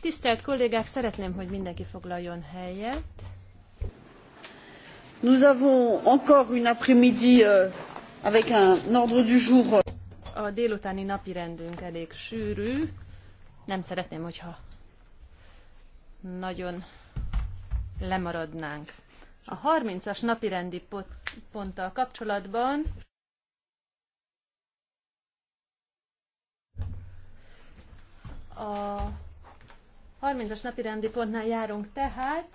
Tisztelt kollégák, szeretném, hogy mindenki foglaljon helyet. Nous avons encore une après-midi euh, avec un ordre du jour. A délutáni napirendünk elég sűrű. Nem szeretném, hogyha nagyon lemaradnánk. A 30-as napirendi ponttal kapcsolatban A 30-as napi rendi pontnál járunk tehát.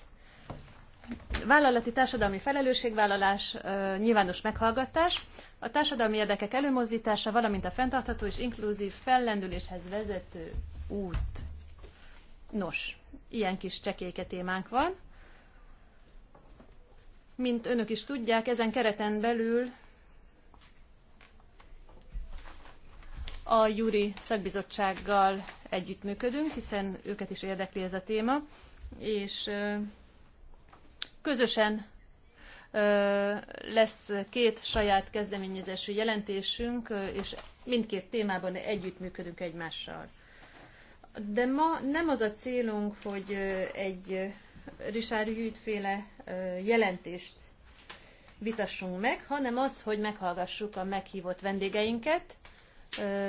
Vállalati társadalmi felelősségvállalás, nyilvános meghallgatás, a társadalmi érdekek előmozdítása, valamint a fenntartható és inkluzív fellendüléshez vezető út. Nos, ilyen kis csekéke témánk van. Mint önök is tudják, ezen kereten belül A Júri szakbizottsággal együttműködünk, hiszen őket is érdekli ez a téma, és közösen lesz két saját kezdeményezésű jelentésünk, és mindkét témában együttműködünk egymással. De ma nem az a célunk, hogy egy Richard Hűtféle jelentést vitassunk meg, hanem az, hogy meghallgassuk a meghívott vendégeinket,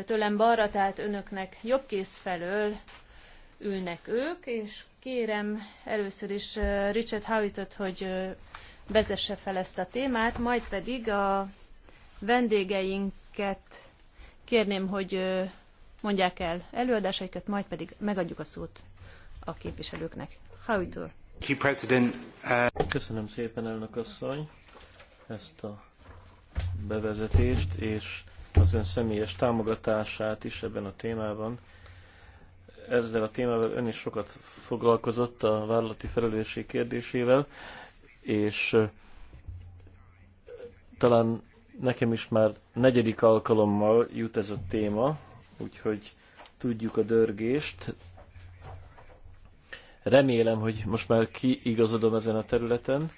tőlem balra, tehát önöknek jobb kész felől ülnek ők, és kérem először is Richard Howittot, hogy vezesse fel ezt a témát, majd pedig a vendégeinket kérném, hogy mondják el előadásaikat, majd pedig megadjuk a szót a képviselőknek. Howitt úr. Uh, Köszönöm szépen, elnök asszony, ezt a bevezetést, és az ön személyes támogatását is ebben a témában. Ezzel a témával ön is sokat foglalkozott a vállalati felelősség kérdésével, és talán nekem is már negyedik alkalommal jut ez a téma, úgyhogy tudjuk a dörgést. Remélem, hogy most már kiigazodom ezen a területen.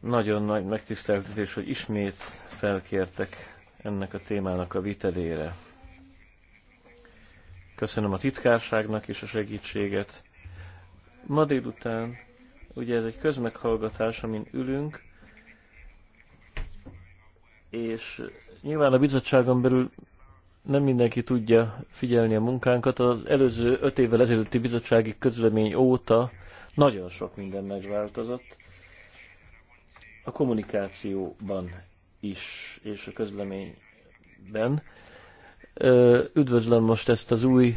Nagyon nagy megtiszteltetés, hogy ismét felkértek ennek a témának a vitelére. Köszönöm a titkárságnak is a segítséget. Ma délután, ugye ez egy közmeghallgatás, amin ülünk, és nyilván a bizottságon belül nem mindenki tudja figyelni a munkánkat. Az előző öt évvel ezelőtti bizottsági közlemény óta nagyon sok minden megváltozott a kommunikációban is, és a közleményben. Üdvözlöm most ezt az új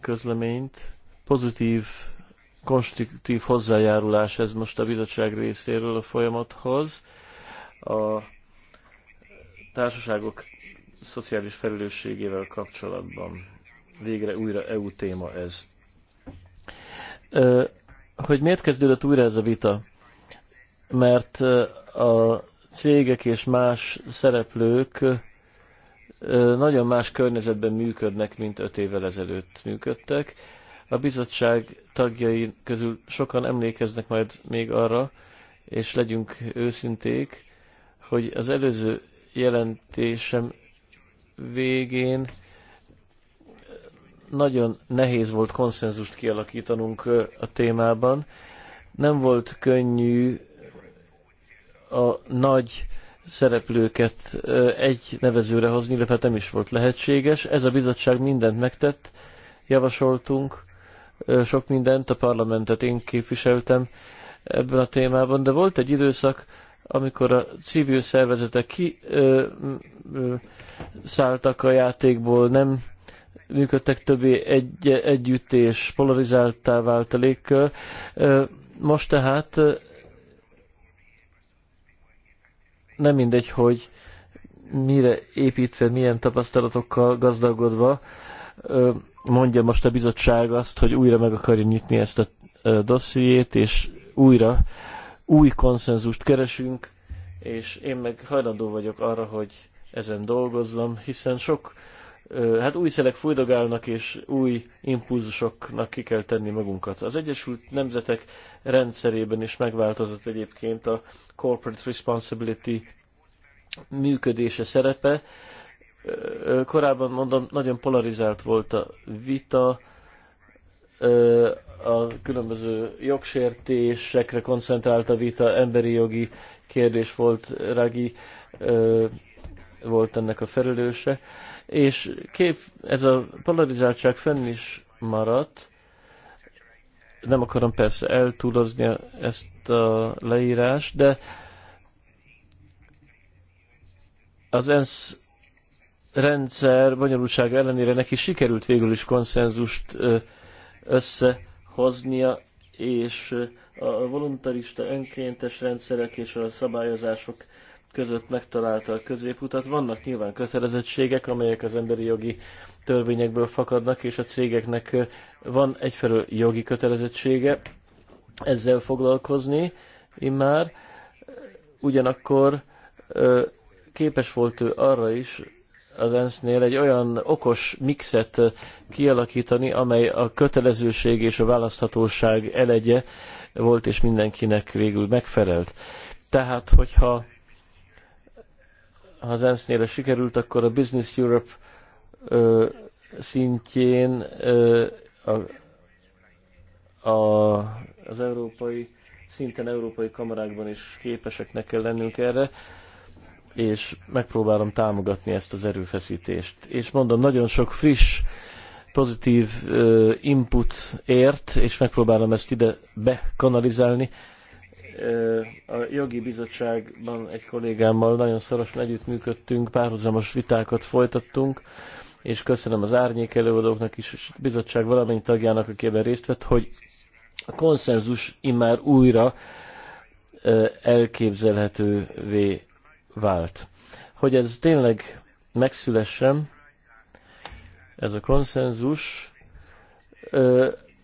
közleményt. Pozitív, konstruktív hozzájárulás ez most a bizottság részéről a folyamathoz. A társaságok szociális felelősségével kapcsolatban. Végre újra EU téma ez hogy miért kezdődött újra ez a vita? Mert a cégek és más szereplők nagyon más környezetben működnek, mint öt évvel ezelőtt működtek. A bizottság tagjai közül sokan emlékeznek majd még arra, és legyünk őszinték, hogy az előző jelentésem végén nagyon nehéz volt konszenzust kialakítanunk a témában. Nem volt könnyű a nagy szereplőket egy nevezőre hozni, illetve nem is volt lehetséges. Ez a bizottság mindent megtett, javasoltunk sok mindent, a parlamentet én képviseltem ebben a témában, de volt egy időszak, amikor a civil szervezetek kiszálltak a játékból, nem működtek többé egy, együtt és polarizáltá vált a légkör. Most tehát nem mindegy, hogy mire építve, milyen tapasztalatokkal gazdagodva mondja most a bizottság azt, hogy újra meg akarja nyitni ezt a dossziét, és újra új konszenzust keresünk, és én meg hajlandó vagyok arra, hogy ezen dolgozzam, hiszen sok hát új szelek folydogálnak és új impulzusoknak ki kell tenni magunkat. Az Egyesült Nemzetek rendszerében is megváltozott egyébként a corporate responsibility működése szerepe. Korábban mondom, nagyon polarizált volt a vita, a különböző jogsértésekre koncentrált a vita, emberi jogi kérdés volt, Rági volt ennek a felelőse és kép, ez a polarizáltság fenn is maradt. Nem akarom persze eltúlozni ezt a leírást, de az ENSZ rendszer bonyolultság ellenére neki sikerült végül is konszenzust összehoznia, és a voluntarista önkéntes rendszerek és a szabályozások között megtalálta a középutat. Vannak nyilván kötelezettségek, amelyek az emberi jogi törvényekből fakadnak, és a cégeknek van egyfelől jogi kötelezettsége ezzel foglalkozni immár, ugyanakkor képes volt ő arra is az ENSZ-nél egy olyan okos mixet kialakítani, amely a kötelezőség és a választhatóság elegye volt, és mindenkinek végül megfelelt. Tehát, hogyha ha az ensz sikerült, akkor a Business Europe ö, szintjén ö, a, a, az európai, szinten európai kamarákban is képeseknek kell lennünk erre, és megpróbálom támogatni ezt az erőfeszítést. És mondom, nagyon sok friss, pozitív ö, input ért, és megpróbálom ezt ide bekanalizálni, a jogi bizottságban egy kollégámmal nagyon szorosan együttműködtünk, párhuzamos vitákat folytattunk, és köszönöm az árnyék előadóknak is, és a bizottság valamennyi tagjának, aki ebben részt vett, hogy a konszenzus immár újra elképzelhetővé vált. Hogy ez tényleg megszülessen, ez a konszenzus,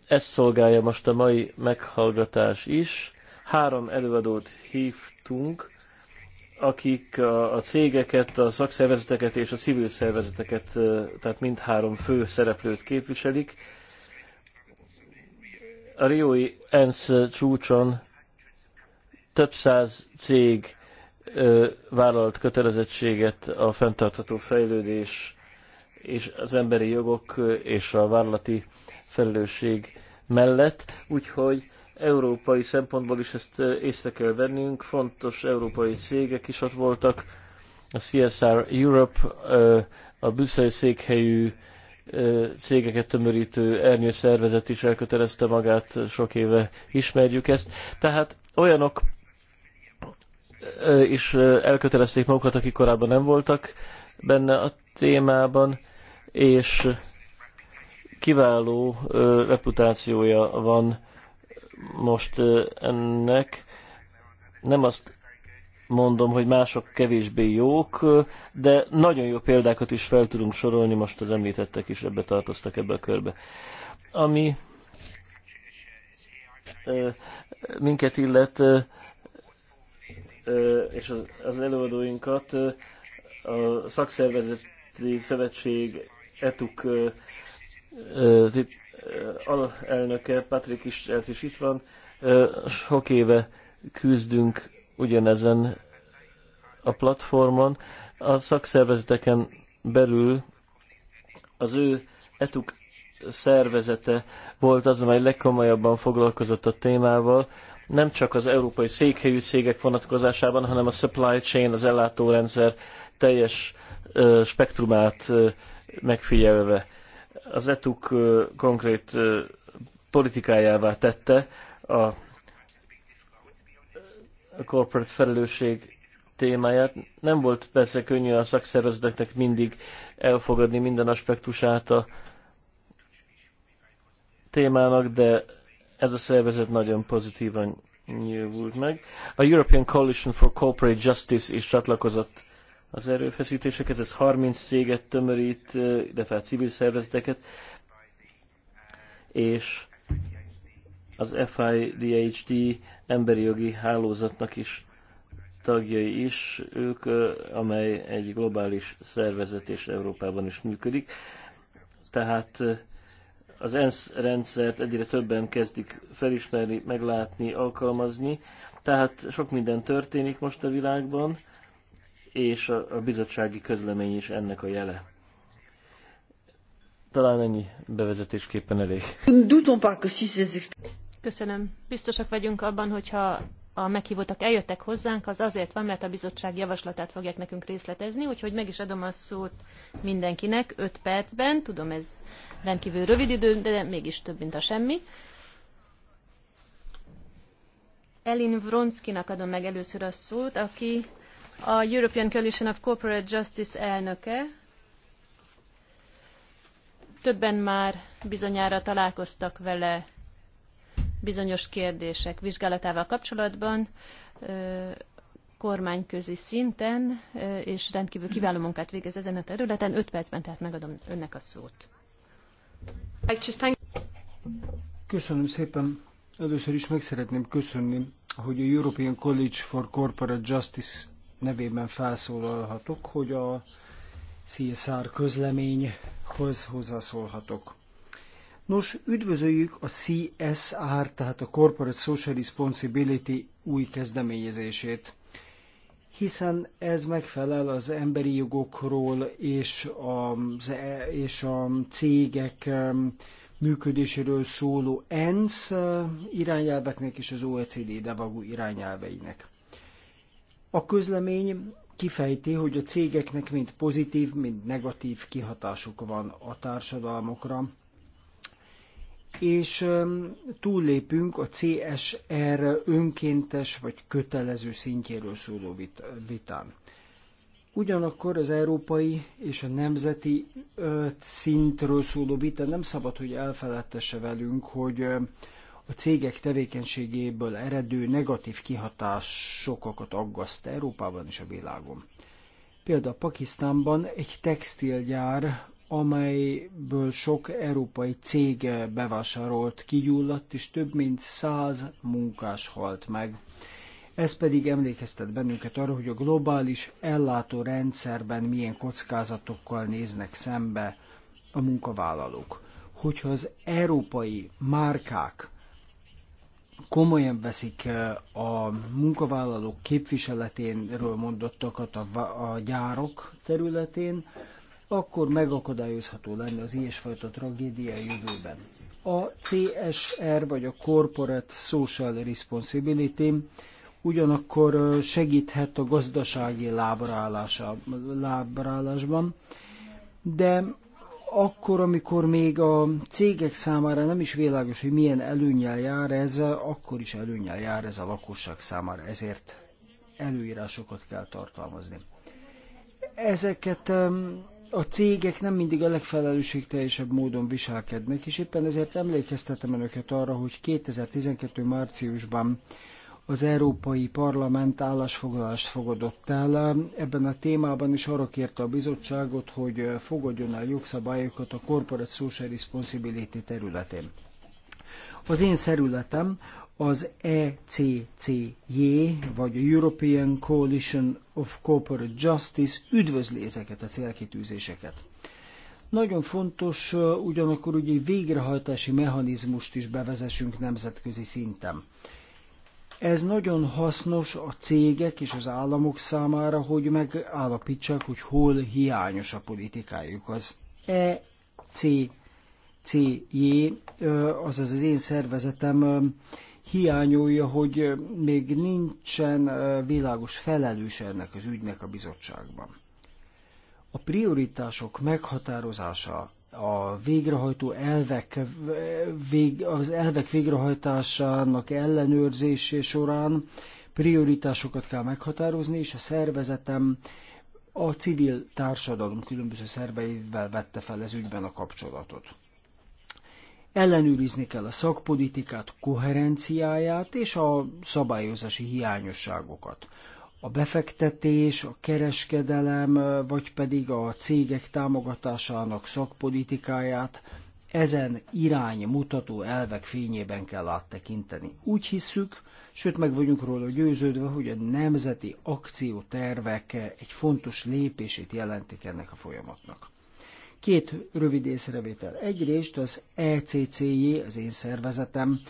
ezt szolgálja most a mai meghallgatás is, Három előadót hívtunk, akik a, a cégeket, a szakszervezeteket és a civil szervezeteket, tehát mindhárom fő szereplőt képviselik. A Riói ENSZ csúcson több száz cég ö, vállalt kötelezettséget a fenntartható fejlődés és az emberi jogok és a vállalati felelősség mellett, úgyhogy európai szempontból is ezt észre kell vennünk. Fontos európai cégek is ott voltak. A CSR Europe, a brüsszeli székhelyű cégeket tömörítő ernyő szervezet is elkötelezte magát, sok éve ismerjük ezt. Tehát olyanok is elkötelezték magukat, akik korábban nem voltak benne a témában, és kiváló reputációja van most ennek. Nem azt mondom, hogy mások kevésbé jók, de nagyon jó példákat is fel tudunk sorolni, most az említettek is ebbe tartoztak ebbe a körbe. Ami minket illet, és az előadóinkat a szakszervezeti szövetség etuk alelnöke, Patrik is, is itt van, sok éve küzdünk ugyanezen a platformon. A szakszervezeteken belül az ő etuk szervezete volt az, amely legkomolyabban foglalkozott a témával, nem csak az európai székhelyű cégek vonatkozásában, hanem a supply chain, az ellátórendszer teljes spektrumát megfigyelve az ETUK konkrét politikájává tette a corporate felelősség témáját. Nem volt persze könnyű a szakszervezeteknek mindig elfogadni minden aspektusát a témának, de ez a szervezet nagyon pozitívan nyilvult meg. A European Coalition for Corporate Justice is csatlakozott az erőfeszítéseket, ez 30 céget tömörít, de fel civil szervezeteket, és az FIDHD emberi jogi hálózatnak is tagjai is, ők, amely egy globális szervezet és Európában is működik. Tehát az ENSZ rendszert egyre többen kezdik felismerni, meglátni, alkalmazni, tehát sok minden történik most a világban, és a, a bizottsági közlemény is ennek a jele. Talán ennyi bevezetésképpen elég. Köszönöm. Biztosak vagyunk abban, hogyha a meghívottak eljöttek hozzánk, az azért van, mert a bizottság javaslatát fogják nekünk részletezni, úgyhogy meg is adom a szót mindenkinek 5 percben. Tudom, ez rendkívül rövid idő, de mégis több, mint a semmi. Elin Vronszkinak adom meg először a szót, aki a European Coalition of Corporate Justice elnöke. Többen már bizonyára találkoztak vele bizonyos kérdések vizsgálatával kapcsolatban, kormányközi szinten, és rendkívül kiváló munkát végez ezen a területen. öt percben tehát megadom önnek a szót. Köszönöm szépen. Először is meg szeretném köszönni, hogy a European College for Corporate Justice nevében felszólalhatok, hogy a CSR közleményhoz hozzászólhatok. Nos, üdvözöljük a CSR, tehát a Corporate Social Responsibility új kezdeményezését, hiszen ez megfelel az emberi jogokról és a, e- és a cégek működéséről szóló ENSZ irányelveknek és az OECD devagú irányelveinek. A közlemény kifejti, hogy a cégeknek mind pozitív, mind negatív kihatásuk van a társadalmokra, és túllépünk a CSR önkéntes vagy kötelező szintjéről szóló vitán. Ugyanakkor az európai és a nemzeti szintről szóló vita nem szabad, hogy elfeledtesse velünk, hogy a cégek tevékenységéből eredő negatív kihatásokat aggaszt Európában és a világon. Például Pakisztánban egy textilgyár, amelyből sok európai cég bevásárolt, kigyulladt, és több mint száz munkás halt meg. Ez pedig emlékeztet bennünket arra, hogy a globális ellátó rendszerben milyen kockázatokkal néznek szembe a munkavállalók. Hogyha az európai márkák komolyan veszik eh, a munkavállalók képviseletéről mondottakat a, a gyárok területén, akkor megakadályozható lenne az ilyesfajta tragédia jövőben. A CSR, vagy a Corporate Social Responsibility ugyanakkor eh, segíthet a gazdasági lábrálásban, de akkor, amikor még a cégek számára nem is világos, hogy milyen előnyel jár ez, akkor is előnyel jár ez a lakosság számára, ezért előírásokat kell tartalmazni. Ezeket a cégek nem mindig a legfelelősségteljesebb módon viselkednek, és éppen ezért emlékeztetem önöket arra, hogy 2012. márciusban az Európai Parlament állásfoglalást fogadott el. Ebben a témában is arra kérte a bizottságot, hogy fogadjon el jogszabályokat a Corporate Social Responsibility területén. Az én szerületem az ECCJ, vagy a European Coalition of Corporate Justice üdvözli ezeket a célkitűzéseket. Nagyon fontos ugyanakkor, hogy egy végrehajtási mechanizmust is bevezessünk nemzetközi szinten. Ez nagyon hasznos a cégek és az államok számára, hogy megállapítsák, hogy hol hiányos a politikájuk. Az e C, C, J, azaz az én szervezetem hiányolja, hogy még nincsen világos felelős ennek az ügynek a bizottságban. A prioritások meghatározása a végrehajtó elvek, vég, az elvek végrehajtásának ellenőrzésé során prioritásokat kell meghatározni, és a szervezetem a civil társadalom különböző szerveivel vette fel ez ügyben a kapcsolatot. Ellenőrizni kell a szakpolitikát koherenciáját és a szabályozási hiányosságokat a befektetés, a kereskedelem, vagy pedig a cégek támogatásának szakpolitikáját ezen iránymutató elvek fényében kell áttekinteni. Úgy hisszük, sőt meg vagyunk róla győződve, hogy a nemzeti akciótervek egy fontos lépését jelentik ennek a folyamatnak. Két rövid észrevétel. Egyrészt az ECCJ, az én szervezetem,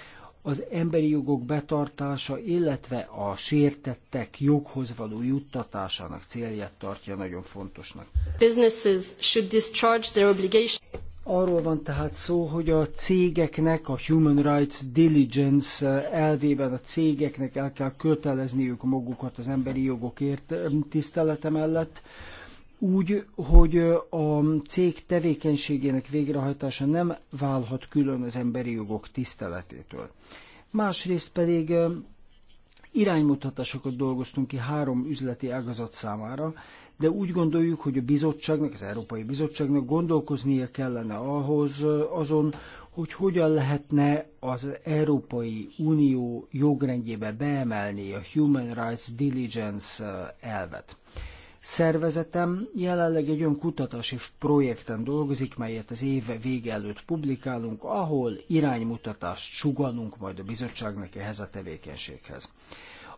az emberi jogok betartása, illetve a sértettek joghoz való juttatásának célját tartja nagyon fontosnak. Businesses should discharge their obligation. Arról van tehát szó, hogy a cégeknek, a Human Rights Diligence eh, elvében a cégeknek el kell kötelezniük magukat az emberi jogokért eh, tisztelete mellett, úgy, hogy a cég tevékenységének végrehajtása nem válhat külön az emberi jogok tiszteletétől. Másrészt pedig iránymutatásokat dolgoztunk ki három üzleti ágazat számára, de úgy gondoljuk, hogy a bizottságnak, az Európai Bizottságnak gondolkoznia kellene ahhoz azon, hogy hogyan lehetne az Európai Unió jogrendjébe beemelni a Human Rights Diligence elvet. Szervezetem jelenleg egy olyan kutatási projekten dolgozik, melyet az év vége előtt publikálunk, ahol iránymutatást suganunk majd a bizottságnak ehhez a tevékenységhez.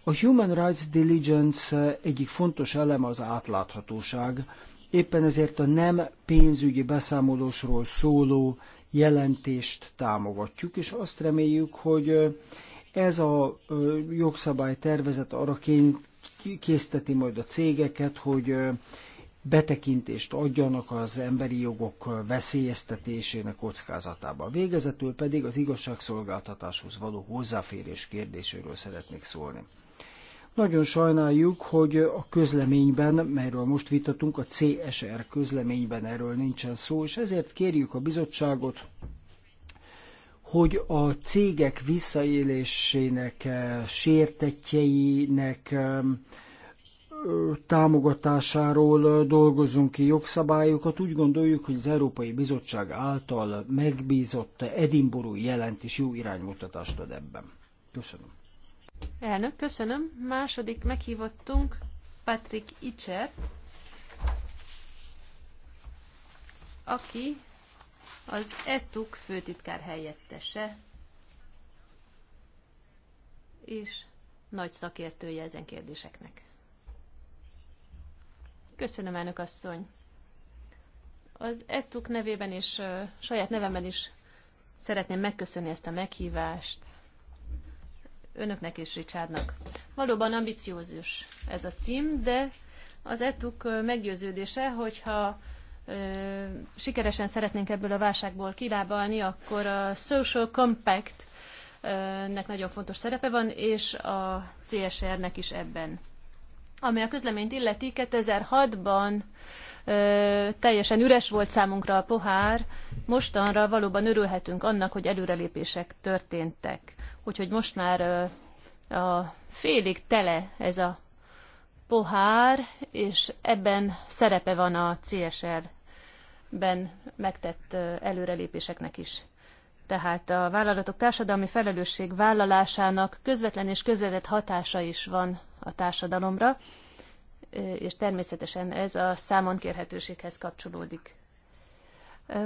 A Human Rights Diligence eh, egyik fontos eleme az átláthatóság, éppen ezért a nem pénzügyi beszámolósról szóló jelentést támogatjuk, és azt reméljük, hogy eh, ez a eh, jogszabálytervezet arra készteti majd a cégeket, hogy betekintést adjanak az emberi jogok veszélyeztetésének kockázatába. Végezetül pedig az igazságszolgáltatáshoz való hozzáférés kérdéséről szeretnék szólni. Nagyon sajnáljuk, hogy a közleményben, melyről most vitatunk, a CSR közleményben erről nincsen szó, és ezért kérjük a bizottságot, hogy a cégek visszaélésének, eh, sértetjeinek támogatásáról eh, dolgozunk ki jogszabályokat. Úgy gondoljuk, hogy az Európai Bizottság által megbízott Edinburgh jelentés jó iránymutatást ad ebben. Köszönöm. Elnök, köszönöm. Második meghívottunk Patrick Icser, aki az ETUK főtitkár helyettese, és nagy szakértője ezen kérdéseknek. Köszönöm, elnök asszony! Az ETUK nevében és uh, saját nevemben is szeretném megköszönni ezt a meghívást önöknek és Richardnak. Valóban ambiciózus ez a cím, de az ETUK meggyőződése, hogyha sikeresen szeretnénk ebből a válságból kilábalni, akkor a Social Compact nek nagyon fontos szerepe van, és a CSR-nek is ebben. Ami a közleményt illeti, 2006-ban teljesen üres volt számunkra a pohár, mostanra valóban örülhetünk annak, hogy előrelépések történtek. Úgyhogy most már a félig tele ez a pohár, és ebben szerepe van a CSR-ben megtett előrelépéseknek is. Tehát a vállalatok társadalmi felelősség vállalásának közvetlen és közvetett hatása is van a társadalomra, és természetesen ez a számon kérhetőséghez kapcsolódik.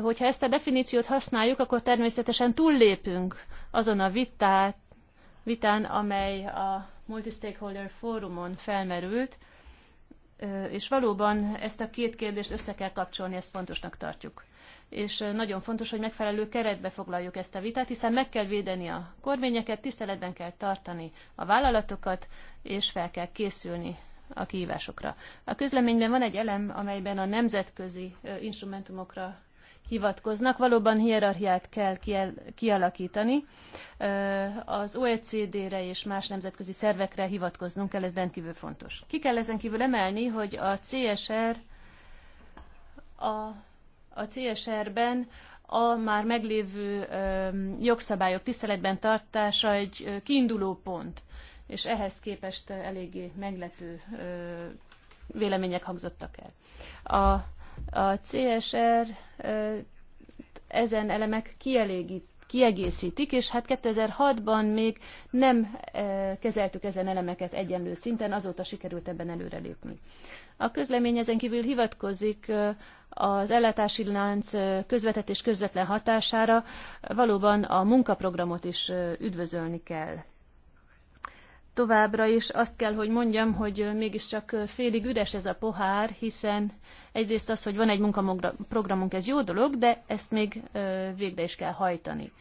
Hogyha ezt a definíciót használjuk, akkor természetesen túllépünk azon a vitát, vitán, amely a Multi-stakeholder fórumon felmerült, és valóban ezt a két kérdést össze kell kapcsolni, ezt fontosnak tartjuk. És nagyon fontos, hogy megfelelő keretbe foglaljuk ezt a vitát, hiszen meg kell védeni a kormányeket, tiszteletben kell tartani a vállalatokat, és fel kell készülni a kihívásokra. A közleményben van egy elem, amelyben a nemzetközi instrumentumokra hivatkoznak. Valóban hierarchiát kell kialakítani. Az OECD-re és más nemzetközi szervekre hivatkoznunk kell, ez rendkívül fontos. Ki kell ezen kívül emelni, hogy a CSR a, a CSR-ben a már meglévő jogszabályok tiszteletben tartása egy kiinduló pont, és ehhez képest eléggé meglepő vélemények hangzottak el. A a CSR ezen elemek kielégít, kiegészítik, és hát 2006-ban még nem kezeltük ezen elemeket egyenlő szinten, azóta sikerült ebben előrelépni. A közlemény ezen kívül hivatkozik az ellátási lánc közvetett és közvetlen hatására, valóban a munkaprogramot is üdvözölni kell. Továbbra is azt kell, hogy mondjam, hogy mégiscsak félig üres ez a pohár, hiszen egyrészt az, hogy van egy munkaprogramunk, ez jó dolog, de ezt még végre is kell hajtani.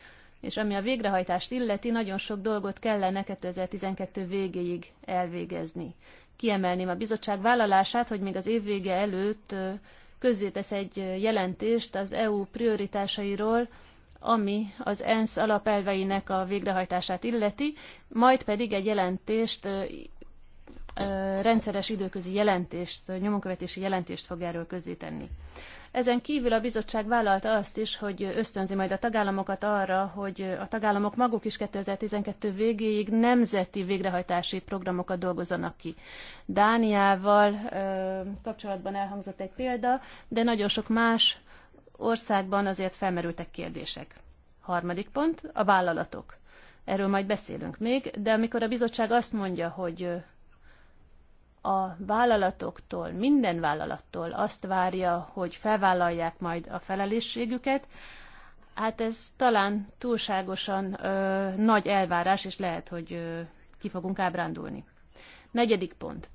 És ami a végrehajtást illeti, nagyon sok dolgot kellene 2012 végéig elvégezni. Kiemelném a bizottság vállalását, hogy még az év vége előtt közzétesz egy jelentést az EU prioritásairól, ami az ENSZ alapelveinek a végrehajtását illeti, majd pedig egy jelentést, rendszeres időközi jelentést, nyomonkövetési jelentést fog erről közzétenni. Ezen kívül a bizottság vállalta azt is, hogy ösztönzi majd a tagállamokat arra, hogy a tagállamok maguk is 2012 végéig nemzeti végrehajtási programokat dolgozzanak ki. Dániával ö, kapcsolatban elhangzott egy példa, de nagyon sok más országban azért felmerültek kérdések. Harmadik pont, a vállalatok. Erről majd beszélünk még, de amikor a bizottság azt mondja, hogy a vállalatoktól, minden vállalattól azt várja, hogy felvállalják majd a felelősségüket, hát ez talán túlságosan ö, nagy elvárás, és lehet, hogy ö, ki fogunk ábrándulni. Negyedik pont.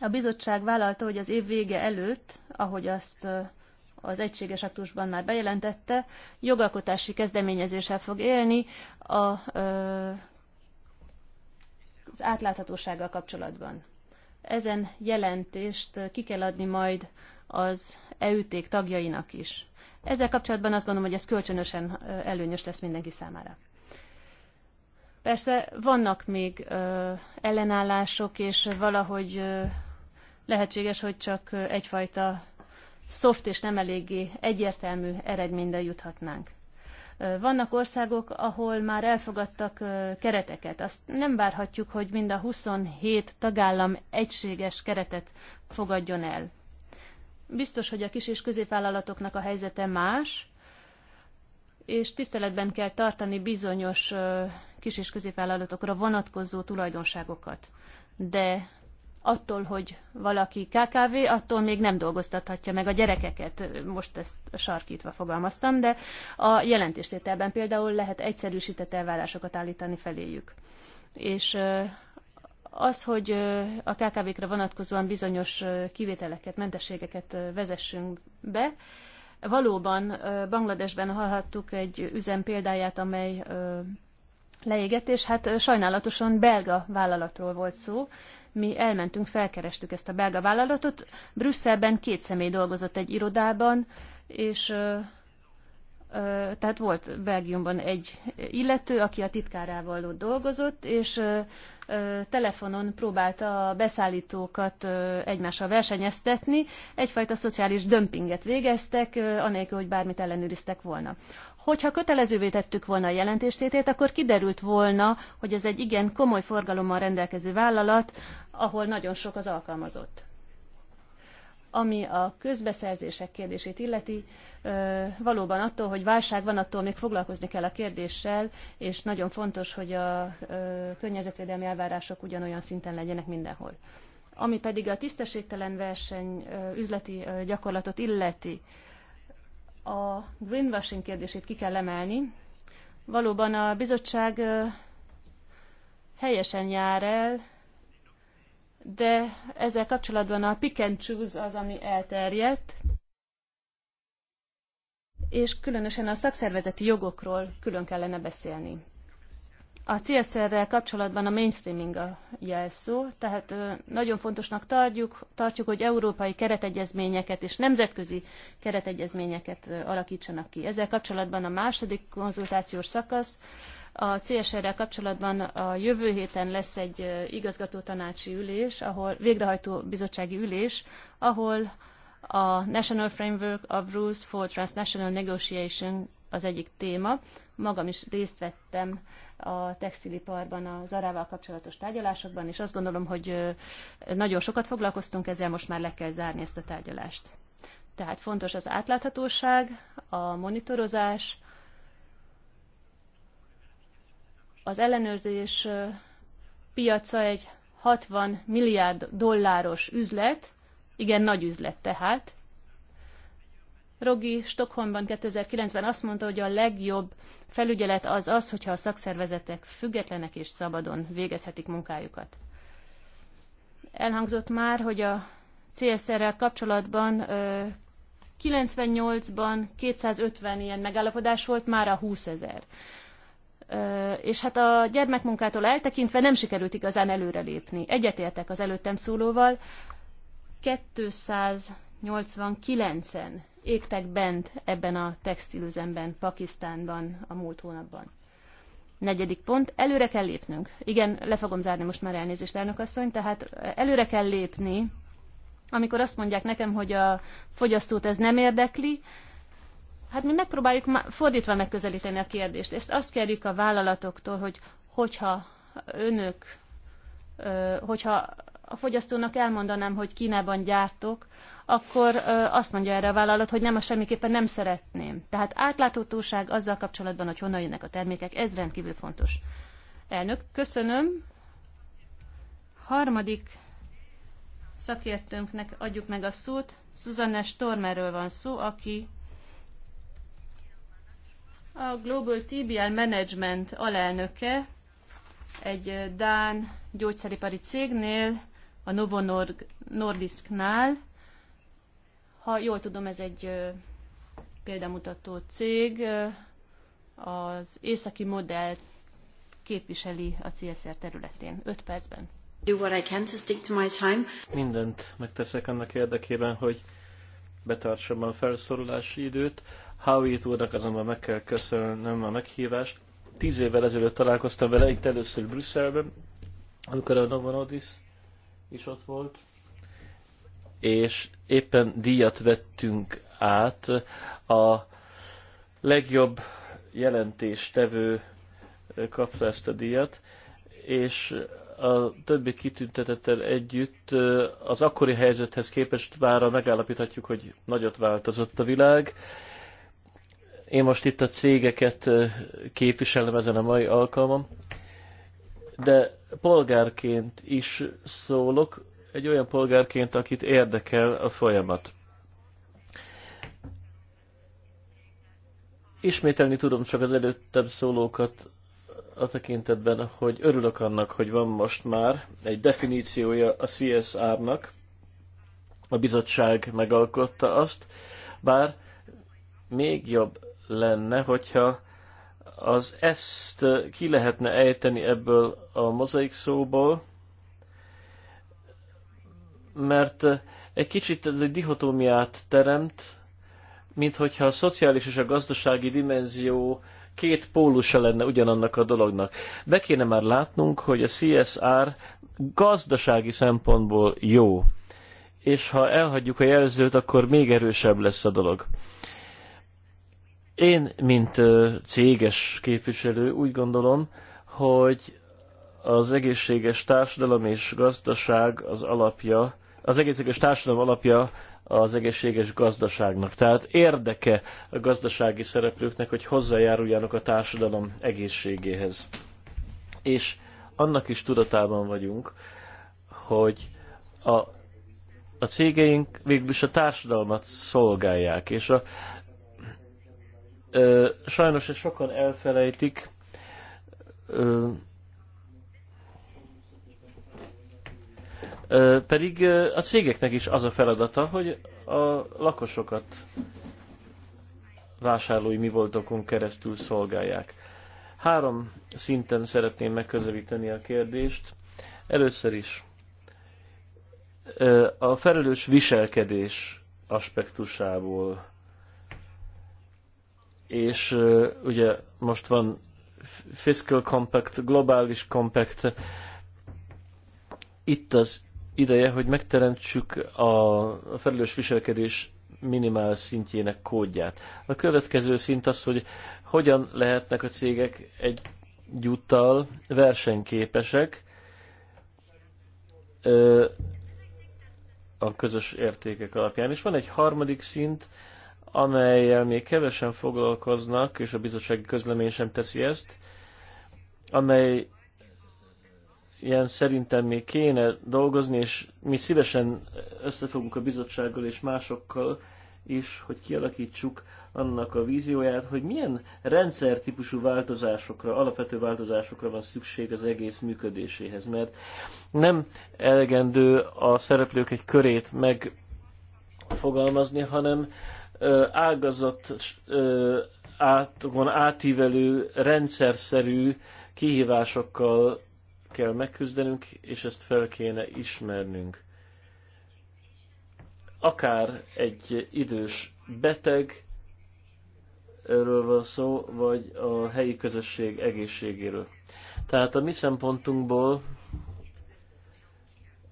A bizottság vállalta, hogy az év vége előtt, ahogy azt az egységes aktusban már bejelentette, jogalkotási kezdeményezéssel fog élni a, az átláthatósággal kapcsolatban. Ezen jelentést ki kell adni majd az EÜT-k tagjainak is. Ezzel kapcsolatban azt gondolom, hogy ez kölcsönösen előnyös lesz mindenki számára. Persze vannak még ö, ellenállások, és valahogy ö, lehetséges, hogy csak egyfajta szoft és nem eléggé egyértelmű eredményre juthatnánk. Vannak országok, ahol már elfogadtak kereteket. Azt nem várhatjuk, hogy mind a 27 tagállam egységes keretet fogadjon el. Biztos, hogy a kis és középvállalatoknak a helyzete más, és tiszteletben kell tartani bizonyos kis és középvállalatokra vonatkozó tulajdonságokat. De attól, hogy valaki KKV, attól még nem dolgoztathatja meg a gyerekeket. Most ezt sarkítva fogalmaztam, de a jelentéstételben például lehet egyszerűsített elvárásokat állítani feléjük. És az, hogy a KKV-kra vonatkozóan bizonyos kivételeket, mentességeket vezessünk be, Valóban Bangladesben hallhattuk egy üzem példáját, amely leégett, és hát sajnálatosan belga vállalatról volt szó, mi elmentünk, felkerestük ezt a belga vállalatot. Brüsszelben két személy dolgozott egy irodában, és ö, ö, tehát volt Belgiumban egy illető, aki a titkárával ott dolgozott, és ö, telefonon próbálta a beszállítókat egymással versenyeztetni, egyfajta szociális dömpinget végeztek, anélkül, hogy bármit ellenőriztek volna. Hogyha kötelezővé tettük volna a jelentéstétét, akkor kiderült volna, hogy ez egy igen komoly forgalommal rendelkező vállalat, ahol nagyon sok az alkalmazott. Ami a közbeszerzések kérdését illeti, valóban attól, hogy válság van, attól még foglalkozni kell a kérdéssel, és nagyon fontos, hogy a környezetvédelmi elvárások ugyanolyan szinten legyenek mindenhol. Ami pedig a tisztességtelen verseny üzleti gyakorlatot illeti, a greenwashing kérdését ki kell emelni. Valóban a bizottság helyesen jár el, de ezzel kapcsolatban a pick and choose az, ami elterjedt, és különösen a szakszervezeti jogokról külön kellene beszélni. A CSR-rel kapcsolatban a mainstreaming a jelszó, tehát nagyon fontosnak tartjuk, tartjuk, hogy európai keretegyezményeket és nemzetközi keretegyezményeket alakítsanak ki. Ezzel kapcsolatban a második konzultációs szakasz, a CSR-rel kapcsolatban a jövő héten lesz egy igazgatótanácsi ülés, ahol végrehajtó bizottsági ülés, ahol a National Framework of Rules for Transnational Negotiation az egyik téma. Magam is részt vettem a textiliparban, az arával kapcsolatos tárgyalásokban, és azt gondolom, hogy nagyon sokat foglalkoztunk ezzel, most már le kell zárni ezt a tárgyalást. Tehát fontos az átláthatóság, a monitorozás, az ellenőrzés piaca egy 60 milliárd dolláros üzlet, igen nagy üzlet tehát, Rogi Stockholmban 2009-ben azt mondta, hogy a legjobb felügyelet az az, hogyha a szakszervezetek függetlenek és szabadon végezhetik munkájukat. Elhangzott már, hogy a CSR-rel kapcsolatban 98-ban 250 ilyen megállapodás volt, már a 20 ezer. És hát a gyermekmunkától eltekintve nem sikerült igazán előrelépni. Egyetértek az előttem szólóval, 200 89-en égtek bent ebben a textilüzemben, Pakisztánban a múlt hónapban. Negyedik pont, előre kell lépnünk. Igen, le fogom zárni most már elnézést, elnökasszony, tehát előre kell lépni, amikor azt mondják nekem, hogy a fogyasztót ez nem érdekli, hát mi megpróbáljuk fordítva megközelíteni a kérdést. Ezt azt kérjük a vállalatoktól, hogy hogyha önök, hogyha a fogyasztónak elmondanám, hogy Kínában gyártok, akkor azt mondja erre a vállalat, hogy nem, a semmiképpen nem szeretném. Tehát átláthatóság azzal kapcsolatban, hogy honnan jönnek a termékek, ez rendkívül fontos. Elnök, köszönöm. Harmadik szakértőnknek adjuk meg a szót. Susanne Stormerről van szó, aki a Global TBL Management alelnöke egy Dán gyógyszeripari cégnél, a Novo Nordisknál ha jól tudom, ez egy példamutató cég, az északi modell képviseli a CSR területén. 5 percben. Do what I can to stick to my time. Mindent megteszek annak érdekében, hogy betartsam a felszorulási időt. Howitt úrnak azonban meg kell köszönnöm a meghívást. Tíz évvel ezelőtt találkoztam vele itt először Brüsszelben, amikor a Novo Nordis is ott volt, és éppen díjat vettünk át a legjobb jelentéstevő kapta ezt a díjat, és a többi kitüntetettel együtt az akkori helyzethez képest már megállapíthatjuk, hogy nagyot változott a világ. Én most itt a cégeket képviselem ezen a mai alkalmam de polgárként is szólok, egy olyan polgárként, akit érdekel a folyamat. Ismételni tudom csak az előttem szólókat a tekintetben, hogy örülök annak, hogy van most már egy definíciója a CSR-nak, a bizottság megalkotta azt, bár még jobb lenne, hogyha az ezt ki lehetne ejteni ebből a mozaik szóból, mert egy kicsit ez egy dihotómiát teremt, mint hogyha a szociális és a gazdasági dimenzió két pólusa lenne ugyanannak a dolognak. Be kéne már látnunk, hogy a CSR gazdasági szempontból jó. És ha elhagyjuk a jelzőt, akkor még erősebb lesz a dolog. Én, mint céges képviselő úgy gondolom, hogy az egészséges társadalom és gazdaság az alapja az egészséges társadalom alapja az egészséges gazdaságnak. Tehát érdeke a gazdasági szereplőknek, hogy hozzájáruljanak a társadalom egészségéhez. És annak is tudatában vagyunk, hogy a, a cégeink végül is a társadalmat szolgálják, és a, ö, sajnos ezt sokan elfelejtik, ö, Pedig a cégeknek is az a feladata, hogy a lakosokat vásárlói mi voltokon keresztül szolgálják. Három szinten szeretném megközelíteni a kérdést. Először is a felelős viselkedés aspektusából. És ugye most van Fiscal Compact, Globális Compact, itt az ideje, hogy megteremtsük a felelős viselkedés minimál szintjének kódját. A következő szint az, hogy hogyan lehetnek a cégek egyúttal versenyképesek a közös értékek alapján. És van egy harmadik szint, amelyel még kevesen foglalkoznak, és a bizottsági közlemény sem teszi ezt, amely ilyen szerintem még kéne dolgozni, és mi szívesen összefogunk a bizottsággal és másokkal is, hogy kialakítsuk annak a vízióját, hogy milyen rendszertípusú változásokra, alapvető változásokra van szükség az egész működéséhez, mert nem elegendő a szereplők egy körét megfogalmazni, hanem ágazat ágon átívelő, rendszerszerű kihívásokkal kell megküzdenünk, és ezt fel kéne ismernünk. Akár egy idős beteg, erről van szó, vagy a helyi közösség egészségéről. Tehát a mi szempontunkból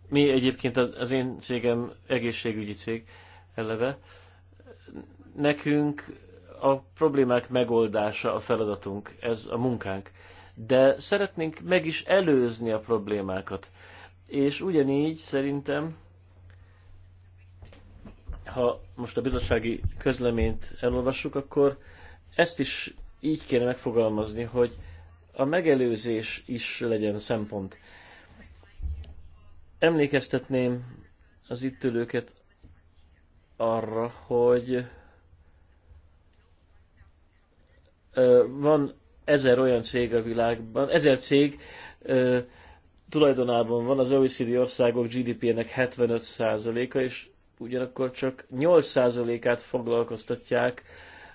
mi egyébként az, az én cégem egészségügyi cég eleve, nekünk a problémák megoldása a feladatunk, ez a munkánk de szeretnénk meg is előzni a problémákat. És ugyanígy szerintem, ha most a bizottsági közleményt elolvassuk, akkor ezt is így kéne megfogalmazni, hogy a megelőzés is legyen szempont. Emlékeztetném az itt ülőket arra, hogy van ezer olyan cég a világban, ezer cég ö, tulajdonában van az OECD országok GDP-nek 75%-a, és ugyanakkor csak 8%-át foglalkoztatják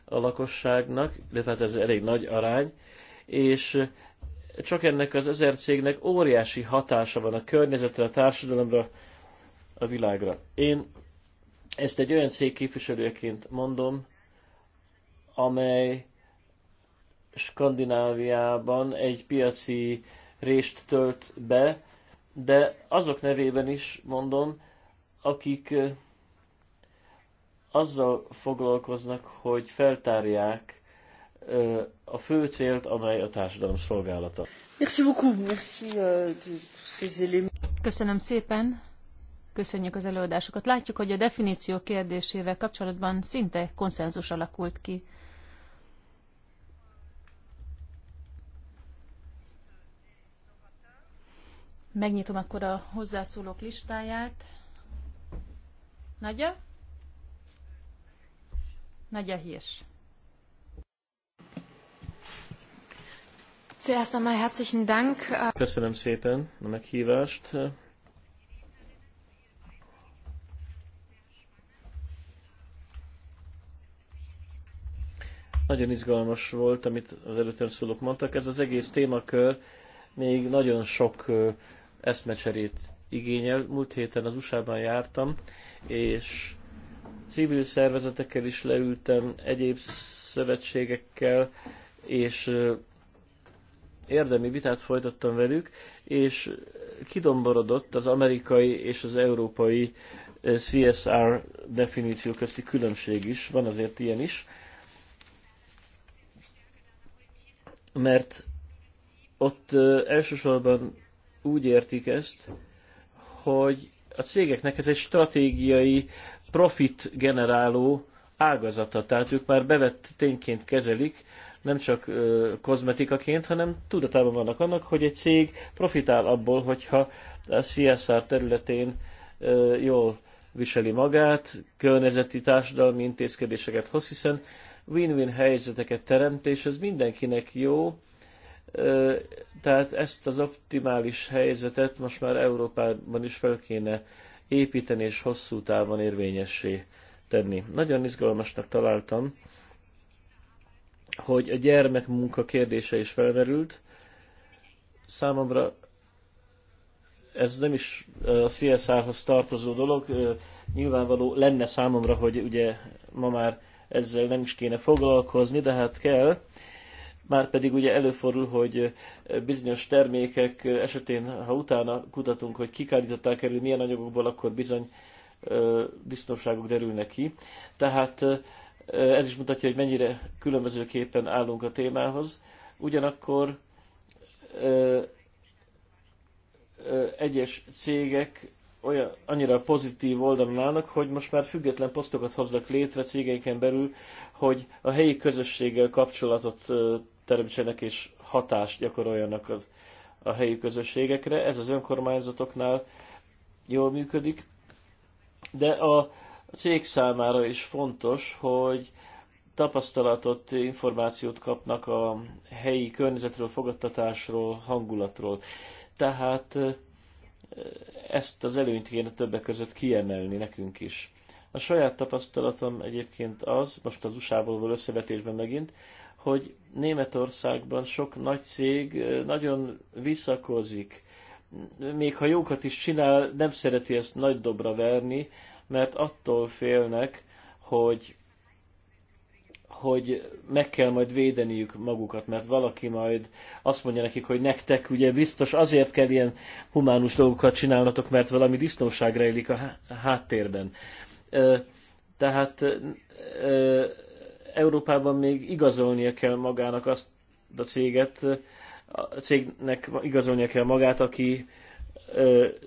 a lakosságnak, de tehát ez elég nagy arány, és csak ennek az ezer cégnek óriási hatása van a környezetre, a társadalomra, a világra. Én ezt egy olyan cég képviselőjeként mondom, amely Skandináviában egy piaci rést tölt be, de azok nevében is mondom, akik azzal foglalkoznak, hogy feltárják a fő célt, amely a társadalom szolgálata. Euh, Köszönöm szépen, köszönjük az előadásokat. Látjuk, hogy a definíció kérdésével kapcsolatban szinte konszenzus alakult ki Megnyitom akkor a hozzászólók listáját. Nagyja? Nagyja Hirsch. Zuerst einmal herzlichen Dank. Äh, Köszönöm szépen a meghívást. Nagyon izgalmas volt, amit az előttem szólók mondtak. Ez az egész témakör még nagyon sok eszmecserét igényel. Múlt héten az USA-ban jártam, és civil szervezetekkel is leültem, egyéb szövetségekkel, és érdemi vitát folytattam velük, és kidomborodott az amerikai és az európai CSR definíció közti különbség is, van azért ilyen is, mert ott elsősorban úgy értik ezt, hogy a cégeknek ez egy stratégiai profit generáló ágazata, tehát ők már bevett tényként kezelik, nem csak ö, kozmetikaként, hanem tudatában vannak annak, hogy egy cég profitál abból, hogyha a CSR területén ö, jól viseli magát, környezeti társadalmi intézkedéseket hoz, hiszen win-win helyzeteket teremt, és ez mindenkinek jó, tehát ezt az optimális helyzetet most már Európában is fel kéne építeni és hosszú távon érvényessé tenni. Nagyon izgalmasnak találtam, hogy a gyermekmunka kérdése is felmerült. Számomra ez nem is a CSR-hoz tartozó dolog, nyilvánvaló lenne számomra, hogy ugye ma már ezzel nem is kéne foglalkozni, de hát kell. Már pedig ugye előfordul, hogy bizonyos termékek esetén, ha utána kutatunk, hogy kik állították elő, milyen anyagokból, akkor bizony biztonságok derülnek ki. Tehát ez is mutatja, hogy mennyire különbözőképpen állunk a témához. Ugyanakkor egyes cégek olyan, annyira pozitív oldalon állnak, hogy most már független posztokat hoznak létre cégeiken belül, hogy a helyi közösséggel kapcsolatot teremtsenek és hatást gyakoroljanak az, a helyi közösségekre. Ez az önkormányzatoknál jól működik, de a cég számára is fontos, hogy tapasztalatot, információt kapnak a helyi környezetről, fogadtatásról, hangulatról. Tehát ezt az előnyt kéne többek között kiemelni nekünk is. A saját tapasztalatom egyébként az, most az USA-ból való összevetésben megint, hogy Németországban sok nagy cég nagyon visszakozik. Még ha jókat is csinál, nem szereti ezt nagy dobra verni, mert attól félnek, hogy hogy meg kell majd védeniük magukat, mert valaki majd azt mondja nekik, hogy nektek ugye biztos azért kell ilyen humánus dolgokat csinálnatok, mert valami disznóság rejlik a háttérben. Tehát Európában még igazolnia kell magának azt a céget, a cégnek igazolnia kell magát, aki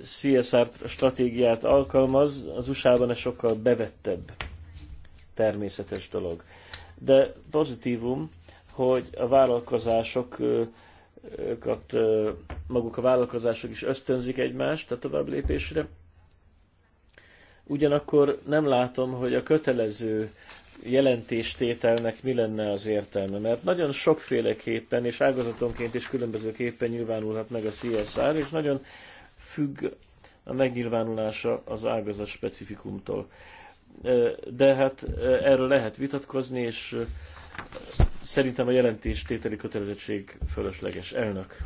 CSR stratégiát alkalmaz, az USA-ban ez sokkal bevettebb természetes dolog. De pozitívum, hogy a vállalkozásokat, maguk a vállalkozások is ösztönzik egymást a tovább lépésre. Ugyanakkor nem látom, hogy a kötelező jelentéstételnek mi lenne az értelme, mert nagyon sokféleképpen és ágazatonként is különbözőképpen nyilvánulhat meg a CSR, és nagyon függ a megnyilvánulása az ágazat specifikumtól. De hát erről lehet vitatkozni, és szerintem a jelentéstételi kötelezettség fölösleges. Elnök.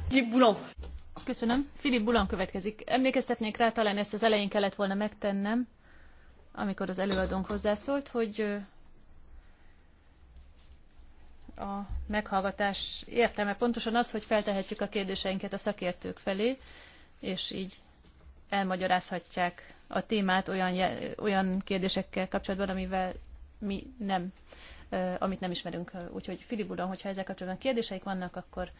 Köszönöm. Filip Bulan következik. Emlékeztetnék rá, talán ezt az elején kellett volna megtennem, amikor az előadónk hozzászólt, hogy a meghallgatás értelme pontosan az, hogy feltehetjük a kérdéseinket a szakértők felé, és így elmagyarázhatják a témát olyan, olyan kérdésekkel kapcsolatban, amivel mi nem, amit nem ismerünk. Úgyhogy Filip Budon, hogyha ezzel kapcsolatban kérdéseik vannak, akkor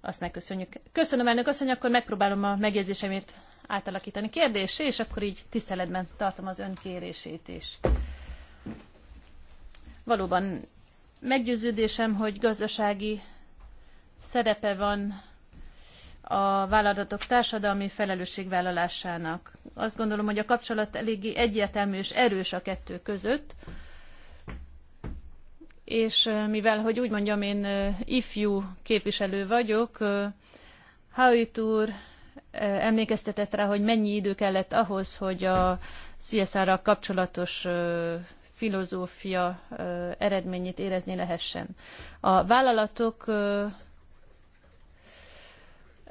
azt megköszönjük. Köszönöm elnök asszony, akkor megpróbálom a megjegyzésemért átalakítani kérdésé, és akkor így tiszteletben tartom az ön kérését is. Valóban Meggyőződésem, hogy gazdasági szerepe van a vállalatok társadalmi felelősségvállalásának. Azt gondolom, hogy a kapcsolat eléggé egyértelmű és erős a kettő között, és mivel, hogy úgy mondjam, én ifjú képviselő vagyok, Howitt úr emlékeztetett rá, hogy mennyi idő kellett ahhoz, hogy a CSR-ra kapcsolatos filozófia eredményét érezni lehessen. A vállalatok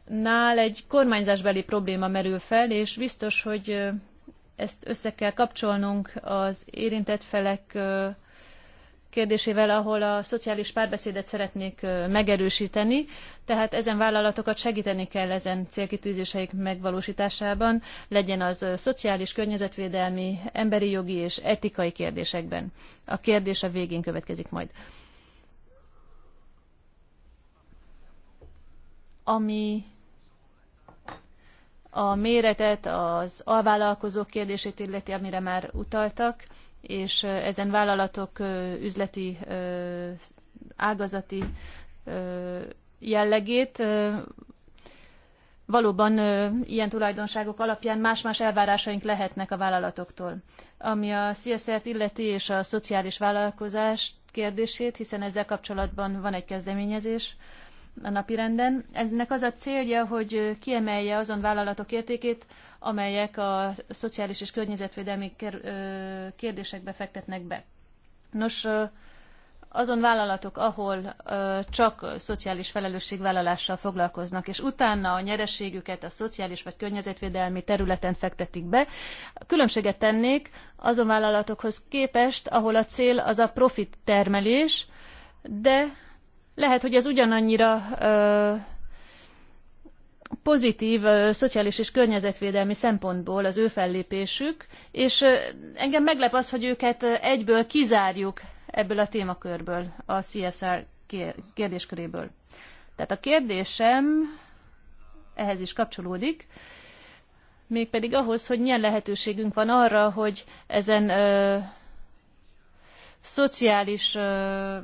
nál egy kormányzásbeli probléma merül fel, és biztos, hogy ezt össze kell kapcsolnunk az érintett felek kérdésével, ahol a szociális párbeszédet szeretnék megerősíteni, tehát ezen vállalatokat segíteni kell ezen célkitűzéseik megvalósításában, legyen az szociális, környezetvédelmi, emberi jogi és etikai kérdésekben. A kérdés a végén következik majd. Ami a méretet, az alvállalkozók kérdését illeti, amire már utaltak, és ezen vállalatok üzleti ágazati jellegét valóban ilyen tulajdonságok alapján más-más elvárásaink lehetnek a vállalatoktól. Ami a CSR-t illeti és a szociális vállalkozás kérdését, hiszen ezzel kapcsolatban van egy kezdeményezés a napirenden. Ennek az a célja, hogy kiemelje azon vállalatok értékét, amelyek a szociális és környezetvédelmi kérdésekbe fektetnek be. Nos, azon vállalatok, ahol csak szociális felelősségvállalással foglalkoznak, és utána a nyereségüket a szociális vagy környezetvédelmi területen fektetik be, különbséget tennék azon vállalatokhoz képest, ahol a cél az a profit termelés, de lehet, hogy ez ugyanannyira pozitív szociális és környezetvédelmi szempontból az ő fellépésük, és engem meglep az, hogy őket egyből kizárjuk ebből a témakörből, a CSR kérdésköréből. Tehát a kérdésem ehhez is kapcsolódik, mégpedig ahhoz, hogy milyen lehetőségünk van arra, hogy ezen ö, szociális ö,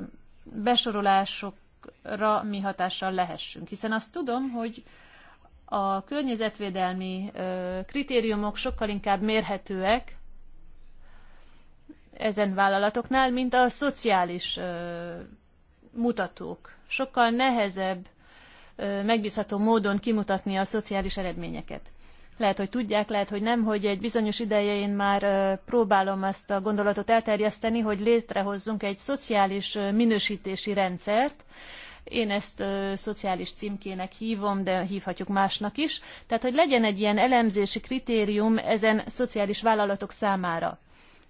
besorolásokra mi hatással lehessünk. Hiszen azt tudom, hogy a környezetvédelmi kritériumok sokkal inkább mérhetőek ezen vállalatoknál, mint a szociális mutatók. Sokkal nehezebb megbízható módon kimutatni a szociális eredményeket. Lehet, hogy tudják, lehet, hogy nem, hogy egy bizonyos ideje én már próbálom ezt a gondolatot elterjeszteni, hogy létrehozzunk egy szociális minősítési rendszert, én ezt ö, szociális címkének hívom, de hívhatjuk másnak is. Tehát, hogy legyen egy ilyen elemzési kritérium ezen szociális vállalatok számára.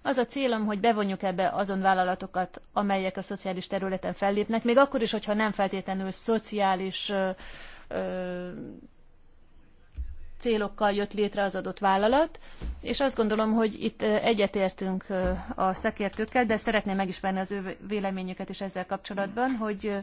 Az a célom, hogy bevonjuk ebbe azon vállalatokat, amelyek a szociális területen fellépnek, még akkor is, hogyha nem feltétlenül szociális ö, ö, célokkal jött létre az adott vállalat, és azt gondolom, hogy itt egyetértünk a szakértőkkel, de szeretném megismerni az ő véleményüket is ezzel kapcsolatban, hogy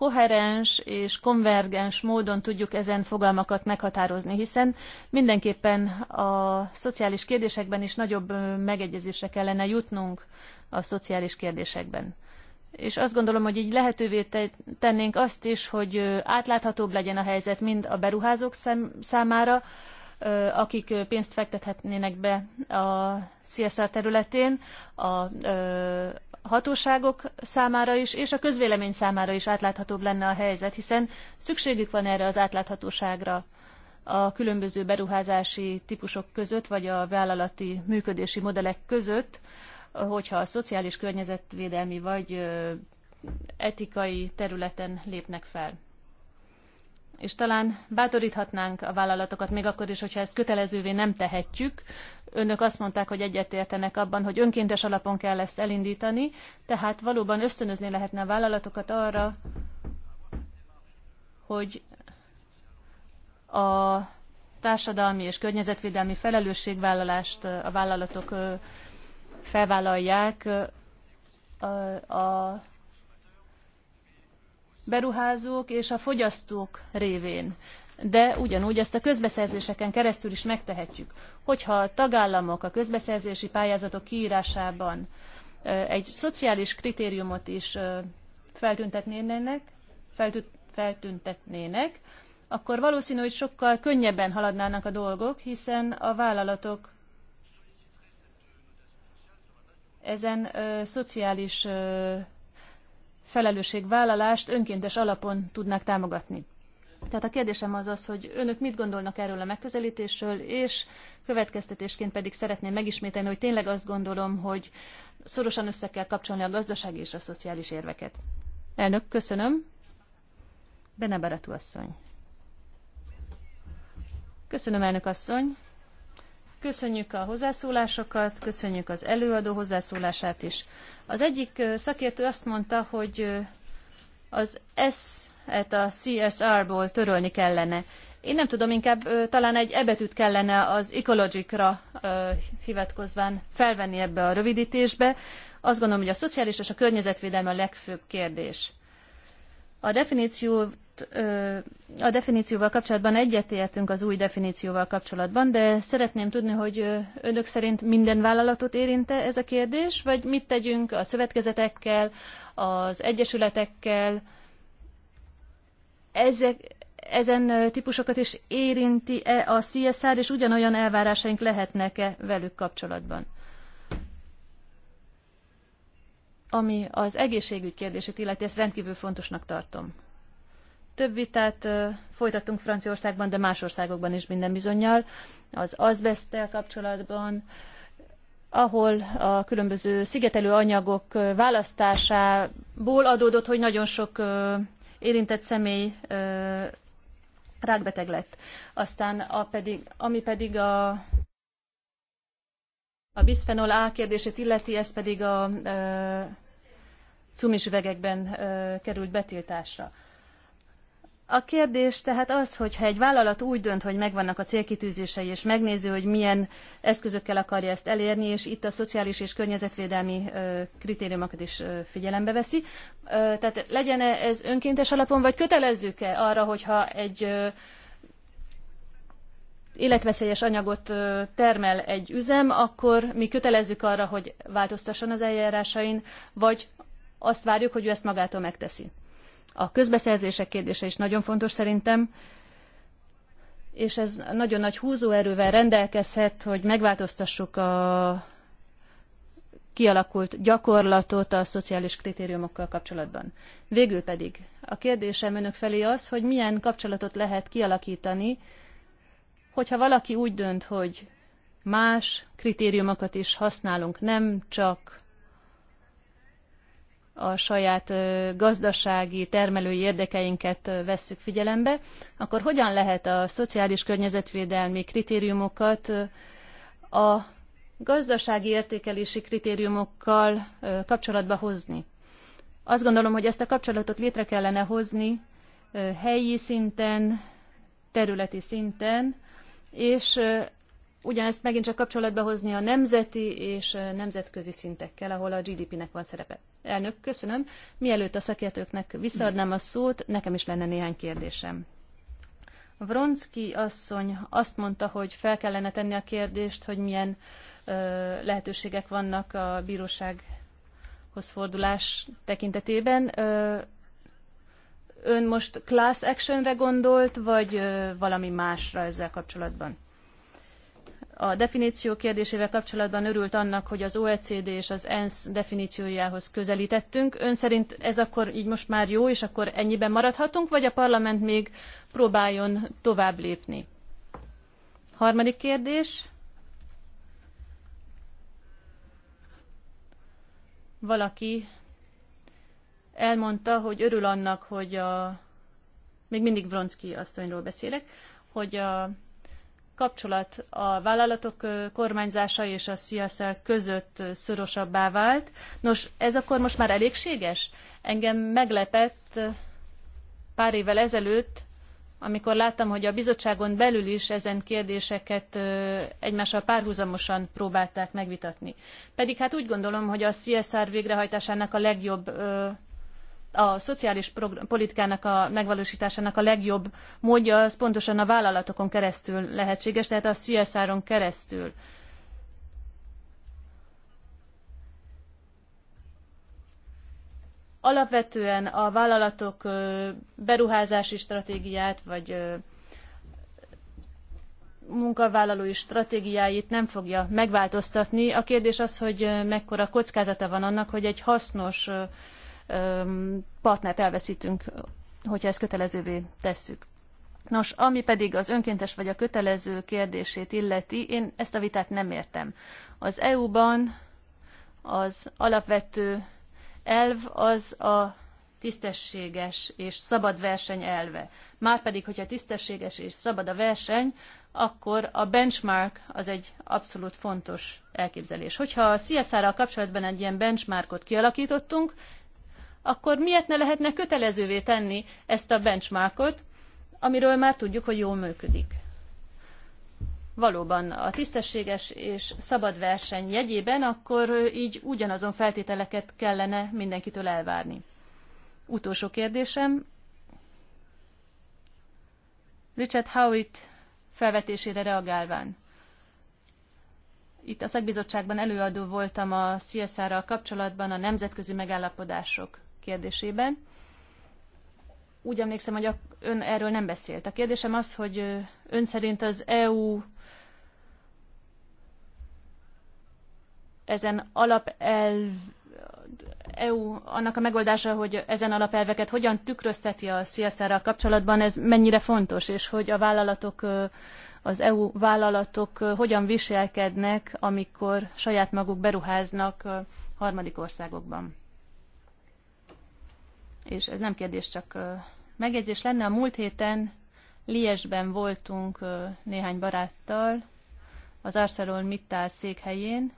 koherens és konvergens módon tudjuk ezen fogalmakat meghatározni, hiszen mindenképpen a szociális kérdésekben is nagyobb megegyezésre kellene jutnunk a szociális kérdésekben. És azt gondolom, hogy így lehetővé tennénk azt is, hogy átláthatóbb legyen a helyzet mind a beruházók számára, akik pénzt fektethetnének be a CSR területén, a, hatóságok számára is, és a közvélemény számára is átláthatóbb lenne a helyzet, hiszen szükségük van erre az átláthatóságra a különböző beruházási típusok között, vagy a vállalati működési modellek között, hogyha a szociális környezetvédelmi vagy etikai területen lépnek fel és talán bátoríthatnánk a vállalatokat még akkor is, hogyha ezt kötelezővé nem tehetjük. Önök azt mondták, hogy egyetértenek abban, hogy önkéntes alapon kell ezt elindítani, tehát valóban ösztönözni lehetne a vállalatokat arra, hogy a társadalmi és környezetvédelmi felelősségvállalást a vállalatok felvállalják a beruházók és a fogyasztók révén. De ugyanúgy ezt a közbeszerzéseken keresztül is megtehetjük. Hogyha a tagállamok a közbeszerzési pályázatok kiírásában egy szociális kritériumot is feltüntetnének, feltüntetnének, akkor valószínű, hogy sokkal könnyebben haladnának a dolgok, hiszen a vállalatok ezen ö, szociális ö, felelősségvállalást önkéntes alapon tudnák támogatni. Tehát a kérdésem az az, hogy önök mit gondolnak erről a megközelítésről, és következtetésként pedig szeretném megismételni, hogy tényleg azt gondolom, hogy szorosan össze kell kapcsolni a gazdasági és a szociális érveket. Elnök, köszönöm. Baratú asszony. Köszönöm, elnök asszony. Köszönjük a hozzászólásokat, köszönjük az előadó hozzászólását is. Az egyik szakértő azt mondta, hogy az S-et hát a CSR-ból törölni kellene. Én nem tudom, inkább talán egy ebetűt kellene az ecologicra hivatkozván felvenni ebbe a rövidítésbe. Azt gondolom, hogy a szociális és a környezetvédelem a legfőbb kérdés. A definíció a definícióval kapcsolatban egyetértünk az új definícióval kapcsolatban, de szeretném tudni, hogy önök szerint minden vállalatot érinte ez a kérdés, vagy mit tegyünk a szövetkezetekkel, az egyesületekkel, ezek, ezen típusokat is érinti-e a CSR, és ugyanolyan elvárásaink lehetnek-e velük kapcsolatban? Ami az egészségügy kérdését illeti, ezt rendkívül fontosnak tartom. Több vitát folytattunk Franciaországban, de más országokban is minden bizonyal, az azbesztel kapcsolatban, ahol a különböző szigetelő anyagok választásából adódott, hogy nagyon sok érintett személy rákbeteg lett. Aztán a pedig, ami pedig a, a bisphenol A kérdését illeti, ez pedig a cumis üvegekben került betiltásra. A kérdés tehát az, hogy ha egy vállalat úgy dönt, hogy megvannak a célkitűzései, és megnézi, hogy milyen eszközökkel akarja ezt elérni, és itt a szociális és környezetvédelmi kritériumokat is figyelembe veszi, tehát legyen -e ez önkéntes alapon, vagy kötelezzük-e arra, hogyha egy életveszélyes anyagot termel egy üzem, akkor mi kötelezzük arra, hogy változtasson az eljárásain, vagy azt várjuk, hogy ő ezt magától megteszi. A közbeszerzések kérdése is nagyon fontos szerintem, és ez nagyon nagy húzóerővel rendelkezhet, hogy megváltoztassuk a kialakult gyakorlatot a szociális kritériumokkal kapcsolatban. Végül pedig a kérdésem önök felé az, hogy milyen kapcsolatot lehet kialakítani, hogyha valaki úgy dönt, hogy más kritériumokat is használunk, nem csak a saját gazdasági, termelői érdekeinket vesszük figyelembe, akkor hogyan lehet a szociális környezetvédelmi kritériumokat a gazdasági értékelési kritériumokkal kapcsolatba hozni? Azt gondolom, hogy ezt a kapcsolatot létre kellene hozni helyi szinten, területi szinten, és ugyanezt megint csak kapcsolatba hozni a nemzeti és nemzetközi szintekkel, ahol a GDP-nek van szerepe. Elnök, köszönöm. Mielőtt a szakértőknek visszaadnám a szót, nekem is lenne néhány kérdésem. Vronsky asszony azt mondta, hogy fel kellene tenni a kérdést, hogy milyen ö, lehetőségek vannak a bírósághoz fordulás tekintetében. Ö, ön most class actionre gondolt, vagy ö, valami másra ezzel kapcsolatban? A definíció kérdésével kapcsolatban örült annak, hogy az OECD és az ENSZ definíciójához közelítettünk. Ön szerint ez akkor így most már jó, és akkor ennyiben maradhatunk, vagy a parlament még próbáljon tovább lépni? Harmadik kérdés. Valaki elmondta, hogy örül annak, hogy a, még mindig Vronszki asszonyról beszélek, hogy a kapcsolat a vállalatok kormányzása és a CSR között szorosabbá vált. Nos, ez akkor most már elégséges? Engem meglepett pár évvel ezelőtt, amikor láttam, hogy a bizottságon belül is ezen kérdéseket egymással párhuzamosan próbálták megvitatni. Pedig hát úgy gondolom, hogy a CSR végrehajtásának a legjobb a szociális politikának a megvalósításának a legjobb módja az pontosan a vállalatokon keresztül lehetséges, tehát a CSR-on keresztül. Alapvetően a vállalatok beruházási stratégiát vagy munkavállalói stratégiáit nem fogja megváltoztatni. A kérdés az, hogy mekkora kockázata van annak, hogy egy hasznos partnert elveszítünk, hogyha ezt kötelezővé tesszük. Nos, ami pedig az önkéntes vagy a kötelező kérdését illeti, én ezt a vitát nem értem. Az EU-ban az alapvető elv az a tisztességes és szabad verseny elve. Márpedig, hogyha tisztességes és szabad a verseny, akkor a benchmark az egy abszolút fontos elképzelés. Hogyha a CSR-ral kapcsolatban egy ilyen benchmarkot kialakítottunk, akkor miért ne lehetne kötelezővé tenni ezt a benchmarkot, amiről már tudjuk, hogy jól működik? Valóban a tisztességes és szabad verseny jegyében akkor így ugyanazon feltételeket kellene mindenkitől elvárni. Utolsó kérdésem. Richard Howitt felvetésére reagálván. Itt a szakbizottságban előadó voltam a CSR-ral kapcsolatban a nemzetközi megállapodások kérdésében. Úgy emlékszem, hogy ön erről nem beszélt. A kérdésem az, hogy ön szerint az EU ezen alapelv, EU annak a megoldása, hogy ezen alapelveket hogyan tükrözteti a csr kapcsolatban, ez mennyire fontos, és hogy a vállalatok, az EU vállalatok hogyan viselkednek, amikor saját maguk beruháznak harmadik országokban és ez nem kérdés, csak megjegyzés lenne. A múlt héten Liesben voltunk néhány baráttal az Arcelor Mittal székhelyén,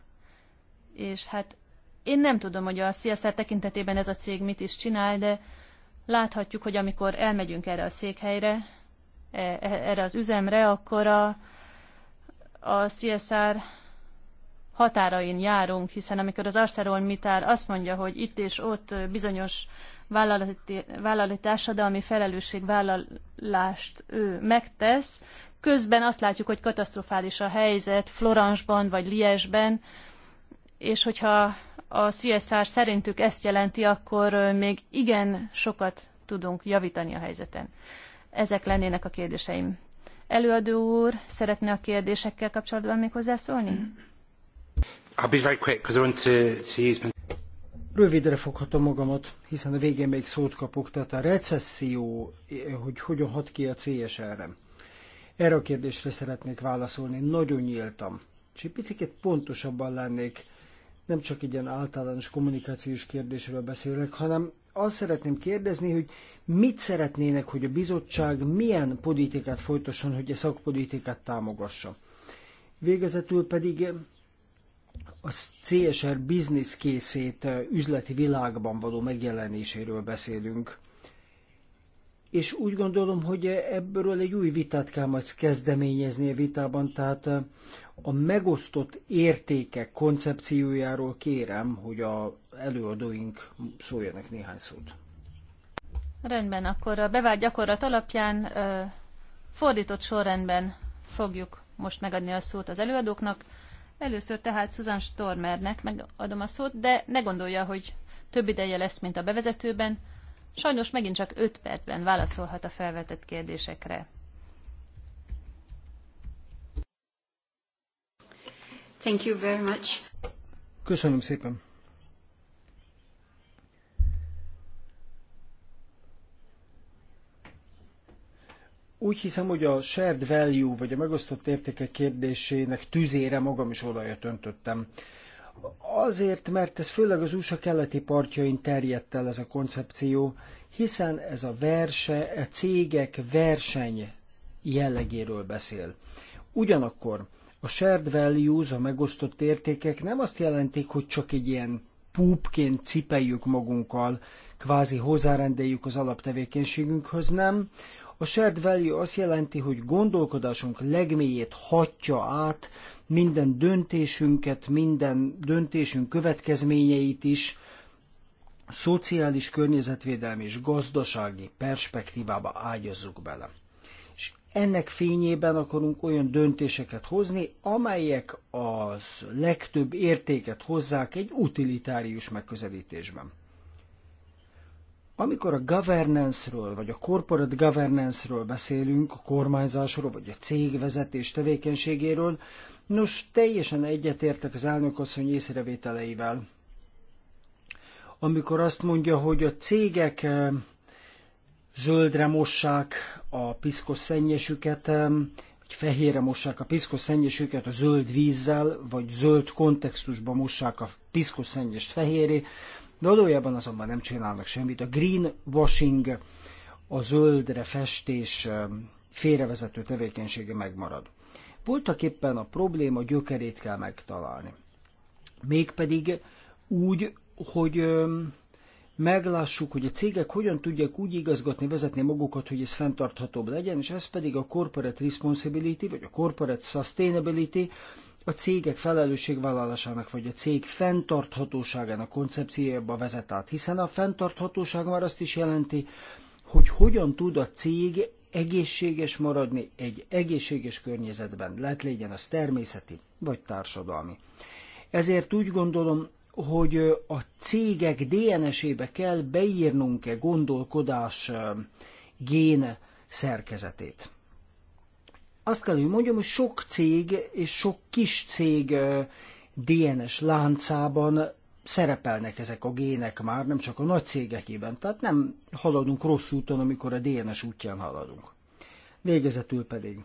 és hát én nem tudom, hogy a CSR tekintetében ez a cég mit is csinál, de láthatjuk, hogy amikor elmegyünk erre a székhelyre, e, e, erre az üzemre, akkor a, a CSR határain járunk, hiszen amikor az Mittal azt mondja, hogy itt és ott bizonyos vállalati, vállalati társadalmi felelősségvállalást ő megtesz, közben azt látjuk, hogy katasztrofális a helyzet Florensban vagy Liesben, és hogyha a CSR szerintük ezt jelenti, akkor még igen sokat tudunk javítani a helyzeten. Ezek lennének a kérdéseim. Előadó úr, szeretne a kérdésekkel kapcsolatban még hozzászólni? I'll be very quick because I want to, to use my Rövidre foghatom magamat, hiszen a végén még szót kapok, tehát a recesszió, hogy hogyan hat ki a CSR-re. Erre a kérdésre szeretnék válaszolni, nagyon nyíltam. És egy picit pontosabban lennék, nem csak egy ilyen általános kommunikációs kérdésről beszélek, hanem azt szeretném kérdezni, hogy mit szeretnének, hogy a bizottság milyen politikát folytasson, hogy a szakpolitikát támogassa. Végezetül pedig a CSR business készét üzleti világban való megjelenéséről beszélünk. És úgy gondolom, hogy ebből egy új vitát kell majd kezdeményezni a vitában, tehát a megosztott értékek koncepciójáról kérem, hogy a előadóink szóljanak néhány szót. Rendben, akkor a bevált gyakorlat alapján fordított sorrendben fogjuk most megadni a szót az előadóknak. Először tehát Susan Stormernek megadom a szót, de ne gondolja, hogy több ideje lesz, mint a bevezetőben. Sajnos megint csak 5 percben válaszolhat a felvetett kérdésekre. Thank you very much. Köszönöm szépen. Úgy hiszem, hogy a shared value, vagy a megosztott értékek kérdésének tüzére magam is olajat öntöttem. Azért, mert ez főleg az USA keleti partjain terjedt el ez a koncepció, hiszen ez a verse, a e cégek verseny jellegéről beszél. Ugyanakkor a shared values, a megosztott értékek nem azt jelentik, hogy csak egy ilyen púpként cipeljük magunkkal, kvázi hozzárendeljük az alaptevékenységünkhöz, nem, a shared value azt jelenti, hogy gondolkodásunk legmélyét hatja át, minden döntésünket, minden döntésünk következményeit is, szociális, környezetvédelmi és gazdasági perspektívába ágyazzuk bele. És ennek fényében akarunk olyan döntéseket hozni, amelyek az legtöbb értéket hozzák egy utilitárius megközelítésben. Amikor a governance-ről, vagy a corporate governance-ről beszélünk, a kormányzásról, vagy a cégvezetés tevékenységéről, nos, teljesen egyetértek az asszony észrevételeivel. Amikor azt mondja, hogy a cégek eh, zöldre mossák a piszkos szennyesüket, eh, vagy fehérre mossák a piszkos szennyesüket a zöld vízzel, vagy zöld kontextusban mossák a piszkos szennyest fehéré, Valójában azonban nem csinálnak semmit. A greenwashing, a zöldre festés um, félrevezető tevékenysége megmarad. Voltak éppen a probléma gyökerét kell megtalálni. Mégpedig úgy, hogy um, meglássuk, hogy a cégek hogyan tudják úgy igazgatni, vezetni magukat, hogy ez fenntarthatóbb legyen, és ez pedig a corporate responsibility, vagy a corporate sustainability, a cégek felelősségvállalásának vagy a cég fenntarthatóságának koncepciójába vezet át, hiszen a fenntarthatóság már azt is jelenti, hogy hogyan tud a cég egészséges maradni egy egészséges környezetben, lehet legyen az természeti vagy társadalmi. Ezért úgy gondolom, hogy a cégek DNS-ébe kell beírnunk-e gondolkodás gén szerkezetét azt kell, hogy mondjam, hogy sok cég és sok kis cég DNS láncában szerepelnek ezek a gének már, nem csak a nagy cégekében. Tehát nem haladunk rossz úton, amikor a DNS útján haladunk. Végezetül pedig.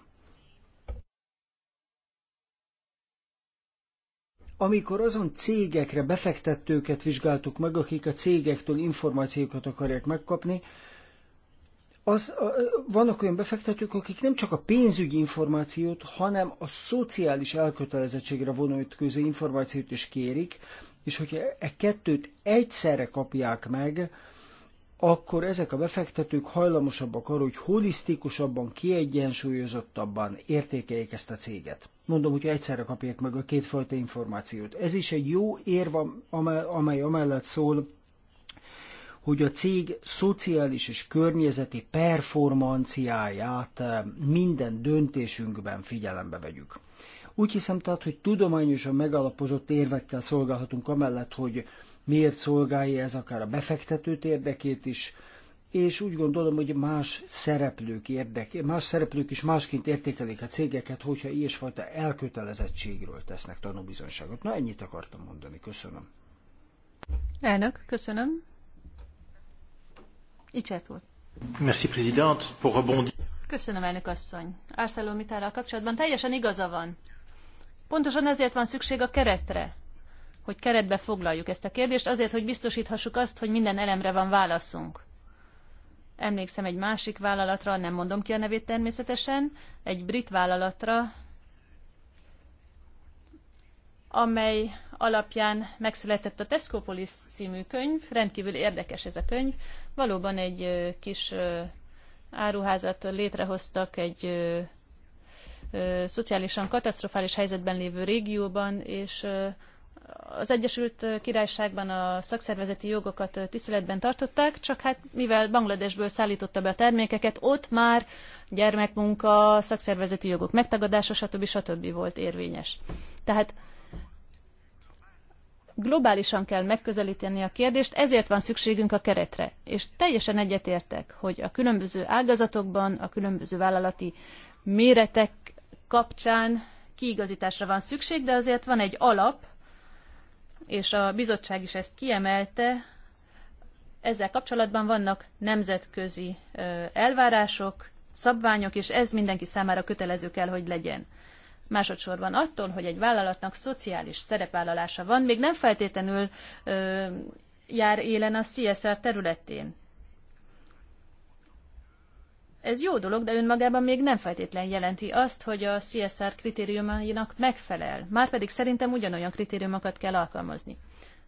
Amikor azon cégekre befektetőket vizsgáltuk meg, akik a cégektől információkat akarják megkapni, az, vannak olyan befektetők, akik nem csak a pénzügyi információt, hanem a szociális elkötelezettségre közé információt is kérik, és hogyha e kettőt egyszerre kapják meg, akkor ezek a befektetők hajlamosabbak arra, hogy holisztikusabban, kiegyensúlyozottabban értékeljék ezt a céget. Mondom, hogy egyszerre kapják meg a kétfajta információt. Ez is egy jó érv, amely amellett szól, hogy a cég szociális és környezeti performanciáját eh, minden döntésünkben figyelembe vegyük. Úgy hiszem tehát, hogy tudományosan megalapozott érvekkel szolgálhatunk amellett, hogy miért szolgálja ez akár a befektetőt érdekét is, és úgy gondolom, hogy más szereplők, érdek, más szereplők is másként értékelik a cégeket, hogyha ilyesfajta elkötelezettségről tesznek tanúbizonságot. Na, ennyit akartam mondani. Köszönöm. Elnök, köszönöm. Icset úr. Merci, président, pour rebondir. Köszönöm, elnök asszony. ArcelorMittalral kapcsolatban teljesen igaza van. Pontosan ezért van szükség a keretre, hogy keretbe foglaljuk ezt a kérdést, azért, hogy biztosíthassuk azt, hogy minden elemre van válaszunk. Emlékszem egy másik vállalatra, nem mondom ki a nevét természetesen, egy brit vállalatra, amely alapján megszületett a Tescopolis című könyv, rendkívül érdekes ez a könyv, Valóban egy kis áruházat létrehoztak egy szociálisan katasztrofális helyzetben lévő régióban, és az Egyesült Királyságban a szakszervezeti jogokat tiszteletben tartották, csak hát mivel Bangladesből szállította be a termékeket, ott már gyermekmunka, szakszervezeti jogok megtagadása, stb. stb. volt érvényes. Tehát globálisan kell megközelíteni a kérdést, ezért van szükségünk a keretre. És teljesen egyetértek, hogy a különböző ágazatokban, a különböző vállalati méretek kapcsán kiigazításra van szükség, de azért van egy alap, és a bizottság is ezt kiemelte, ezzel kapcsolatban vannak nemzetközi elvárások, szabványok, és ez mindenki számára kötelező kell, hogy legyen. Másodszorban attól, hogy egy vállalatnak szociális szerepvállalása van, még nem feltétlenül ö, jár élen a CSR területén. Ez jó dolog, de önmagában még nem feltétlen jelenti azt, hogy a CSR kritériumainak megfelel. Márpedig szerintem ugyanolyan kritériumokat kell alkalmazni.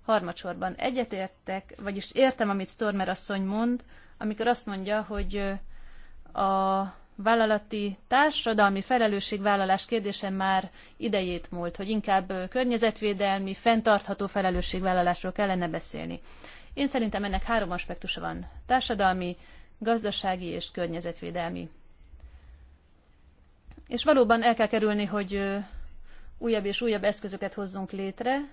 Harmadsorban egyetértek, vagyis értem, amit Stormer asszony mond, amikor azt mondja, hogy a vállalati társadalmi felelősségvállalás kérdése már idejét múlt, hogy inkább környezetvédelmi, fenntartható felelősségvállalásról kellene beszélni. Én szerintem ennek három aspektusa van. Társadalmi, gazdasági és környezetvédelmi. És valóban el kell kerülni, hogy újabb és újabb eszközöket hozzunk létre,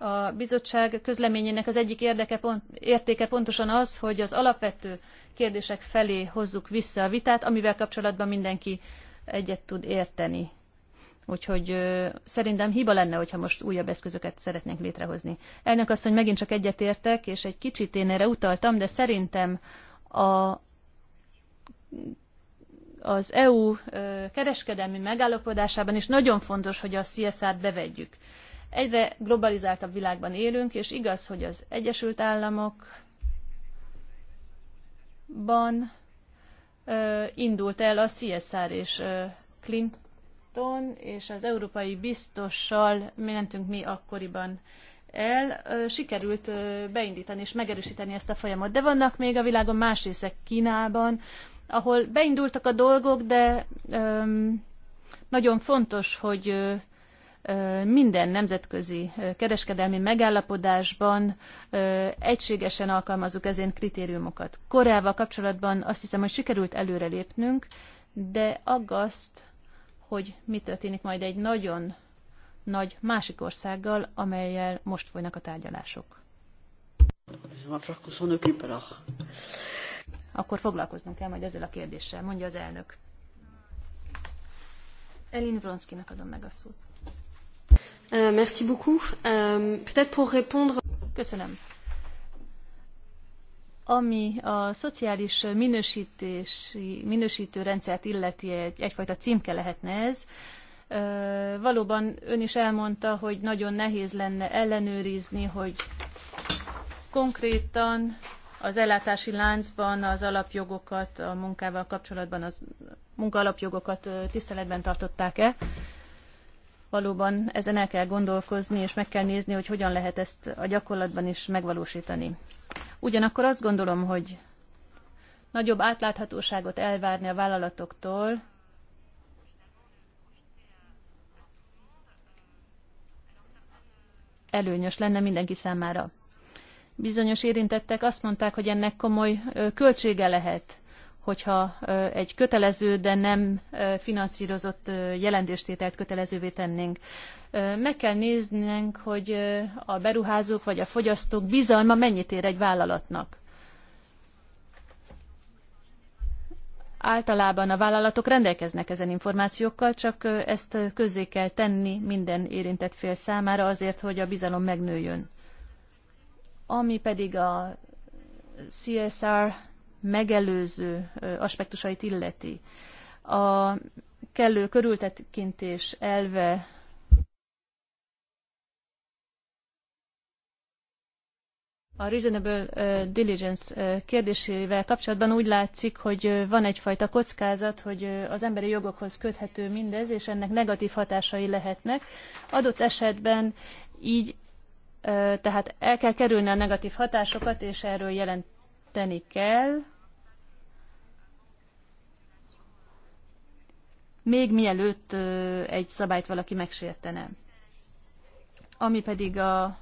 a bizottság közleményének az egyik érdeke pont, értéke pontosan az, hogy az alapvető kérdések felé hozzuk vissza a vitát, amivel kapcsolatban mindenki egyet tud érteni. Úgyhogy ö, szerintem hiba lenne, hogyha most újabb eszközöket szeretnénk létrehozni. Elnök azt, hogy megint csak értek, és egy kicsit én erre utaltam, de szerintem a, az EU ö, kereskedelmi megállapodásában is nagyon fontos, hogy a CSR-t bevegyük. Egyre globalizáltabb világban élünk, és igaz, hogy az Egyesült Államokban ö, indult el a CSR és ö, Clinton, és az európai biztossal mi mentünk mi akkoriban el, ö, sikerült ö, beindítani és megerősíteni ezt a folyamot. De vannak még a világon más részek Kínában, ahol beindultak a dolgok, de nagyon fontos, hogy minden nemzetközi kereskedelmi megállapodásban egységesen alkalmazzuk ezen kritériumokat. Koreával kapcsolatban azt hiszem, hogy sikerült előrelépnünk, de aggaszt, hogy mi történik majd egy nagyon nagy másik országgal, amelyel most folynak a tárgyalások. Akkor foglalkoznunk kell majd ezzel a kérdéssel, mondja az elnök. Elin Vronszkinak adom meg a szót. Uh, merci beaucoup. Uh, Peut-être pour répondre... Köszönöm. Ami a szociális minősítési, minősítő rendszert illeti, egy, egyfajta címke lehetne ez, valóban ön is elmondta, hogy nagyon nehéz lenne ellenőrizni, hogy konkrétan az ellátási láncban az alapjogokat, a munkával kapcsolatban az munkaalapjogokat tiszteletben tartották-e valóban ezen el kell gondolkozni, és meg kell nézni, hogy hogyan lehet ezt a gyakorlatban is megvalósítani. Ugyanakkor azt gondolom, hogy nagyobb átláthatóságot elvárni a vállalatoktól, előnyös lenne mindenki számára. Bizonyos érintettek azt mondták, hogy ennek komoly költsége lehet hogyha egy kötelező, de nem finanszírozott jelentéstételt kötelezővé tennénk. Meg kell néznünk, hogy a beruházók vagy a fogyasztók bizalma mennyit ér egy vállalatnak. Általában a vállalatok rendelkeznek ezen információkkal, csak ezt közzé kell tenni minden érintett fél számára azért, hogy a bizalom megnőjön. Ami pedig a CSR megelőző aspektusait illeti. A kellő körültekintés elve A reasonable diligence kérdésével kapcsolatban úgy látszik, hogy van egyfajta kockázat, hogy az emberi jogokhoz köthető mindez, és ennek negatív hatásai lehetnek. Adott esetben így tehát el kell kerülni a negatív hatásokat, és erről jelent, tenni kell, még mielőtt egy szabályt valaki megsértene. Ami pedig a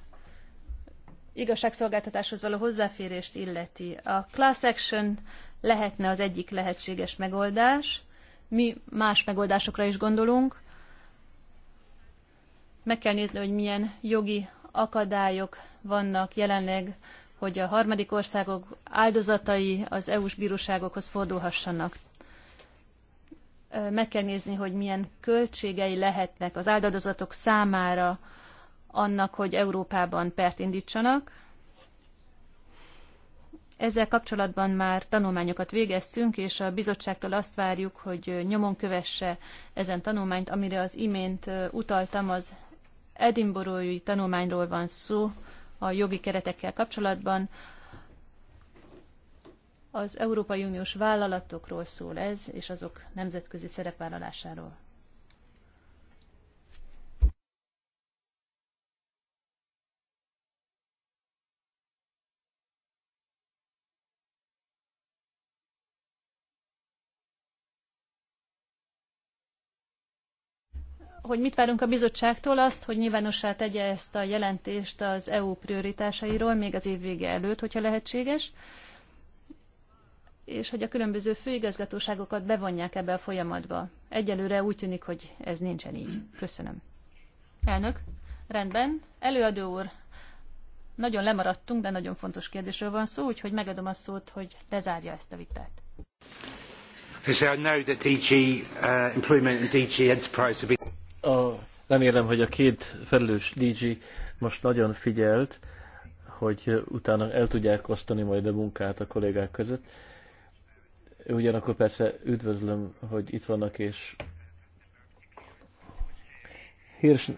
igazságszolgáltatáshoz való hozzáférést illeti. A class action lehetne az egyik lehetséges megoldás. Mi más megoldásokra is gondolunk. Meg kell nézni, hogy milyen jogi akadályok vannak jelenleg hogy a harmadik országok áldozatai az EU-s bíróságokhoz fordulhassanak. Meg kell nézni, hogy milyen költségei lehetnek az áldozatok számára annak, hogy Európában pert indítsanak. Ezzel kapcsolatban már tanulmányokat végeztünk, és a bizottságtól azt várjuk, hogy nyomon kövesse ezen tanulmányt, amire az imént utaltam, az edinburghi tanulmányról van szó, a jogi keretekkel kapcsolatban. Az Európai Uniós vállalatokról szól ez, és azok nemzetközi szerepvállalásáról. hogy mit várunk a bizottságtól, azt, hogy nyilvánossá tegye ezt a jelentést az EU prioritásairól még az év vége előtt, hogyha lehetséges, és hogy a különböző főigazgatóságokat bevonják ebbe a folyamatba. Egyelőre úgy tűnik, hogy ez nincsen így. Köszönöm. Elnök, rendben. Előadó úr, nagyon lemaradtunk, de nagyon fontos kérdésről van szó, úgyhogy megadom a szót, hogy lezárja ezt a vitát a, remélem, hogy a két felelős Ligi most nagyon figyelt, hogy utána el tudják osztani majd a munkát a kollégák között. Ugyanakkor persze üdvözlöm, hogy itt vannak, és Hirs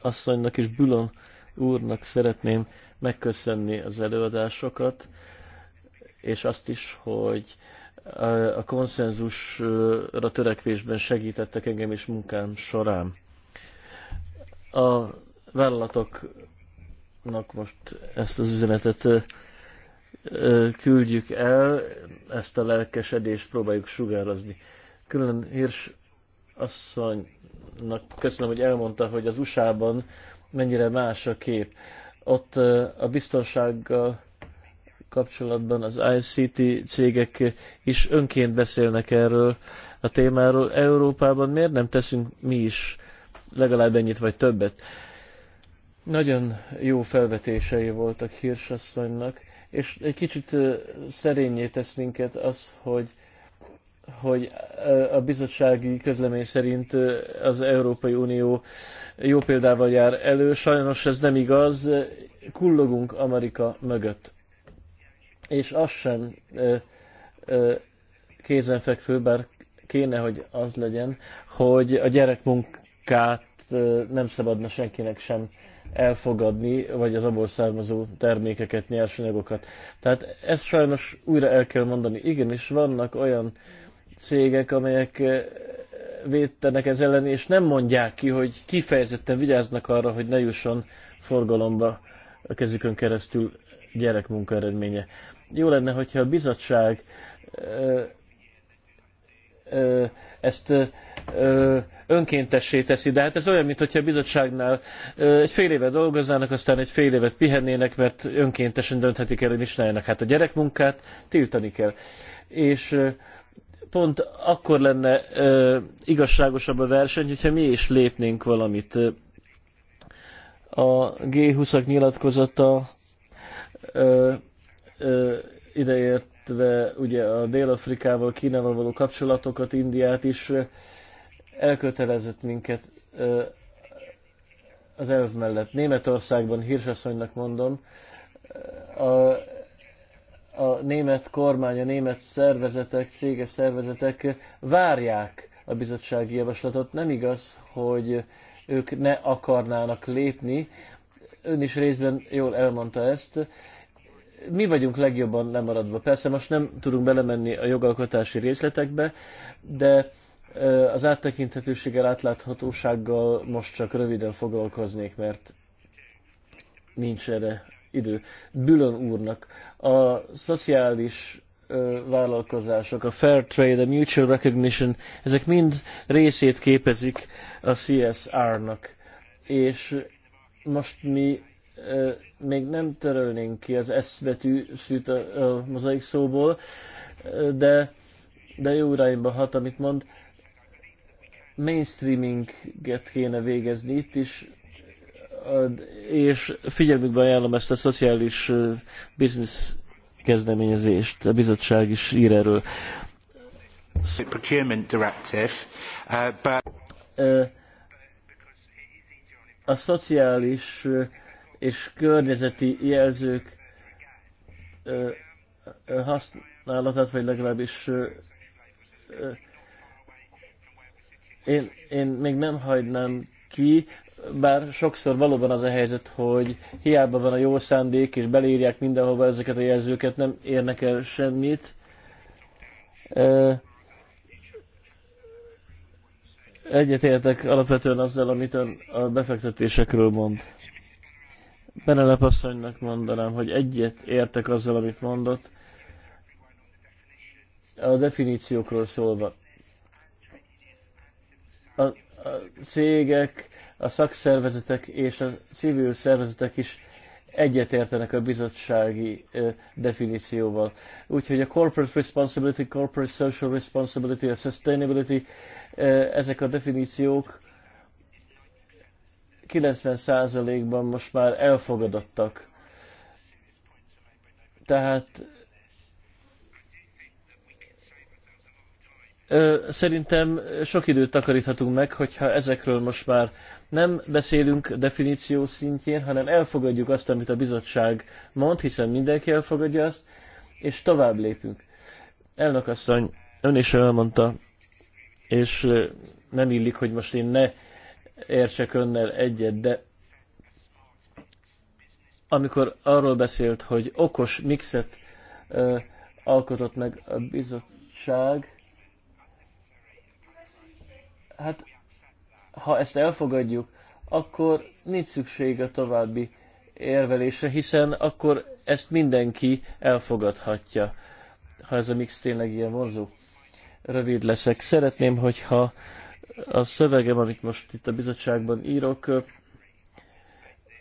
asszonynak és Bülon úrnak szeretném megköszönni az előadásokat, és azt is, hogy a konszenzusra törekvésben segítettek engem is munkám során. A vállalatoknak most ezt az üzenetet küldjük el, ezt a lelkesedést próbáljuk sugározni. Külön Hirs asszonynak köszönöm, hogy elmondta, hogy az USA-ban mennyire más a kép. Ott a biztonsággal kapcsolatban az ICT cégek is önként beszélnek erről a témáról. Európában miért nem teszünk mi is legalább ennyit vagy többet? Nagyon jó felvetései voltak Hirsasszonynak, és egy kicsit szerényé tesz minket az, hogy hogy a bizottsági közlemény szerint az Európai Unió jó példával jár elő. Sajnos ez nem igaz, kullogunk Amerika mögött és az sem ö, ö, kézenfekvő, bár kéne, hogy az legyen, hogy a gyerekmunkát ö, nem szabadna senkinek sem elfogadni, vagy az abból származó termékeket, nyersanyagokat. Tehát ezt sajnos újra el kell mondani. Igenis, vannak olyan cégek, amelyek védtenek ez ellen, és nem mondják ki, hogy kifejezetten vigyáznak arra, hogy ne jusson forgalomba a kezükön keresztül gyerekmunka eredménye. Jó lenne, hogyha a bizottság ezt önkéntessé teszi, de hát ez olyan, mint hogyha a bizottságnál egy fél évet dolgoznának, aztán egy fél évet pihennének, mert önkéntesen dönthetik el, hogy mit csináljanak. Hát a gyerekmunkát tiltani kell. És pont akkor lenne igazságosabb a verseny, hogyha mi is lépnénk valamit. A G20-ak nyilatkozata ideértve ugye a Dél-Afrikával, Kínával való kapcsolatokat, Indiát is elkötelezett minket az elv mellett. Németországban hírsasszonynak mondom, a, a német kormány, a német szervezetek, céges szervezetek várják a bizottsági javaslatot. Nem igaz, hogy ők ne akarnának lépni. Ön is részben jól elmondta ezt mi vagyunk legjobban lemaradva. Persze most nem tudunk belemenni a jogalkotási részletekbe, de az áttekinthetőséggel, átláthatósággal most csak röviden foglalkoznék, mert nincs erre idő. Bülön úrnak a szociális vállalkozások, a fair trade, a mutual recognition, ezek mind részét képezik a CSR-nak. És most mi még nem törölnénk ki az S betű szűt a, a mozaik szóból, de, de jó irányba hat, amit mond. Mainstreaminget kéne végezni itt is, és figyelmükbe ajánlom ezt a szociális business kezdeményezést, a bizottság is ír erről. Uh, a szociális uh, és környezeti jelzők használatát, vagy legalábbis én, én még nem hagynám ki, bár sokszor valóban az a helyzet, hogy hiába van a jó szándék, és belírják mindenhova ezeket a jelzőket, nem érnek el semmit. Egyetértek alapvetően azzal, amit a befektetésekről mond. Penelep asszonynak mondanám, hogy egyet értek azzal, amit mondott. A definíciókról szólva. A, a cégek, a szakszervezetek és a civil szervezetek is egyetértenek a bizottsági ö, definícióval. Úgyhogy a corporate responsibility, corporate social responsibility, a sustainability, ö, ezek a definíciók 90%-ban most már elfogadottak. Tehát ö, szerintem sok időt takaríthatunk meg, hogyha ezekről most már nem beszélünk definíció szintjén, hanem elfogadjuk azt, amit a bizottság mond, hiszen mindenki elfogadja azt, és tovább lépünk. Elnök asszony, ön is elmondta, és nem illik, hogy most én ne értsek önnel egyet, de amikor arról beszélt, hogy okos mixet ö, alkotott meg a bizottság, hát ha ezt elfogadjuk, akkor nincs szükség a további érvelésre, hiszen akkor ezt mindenki elfogadhatja, ha ez a mix tényleg ilyen vonzó. Rövid leszek. Szeretném, hogyha a szövegem, amit most itt a bizottságban írok,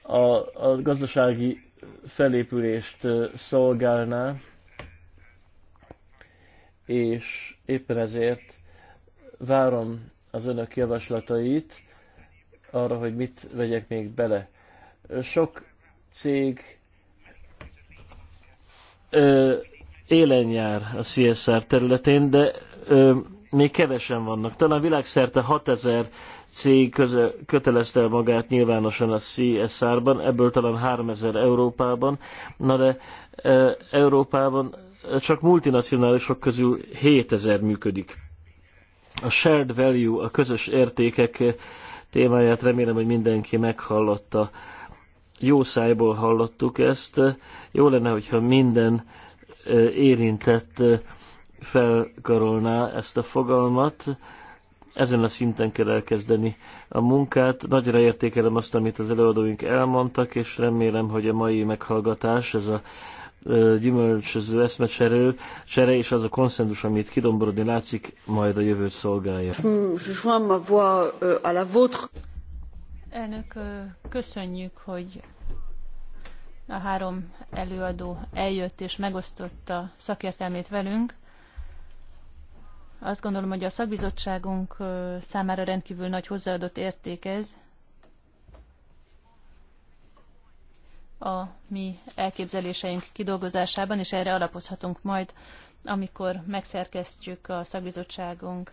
a, a gazdasági felépülést szolgálná, és éppen ezért várom az önök javaslatait arra, hogy mit vegyek még bele. Sok cég ö, élen jár a CSR területén, de ö, még kevesen vannak. Talán világszerte 6000 cég köze, kötelezte magát nyilvánosan a CSR-ban, ebből talán 3000 Európában, na de e, Európában csak multinacionálisok közül 7000 működik. A shared value, a közös értékek témáját remélem, hogy mindenki meghallotta. Jó szájból hallottuk ezt. Jó lenne, hogyha minden e, érintett e, felkarolná ezt a fogalmat. Ezen a szinten kell elkezdeni a munkát. Nagyra értékelem azt, amit az előadóink elmondtak, és remélem, hogy a mai meghallgatás, ez a gyümölcsöző eszmecserő, csere és az a konszenzus, amit kidomborodni látszik, majd a jövőt szolgálja. Euh, Elnök, köszönjük, hogy a három előadó eljött és megosztotta szakértelmét velünk. Azt gondolom, hogy a szakbizottságunk számára rendkívül nagy hozzáadott érték ez. A mi elképzeléseink kidolgozásában, és erre alapozhatunk majd, amikor megszerkesztjük a szakbizottságunk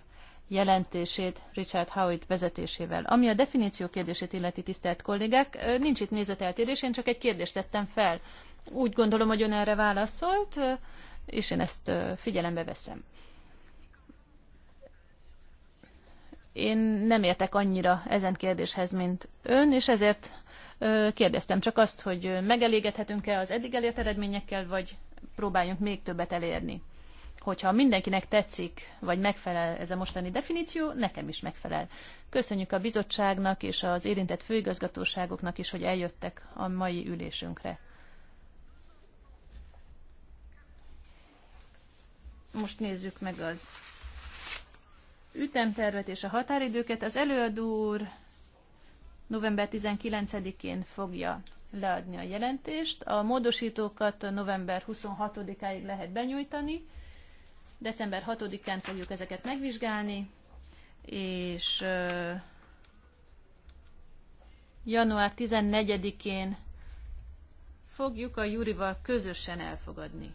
jelentését Richard Howitt vezetésével. Ami a definíció kérdését illeti, tisztelt kollégák, nincs itt nézeteltérés, én csak egy kérdést tettem fel. Úgy gondolom, hogy ön erre válaszolt, és én ezt figyelembe veszem. én nem értek annyira ezen kérdéshez, mint ön, és ezért kérdeztem csak azt, hogy megelégedhetünk-e az eddig elért eredményekkel, vagy próbáljunk még többet elérni. Hogyha mindenkinek tetszik, vagy megfelel ez a mostani definíció, nekem is megfelel. Köszönjük a bizottságnak és az érintett főigazgatóságoknak is, hogy eljöttek a mai ülésünkre. Most nézzük meg az ütemtervet és a határidőket az előadó úr november 19-én fogja leadni a jelentést. A módosítókat november 26-áig lehet benyújtani, december 6-án fogjuk ezeket megvizsgálni, és január 14-én fogjuk a Jurival közösen elfogadni.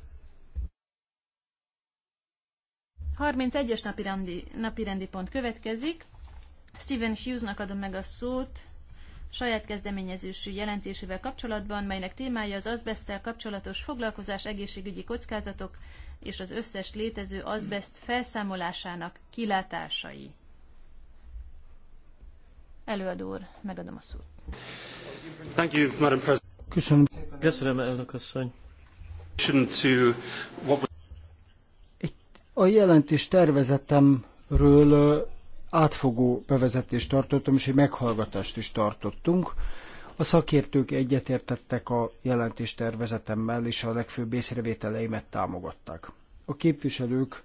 31-es napirendi, rendi pont következik. Stephen Hughesnak adom meg a szót saját kezdeményezésű jelentésével kapcsolatban, melynek témája az azbesztel kapcsolatos foglalkozás egészségügyi kockázatok és az összes létező azbest felszámolásának kilátásai. Előadó úr, megadom a szót. Thank you, Madam President. Köszönöm. Köszönöm, elnök asszony. A jelentés tervezetemről átfogó bevezetést tartottam, és egy meghallgatást is tartottunk. A szakértők egyetértettek a jelentés tervezetemmel, és a legfőbb észrevételeimet támogatták. A képviselők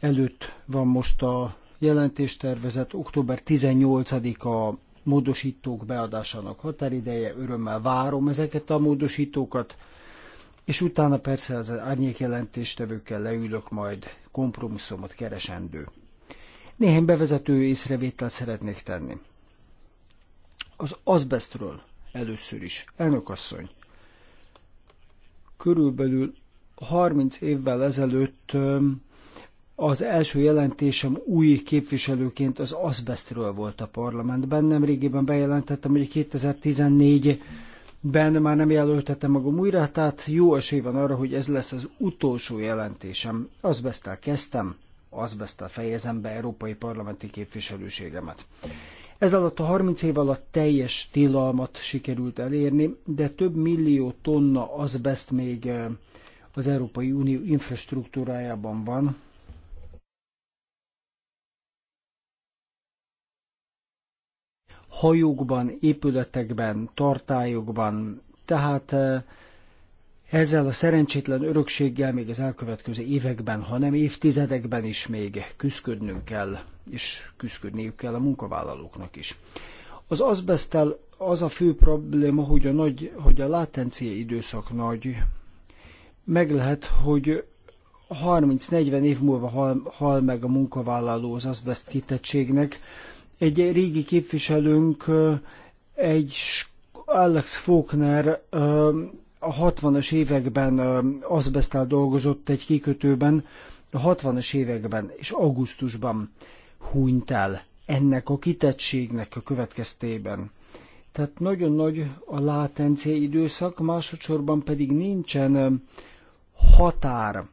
előtt van most a jelentéstervezet, október 18-a módosítók beadásának határideje, örömmel várom ezeket a módosítókat, és utána persze az árnyék jelentéstevőkkel leülök majd kompromisszumot keresendő. Néhány bevezető észrevételt szeretnék tenni. Az azbestről először is. Elnök asszony, körülbelül 30 évvel ezelőtt az első jelentésem új képviselőként az azbestről volt a parlamentben. Nemrégiben bejelentettem, hogy 2014 ben már nem jelöltette magam újra, tehát jó esély van arra, hogy ez lesz az utolsó jelentésem. Azbesztel kezdtem, azbesztel fejezem be európai parlamenti képviselőségemet. Ez alatt a 30 év alatt teljes tilalmat sikerült elérni, de több millió tonna azbest még eh, az Európai Unió infrastruktúrájában van, hajókban, épületekben, tartályokban. Tehát eh, ezzel a szerencsétlen örökséggel még az elkövetkező években, hanem évtizedekben is még küzdködnünk kell, és küzdködniük kell a munkavállalóknak is. Az azbesztel az a fő probléma, hogy a, nagy, hogy a látencia időszak nagy. Meg lehet, hogy 30-40 év múlva hal, hal meg a munkavállaló az azbeszt kitettségnek, egy régi képviselőnk, egy Alex Faulkner a 60-as években azbesztál dolgozott egy kikötőben, a 60-as években és augusztusban hunyt el ennek a kitettségnek a következtében. Tehát nagyon nagy a látencia időszak, másodszorban pedig nincsen határ,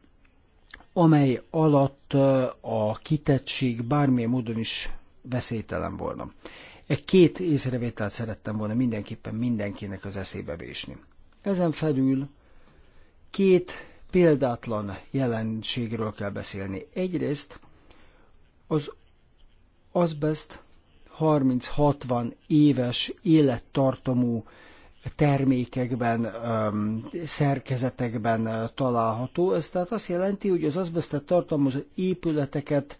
amely alatt a kitettség bármilyen módon is veszélytelen volna. Egy két észrevételt szerettem volna mindenképpen mindenkinek az eszébe vésni. Ezen felül két példátlan jelenségről kell beszélni. Egyrészt az azbest 30-60 éves élettartamú termékekben, szerkezetekben található. Ez tehát azt jelenti, hogy az azbestet tartalmazó épületeket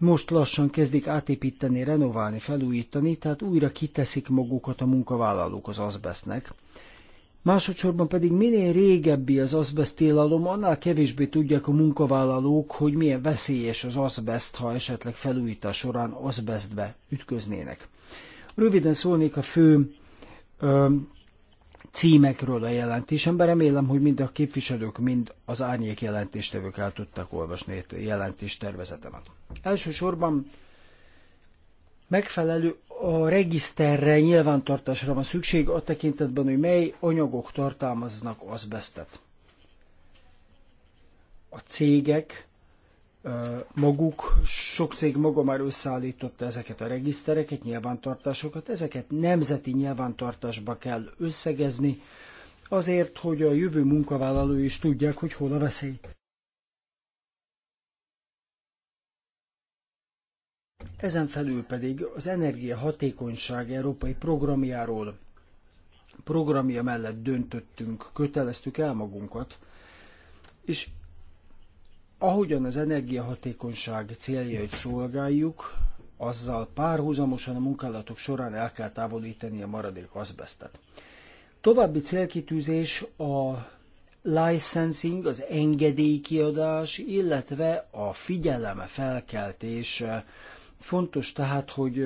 most lassan kezdik átépíteni, renoválni, felújítani, tehát újra kiteszik magukat a munkavállalók az azbesznek. Másodszorban pedig minél régebbi az azbeszt tilalom, annál kevésbé tudják a munkavállalók, hogy milyen veszélyes az azbeszt, ha esetleg felújítás során azbesztbe ütköznének. Röviden szólnék a fő ö, címekről a jelentésemben. Remélem, hogy mind a képviselők, mind az árnyék jelentéstevők el tudtak olvasni a jelentéstervezetemet. Elsősorban megfelelő a regiszterre nyilvántartásra van szükség a tekintetben, hogy mely anyagok tartalmaznak azbesztet. A cégek maguk, sok cég maga már összeállította ezeket a regisztereket, nyilvántartásokat, ezeket nemzeti nyilvántartásba kell összegezni, azért, hogy a jövő munkavállalói is tudják, hogy hol a veszély. Ezen felül pedig az energiahatékonyság európai programjáról, programja mellett döntöttünk, köteleztük el magunkat, és ahogyan az energiahatékonyság céljait szolgáljuk, azzal párhuzamosan a munkálatok során el kell távolítani a maradék azbesztet. További célkitűzés a licensing, az engedélykiadás, illetve a figyeleme felkeltés. Fontos tehát, hogy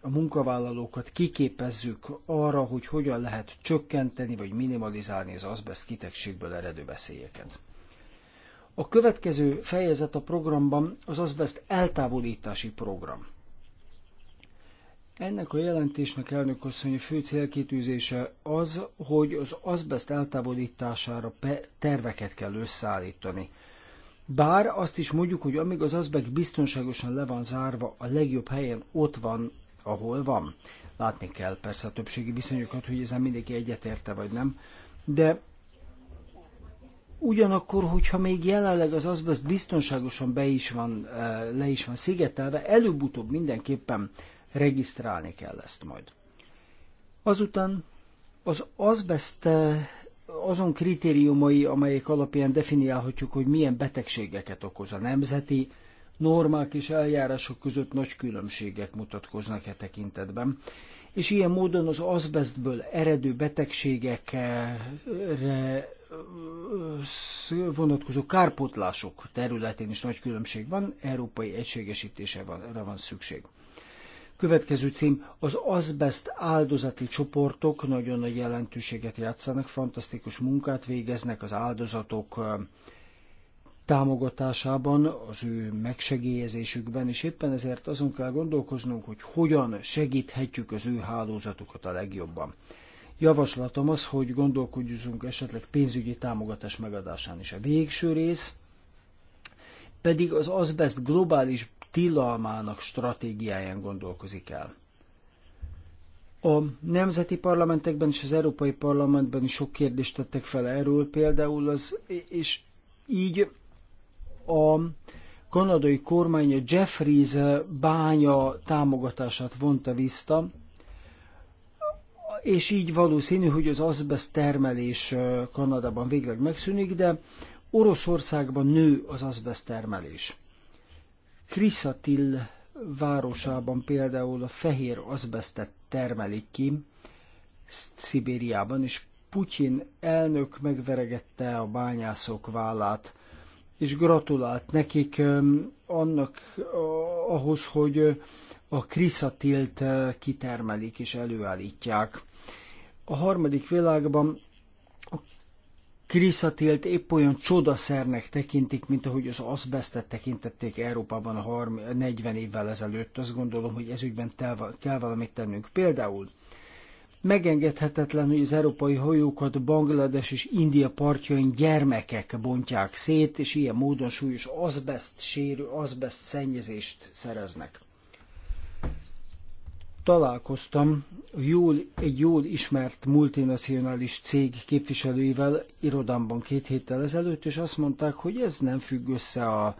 a munkavállalókat kiképezzük arra, hogy hogyan lehet csökkenteni vagy minimalizálni az azbest kitegségből eredő veszélyeket. A következő fejezet a programban az azbest eltávolítási program. Ennek a jelentésnek elnök asszony fő célkitűzése az, hogy az azbest eltávolítására terveket kell összeállítani. Bár azt is mondjuk, hogy amíg az azbek biztonságosan le van zárva, a legjobb helyen ott van, ahol van. Látni kell persze a többségi viszonyokat, hogy ezen mindenki egyetérte vagy nem, de Ugyanakkor, hogyha még jelenleg az azbest biztonságosan be is van, eh, le is van szigetelve, előbb-utóbb mindenképpen regisztrálni kell ezt majd. Azután az azbest eh, azon kritériumai, amelyek alapján definiálhatjuk, hogy milyen betegségeket okoz a nemzeti, normák és eljárások között nagy különbségek mutatkoznak e tekintetben. És ilyen módon az azbestből eredő betegségekre vonatkozó kárpótlások területén is nagy különbség van, európai egységesítésre van szükség. Következő cím, az azbest áldozati csoportok nagyon nagy jelentőséget játszanak, fantasztikus munkát végeznek az áldozatok támogatásában, az ő megsegélyezésükben, és éppen ezért azon kell gondolkoznunk, hogy hogyan segíthetjük az ő hálózatukat a legjobban. Javaslatom az, hogy gondolkodjunk esetleg pénzügyi támogatás megadásán is. A végső rész pedig az azbest globális tilalmának stratégiáján gondolkozik el. A nemzeti parlamentekben és az Európai Parlamentben is sok kérdést tettek fel erről, például az, és így a kanadai kormány a Jeffries bánya támogatását vonta vissza, és így valószínű, hogy az azbest termelés Kanadában végleg megszűnik, de Oroszországban nő az azbest termelés. Krisatil városában például a fehér azbestet termelik ki, Szibériában, és Putyin elnök megveregette a bányászok vállát, és gratulált nekik annak ahhoz, hogy a kriszatilt kitermelik és előállítják. A harmadik világban a kriszatilt épp olyan csodaszernek tekintik, mint ahogy az azbestet tekintették Európában 30, 40 évvel ezelőtt. Azt gondolom, hogy ezügyben kell valamit tennünk. Például megengedhetetlen, hogy az európai hajókat Banglades és India partjain gyermekek bontják szét, és ilyen módon súlyos azbest sérül, azbest szennyezést szereznek találkoztam jól, egy jól ismert multinacionális cég képviselőivel irodámban két héttel ezelőtt, és azt mondták, hogy ez nem függ össze a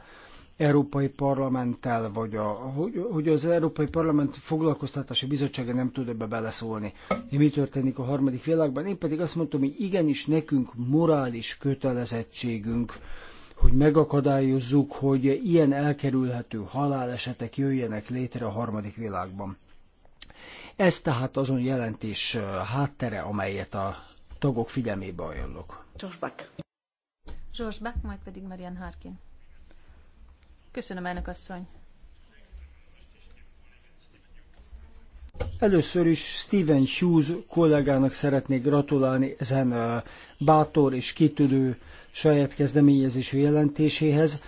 Európai Parlamenttel, vagy a, hogy, hogy az Európai Parlament foglalkoztatási bizottsága nem tud ebbe beleszólni, hogy mi történik a harmadik világban. Én pedig azt mondtam, hogy igenis nekünk morális kötelezettségünk, hogy megakadályozzuk, hogy ilyen elkerülhető halálesetek jöjjenek létre a harmadik világban. Ez tehát azon jelentés háttere, amelyet a tagok figyelmébe ajánlok. George Beck. George Beck, majd pedig Marian Harkin. Köszönöm, elnök asszony. Először is Stephen Hughes kollégának szeretnék gratulálni ezen bátor és kitűnő saját kezdeményezésű jelentéséhez.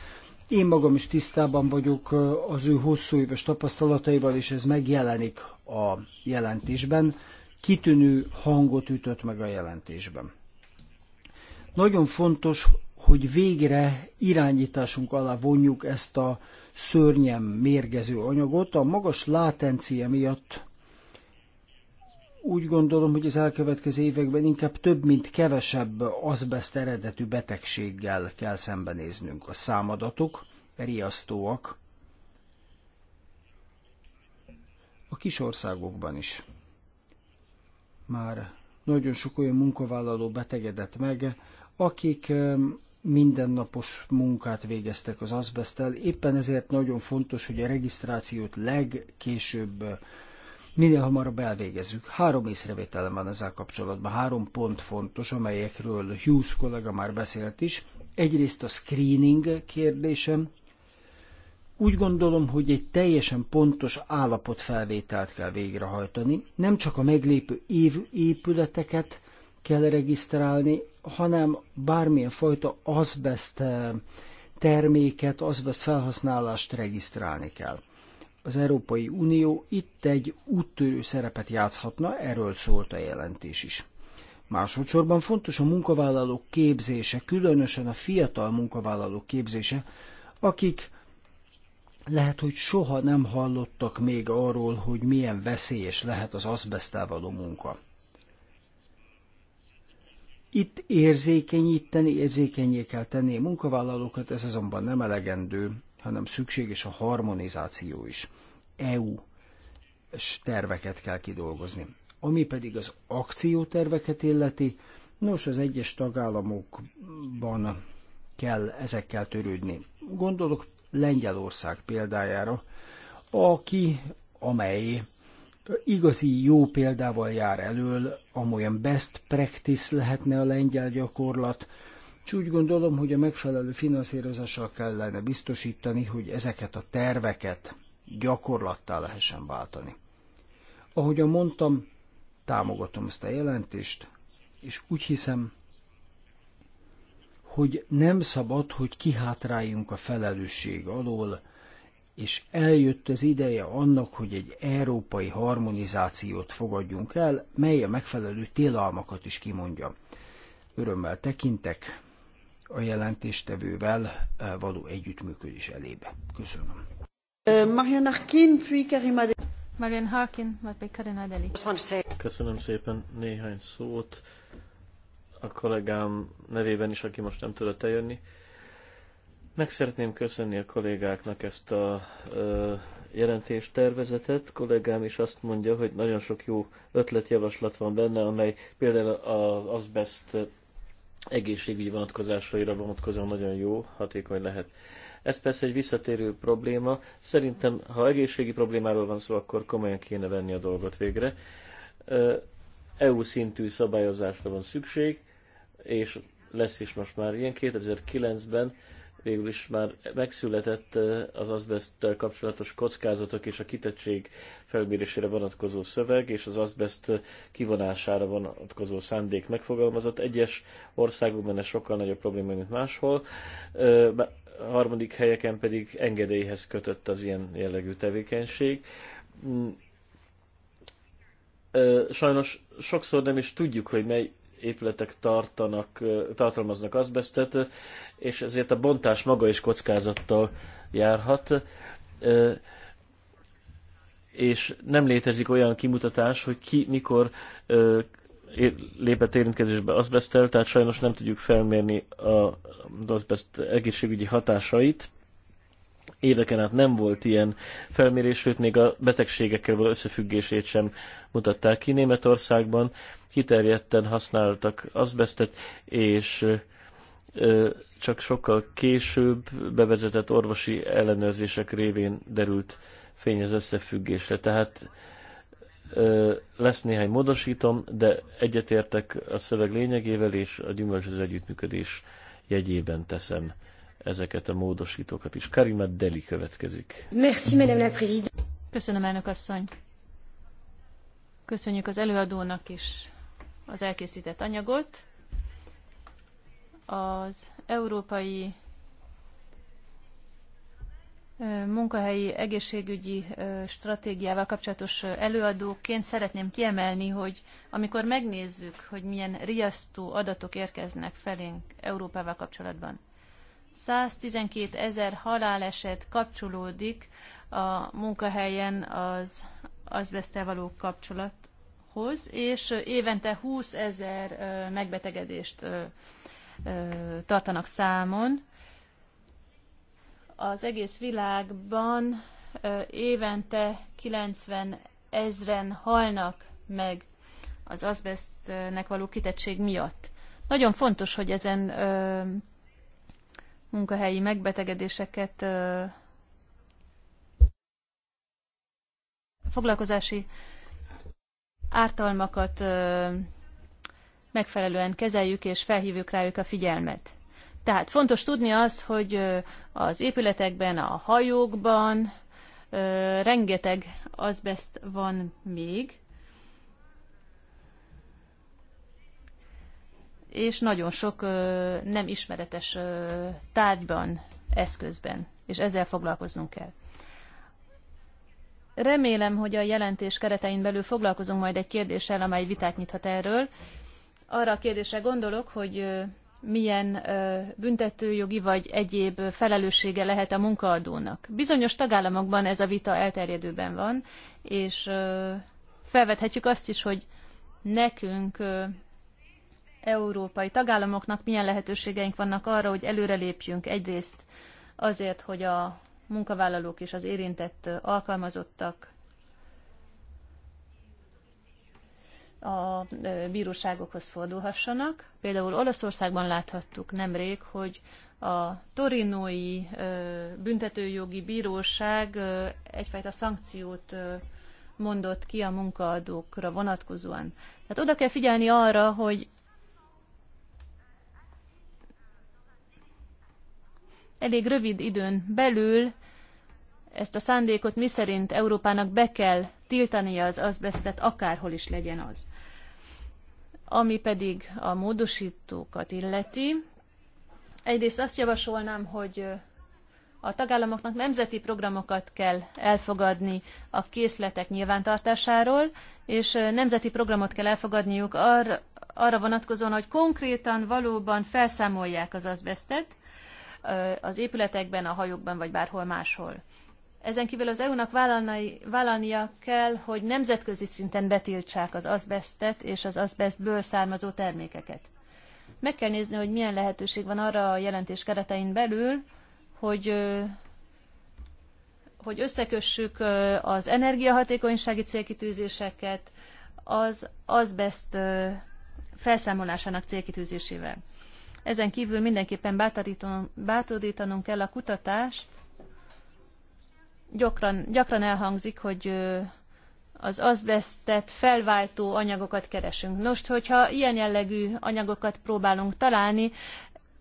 Én magam is tisztában vagyok az ő hosszú éves tapasztalataival, és ez megjelenik a jelentésben. Kitűnő hangot ütött meg a jelentésben. Nagyon fontos, hogy végre irányításunk alá vonjuk ezt a szörnyen mérgező anyagot. A magas látencia miatt úgy gondolom, hogy az elkövetkező években inkább több, mint kevesebb azbeszt eredetű betegséggel kell szembenéznünk. A számadatok riasztóak a kis országokban is. Már nagyon sok olyan munkavállaló betegedett meg, akik mindennapos munkát végeztek az azbesztel. Éppen ezért nagyon fontos, hogy a regisztrációt legkésőbb minél hamarabb elvégezzük. Három észrevételem van ezzel kapcsolatban, három pont fontos, amelyekről Hughes kollega már beszélt is. Egyrészt a screening kérdésem. Úgy gondolom, hogy egy teljesen pontos állapotfelvételt kell végrehajtani. Nem csak a meglépő év épületeket kell regisztrálni, hanem bármilyen fajta azbest eh, terméket, azbest felhasználást regisztrálni kell az Európai Unió itt egy úttörő szerepet játszhatna, erről szólt a jelentés is. Másodszorban fontos a munkavállalók képzése, különösen a fiatal munkavállalók képzése, akik lehet, hogy soha nem hallottak még arról, hogy milyen veszélyes lehet az aszbesztel való munka. Itt érzékenyíteni, érzékenyé kell tenni a munkavállalókat, ez azonban nem elegendő hanem szükséges a harmonizáció is. EU terveket kell kidolgozni. Ami pedig az akcióterveket illeti, nos, az egyes tagállamokban kell ezekkel törődni. Gondolok Lengyelország példájára, aki, amely igazi jó példával jár elől, amolyan best practice lehetne a lengyel gyakorlat, és úgy gondolom, hogy a megfelelő finanszírozással kellene biztosítani, hogy ezeket a terveket gyakorlattá lehessen váltani. Ahogyan mondtam, támogatom ezt a jelentést, és úgy hiszem, hogy nem szabad, hogy kihátráljunk a felelősség alól, és eljött az ideje annak, hogy egy európai harmonizációt fogadjunk el, mely a megfelelő tilalmakat is kimondja. Örömmel tekintek a jelentéstevővel eh, való együttműködés elébe. Köszönöm. Eh, Marian Harkin, puis Harkin, pedig Deli. Köszönöm szépen néhány szót a kollégám nevében is, aki most nem tudott eljönni. Meg szeretném köszönni a kollégáknak ezt a ö, tervezetet, Kollégám is azt mondja, hogy nagyon sok jó ötletjavaslat van benne, amely például az azbest egészségügyi vonatkozásaira vonatkozóan nagyon jó, hatékony lehet. Ez persze egy visszatérő probléma. Szerintem, ha egészségi problémáról van szó, akkor komolyan kéne venni a dolgot végre. EU szintű szabályozásra van szükség, és lesz is most már ilyen. 2009-ben végül is már megszületett az azbesttel kapcsolatos kockázatok és a kitettség felmérésére vonatkozó szöveg, és az azbest kivonására vonatkozó szándék megfogalmazott. Egyes országokban ez sokkal nagyobb probléma, mint máshol. A harmadik helyeken pedig engedélyhez kötött az ilyen jellegű tevékenység. Mm. Sajnos sokszor nem is tudjuk, hogy mely épületek tartanak, tartalmaznak azbestet, és ezért a bontás maga is kockázattal járhat. És nem létezik olyan kimutatás, hogy ki mikor lépett érintkezésbe azbesztel, tehát sajnos nem tudjuk felmérni az azbeszt egészségügyi hatásait éveken át nem volt ilyen felmérés, sőt még a betegségekkel való összefüggését sem mutatták ki. Németországban kiterjedten használtak azbestet, és csak sokkal később bevezetett orvosi ellenőrzések révén derült fény az összefüggésre. Tehát lesz néhány módosítom, de egyetértek a szöveg lényegével, és a gyümölcsöző együttműködés jegyében teszem ezeket a módosítókat is. Karima Deli következik. Merci, Madame la Présidente. Köszönöm, elnök asszony. Köszönjük az előadónak is az elkészített anyagot. Az európai munkahelyi egészségügyi stratégiával kapcsolatos előadóként szeretném kiemelni, hogy amikor megnézzük, hogy milyen riasztó adatok érkeznek felénk Európával kapcsolatban, 112 ezer haláleset kapcsolódik a munkahelyen az azbesztel való kapcsolathoz, és évente 20 ezer megbetegedést tartanak számon. Az egész világban évente 90 ezren halnak meg az azbesztnek való kitettség miatt. Nagyon fontos, hogy ezen munkahelyi megbetegedéseket, foglalkozási ártalmakat megfelelően kezeljük és felhívjuk rájuk a figyelmet. Tehát fontos tudni az, hogy az épületekben, a hajókban rengeteg azbest van még, és nagyon sok nem ismeretes tárgyban, eszközben, és ezzel foglalkoznunk kell. Remélem, hogy a jelentés keretein belül foglalkozunk majd egy kérdéssel, amely vitát nyithat erről. Arra a kérdésre gondolok, hogy milyen büntetőjogi vagy egyéb felelőssége lehet a munkaadónak. Bizonyos tagállamokban ez a vita elterjedőben van, és felvethetjük azt is, hogy nekünk európai tagállamoknak milyen lehetőségeink vannak arra, hogy előrelépjünk egyrészt azért, hogy a munkavállalók és az érintett alkalmazottak a bíróságokhoz fordulhassanak. Például Olaszországban láthattuk nemrég, hogy a Torinói büntetőjogi bíróság egyfajta szankciót mondott ki a munkaadókra vonatkozóan. Tehát oda kell figyelni arra, hogy elég rövid időn belül ezt a szándékot szerint Európának be kell tiltania az azbesztet, akárhol is legyen az. Ami pedig a módosítókat illeti, egyrészt azt javasolnám, hogy a tagállamoknak nemzeti programokat kell elfogadni a készletek nyilvántartásáról, és nemzeti programot kell elfogadniuk arra, arra vonatkozóan, hogy konkrétan valóban felszámolják az azbesztet, az épületekben, a hajókban vagy bárhol máshol. Ezen kívül az EU-nak vállalnia kell, hogy nemzetközi szinten betiltsák az azbestet és az azbestből származó termékeket. Meg kell nézni, hogy milyen lehetőség van arra a jelentés keretein belül, hogy hogy összekössük az energiahatékonysági célkitűzéseket az azbest felszámolásának célkitűzésével. Ezen kívül mindenképpen bátorítanunk kell a kutatást. Gyakran, gyakran elhangzik, hogy az azbesztet felváltó anyagokat keresünk. Nos, hogyha ilyen jellegű anyagokat próbálunk találni,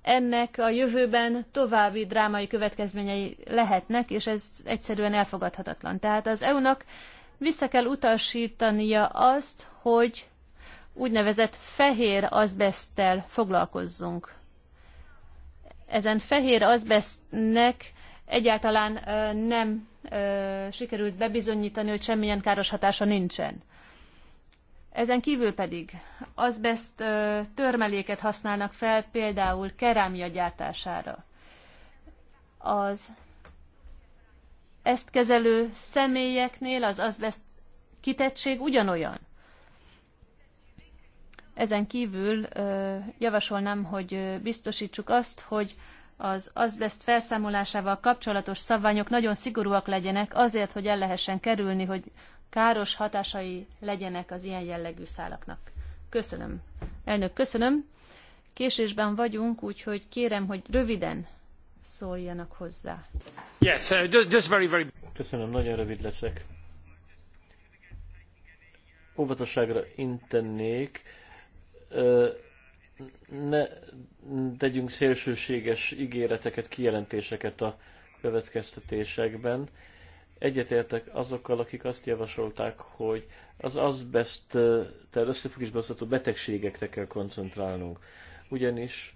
ennek a jövőben további drámai következményei lehetnek, és ez egyszerűen elfogadhatatlan. Tehát az EU-nak vissza kell utasítania azt, hogy úgynevezett fehér azbeszttel foglalkozzunk. Ezen fehér azbesztnek egyáltalán nem sikerült bebizonyítani, hogy semmilyen káros hatása nincsen. Ezen kívül pedig azbest törmeléket használnak fel például kerámia gyártására. Az ezt kezelő személyeknél az azbest kitettség ugyanolyan. Ezen kívül javasolnám, hogy biztosítsuk azt, hogy az azbest felszámolásával kapcsolatos szabványok nagyon szigorúak legyenek azért, hogy el lehessen kerülni, hogy káros hatásai legyenek az ilyen jellegű szálaknak. Köszönöm. Elnök, köszönöm. Késésben vagyunk, úgyhogy kérem, hogy röviden szóljanak hozzá. Yes, uh, just very, very... Köszönöm, nagyon rövid leszek. Óvatosságra intennék ne tegyünk szélsőséges ígéreteket, kijelentéseket a következtetésekben. Egyetértek azokkal, akik azt javasolták, hogy az azbest tehát összefüggésbe hozható betegségekre kell koncentrálnunk. Ugyanis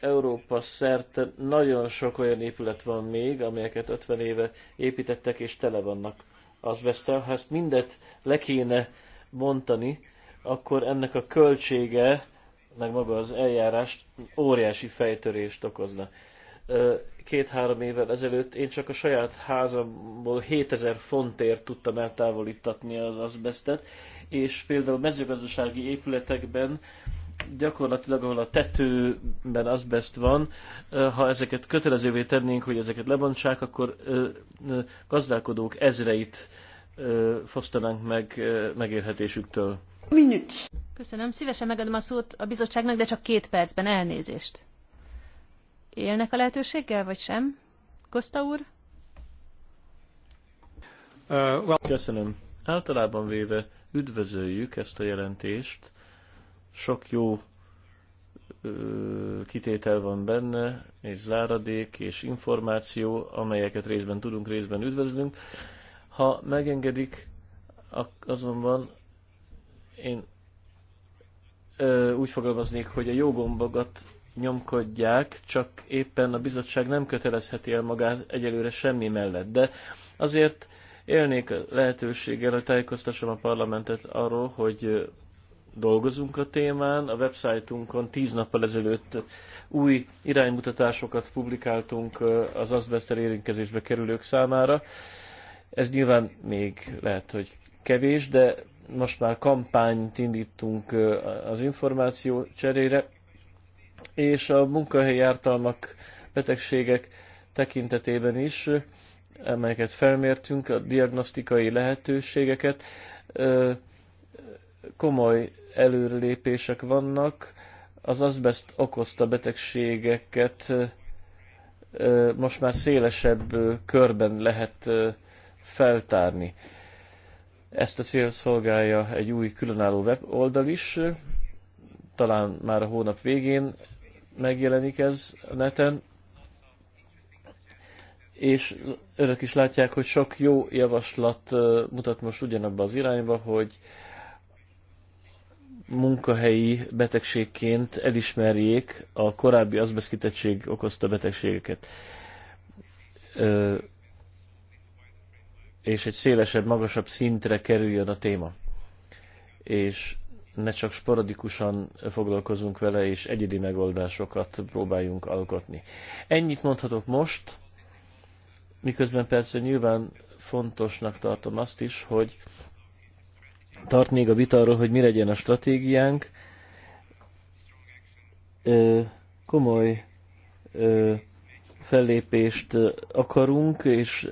Európa szerte nagyon sok olyan épület van még, amelyeket 50 éve építettek és tele vannak azbesttel. Ha ezt mindet le kéne mondani, akkor ennek a költsége, meg maga az eljárás óriási fejtörést okozna. Két-három évvel ezelőtt én csak a saját házamból 7000 fontért tudtam eltávolítatni az azbestet, és például mezőgazdasági épületekben gyakorlatilag, ahol a tetőben azbest van, ha ezeket kötelezővé tennénk, hogy ezeket lebontsák, akkor gazdálkodók ezreit fosztanánk meg megélhetésüktől. Köszönöm, szívesen megadom a szót a bizottságnak, de csak két percben elnézést. Élnek a lehetőséggel, vagy sem? Kosta úr? Uh, Köszönöm. Általában véve üdvözöljük ezt a jelentést. Sok jó kitétel van benne, és záradék, és információ, amelyeket részben tudunk, részben üdvözlünk. Ha megengedik, azonban én ö, úgy fogalmaznék, hogy a jó gombokat nyomkodják, csak éppen a bizottság nem kötelezheti el magát egyelőre semmi mellett. De azért élnék lehetőséggel, hogy tájékoztassam a parlamentet arról, hogy dolgozunk a témán. A websájtunkon tíz nappal ezelőtt új iránymutatásokat publikáltunk az azbesztel érintkezésbe kerülők számára. Ez nyilván még lehet, hogy kevés, de most már kampányt indítunk az információ cserére, és a munkahelyi ártalmak betegségek tekintetében is, amelyeket felmértünk, a diagnosztikai lehetőségeket, komoly előrelépések vannak, az azbest okozta betegségeket most már szélesebb körben lehet feltárni. Ezt a cél szolgálja egy új különálló weboldal is, talán már a hónap végén megjelenik ez a neten, és örök is látják, hogy sok jó javaslat mutat most ugyanabba az irányba, hogy munkahelyi betegségként elismerjék a korábbi azbeszkitettség okozta betegségeket és egy szélesebb, magasabb szintre kerüljön a téma. És ne csak sporadikusan foglalkozunk vele, és egyedi megoldásokat próbáljunk alkotni. Ennyit mondhatok most, miközben persze nyilván fontosnak tartom azt is, hogy tart még a vita arról, hogy mi legyen a stratégiánk. Ö, komoly ö, fellépést akarunk, és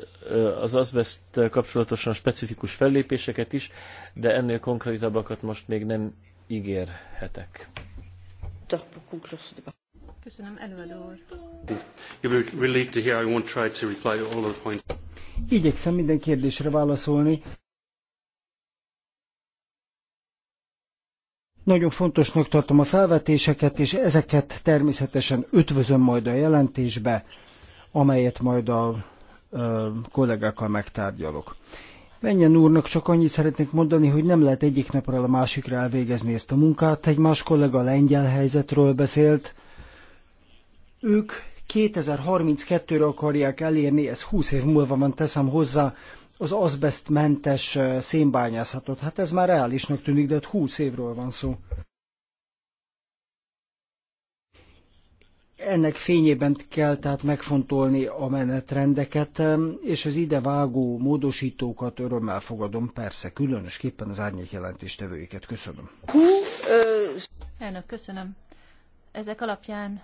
az azbest kapcsolatosan specifikus fellépéseket is, de ennél konkrétabbakat most még nem ígérhetek. Köszönöm, előadó úr. Igyekszem minden kérdésre válaszolni. Nagyon fontosnak tartom a felvetéseket, és ezeket természetesen ötvözöm majd a jelentésbe, amelyet majd a ö, kollégákkal megtárgyalok. Menjen úrnak csak annyit szeretnék mondani, hogy nem lehet egyik napról a másikra elvégezni ezt a munkát. Egy más kollega lengyel helyzetről beszélt. Ők 2032-re akarják elérni, ez 20 év múlva van, teszem hozzá, az azbestmentes szénbányászatot. Hát ez már reálisnak tűnik, de hát 20 évről van szó. Ennek fényében kell tehát megfontolni a menetrendeket, és az ide vágó módosítókat örömmel fogadom, persze, különösképpen az árnyék jelentéstevőiket. Köszönöm. Elnök, köszönöm. Ezek alapján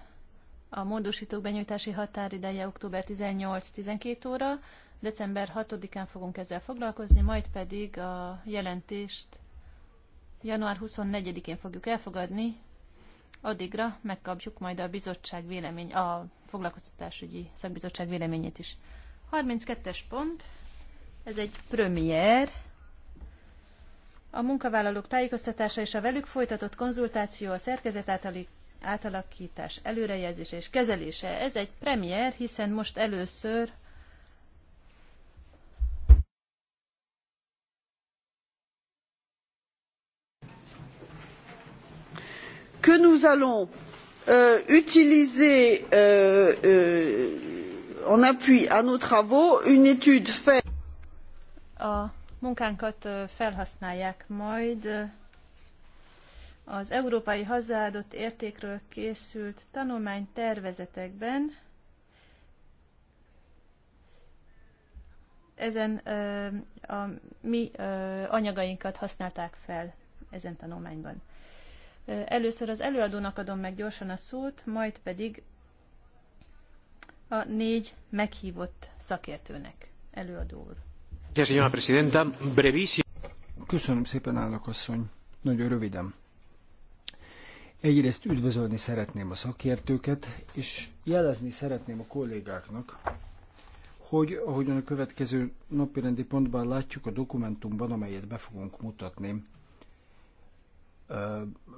a módosítók benyújtási határideje október 18-12 óra, December 6-án fogunk ezzel foglalkozni, majd pedig a jelentést január 24-én fogjuk elfogadni. Addigra megkapjuk majd a bizottság vélemény, a foglalkoztatásügyi szakbizottság véleményét is. 32-es pont, ez egy premier. A munkavállalók tájékoztatása és a velük folytatott konzultáció a szerkezet általi átalakítás előrejelzése és kezelése. Ez egy premier, hiszen most először que nous allons euh, utiliser euh, euh, en appui à nos travaux une étude faite a munkánkat felhasználják majd az európai hazádott értékről készült tanulmány tervezetekben. Ezen a mi anyagainkat használták fel ezen tanulmányban. Először az előadónak adom meg gyorsan a szót, majd pedig a négy meghívott szakértőnek. Előadó úr. Köszönöm szépen, állakasszony. Nagyon röviden. Egyrészt üdvözölni szeretném a szakértőket, és jelezni szeretném a kollégáknak, hogy ahogyan a következő napirendi pontban látjuk a dokumentumban, amelyet be fogunk mutatni,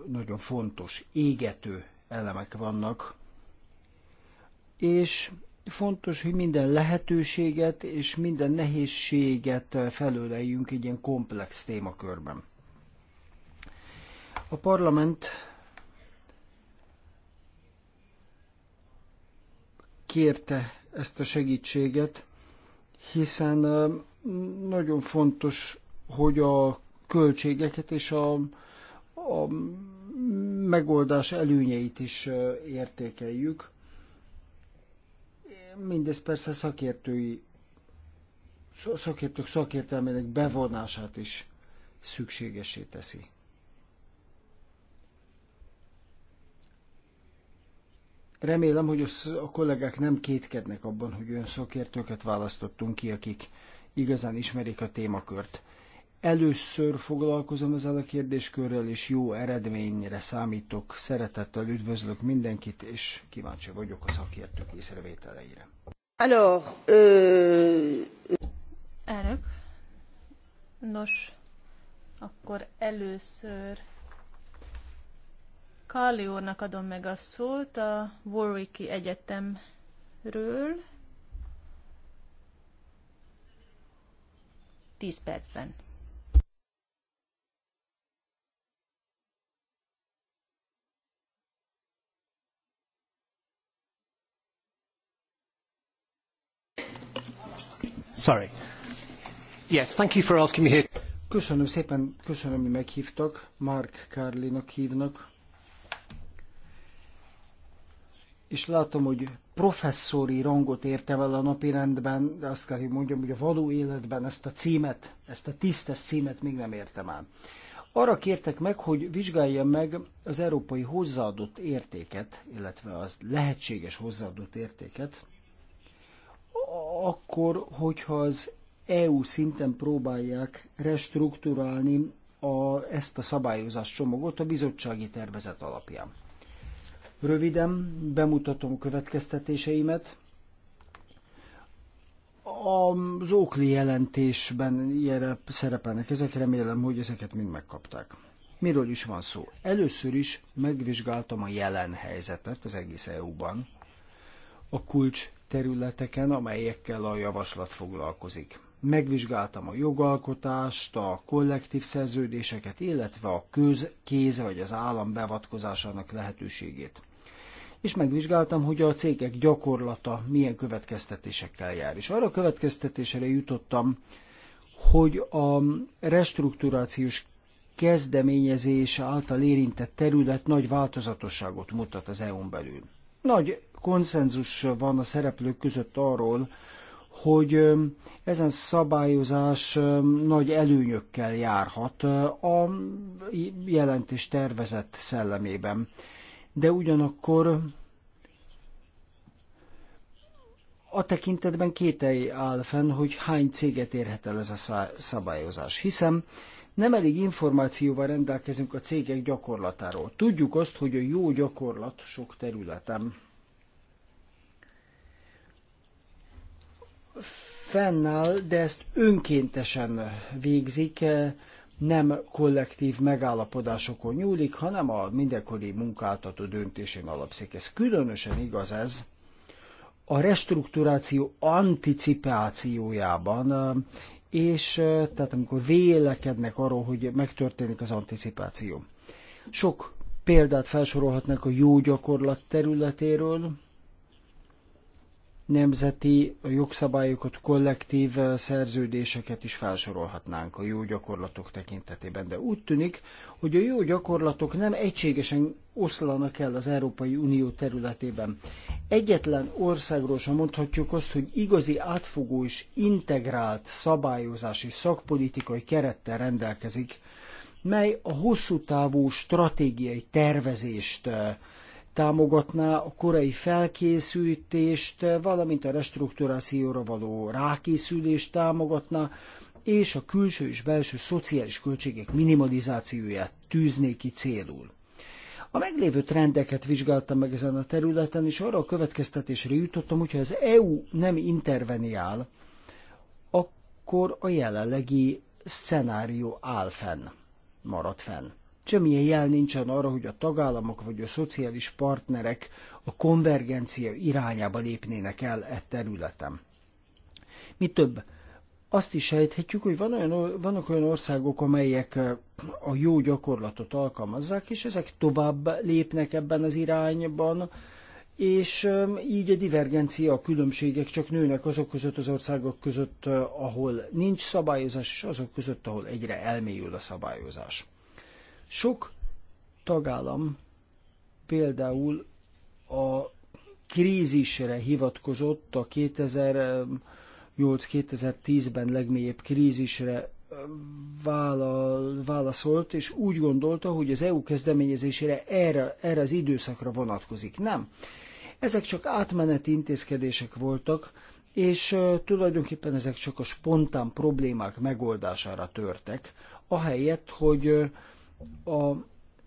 nagyon fontos, égető elemek vannak, és fontos, hogy minden lehetőséget és minden nehézséget felöleljünk egy ilyen komplex témakörben. A parlament kérte ezt a segítséget, hiszen nagyon fontos, hogy a költségeket és a a megoldás előnyeit is értékeljük. Mindez persze szakértői, szakértők szakértelmének bevonását is szükségesé teszi. Remélem, hogy a kollégák nem kétkednek abban, hogy olyan szakértőket választottunk ki, akik igazán ismerik a témakört. Először foglalkozom ezzel a kérdéskörrel, és jó eredményre számítok. Szeretettel üdvözlök mindenkit, és kíváncsi vagyok a szakértők észrevételeire. Alors, ö... Euh, Elnök, nos, akkor először Karli úrnak adom meg a szót a Warwicki Egyetemről. tíz percben. Sorry. Yes, thank you for asking me here. Köszönöm szépen, köszönöm, hogy meghívtak. Mark Kárlinak hívnak. És látom, hogy professzori rangot értem el a napi rendben, de azt kell, hogy mondjam, hogy a való életben ezt a címet, ezt a tisztes címet még nem értem el. Arra kértek meg, hogy vizsgálja meg az európai hozzáadott értéket, illetve az lehetséges hozzáadott értéket, akkor, hogyha az EU szinten próbálják restruktúrálni a, ezt a szabályozás csomagot a bizottsági tervezet alapján. Röviden bemutatom következtetéseimet. Az Oakley jelentésben jel szerepelnek ezek, remélem, hogy ezeket mind megkapták. Miről is van szó? Először is megvizsgáltam a jelen helyzetet az egész EU-ban, a kulcs területeken, amelyekkel a javaslat foglalkozik. Megvizsgáltam a jogalkotást, a kollektív szerződéseket, illetve a köz, kéz vagy az állam bevatkozásának lehetőségét. És megvizsgáltam, hogy a cégek gyakorlata milyen következtetésekkel jár. És arra következtetésre jutottam, hogy a restrukturációs kezdeményezés által érintett terület nagy változatosságot mutat az EU-n belül. Nagy konszenzus van a szereplők között arról, hogy ezen szabályozás nagy előnyökkel járhat a jelentés tervezett szellemében. De ugyanakkor a tekintetben kételj áll fenn, hogy hány céget érhet el ez a szabályozás. Hiszen nem elég információval rendelkezünk a cégek gyakorlatáról. Tudjuk azt, hogy a jó gyakorlat sok területen fennáll, de ezt önkéntesen végzik, eh, nem kollektív megállapodásokon nyúlik, hanem a mindenkori munkáltató döntésén alapszik. Ez különösen igaz ez a restrukturáció anticipációjában, eh, és eh, tehát amikor vélekednek arról, hogy megtörténik az anticipáció. Sok példát felsorolhatnak a jó gyakorlat területéről, nemzeti jogszabályokat, kollektív szerződéseket is felsorolhatnánk a jó gyakorlatok tekintetében, de úgy tűnik, hogy a jó gyakorlatok nem egységesen oszlanak el az Európai Unió területében. Egyetlen országról sem mondhatjuk azt, hogy igazi átfogó és integrált szabályozási szakpolitikai kerettel rendelkezik, mely a hosszú távú stratégiai tervezést támogatná a korai felkészítést, valamint a restrukturációra való rákészülést támogatná, és a külső és belső szociális költségek minimalizációját tűzné ki célul. A meglévő trendeket vizsgáltam meg ezen a területen, és arra a következtetésre jutottam, hogyha az EU nem interveniál, akkor a jelenlegi szenárió áll fenn, marad fenn semmilyen jel nincsen arra, hogy a tagállamok vagy a szociális partnerek a konvergencia irányába lépnének el e területen. Mi több, azt is sejthetjük, hogy van olyan, vannak olyan országok, amelyek a jó gyakorlatot alkalmazzák, és ezek tovább lépnek ebben az irányban, és így a divergencia, a különbségek csak nőnek azok között az országok között, ahol nincs szabályozás, és azok között, ahol egyre elmélyül a szabályozás. Sok tagállam például a krízisre hivatkozott, a 2008-2010-ben legmélyebb krízisre vállal, válaszolt, és úgy gondolta, hogy az EU kezdeményezésére erre, erre az időszakra vonatkozik. Nem. Ezek csak átmeneti intézkedések voltak, és tulajdonképpen ezek csak a spontán problémák megoldására törtek, ahelyett, hogy a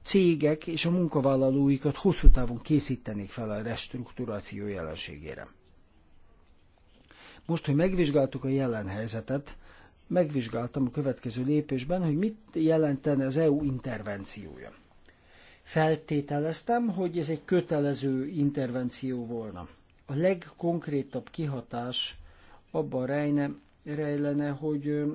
cégek és a munkavállalóikat hosszú távon készítenék fel a restrukturáció jelenségére. Most, hogy megvizsgáltuk a jelen helyzetet, megvizsgáltam a következő lépésben, hogy mit jelentene az EU intervenciója. Feltételeztem, hogy ez egy kötelező intervenció volna. A legkonkrétabb kihatás abban rejne, rejlene, hogy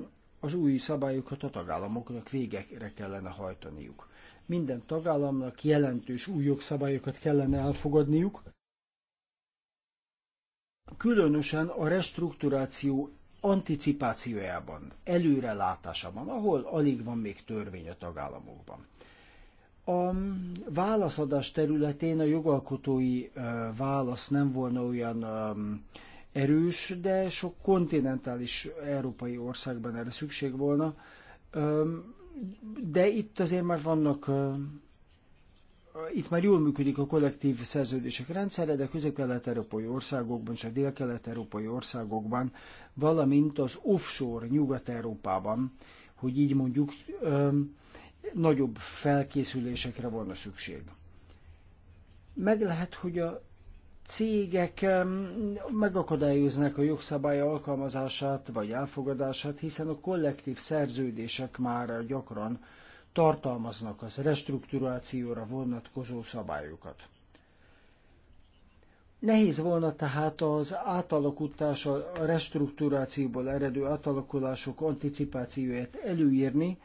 az új szabályokat a tagállamoknak végekre kellene hajtaniuk. Minden tagállamnak jelentős új jogszabályokat kellene elfogadniuk, különösen a restrukturáció anticipációjában, előrelátásában, ahol alig van még törvény a tagállamokban. A válaszadás területén a jogalkotói válasz nem volna olyan erős, de sok kontinentális európai országban erre szükség volna. De itt azért már vannak, itt már jól működik a kollektív szerződések rendszere, de közép-kelet-európai országokban és a dél-kelet-európai országokban, valamint az offshore Nyugat-Európában, hogy így mondjuk, nagyobb felkészülésekre volna szükség. Meg lehet, hogy a cégek megakadályoznák a jogszabály alkalmazását vagy elfogadását, hiszen a kollektív szerződések már gyakran tartalmaznak az restrukturációra vonatkozó szabályokat. Nehéz volna tehát az átalakítás, a restrukturációból eredő átalakulások anticipációját előírni,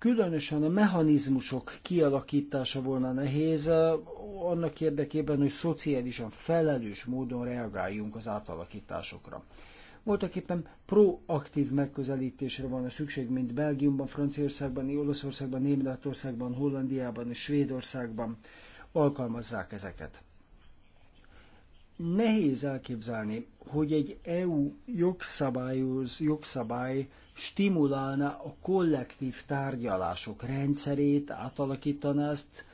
Különösen a mechanizmusok kialakítása volna nehéz, eh, annak érdekében, hogy szociálisan felelős módon reagáljunk az átalakításokra. Voltak éppen proaktív megközelítésre van a szükség, mint Belgiumban, Franciaországban, Olaszországban, Németországban, Hollandiában és Svédországban alkalmazzák ezeket. Nehéz elképzelni, hogy egy EU jogszabályoz, jogszabály stimulálna a kollektív tárgyalások rendszerét, átalakítaná ezt,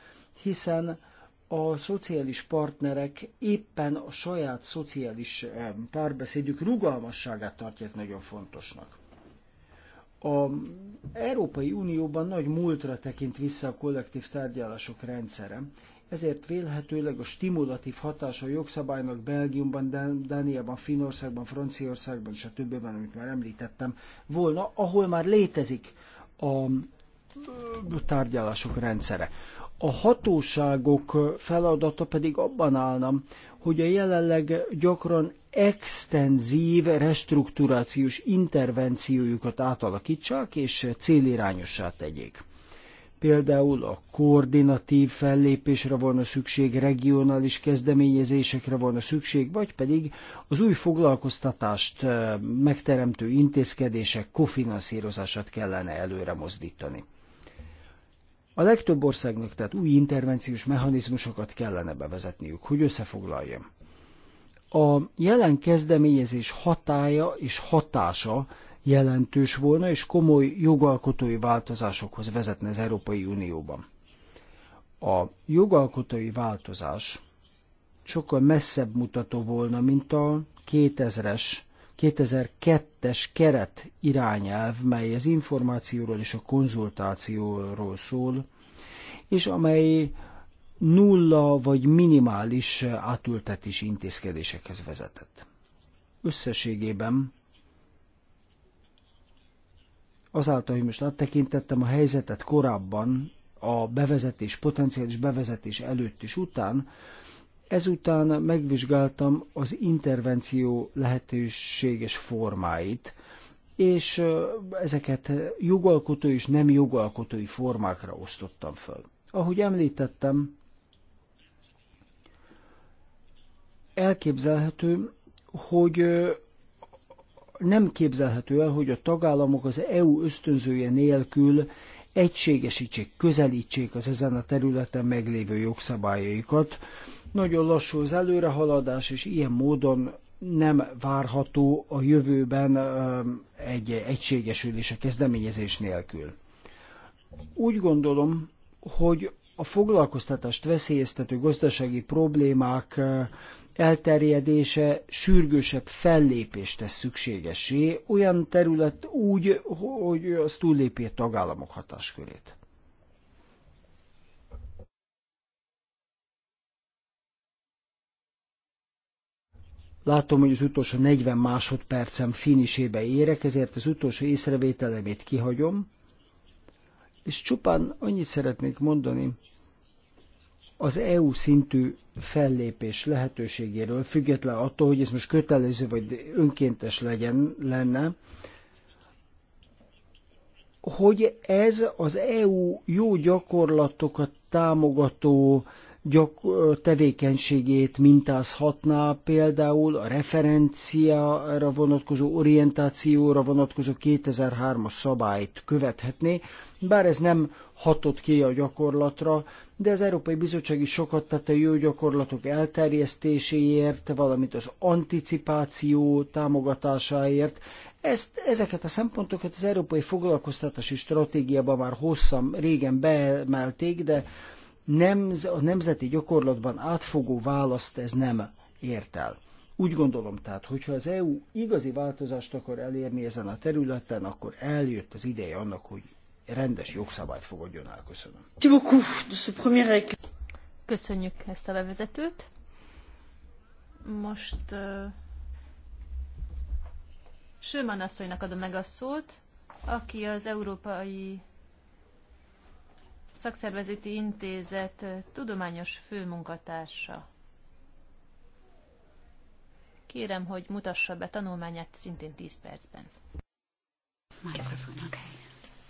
hiszen a szociális partnerek éppen a saját szociális eh, párbeszédük rugalmasságát tartják nagyon fontosnak. A Európai Unióban nagy múltra tekint vissza a kollektív tárgyalások rendszere, ezért vélhetőleg a stimulatív hatása a jogszabálynak Belgiumban, Dániában, Finországban, Franciaországban és a többiben, amit már említettem volna, ahol már létezik a tárgyalások rendszere. A hatóságok feladata pedig abban állna, hogy a jelenleg gyakran extenzív restrukturációs intervenciójukat átalakítsák és célirányossá tegyék. Például a koordinatív fellépésre volna szükség, regionális kezdeményezésekre volna szükség, vagy pedig az új foglalkoztatást megteremtő intézkedések kofinanszírozását kellene előre mozdítani. A legtöbb országnak tehát új intervenciós mechanizmusokat kellene bevezetniük, hogy összefoglaljam. A jelen kezdeményezés hatája és hatása jelentős volna, és komoly jogalkotói változásokhoz vezetne az Európai Unióban. A jogalkotói változás sokkal messzebb mutató volna, mint a 2000-es 2002-es keret irányelv, mely az információról és a konzultációról szól, és amely nulla vagy minimális átültetés intézkedésekhez vezetett. Összességében azáltal, hogy most áttekintettem a helyzetet korábban, a bevezetés, potenciális bevezetés előtt is után, ezután megvizsgáltam az intervenció lehetőséges formáit, és ezeket jogalkotó és nem jogalkotói formákra osztottam föl. Ahogy említettem, elképzelhető, hogy nem képzelhető el, hogy a tagállamok az EU ösztönzője nélkül egységesítsék, közelítsék az ezen a területen meglévő jogszabályaikat. Nagyon lassú az előrehaladás, és ilyen módon nem várható a jövőben egy egységesülés a kezdeményezés nélkül. Úgy gondolom, hogy a foglalkoztatást veszélyeztető gazdasági problémák elterjedése sürgősebb fellépést tesz szükségesé, olyan terület úgy, hogy az túllépje a tagállamok hatáskörét. Látom, hogy az utolsó 40 másodpercem finisébe érek, ezért az utolsó észrevételemét kihagyom és csupán annyit szeretnék mondani az EU szintű fellépés lehetőségéről, független attól, hogy ez most kötelező vagy önkéntes legyen, lenne, hogy ez az EU jó gyakorlatokat támogató gyak tevékenységét mintázhatná például a referenciára vonatkozó, orientációra vonatkozó 2003-as szabályt követhetné, bár ez nem hatott ki a gyakorlatra, de az Európai Bizottság is sokat tett a jó gyakorlatok elterjesztéséért, valamint az anticipáció támogatásáért. Ezt, ezeket a szempontokat az Európai Foglalkoztatási stratégiában már hosszan, régen beemelték, de nem, a nemzeti gyakorlatban átfogó választ ez nem ért el. Úgy gondolom tehát, hogyha az EU igazi változást akar elérni ezen a területen, akkor eljött az ideje annak, hogy rendes jogszabályt fogadjon el. Köszönöm. Köszönjük ezt a bevezetőt. Most uh, Sőman asszonynak adom meg a szót, aki az Európai Szakszervezeti Intézet tudományos főmunkatársa. Kérem, hogy mutassa be tanulmányát szintén 10 percben. Microphone, okay.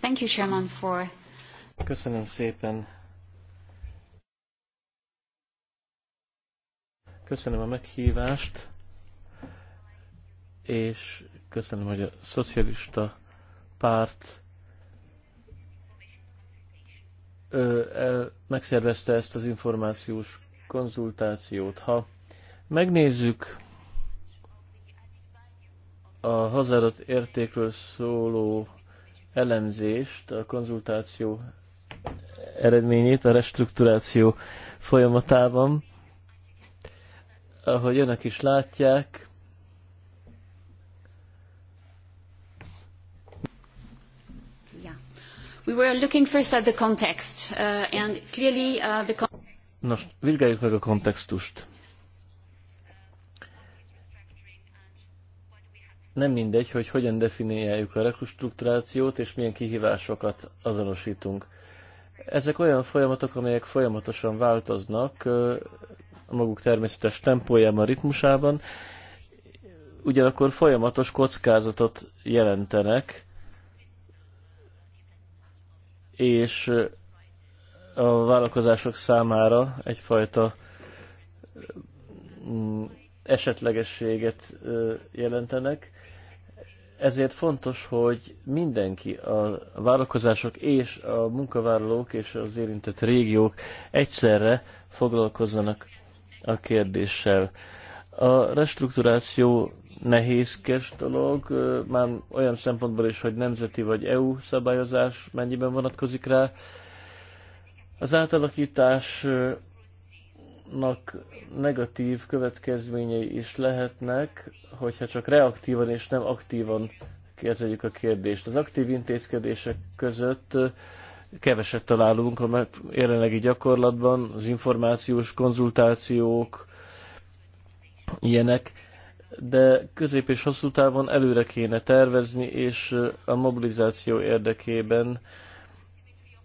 Thank you, Chairman, for... Köszönöm szépen. Köszönöm a meghívást, és köszönöm, hogy a szocialista párt ö, el, megszervezte ezt az információs konzultációt. Ha megnézzük a hazárat értékről szóló elemzést, a konzultáció eredményét a restrukturáció folyamatában. Ahogy önök is látják, We were looking first at the context, uh, and clearly uh, the. Nos, vizsgáljuk meg a kontextust. nem mindegy, hogy hogyan definiáljuk a rekonstrukturációt, és milyen kihívásokat azonosítunk. Ezek olyan folyamatok, amelyek folyamatosan változnak maguk természetes tempójában, ritmusában, ugyanakkor folyamatos kockázatot jelentenek, és a vállalkozások számára egyfajta mm, esetlegességet jelentenek ezért fontos, hogy mindenki, a vállalkozások és a munkavállalók és az érintett régiók egyszerre foglalkozzanak a kérdéssel. A restrukturáció nehézkes dolog, már olyan szempontból is, hogy nemzeti vagy EU szabályozás mennyiben vonatkozik rá. Az átalakítás annak negatív következményei is lehetnek, hogyha csak reaktívan és nem aktívan kezeljük a kérdést. Az aktív intézkedések között keveset találunk a jelenlegi gyakorlatban, az információs konzultációk, ilyenek, de közép és hosszú távon előre kéne tervezni, és a mobilizáció érdekében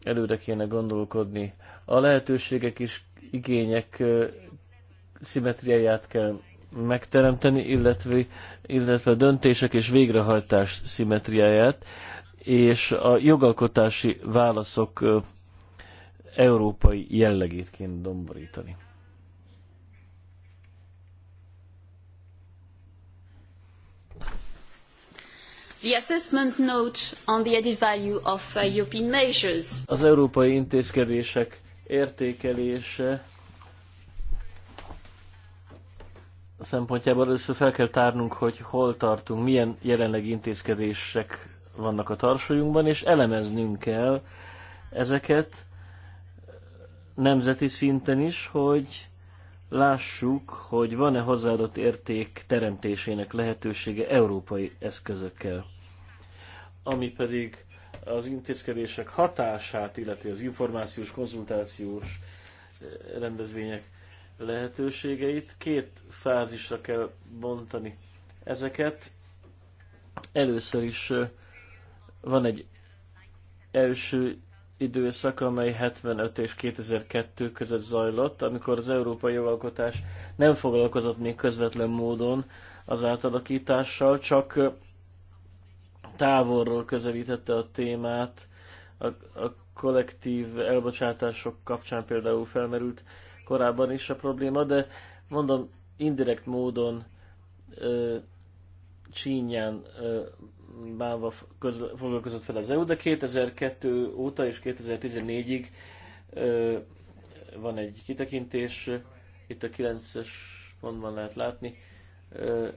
előre kéne gondolkodni. A lehetőségek is igények szimetriáját kell megteremteni, illetve, illetve döntések és végrehajtás szimetriáját, és a jogalkotási válaszok európai jellegét kéne domborítani. The assessment note on the added value of uh, European measures. Az európai intézkedések értékelése szempontjából először fel kell tárnunk, hogy hol tartunk, milyen jelenlegi intézkedések vannak a tarsolyunkban, és elemeznünk kell ezeket nemzeti szinten is, hogy lássuk, hogy van-e hozzáadott érték teremtésének lehetősége európai eszközökkel. Ami pedig az intézkedések hatását, illeti az információs, konzultációs eh, rendezvények lehetőségeit. Két fázisra kell bontani ezeket. Először is eh, van egy első időszak, amely 75 és 2002 között zajlott, amikor az európai jogalkotás nem foglalkozott még közvetlen módon az átalakítással, csak eh, távolról közelítette a témát, a, a kollektív elbocsátások kapcsán például felmerült korábban is a probléma, de mondom, indirekt módon ö, csínyán ö, bánva közle, foglalkozott fel az EU, de 2002 óta és 2014-ig van egy kitekintés, itt a 9-es pontban lehet látni, ö,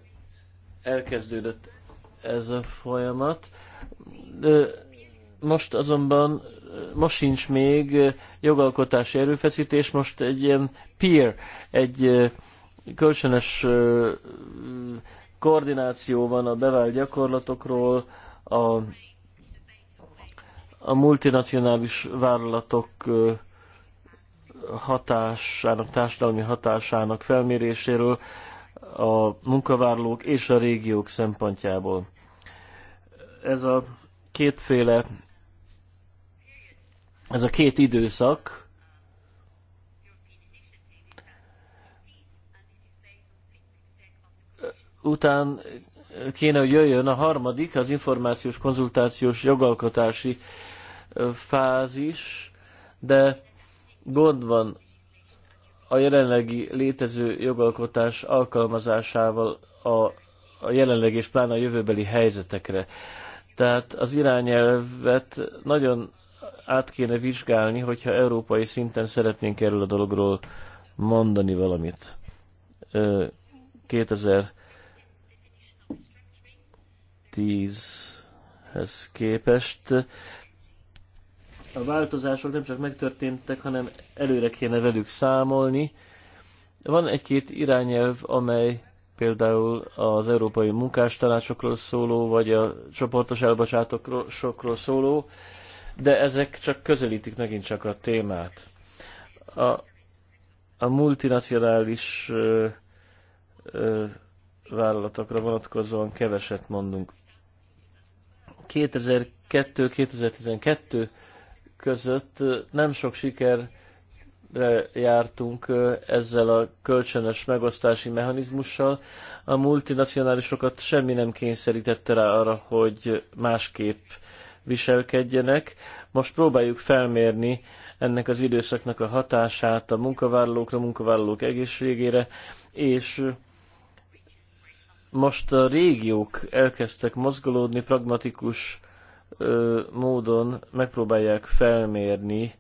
elkezdődött ez a folyamat. Most azonban, most sincs még jogalkotási erőfeszítés, most egy ilyen peer, egy kölcsönös koordináció van a bevált gyakorlatokról, a, a multinacionális vállalatok hatásának, társadalmi hatásának felméréséről a munkavállalók és a régiók szempontjából ez a kétféle, ez a két időszak, után kéne, hogy jöjjön a harmadik, az információs, konzultációs, jogalkotási fázis, de gond van a jelenlegi létező jogalkotás alkalmazásával a, a jelenleg és pláne a jövőbeli helyzetekre. Tehát az irányelvet nagyon át kéne vizsgálni, hogyha európai szinten szeretnénk erről a dologról mondani valamit. 2010-hez képest a változások nem csak megtörténtek, hanem előre kéne velük számolni. Van egy-két irányelv, amely például az európai munkástanácsokról szóló, vagy a csoportos elbocsátokról szóló, de ezek csak közelítik megint csak a témát. A, a multinacionális ö, ö, vállalatokra vonatkozóan keveset mondunk. 2002-2012 között nem sok siker jártunk ezzel a kölcsönös megosztási mechanizmussal. A multinacionálisokat semmi nem kényszerítette rá arra, hogy másképp viselkedjenek. Most próbáljuk felmérni ennek az időszaknak a hatását a munkavállalókra, munkavállalók egészségére, és most a régiók elkezdtek mozgolódni, pragmatikus módon megpróbálják felmérni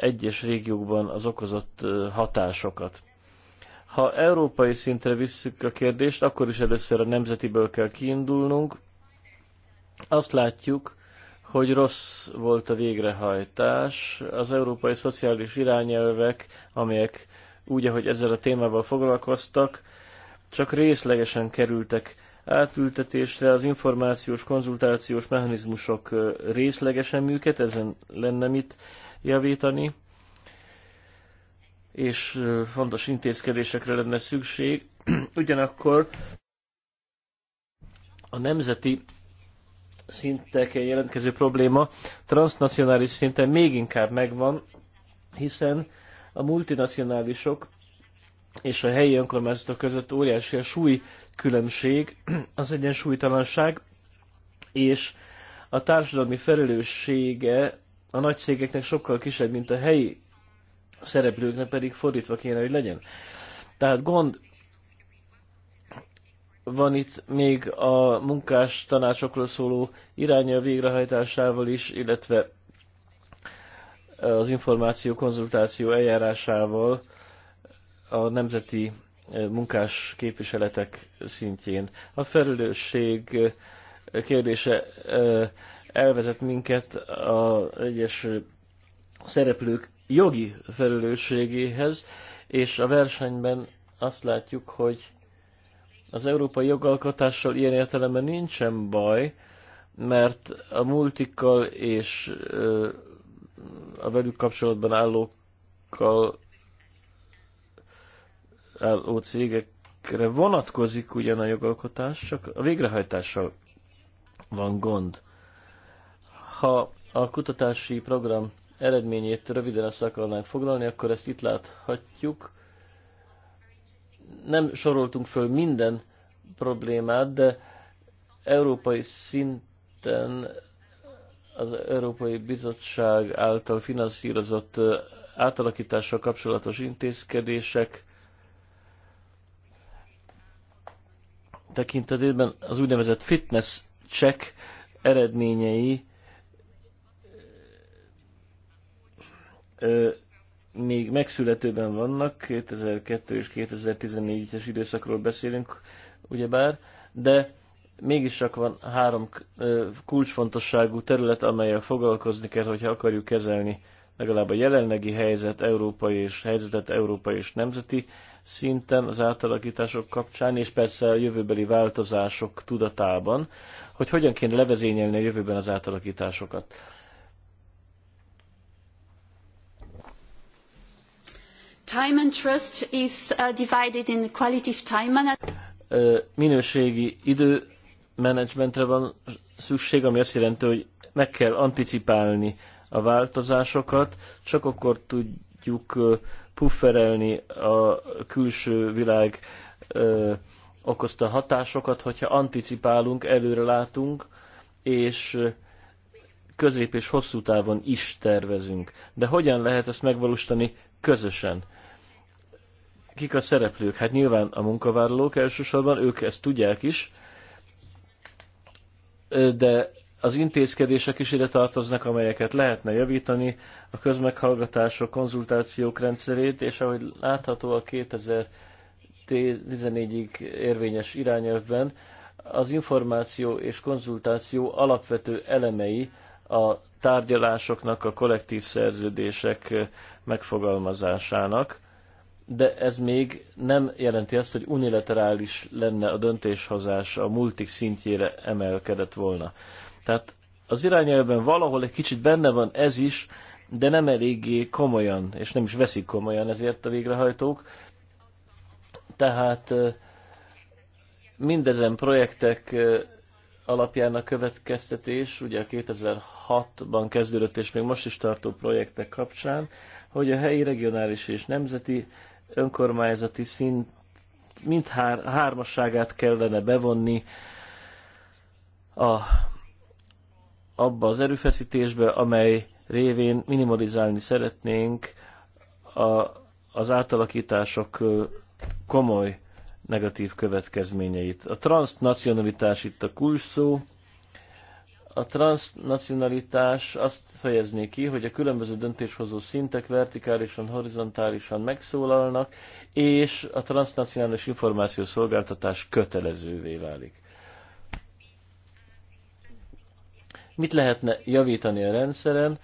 egyes régiókban az okozott hatásokat. Ha európai szintre visszük a kérdést, akkor is először a nemzetiből kell kiindulnunk. Azt látjuk, hogy rossz volt a végrehajtás. Az európai szociális irányelvek, amelyek úgy, ahogy ezzel a témával foglalkoztak, csak részlegesen kerültek átültetésre, az információs, konzultációs mechanizmusok részlegesen működtek ezen lenne mit javítani, és fontos intézkedésekre lenne szükség. Ugyanakkor a nemzeti szinteken jelentkező probléma transnacionális szinten még inkább megvan, hiszen a multinacionálisok és a helyi önkormányzatok között óriási a súly különbség, az egyensúlytalanság, és a társadalmi felelőssége a nagy cégeknek sokkal kisebb, mint a helyi szereplőknek pedig fordítva kéne, hogy legyen. Tehát gond van itt még a munkás tanácsokról szóló iránya végrehajtásával is, illetve az információ konzultáció eljárásával a nemzeti munkás képviseletek szintjén. A felelősség kérdése elvezet minket az egyes szereplők jogi felelősségéhez, és a versenyben azt látjuk, hogy az európai jogalkotással ilyen értelemben nincsen baj, mert a multikkal és a velük kapcsolatban állókkal álló cégekre vonatkozik ugyan a jogalkotás, csak a végrehajtással van gond. Ha a kutatási program eredményét röviden össze akarnánk foglalni, akkor ezt itt láthatjuk. Nem soroltunk föl minden problémát, de európai szinten az Európai Bizottság által finanszírozott átalakítással kapcsolatos intézkedések tekintetében az úgynevezett fitness check eredményei még megszületőben vannak, 2002 és 2014-es időszakról beszélünk, ugyebár, de mégis csak van három kulcsfontosságú terület, amelyel foglalkozni kell, hogyha akarjuk kezelni legalább a jelenlegi helyzet európai és helyzetet európai és nemzeti szinten az átalakítások kapcsán, és persze a jövőbeli változások tudatában, hogy hogyan kéne levezényelni a jövőben az átalakításokat. Time and trust is uh, divided in qualitative time management. Minőségi idő menedzsmentre van szükség, ami azt jelenti, hogy meg kell anticipálni a változásokat, csak akkor tudjuk pufferelni a külső világ okozta hatásokat, hogyha anticipálunk, előre látunk, és közép és hosszú távon is tervezünk. De hogyan lehet ezt megvalósítani közösen? kik a szereplők? Hát nyilván a munkavállalók elsősorban, ők ezt tudják is, de az intézkedések is ide tartoznak, amelyeket lehetne javítani, a közmeghallgatások, konzultációk rendszerét, és ahogy látható a 2014-ig érvényes irányelvben, az információ és konzultáció alapvető elemei a tárgyalásoknak, a kollektív szerződések megfogalmazásának de ez még nem jelenti azt, hogy unilaterális lenne a döntéshozás, a multik szintjére emelkedett volna. Tehát az irányelben valahol egy kicsit benne van ez is, de nem eléggé komolyan, és nem is veszik komolyan ezért a végrehajtók. Tehát mindezen projektek alapján a következtetés, ugye a 2006-ban kezdődött és még most is tartó projektek kapcsán, hogy a helyi, regionális és nemzeti önkormányzati szint mind hár, hármasságát kellene bevonni a, abba az erőfeszítésbe, amely révén minimalizálni szeretnénk a, az átalakítások komoly negatív következményeit. A transznacionalitás itt a kulcs szó, a transnacionalitás azt fejezné ki, hogy a különböző döntéshozó szintek vertikálisan, horizontálisan megszólalnak, és a transnacionális információszolgáltatás kötelezővé válik. Mit lehetne javítani a rendszeren,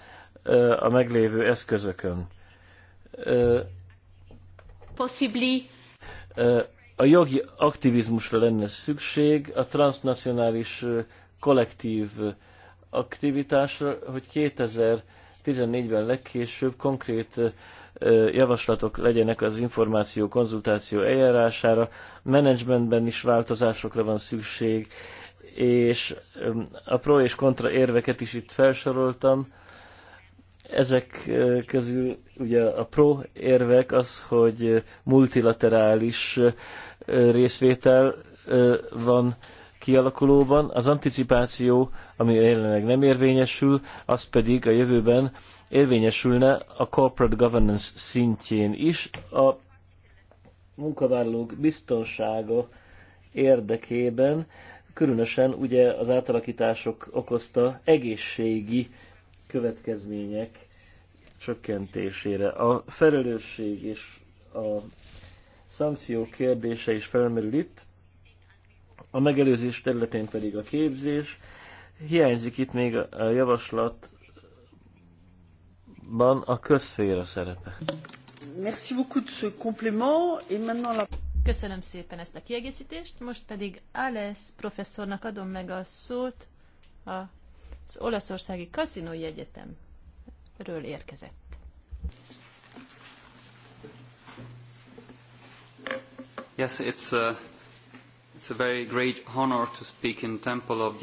a meglévő eszközökön? Possibly. A jogi aktivizmusra lenne szükség, a transnacionális kollektív aktivitásra, hogy 2014-ben legkésőbb konkrét javaslatok legyenek az információ konzultáció eljárására, menedzsmentben is változásokra van szükség, és a pro és kontra érveket is itt felsoroltam. Ezek közül ugye a pro érvek az, hogy multilaterális részvétel van kialakulóban, az anticipáció, ami jelenleg nem érvényesül, az pedig a jövőben érvényesülne a corporate governance szintjén is, a munkavállalók biztonsága érdekében, különösen ugye az átalakítások okozta egészségi következmények csökkentésére. A felelősség és a szankció kérdése is felmerül itt a megelőzés területén pedig a képzés. Hiányzik itt még a javaslatban a közféra szerepe. Merci beaucoup de ce complément, et maintenant la... Köszönöm szépen ezt a kiegészítést, most pedig Alesz professzornak adom meg a szót az Olaszországi Kaszinói Egyetemről érkezett. Yes, it's, uh... It's a very great honor to speak in temple of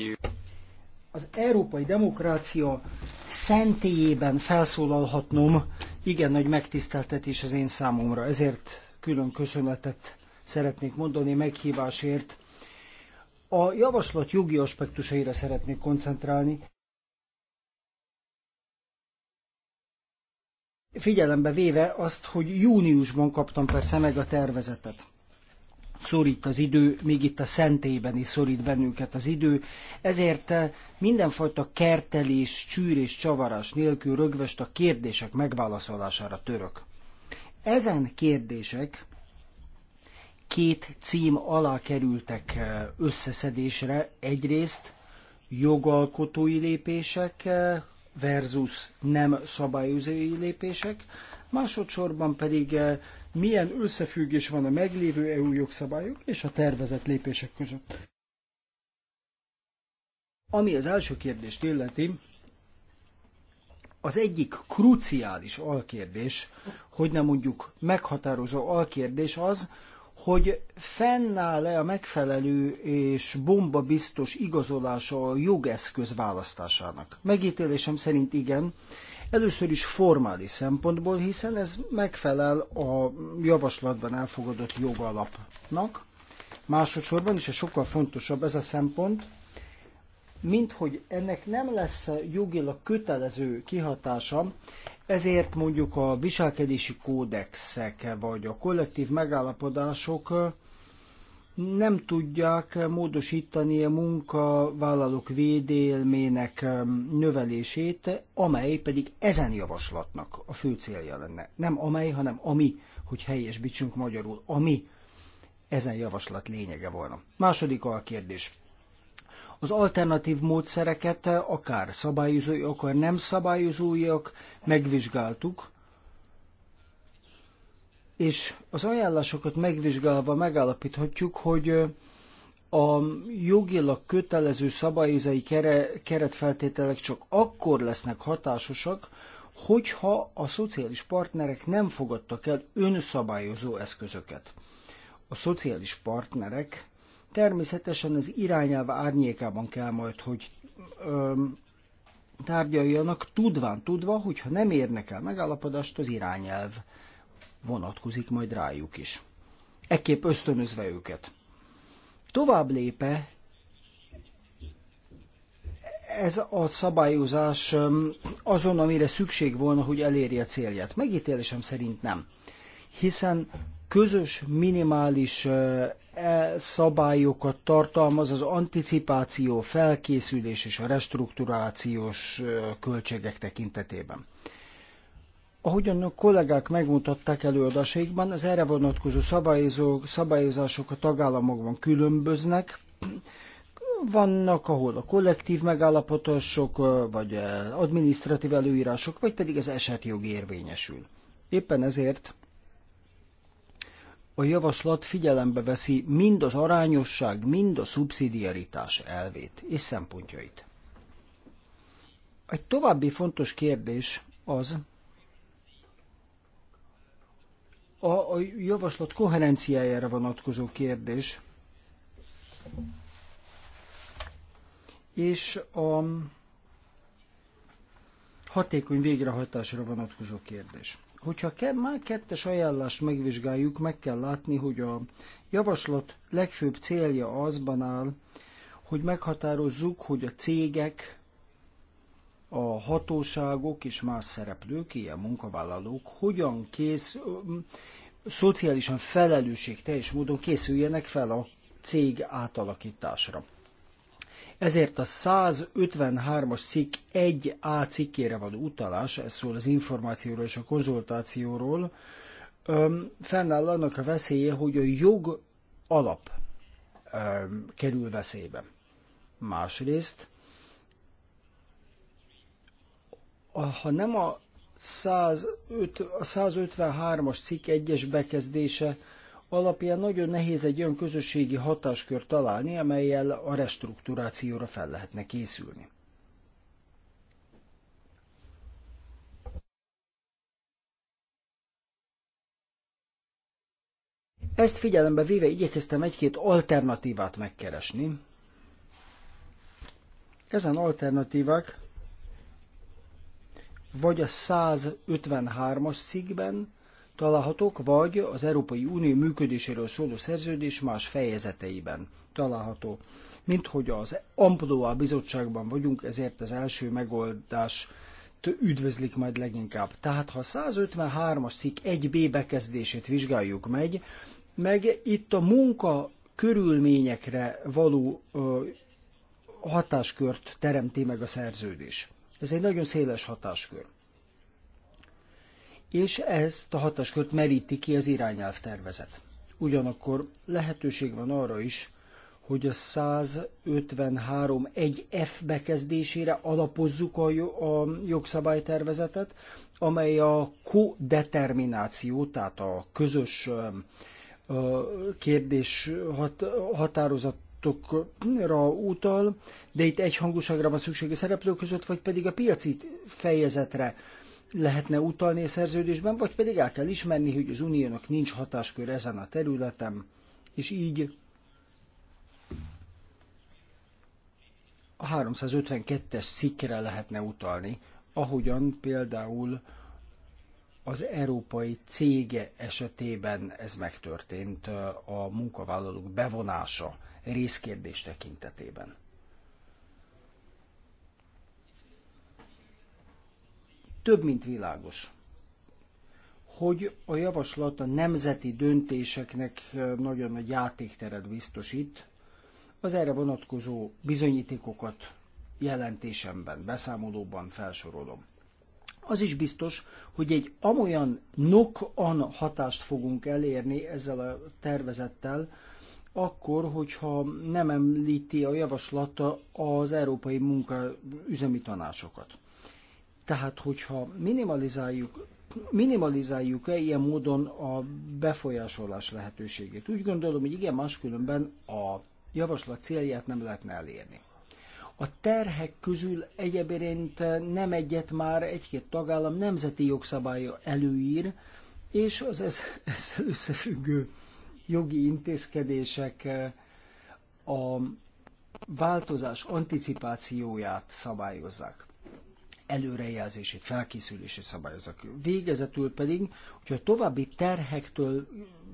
Az európai demokrácia szentélyében felszólalhatnom, igen nagy megtiszteltetés az én számomra, ezért külön köszönetet szeretnék mondani meghívásért. A javaslat jogi aspektusaira szeretnék koncentrálni. Figyelembe véve azt, hogy júniusban kaptam persze meg a tervezetet szorít az idő, még itt a szentélyben is szorít bennünket az idő, ezért eh, mindenfajta kertelés, csűrés, csavarás nélkül rögvest a kérdések megválaszolására török. Ezen kérdések két cím alá kerültek eh, összeszedésre. Egyrészt jogalkotói lépések eh, versus nem szabályozói lépések, másodszorban pedig milyen összefüggés van a meglévő EU jogszabályok és a tervezett lépések között. Ami az első kérdést illeti, az egyik kruciális alkérdés, hogy nem mondjuk meghatározó alkérdés az, hogy fennáll-e a megfelelő és bombabiztos igazolása a jogeszköz választásának. Megítélésem szerint igen, Először is formális szempontból, hiszen ez megfelel a javaslatban elfogadott jogalapnak. Másodszorban, és sokkal fontosabb ez a szempont, mint hogy ennek nem lesz jogilag kötelező kihatása, ezért mondjuk a viselkedési kódexek vagy a kollektív megállapodások nem tudják módosítani a munkavállalók védélmének ehm, növelését, amely pedig ezen javaslatnak a fő célja lenne. Nem amely, hanem ami, hogy helyes bicsünk magyarul, ami ezen javaslat lényege volna. Második alkérdés. Az alternatív módszereket, akár szabályozói, akár nem szabályozóiak megvizsgáltuk, és az ajánlásokat megvizsgálva megállapíthatjuk, hogy a jogilag kötelező szabályozói keretfeltételek csak akkor lesznek hatásosak, hogyha a szociális partnerek nem fogadtak el önszabályozó eszközöket. A szociális partnerek Természetesen az irányelv árnyékában kell majd, hogy öm, tárgyaljanak, tudván tudva, hogyha nem érnek el megállapodást, az irányelv vonatkozik majd rájuk is. Ekképp ösztönözve őket. Tovább lépe ez a szabályozás azon, amire szükség volna, hogy elérje a célját? Megítélésem szerint nem. Hiszen közös minimális e, szabályokat tartalmaz az anticipáció, felkészülés és a restrukturációs költségek tekintetében. Ahogyan a kollégák megmutatták előadásaikban, az erre vonatkozó szabályozások a tagállamokban különböznek. Vannak, ahol a kollektív megállapotások, vagy adminisztratív előírások, vagy pedig az esetjog érvényesül. Éppen ezért a javaslat figyelembe veszi mind az arányosság, mind a szubszidiaritás elvét és szempontjait. Egy további fontos kérdés az, a, a javaslat koherenciájára vonatkozó kérdés, és a hatékony végrehajtásra vonatkozó kérdés. Hogyha már kettes ajánlást megvizsgáljuk, meg kell látni, hogy a javaslat legfőbb célja azban áll, hogy meghatározzuk, hogy a cégek, a hatóságok és más szereplők, ilyen munkavállalók hogyan kész, szociálisan felelősség teljes módon készüljenek fel a cég átalakításra. Ezért a 153-as cikk 1A cikkére való utalás, ez szól az információról és a konzultációról, fennáll annak a veszélye, hogy a jog alap kerül veszélybe. Másrészt, ha nem a 105, a 153-as cikk egyes bekezdése alapján nagyon nehéz egy olyan közösségi hatáskör találni, amelyel a restrukturációra fel lehetne készülni. Ezt figyelembe véve igyekeztem egy-két alternatívát megkeresni. Ezen alternatívák vagy a 153-as cikkben, találhatók, vagy az Európai Unió működéséről szóló szerződés más fejezeteiben található. Mint hogy az Amploa bizottságban vagyunk, ezért az első megoldás üdvözlik majd leginkább. Tehát ha 153-as cikk 1b bekezdését vizsgáljuk meg, meg itt a munka körülményekre való ö, hatáskört teremti meg a szerződés. Ez egy nagyon széles hatáskör és ezt a hatáskört meríti ki az irányelv tervezet. Ugyanakkor lehetőség van arra is, hogy a 153 1F bekezdésére alapozzuk a, a jogszabálytervezetet, amely a kodetermináció, tehát a közös kérdés hat, határozatokra utal, de itt egyhangúságra van szükség a szereplők között, vagy pedig a piaci fejezetre lehetne utalni a szerződésben, vagy pedig el kell ismerni, hogy az uniónak nincs hatáskör ezen a területen, és így a 352-es cikkre lehetne utalni, ahogyan például az európai cége esetében ez megtörtént a munkavállalók bevonása részkérdés tekintetében. Több, mint világos, hogy a javaslat a nemzeti döntéseknek nagyon nagy játékteret biztosít, az erre vonatkozó bizonyítékokat jelentésemben, beszámolóban felsorolom. Az is biztos, hogy egy amolyan nok-an hatást fogunk elérni ezzel a tervezettel, akkor, hogyha nem említi a javaslata az európai munkaüzemi tanácsokat. Tehát, hogyha minimalizáljuk minimalizáljuk-e ilyen módon a befolyásolás lehetőségét? Úgy gondolom, hogy igen, máskülönben a javaslat célját nem lehetne elérni. A terhek közül egyébként nem egyet már egy-két tagállam nemzeti jogszabálya előír, és az ezzel összefüggő jogi intézkedések eh, a változás anticipációját szabályozzák előrejelzését, felkészülését szabályozok. Végezetül pedig, hogyha további terhektől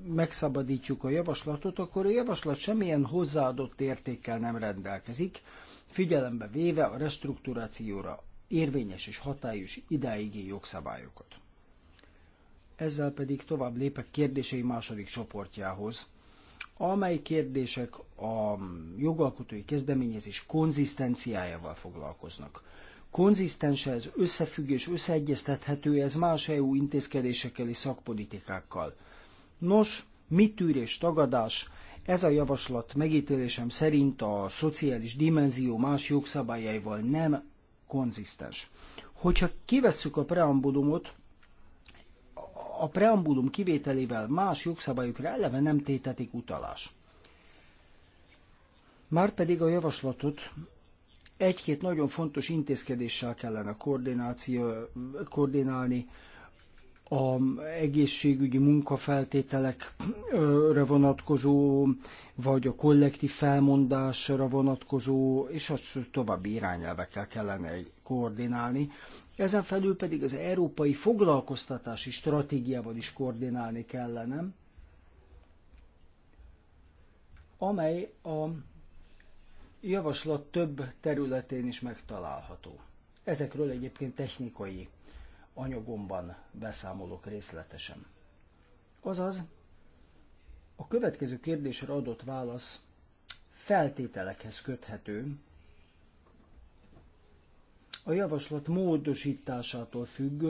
megszabadítjuk a javaslatot, akkor a javaslat semmilyen hozzáadott értékkel nem rendelkezik, figyelembe véve a restrukturációra érvényes és hatályos ideigi jogszabályokat. Ezzel pedig tovább lépek kérdései második csoportjához, amely kérdések a jogalkotói kezdeményezés konzisztenciájával foglalkoznak. Konzisztense ez összefüggés, összeegyeztethető ez más EU intézkedésekkel és szakpolitikákkal. Nos, mitűr és tagadás, ez a javaslat megítélésem szerint a szociális dimenzió más jogszabályaival nem konzisztens. Hogyha kivesszük a preambulumot, a preambulum kivételével más jogszabályokra eleve nem tétetik utalás. Márpedig a javaslatot egy-két nagyon fontos intézkedéssel kellene koordinálni, a egészségügyi munkafeltételekre vonatkozó, vagy a kollektív felmondásra vonatkozó, és azt további irányelvekkel kellene koordinálni. Ezen felül pedig az európai foglalkoztatási stratégiával is koordinálni kellene, amely a javaslat több területén is megtalálható. Ezekről egyébként technikai anyagomban beszámolok részletesen. Azaz, a következő kérdésre adott válasz feltételekhez köthető, a javaslat módosításától függ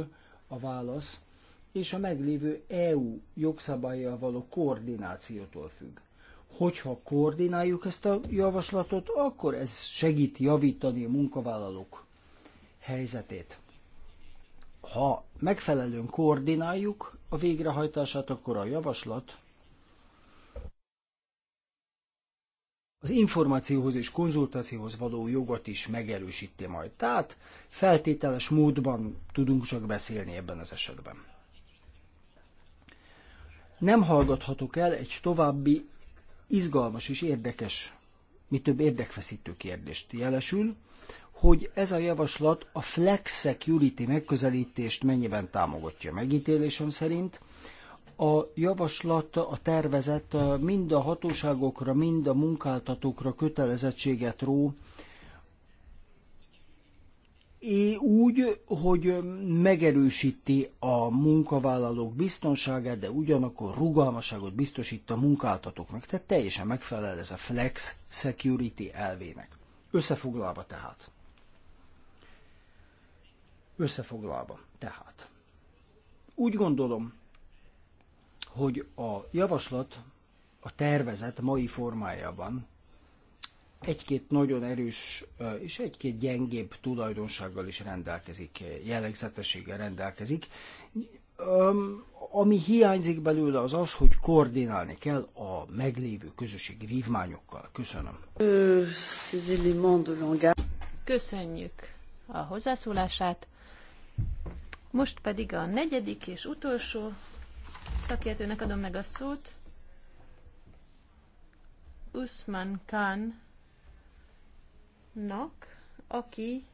a válasz, és a meglévő EU jogszabályjal való koordinációtól függ. Hogyha koordináljuk ezt a javaslatot, akkor ez segít javítani a munkavállalók helyzetét. Ha megfelelően koordináljuk a végrehajtását, akkor a javaslat az információhoz és konzultációhoz való jogot is megerősíti majd. Tehát feltételes módban tudunk csak beszélni ebben az esetben. Nem hallgathatok el egy további izgalmas és érdekes, mi több érdekfeszítő kérdést jelesül, hogy ez a javaslat a flex security megközelítést mennyiben támogatja megítélésem szerint. A javaslat, a tervezet mind a hatóságokra, mind a munkáltatókra kötelezettséget ró, úgy, hogy megerősíti a munkavállalók biztonságát, de ugyanakkor rugalmaságot biztosít a munkáltatóknak, tehát teljesen megfelel ez a flex security elvének. Összefoglalva tehát. Összefoglalva tehát. Úgy gondolom, hogy a javaslat a tervezet mai formájában egy-két nagyon erős és egy-két gyengébb tulajdonsággal is rendelkezik, jellegzetességgel rendelkezik. Ami hiányzik belőle az az, hogy koordinálni kell a meglévő közösségi vívmányokkal. Köszönöm. Köszönjük a hozzászólását. Most pedig a negyedik és utolsó szakértőnek adom meg a szót. Usman Khan nak, aki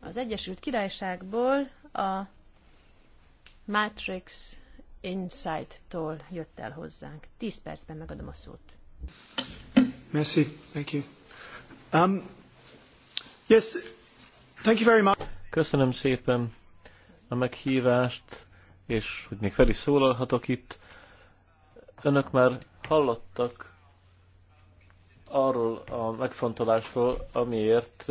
az Egyesült Királyságból a Matrix Insight-tól jött el hozzánk. Tíz percben megadom a szót. Merci, thank you. Um, yes, thank you very much. Köszönöm szépen a meghívást, és hogy még fel is szólalhatok itt. Önök már hallottak arról a megfontolásról, amiért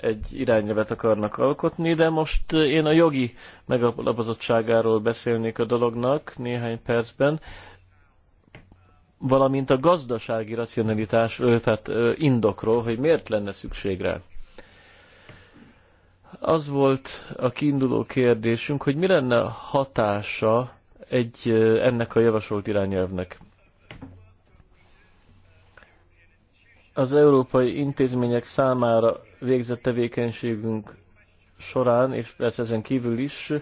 egy irányelvet akarnak alkotni, de most én a jogi megalapozottságáról beszélnék a dolognak néhány percben, valamint a gazdasági racionalitás, tehát indokról, hogy miért lenne szükség rá. Az volt a kiinduló kérdésünk, hogy mi lenne hatása egy, ennek a javasolt irányelvnek. Az európai intézmények számára végzett tevékenységünk során, és persze ezen kívül is,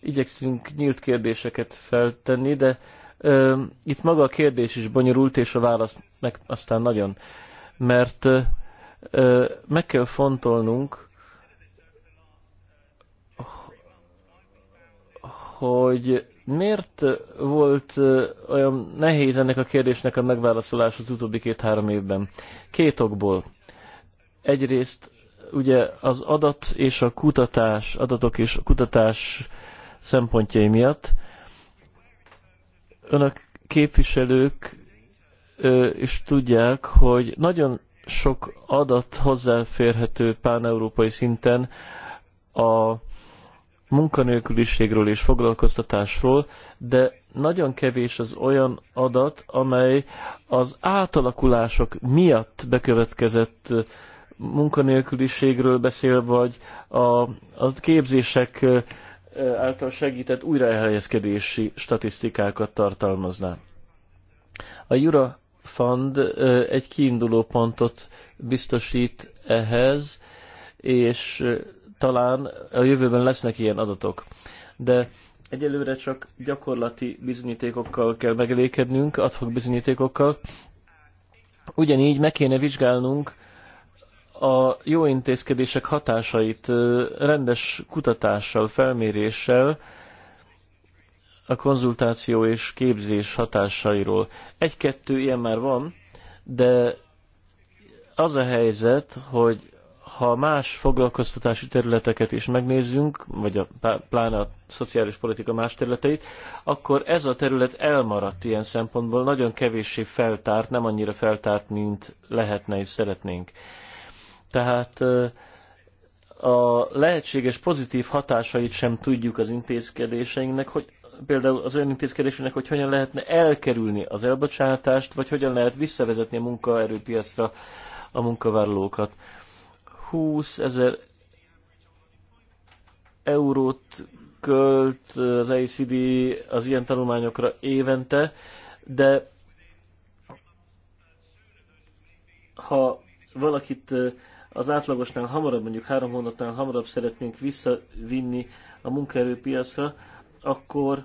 igyekszünk nyílt kérdéseket feltenni, de ö, itt maga a kérdés is bonyolult, és a válasz meg aztán nagyon. Mert ö, meg kell fontolnunk, hogy Miért volt olyan nehéz ennek a kérdésnek a megválaszolás az utóbbi két-három évben? Két okból. Egyrészt ugye az adat és a kutatás, adatok és a kutatás szempontjai miatt önök képviselők és tudják, hogy nagyon sok adat hozzáférhető pán-európai szinten a munkanélküliségről és foglalkoztatásról, de nagyon kevés az olyan adat, amely az átalakulások miatt bekövetkezett munkanélküliségről beszél, vagy a, a képzések által segített újrahelyezkedési statisztikákat tartalmazná. A Jura Fund egy kiinduló pontot biztosít ehhez, és talán a jövőben lesznek ilyen adatok. De egyelőre csak gyakorlati bizonyítékokkal kell megelékednünk, adhok bizonyítékokkal. Ugyanígy meg kéne vizsgálnunk a jó intézkedések hatásait rendes kutatással, felméréssel, a konzultáció és képzés hatásairól. Egy-kettő ilyen már van, de az a helyzet, hogy ha más foglalkoztatási területeket is megnézzünk, vagy a, pláne a szociális politika más területeit, akkor ez a terület elmaradt ilyen szempontból, nagyon kevéssé feltárt, nem annyira feltárt, mint lehetne és szeretnénk. Tehát a lehetséges pozitív hatásait sem tudjuk az intézkedéseinknek, hogy például az intézkedésének, hogy hogyan lehetne elkerülni az elbocsátást, vagy hogyan lehet visszavezetni a munkaerőpiacra a munkavállalókat. 20 ezer eurót költ az az ilyen tanulmányokra évente, de ha valakit az átlagosnál hamarabb, mondjuk három hónapnál hamarabb szeretnénk visszavinni a munkaerőpiacra, akkor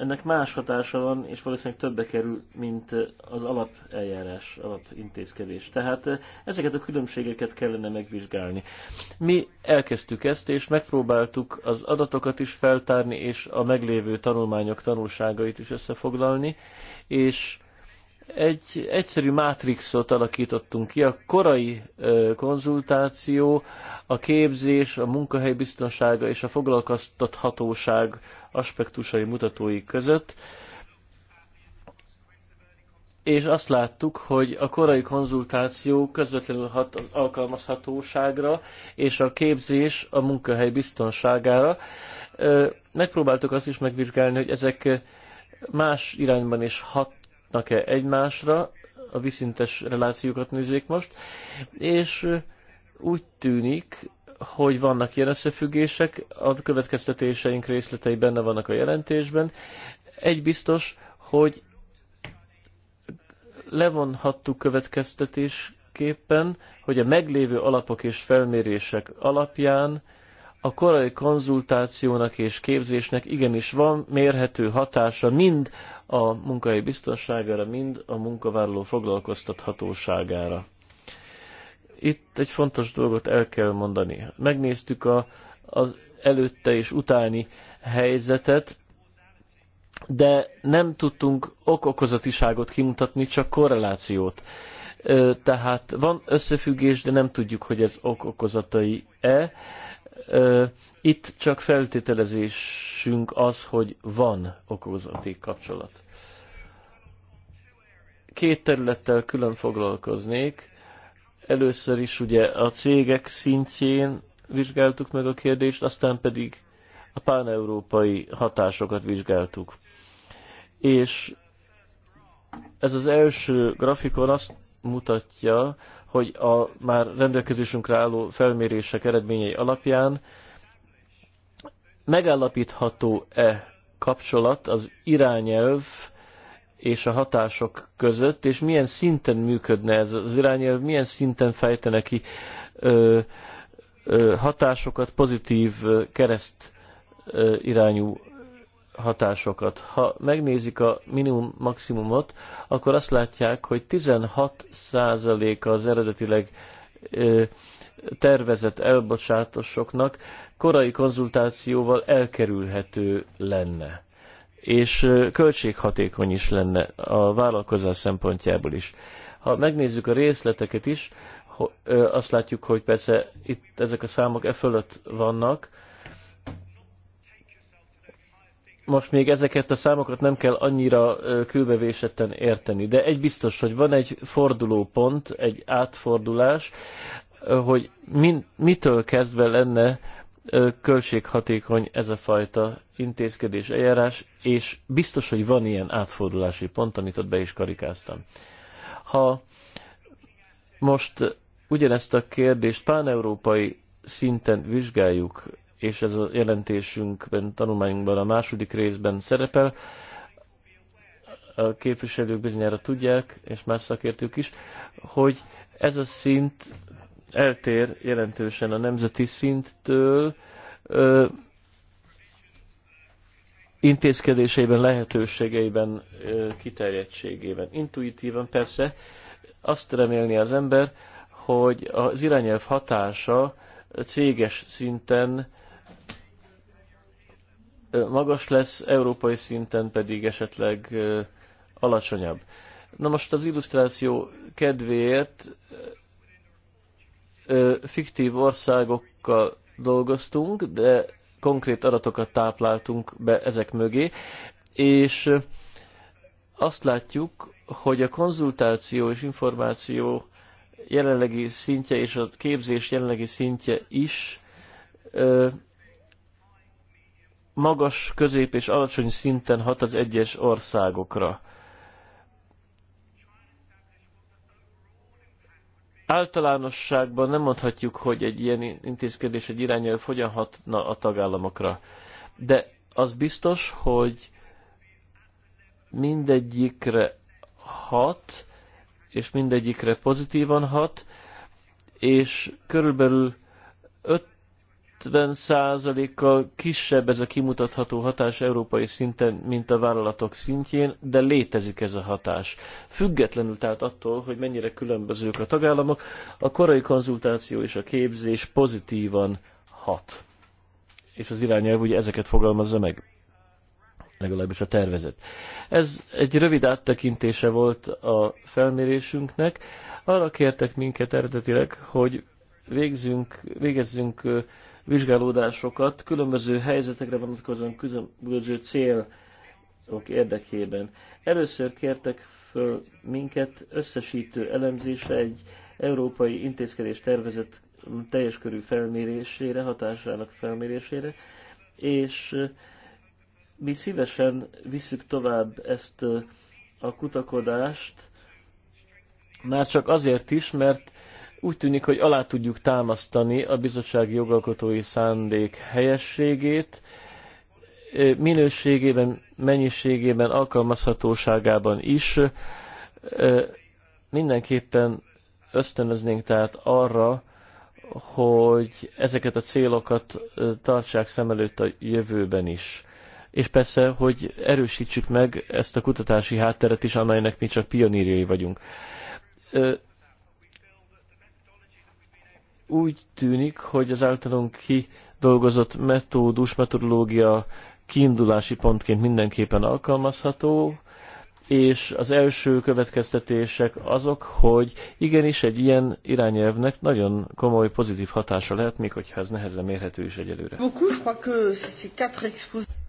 ennek más hatása van, és valószínűleg többe kerül, mint az alapeljárás, alapintézkedés. Tehát ezeket a különbségeket kellene megvizsgálni. Mi elkezdtük ezt, és megpróbáltuk az adatokat is feltárni, és a meglévő tanulmányok tanulságait is összefoglalni, és egy egyszerű mátrixot alakítottunk ki, a korai konzultáció, a képzés, a munkahely biztonsága és a foglalkoztathatóság aspektusai mutatói között, és azt láttuk, hogy a korai konzultáció közvetlenül hat az alkalmazhatóságra, és a képzés a munkahely biztonságára. Megpróbáltuk azt is megvizsgálni, hogy ezek más irányban is hat hallgatnak-e egymásra, a viszintes relációkat nézzék most, és úgy tűnik, hogy vannak ilyen összefüggések, a következtetéseink részletei benne vannak a jelentésben. Egy biztos, hogy levonhattuk következtetésképpen, hogy a meglévő alapok és felmérések alapján a korai konzultációnak és képzésnek igenis van mérhető hatása mind a munkai biztonságára, mind a munkavállaló foglalkoztathatóságára. Itt egy fontos dolgot el kell mondani. Megnéztük a, az előtte és utáni helyzetet, de nem tudtunk okokozatiságot kimutatni, csak korrelációt. Tehát van összefüggés, de nem tudjuk, hogy ez okokozatai-e. -ok itt csak feltételezésünk az, hogy van okozati kapcsolat. Két területtel külön foglalkoznék. Először is ugye a cégek szintjén vizsgáltuk meg a kérdést, aztán pedig a páneurópai hatásokat vizsgáltuk. És ez az első grafikon azt mutatja, hogy a már rendelkezésünkre álló felmérések eredményei alapján megállapítható-e kapcsolat az irányelv és a hatások között, és milyen szinten működne ez az irányelv, milyen szinten fejtene ki ö, ö, hatásokat, pozitív kereszt irányú hatásokat. Ha megnézik a minimum maximumot, akkor azt látják, hogy 16%-a az eredetileg ö, tervezett elbocsátosoknak korai konzultációval elkerülhető lenne és költséghatékony is lenne a vállalkozás szempontjából is. Ha megnézzük a részleteket is, azt látjuk, hogy persze itt ezek a számok e fölött vannak, most még ezeket a számokat nem kell annyira külbevésetten érteni, de egy biztos, hogy van egy fordulópont, egy átfordulás, hogy min, mitől kezdve lenne költséghatékony ez a fajta intézkedés, eljárás, és biztos, hogy van ilyen átfordulási pont, amit ott be is karikáztam. Ha most ugyanezt a kérdést pan-európai szinten vizsgáljuk és ez a jelentésünkben, tanulmányunkban a második részben szerepel. A képviselők bizonyára tudják, és más szakértők is, hogy ez a szint eltér jelentősen a nemzeti szinttől, ö, intézkedéseiben, lehetőségeiben, ö, kiterjedtségében. Intuitívan persze azt remélni az ember, hogy az irányelv hatása céges szinten magas lesz, európai szinten pedig esetleg alacsonyabb. Na most az illusztráció kedvéért fiktív országokkal dolgoztunk, de konkrét adatokat tápláltunk be ezek mögé, és azt látjuk, hogy a konzultáció és információ jelenlegi szintje és a képzés jelenlegi szintje is magas, közép és alacsony szinten hat az egyes országokra. Általánosságban nem mondhatjuk, hogy egy ilyen intézkedés, egy irányelv hogyan hatna a tagállamokra. De az biztos, hogy mindegyikre hat, és mindegyikre pozitívan hat, és körülbelül öt 70 kal kisebb ez a kimutatható hatás európai szinten, mint a vállalatok szintjén, de létezik ez a hatás. Függetlenül tehát attól, hogy mennyire különbözők a tagállamok, a korai konzultáció és a képzés pozitívan hat. És az irányelv ugye ezeket fogalmazza meg legalábbis a tervezet. Ez egy rövid áttekintése volt a felmérésünknek. Arra kértek minket eredetileg, hogy végzünk, végezzünk vizsgálódásokat különböző helyzetekre vonatkozóan különböző célok érdekében. Először kértek föl minket összesítő elemzése egy európai intézkedés tervezet teljes körű felmérésére, hatásának felmérésére, és mi szívesen visszük tovább ezt a kutakodást, már csak azért is, mert úgy tűnik, hogy alá tudjuk támasztani a bizottsági jogalkotói szándék helyességét, minőségében, mennyiségében, alkalmazhatóságában is. Mindenképpen ösztönöznénk tehát arra, hogy ezeket a célokat tartsák szem előtt a jövőben is. És persze, hogy erősítsük meg ezt a kutatási hátteret is, amelynek mi csak pionírjai vagyunk úgy tűnik, hogy az általunk kidolgozott metódus, metodológia kiindulási pontként mindenképpen alkalmazható, és az első következtetések azok, hogy igenis egy ilyen irányelvnek nagyon komoly pozitív hatása lehet, még hogyha ez nehezen mérhető is egyelőre.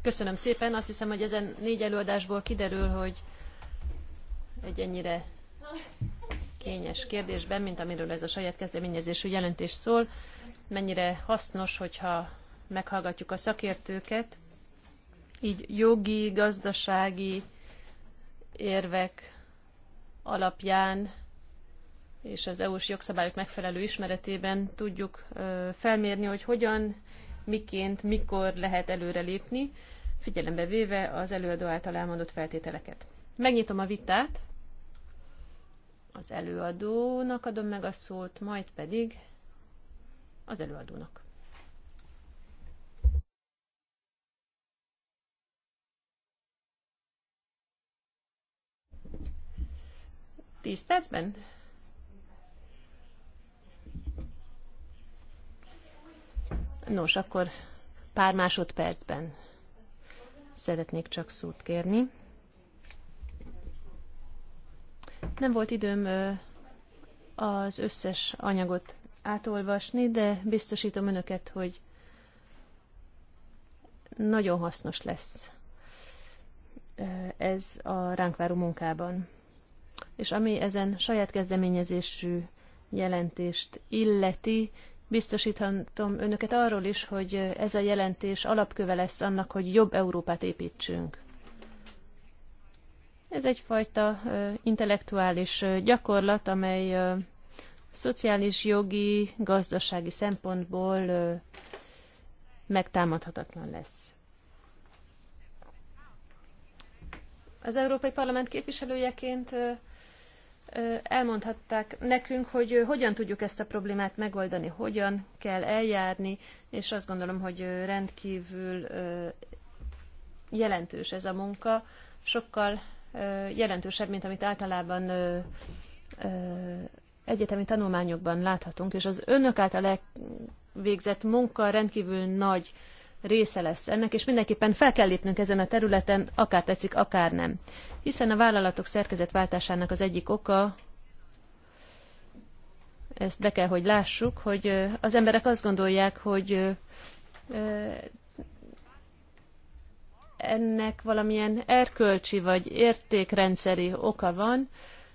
Köszönöm szépen, azt hiszem, hogy ezen négy előadásból kiderül, hogy egy ennyire kényes kérdésben, mint amiről ez a saját kezdeményezésű jelentés szól, mennyire hasznos, hogyha meghallgatjuk a szakértőket, így jogi, gazdasági érvek alapján és az EU-s jogszabályok megfelelő ismeretében tudjuk felmérni, hogy hogyan, miként, mikor lehet előrelépni, figyelembe véve az előadó által elmondott feltételeket. Megnyitom a vitát. Az előadónak adom meg a szót, majd pedig az előadónak. Tíz percben? Nos, akkor pár másodpercben szeretnék csak szót kérni. Nem volt időm az összes anyagot átolvasni, de biztosítom önöket, hogy nagyon hasznos lesz ez a ránk váró munkában. És ami ezen saját kezdeményezésű jelentést illeti, biztosíthatom önöket arról is, hogy ez a jelentés alapköve lesz annak, hogy jobb Európát építsünk. Ez egyfajta intellektuális gyakorlat, amely szociális, jogi, gazdasági szempontból megtámadhatatlan lesz. Az Európai Parlament képviselőjeként elmondhatták nekünk, hogy hogyan tudjuk ezt a problémát megoldani, hogyan kell eljárni, és azt gondolom, hogy rendkívül jelentős ez a munka, sokkal jelentősebb, mint amit általában egyetemi tanulmányokban láthatunk, és az önök által végzett munka rendkívül nagy része lesz ennek, és mindenképpen fel kell lépnünk ezen a területen, akár tetszik, akár nem. Hiszen a vállalatok szerkezetváltásának az egyik oka, ezt be kell, hogy lássuk, hogy az emberek azt gondolják, hogy ennek valamilyen erkölcsi vagy értékrendszeri oka van.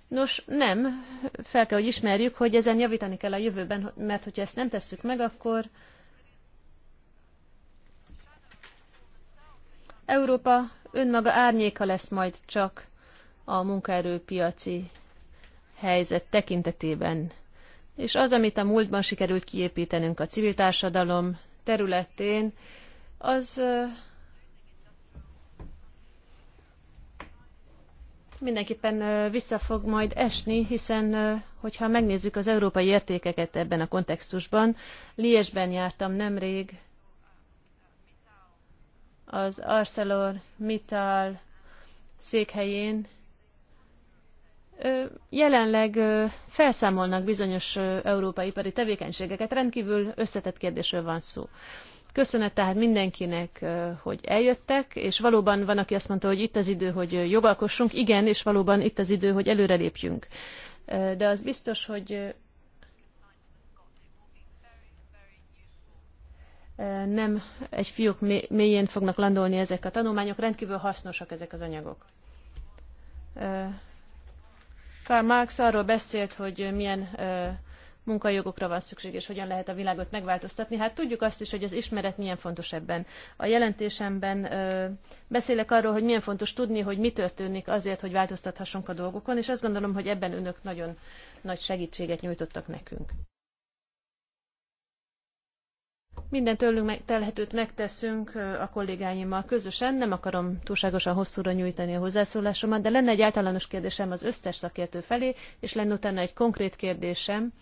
Nos, nem, fel kell, hogy ismerjük, hogy ezen javítani kell a jövőben, mert hogyha ezt nem tesszük meg, akkor Európa önmaga árnyéka lesz majd csak a munkaerőpiaci helyzet tekintetében. És az, amit a múltban sikerült kiépítenünk a civil társadalom területén, az mindenképpen vissza fog majd esni, hiszen hogyha megnézzük az európai értékeket ebben a kontextusban, Liesben jártam nemrég, az Arcelor Mittal székhelyén, jelenleg felszámolnak bizonyos európai ipari tevékenységeket, rendkívül összetett kérdésről van szó. Köszönet tehát mindenkinek, hogy eljöttek, és valóban van, aki azt mondta, hogy itt az idő, hogy jogalkossunk. Igen, és valóban itt az idő, hogy előrelépjünk. De az biztos, hogy nem egy fiúk mélyén fognak landolni ezek a tanulmányok, rendkívül hasznosak ezek az anyagok. Karl Marx arról beszélt, hogy milyen munkajogokra van szükség, és hogyan lehet a világot megváltoztatni. Hát tudjuk azt is, hogy az ismeret milyen fontos ebben. A jelentésemben ö, beszélek arról, hogy milyen fontos tudni, hogy mi történik azért, hogy változtathassunk a dolgokon, és azt gondolom, hogy ebben önök nagyon nagy segítséget nyújtottak nekünk. Minden tőlünk meg, telhetőt megteszünk a kollégáimmal közösen. Nem akarom túlságosan hosszúra nyújtani a hozzászólásomat, de lenne egy általános kérdésem az összes szakértő felé, és lenne utána egy konkrét kérdésem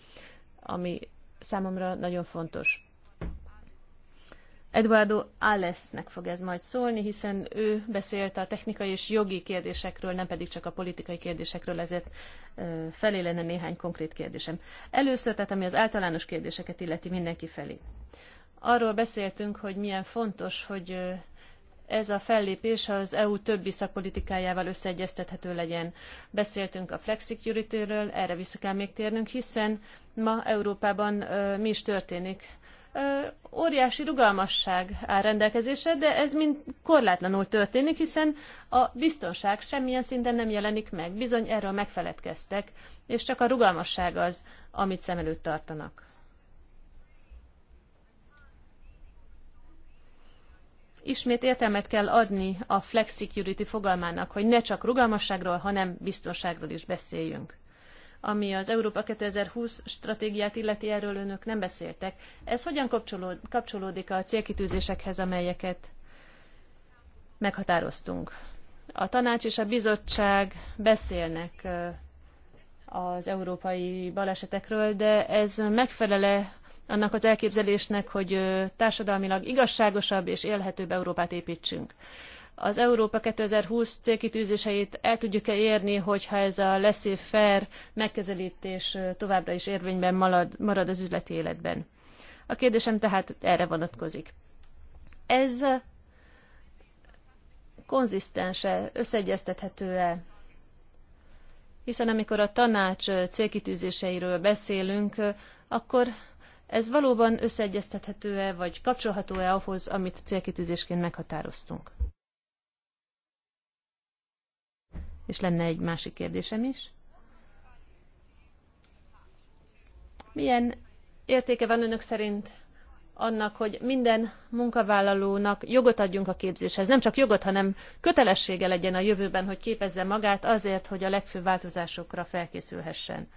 ami számomra nagyon fontos. Eduardo Alesnek fog ez majd szólni, hiszen ő beszélt a technikai és jogi kérdésekről, nem pedig csak a politikai kérdésekről, ezért felé lenne néhány konkrét kérdésem. Először, tehát ami az általános kérdéseket illeti mindenki felé. Arról beszéltünk, hogy milyen fontos, hogy ez a fellépés az EU többi szakpolitikájával összeegyeztethető legyen. Beszéltünk a flexicurity-ről, erre vissza kell még térnünk, hiszen ma Európában ö, mi is történik. Ö, óriási rugalmasság áll rendelkezésre, de ez mind korlátlanul történik, hiszen a biztonság semmilyen szinten nem jelenik meg. Bizony erről megfeledkeztek, és csak a rugalmasság az, amit szem előtt tartanak. ismét értelmet kell adni a flex fogalmának, hogy ne csak rugalmasságról, hanem biztonságról is beszéljünk. Ami az Európa 2020 stratégiát illeti, erről önök nem beszéltek. Ez hogyan kapcsolódik a célkitűzésekhez, amelyeket meghatároztunk? A tanács és a bizottság beszélnek az európai balesetekről, de ez megfelele annak az elképzelésnek, hogy társadalmilag igazságosabb és élhetőbb Európát építsünk. Az Európa 2020 célkitűzéseit el tudjuk-e érni, hogyha ez a leszé fair megközelítés továbbra is érvényben marad az üzleti életben? A kérdésem tehát erre vonatkozik. Ez konzisztense, összeegyeztethető-e? Hiszen amikor a tanács célkitűzéseiről beszélünk, akkor ez valóban összeegyeztethető-e, vagy kapcsolható-e ahhoz, amit célkitűzésként meghatároztunk? És lenne egy másik kérdésem is. Milyen értéke van önök szerint annak, hogy minden munkavállalónak jogot adjunk a képzéshez. Nem csak jogot, hanem kötelessége legyen a jövőben, hogy képezze magát azért, hogy a legfőbb változásokra felkészülhessen.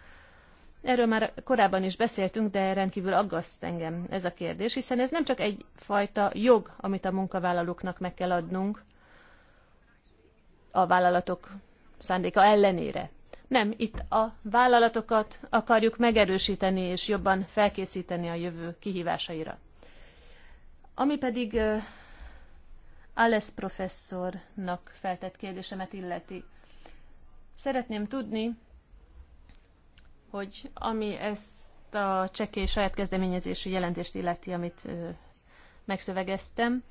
Erről már korábban is beszéltünk, de rendkívül aggaszt engem ez a kérdés, hiszen ez nem csak egyfajta jog, amit a munkavállalóknak meg kell adnunk a vállalatok szándéka ellenére. Nem, itt a vállalatokat akarjuk megerősíteni és jobban felkészíteni a jövő kihívásaira. Ami pedig uh, Alesz professzornak feltett kérdésemet illeti. Szeretném tudni, hogy ami ezt a csekély saját kezdeményezésű jelentést illeti, amit megszövegeztem,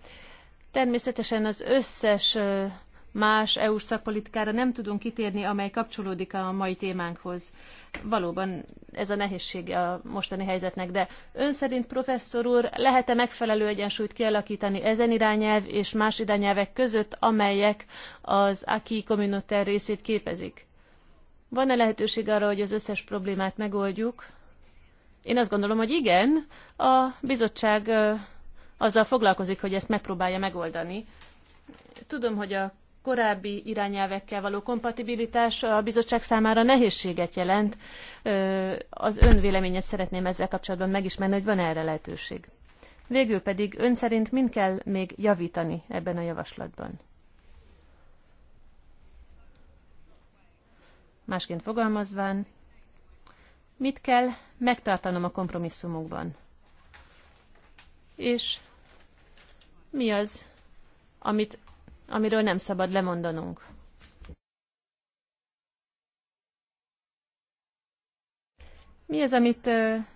természetesen az összes más EU-s szakpolitikára nem tudunk kitérni, amely kapcsolódik a mai témánkhoz. Valóban ez a nehézség a mostani helyzetnek, de ön szerint, professzor úr, lehet-e megfelelő egyensúlyt kialakítani ezen irányelv és más irányelvek között, amelyek az AKI kommunitár részét képezik? Van-e lehetőség arra, hogy az összes problémát megoldjuk? Én azt gondolom, hogy igen. A bizottság azzal foglalkozik, hogy ezt megpróbálja megoldani. Tudom, hogy a korábbi irányelvekkel való kompatibilitás a bizottság számára nehézséget jelent. Az ön véleményet szeretném ezzel kapcsolatban megismerni, hogy van -e erre lehetőség. Végül pedig ön szerint mind kell még javítani ebben a javaslatban? Másként fogalmazván, mit kell megtartanom a kompromisszumokban? És mi az, amit, amiről nem szabad lemondanunk? Mi az, amit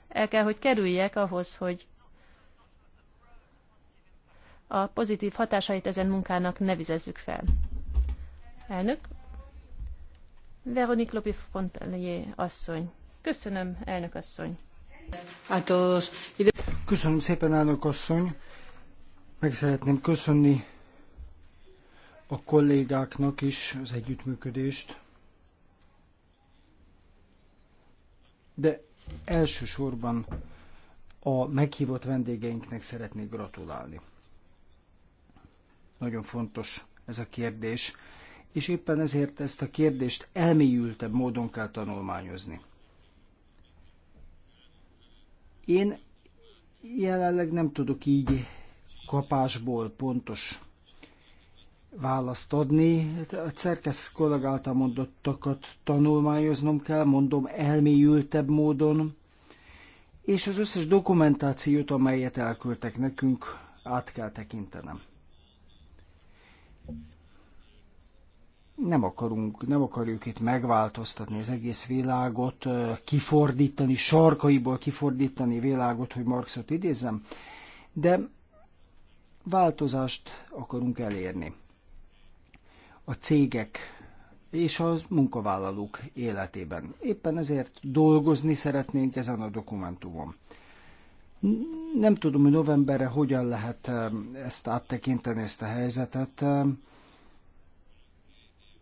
el kell, hogy kerüljek ahhoz, hogy a pozitív hatásait ezen munkának ne vizezzük fel? Elnök, Veronique Lopi Fontelier asszony. Köszönöm, elnök asszony. Köszönöm szépen, elnök asszony. Meg szeretném köszönni a kollégáknak is az együttműködést. De elsősorban a meghívott vendégeinknek szeretnék gratulálni. Nagyon fontos ez a kérdés, és éppen ezért ezt a kérdést elmélyültebb módon kell tanulmányozni. Én jelenleg nem tudok így kapásból pontos választ adni. A Cerkesz kollega által mondottakat tanulmányoznom kell, mondom elmélyültebb módon, és az összes dokumentációt, amelyet elküldtek nekünk, át kell tekintenem. nem akarunk, nem akarjuk itt megváltoztatni az egész világot, kifordítani, sarkaiból kifordítani világot, hogy Marxot idézem, de változást akarunk elérni. A cégek és a munkavállalók életében. Éppen ezért dolgozni szeretnénk ezen a dokumentumon. Nem tudom, hogy novemberre hogyan lehet ezt áttekinteni, ezt a helyzetet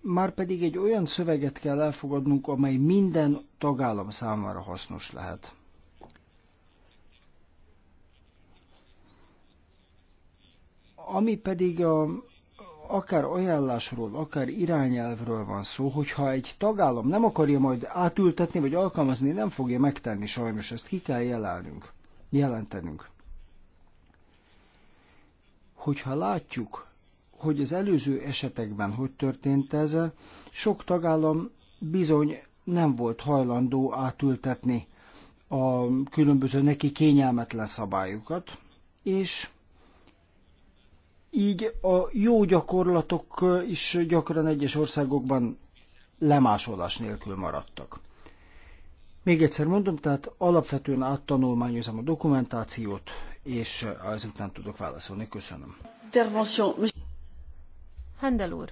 már pedig egy olyan szöveget kell elfogadnunk, amely minden tagállam számára hasznos lehet. Ami pedig a, akár ajánlásról, akár irányelvről van szó, hogyha egy tagállam nem akarja majd átültetni vagy alkalmazni, nem fogja megtenni sajnos, ezt ki kell jelenünk, jelentenünk. Hogyha látjuk, hogy az előző esetekben hogy történt ez, sok tagállam bizony nem volt hajlandó átültetni a különböző neki kényelmetlen szabályokat, és így a jó gyakorlatok is gyakran egyes országokban lemásolás nélkül maradtak. Még egyszer mondom, tehát alapvetően áttanulmányozom a dokumentációt, és ezután tudok válaszolni. Köszönöm. Hendel úr.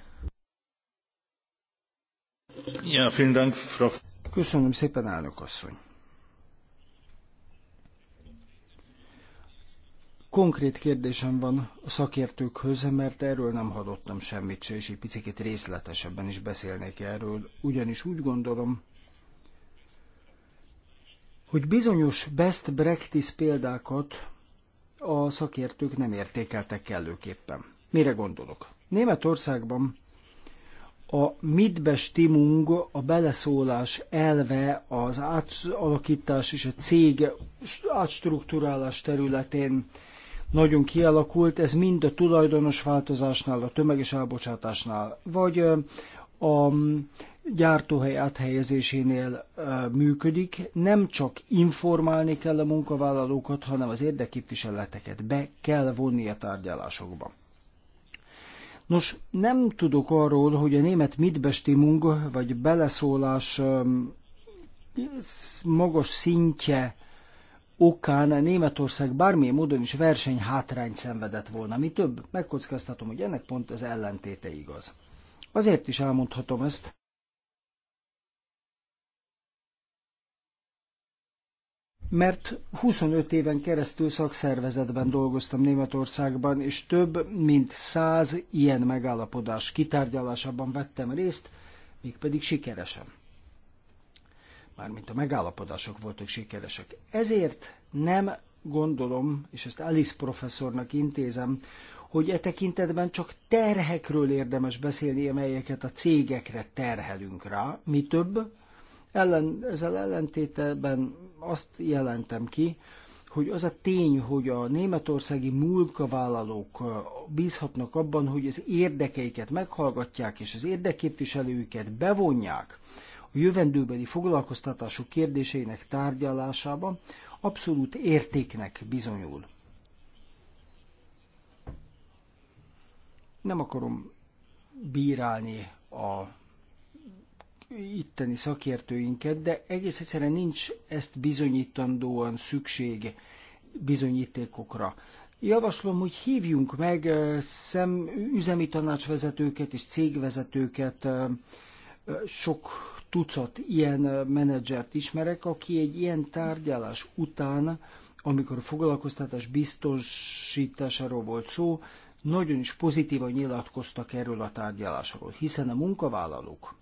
Ja, vielen Dank, Frau. Köszönöm szépen, állok asszony. Konkrét kérdésem van a szakértőkhöz, mert erről nem hallottam semmit se, és egy picit részletesebben is beszélnék erről, ugyanis úgy gondolom, hogy bizonyos best practice példákat a szakértők nem értékeltek kellőképpen. Mire gondolok? Németországban a mitbestimmung, a beleszólás elve az átalakítás és a cég átstruktúrálás területén nagyon kialakult, ez mind a tulajdonos változásnál, a tömeges elbocsátásnál, vagy a gyártóhely áthelyezésénél működik. Nem csak informálni kell a munkavállalókat, hanem az érdekképviseleteket be kell vonni a tárgyalásokba. Nos, nem tudok arról, hogy a német mitbestimung vagy beleszólás magas szintje okán Németország bármilyen módon is verseny versenyhátrányt szenvedett volna. Mi több, megkockáztatom, hogy ennek pont az ellentéte igaz. Azért is elmondhatom ezt, mert 25 éven keresztül szakszervezetben dolgoztam Németországban, és több mint 100 ilyen megállapodás kitárgyalásában vettem részt, mégpedig sikeresen. Mármint a megállapodások voltak sikeresek. Ezért nem gondolom, és ezt Alice professzornak intézem, hogy e tekintetben csak terhekről érdemes beszélni, amelyeket a cégekre terhelünk rá. Mi több, ellen, ezzel ellentétben azt jelentem ki, hogy az a tény, hogy a németországi munkavállalók bízhatnak abban, hogy az érdekeiket meghallgatják, és az érdekképviselőiket bevonják a jövendőbeli foglalkoztatások kérdéseinek tárgyalásába, abszolút értéknek bizonyul. Nem akarom bírálni a itteni szakértőinket, de egész egyszerűen nincs ezt bizonyítandóan szükség bizonyítékokra. Javaslom, hogy hívjunk meg szem, üzemi tanácsvezetőket és cégvezetőket, sok tucat ilyen menedzsert ismerek, aki egy ilyen tárgyalás után, amikor a foglalkoztatás biztosításáról volt szó, nagyon is pozitívan nyilatkoztak erről a tárgyalásról, hiszen a munkavállalók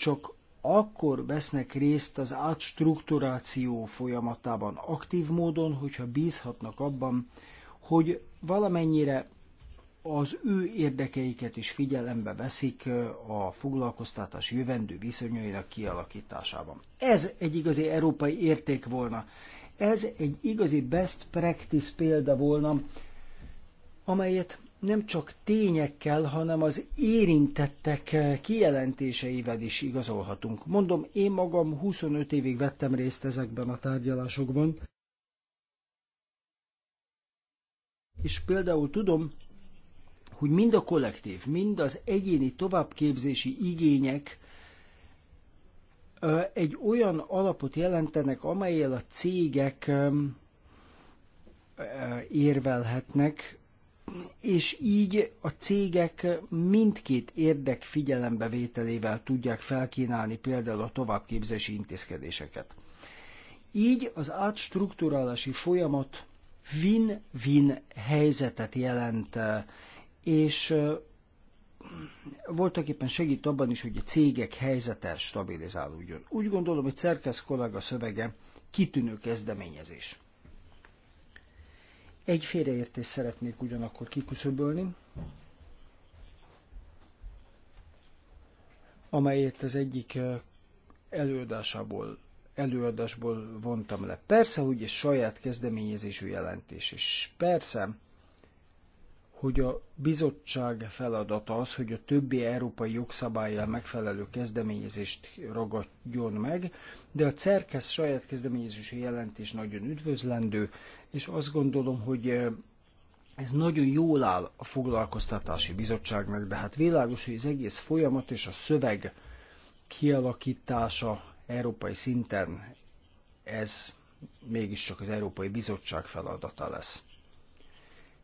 csak akkor vesznek részt az átstruktúráció folyamatában aktív módon, hogyha bízhatnak abban, hogy valamennyire az ő érdekeiket is figyelembe veszik a foglalkoztatás jövendő viszonyainak kialakításában. Ez egy igazi európai érték volna. Ez egy igazi best practice példa volna, amelyet nem csak tényekkel, hanem az érintettek eh, kijelentéseivel is igazolhatunk. Mondom, én magam 25 évig vettem részt ezekben a tárgyalásokban, és például tudom, hogy mind a kollektív, mind az egyéni továbbképzési igények eh, egy olyan alapot jelentenek, amelyel a cégek eh, érvelhetnek, és így a cégek mindkét érdek figyelembevételével tudják felkínálni például a továbbképzési intézkedéseket. Így az átstruktúrálási folyamat win-win helyzetet jelent, és voltak éppen segít abban is, hogy a cégek helyzete stabilizálódjon. Úgy gondolom, hogy Cerkesz kollega szövege kitűnő kezdeményezés. Egy félreértést szeretnék ugyanakkor kiküszöbölni, amelyet az egyik eh, előadásából, előadásból vontam le. Persze, hogy ez saját kezdeményezésű jelentés, és persze, hogy a bizottság feladata az, hogy a többi európai jogszabályjal megfelelő kezdeményezést ragadjon meg, de a CERKESZ saját kezdeményezési jelentés nagyon üdvözlendő, és azt gondolom, hogy eh, ez nagyon jól áll a foglalkoztatási bizottságnak, de hát világos, hogy az egész folyamat és a szöveg kialakítása európai szinten ez mégiscsak az Európai Bizottság feladata lesz.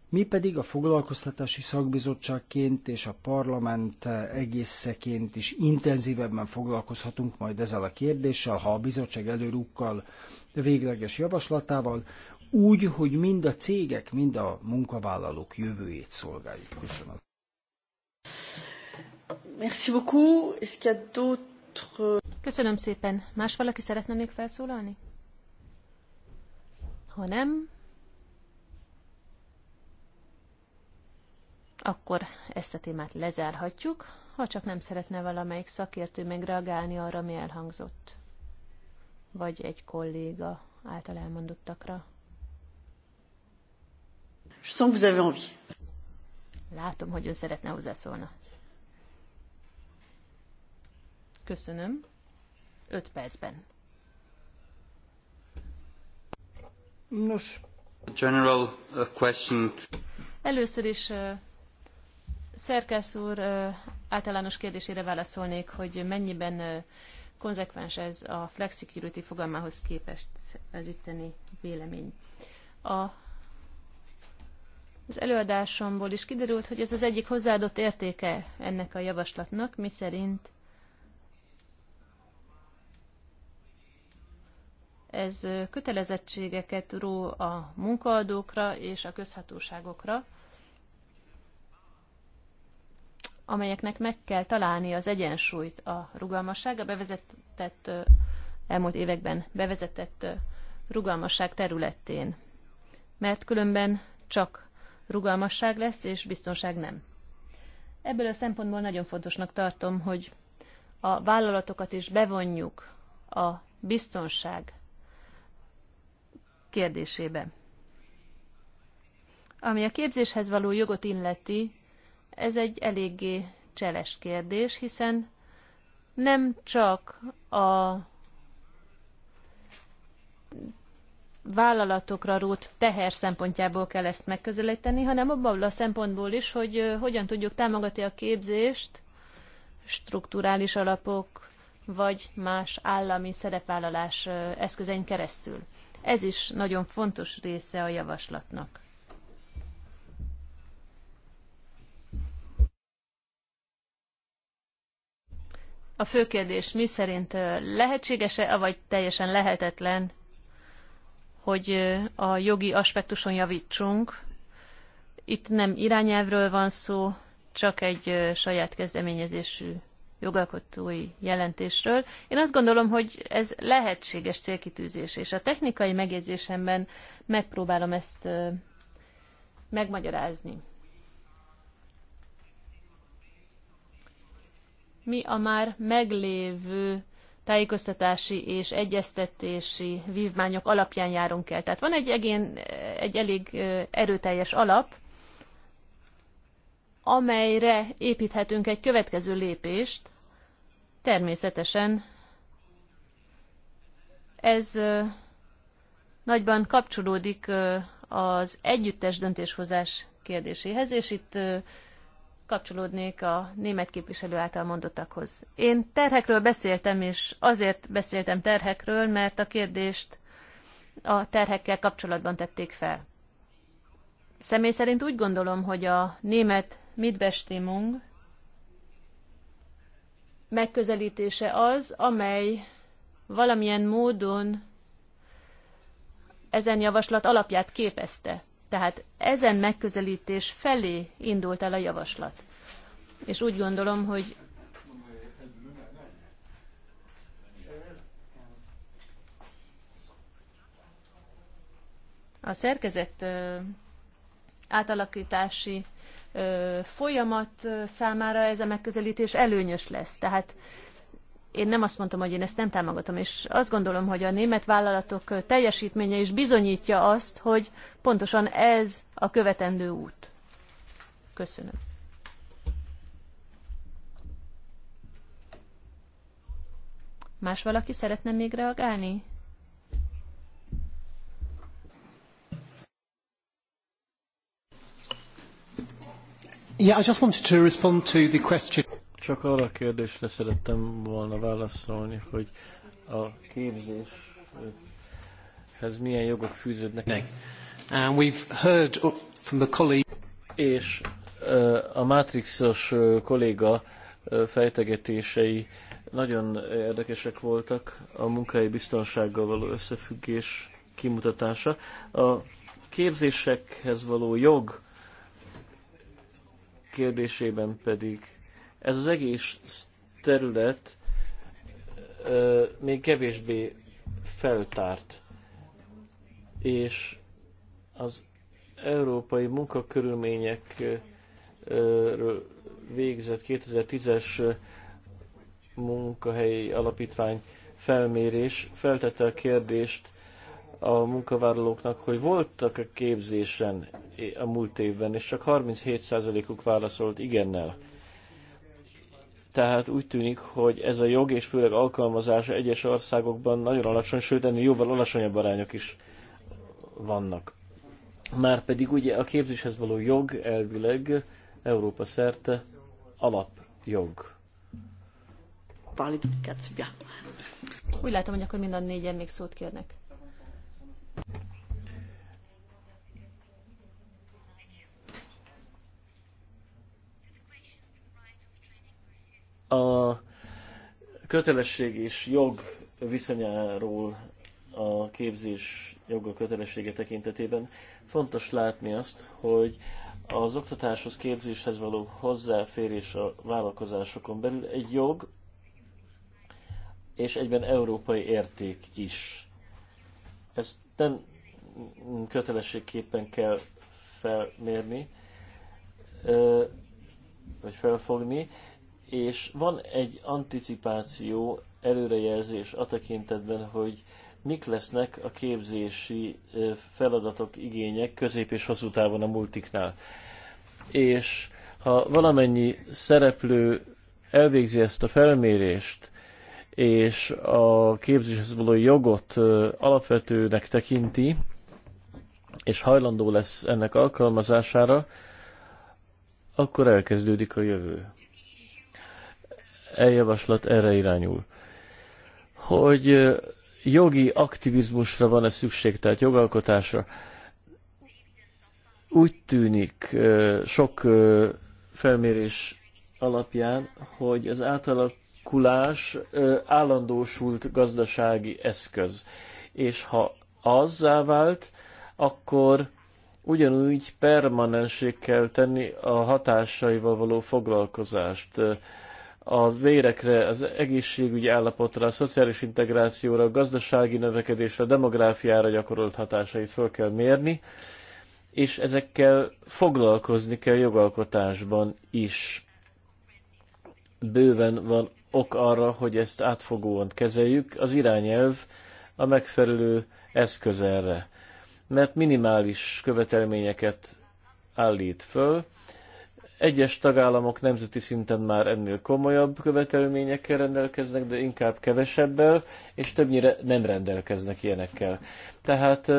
Mi pedig a foglalkoztatási szakbizottságként és a parlament egészeként is intenzívebben foglalkozhatunk majd ezzel a kérdéssel, ha a bizottság előrukkal végleges javaslatával, úgy, hogy mind a cégek, mind a munkavállalók jövőjét szolgáljuk. Köszönöm. Merci beaucoup. a Köszönöm szépen. Más valaki szeretne még felszólalni? Ha nem, akkor ezt a témát lezárhatjuk, ha csak nem szeretne valamelyik szakértő megreagálni arra, mi elhangzott, vagy egy kolléga által elmondottakra. Je sens que vous avez envie. Látom, hogy ön szeretne hozzászólna. Köszönöm. Öt percben. Nos. General question. Először is Szerkesz úr általános kérdésére válaszolnék, hogy mennyiben konzekvens ez a flexicurity fogalmához képest az itteni vélemény. A, az előadásomból is kiderült, hogy ez az egyik hozzáadott értéke ennek a javaslatnak, Mi szerint ez kötelezettségeket ró a munkaadókra és a közhatóságokra, amelyeknek meg kell találni az egyensúlyt a rugalmasság, a bevezetett, elmúlt években bevezetett rugalmasság területén. Mert különben csak rugalmasság lesz, és biztonság nem. Ebből a szempontból nagyon fontosnak tartom, hogy a vállalatokat is bevonjuk a biztonság kérdésébe. Ami a képzéshez való jogot illeti, ez egy eléggé cseles kérdés, hiszen nem csak a vállalatokra rót teher szempontjából kell ezt megközelíteni, hanem abban a szempontból is, hogy hogyan tudjuk támogatni a képzést strukturális alapok vagy más állami szerepvállalás eszközein keresztül. Ez is nagyon fontos része a javaslatnak. A fő kérdés mi szerint lehetséges-e, vagy teljesen lehetetlen, hogy a jogi aspektuson javítsunk. Itt nem irányelvről van szó, csak egy saját kezdeményezésű jogalkotói jelentésről. Én azt gondolom, hogy ez lehetséges célkitűzés, és a technikai megjegyzésemben megpróbálom ezt megmagyarázni. mi a már meglévő tájékoztatási és egyeztetési vívmányok alapján járunk el. Tehát van egy, egén, egy elég erőteljes alap, amelyre építhetünk egy következő lépést. Természetesen ez nagyban kapcsolódik az együttes döntéshozás kérdéséhez, és itt kapcsolódnék a német képviselő által mondottakhoz. Én terhekről beszéltem, és azért beszéltem terhekről, mert a kérdést a terhekkel kapcsolatban tették fel. Személy szerint úgy gondolom, hogy a német Mitbestimmung megközelítése az, amely valamilyen módon ezen javaslat alapját képezte. Tehát ezen megközelítés felé indult el a javaslat. És úgy gondolom, hogy a szerkezet átalakítási folyamat számára ez a megközelítés előnyös lesz. Tehát én nem azt mondtam, hogy én ezt nem támogatom, és azt gondolom, hogy a német vállalatok teljesítménye is bizonyítja azt, hogy pontosan ez a követendő út. Köszönöm. Más valaki szeretne még reagálni? Yeah, I just wanted to respond to the question. Csak arra a kérdésre szerettem volna válaszolni, hogy a képzéshez milyen jogok fűződnek. And uh, we've heard from the colleague... És uh, a Matrixos uh, kolléga fejtegetései nagyon érdekesek voltak a munkai biztonsággal való összefüggés kimutatása. A képzésekhez való jog kérdésében pedig ez az egész terület ö, még kevésbé feltárt, és az európai munkakörülményekről végzett 2010-es munkahelyi alapítvány felmérés feltette a kérdést a munkavállalóknak, hogy voltak a képzésen a múlt évben, és csak 37%-uk válaszolt igennel. Tehát úgy tűnik, hogy ez a jog és főleg alkalmazása egyes országokban nagyon alacsony, sőt ennél jóval alacsonyabb arányok is vannak. Már pedig ugye a képzéshez való jog elvileg Európa szerte alapjog. Úgy látom, hogy akkor mind a négyen még szót kérnek. A kötelesség és jog viszonyáról a képzés joga kötelessége tekintetében fontos látni azt, hogy az oktatáshoz, képzéshez való hozzáférés a vállalkozásokon belül egy jog, és egyben európai érték is. Ezt nem kötelességképpen kell felmérni, vagy felfogni és van egy anticipáció, előrejelzés a tekintetben, hogy mik lesznek a képzési feladatok, igények közép és hosszú távon a multiknál. És ha valamennyi szereplő elvégzi ezt a felmérést, és a képzéshez való jogot alapvetőnek tekinti, és hajlandó lesz ennek alkalmazására, akkor elkezdődik a jövő eljavaslat erre irányul. Hogy jogi aktivizmusra van-e szükség, tehát jogalkotásra? Úgy tűnik sok felmérés alapján, hogy az átalakulás állandósult gazdasági eszköz. És ha azzá vált, akkor ugyanúgy permanenség kell tenni a hatásaival való foglalkozást a vérekre, az egészségügyi állapotra, a szociális integrációra, a gazdasági növekedésre, a demográfiára gyakorolt hatásait föl kell mérni, és ezekkel foglalkozni kell jogalkotásban is. Bőven van ok arra, hogy ezt átfogóan kezeljük, az irányelv a megfelelő eszköz erre, mert minimális követelményeket állít föl, egyes tagállamok nemzeti szinten már ennél komolyabb követelményekkel rendelkeznek, de inkább kevesebbel, és többnyire nem rendelkeznek ilyenekkel. Tehát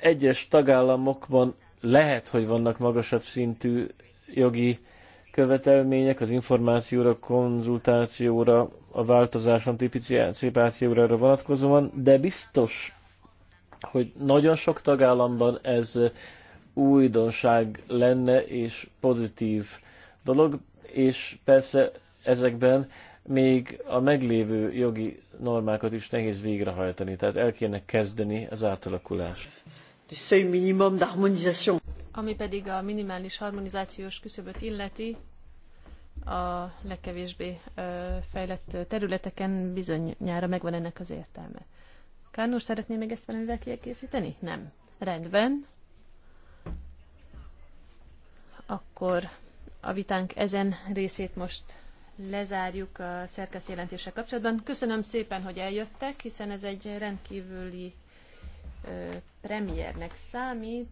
egyes tagállamokban lehet, hogy vannak magasabb szintű jogi követelmények az információra, konzultációra, a változás anticipációra erre vonatkozóan, de biztos, hogy nagyon sok tagállamban ez újdonság lenne és pozitív dolog, és persze ezekben még a meglévő jogi normákat is nehéz végrehajtani, tehát el kéne kezdeni az átalakulást. Ami pedig a minimális harmonizációs küszöböt illeti, a legkevésbé fejlett területeken bizonyára megvan ennek az értelme. Kárnós, szeretné még ezt valamivel kiegészíteni? Nem. Rendben akkor a vitánk ezen részét most lezárjuk a szerkesz jelentéssel kapcsolatban. Köszönöm szépen, hogy eljöttek, hiszen ez egy rendkívüli ö, premiernek számít,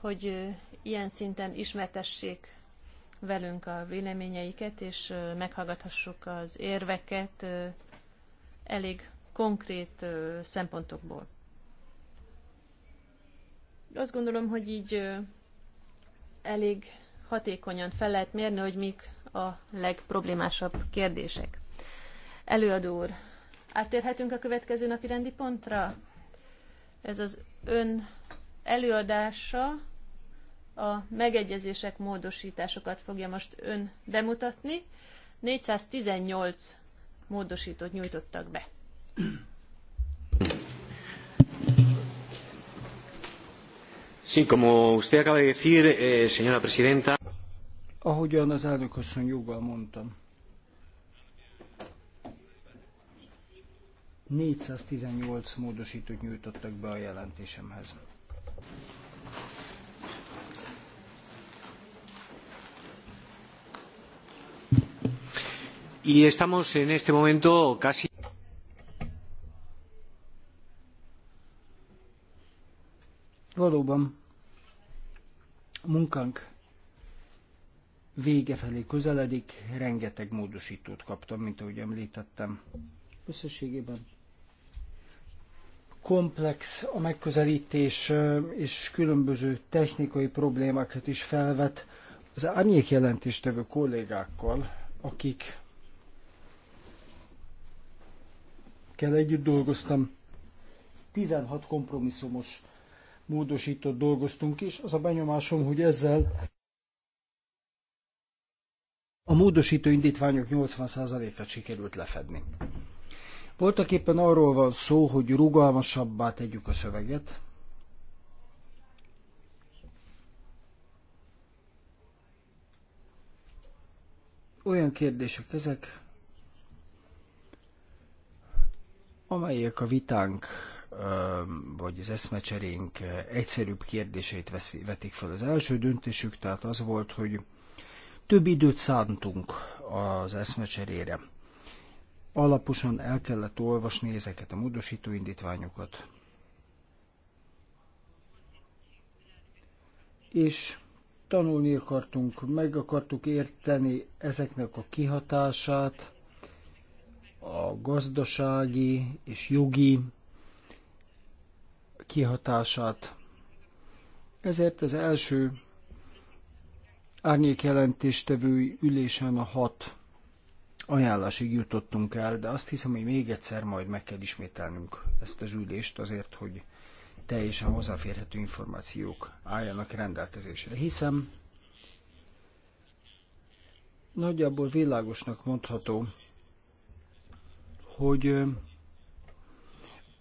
hogy ö, ilyen szinten ismertessék velünk a véleményeiket, és ö, meghallgathassuk az érveket ö, elég konkrét ö, szempontokból. Azt gondolom, hogy így elég hatékonyan fel lehet mérni, hogy mik a legproblémásabb kérdések. Előadó úr, áttérhetünk a következő napi rendi pontra? Ez az ön előadása, a megegyezések módosításokat fogja most ön bemutatni. 418 módosítót nyújtottak be. como usted acaba de decir, eh, señora presidenta. Ahogyan az elnök asszony joggal mondtam. 418 módosítót nyújtottak be a jelentésemhez. Y estamos en este momento casi Valóban a munkánk vége felé közeledik, rengeteg módosítót kaptam, mint ahogy említettem. Összességében komplex a megközelítés, és különböző technikai problémákat is felvet az árnyék jelentéstevő kollégákkal, akik kell együtt dolgoztam. 16 kompromisszumos módosított dolgoztunk is. Az a benyomásom, hogy ezzel a módosító indítványok 80%-át sikerült lefedni. Voltak éppen arról van szó, hogy rugalmasabbá tegyük a szöveget, olyan kérdések ezek, amelyek a vitánk vagy az eszmecserénk egyszerűbb kérdéseit veszi, vetik fel. Az első döntésük tehát az volt, hogy több időt szántunk az eszmecserére. Alaposan el kellett olvasni ezeket a módosító indítványokat. És tanulni akartunk, meg akartuk érteni ezeknek a kihatását, a gazdasági és jogi kihatását. Ezért az első árnyék jelentéstevői ülésen a hat ajánlásig jutottunk el, de azt hiszem, hogy még egyszer majd meg kell ismételnünk ezt az ülést azért, hogy teljesen hozzáférhető információk álljanak rendelkezésre. Hiszem, nagyjából világosnak mondható, hogy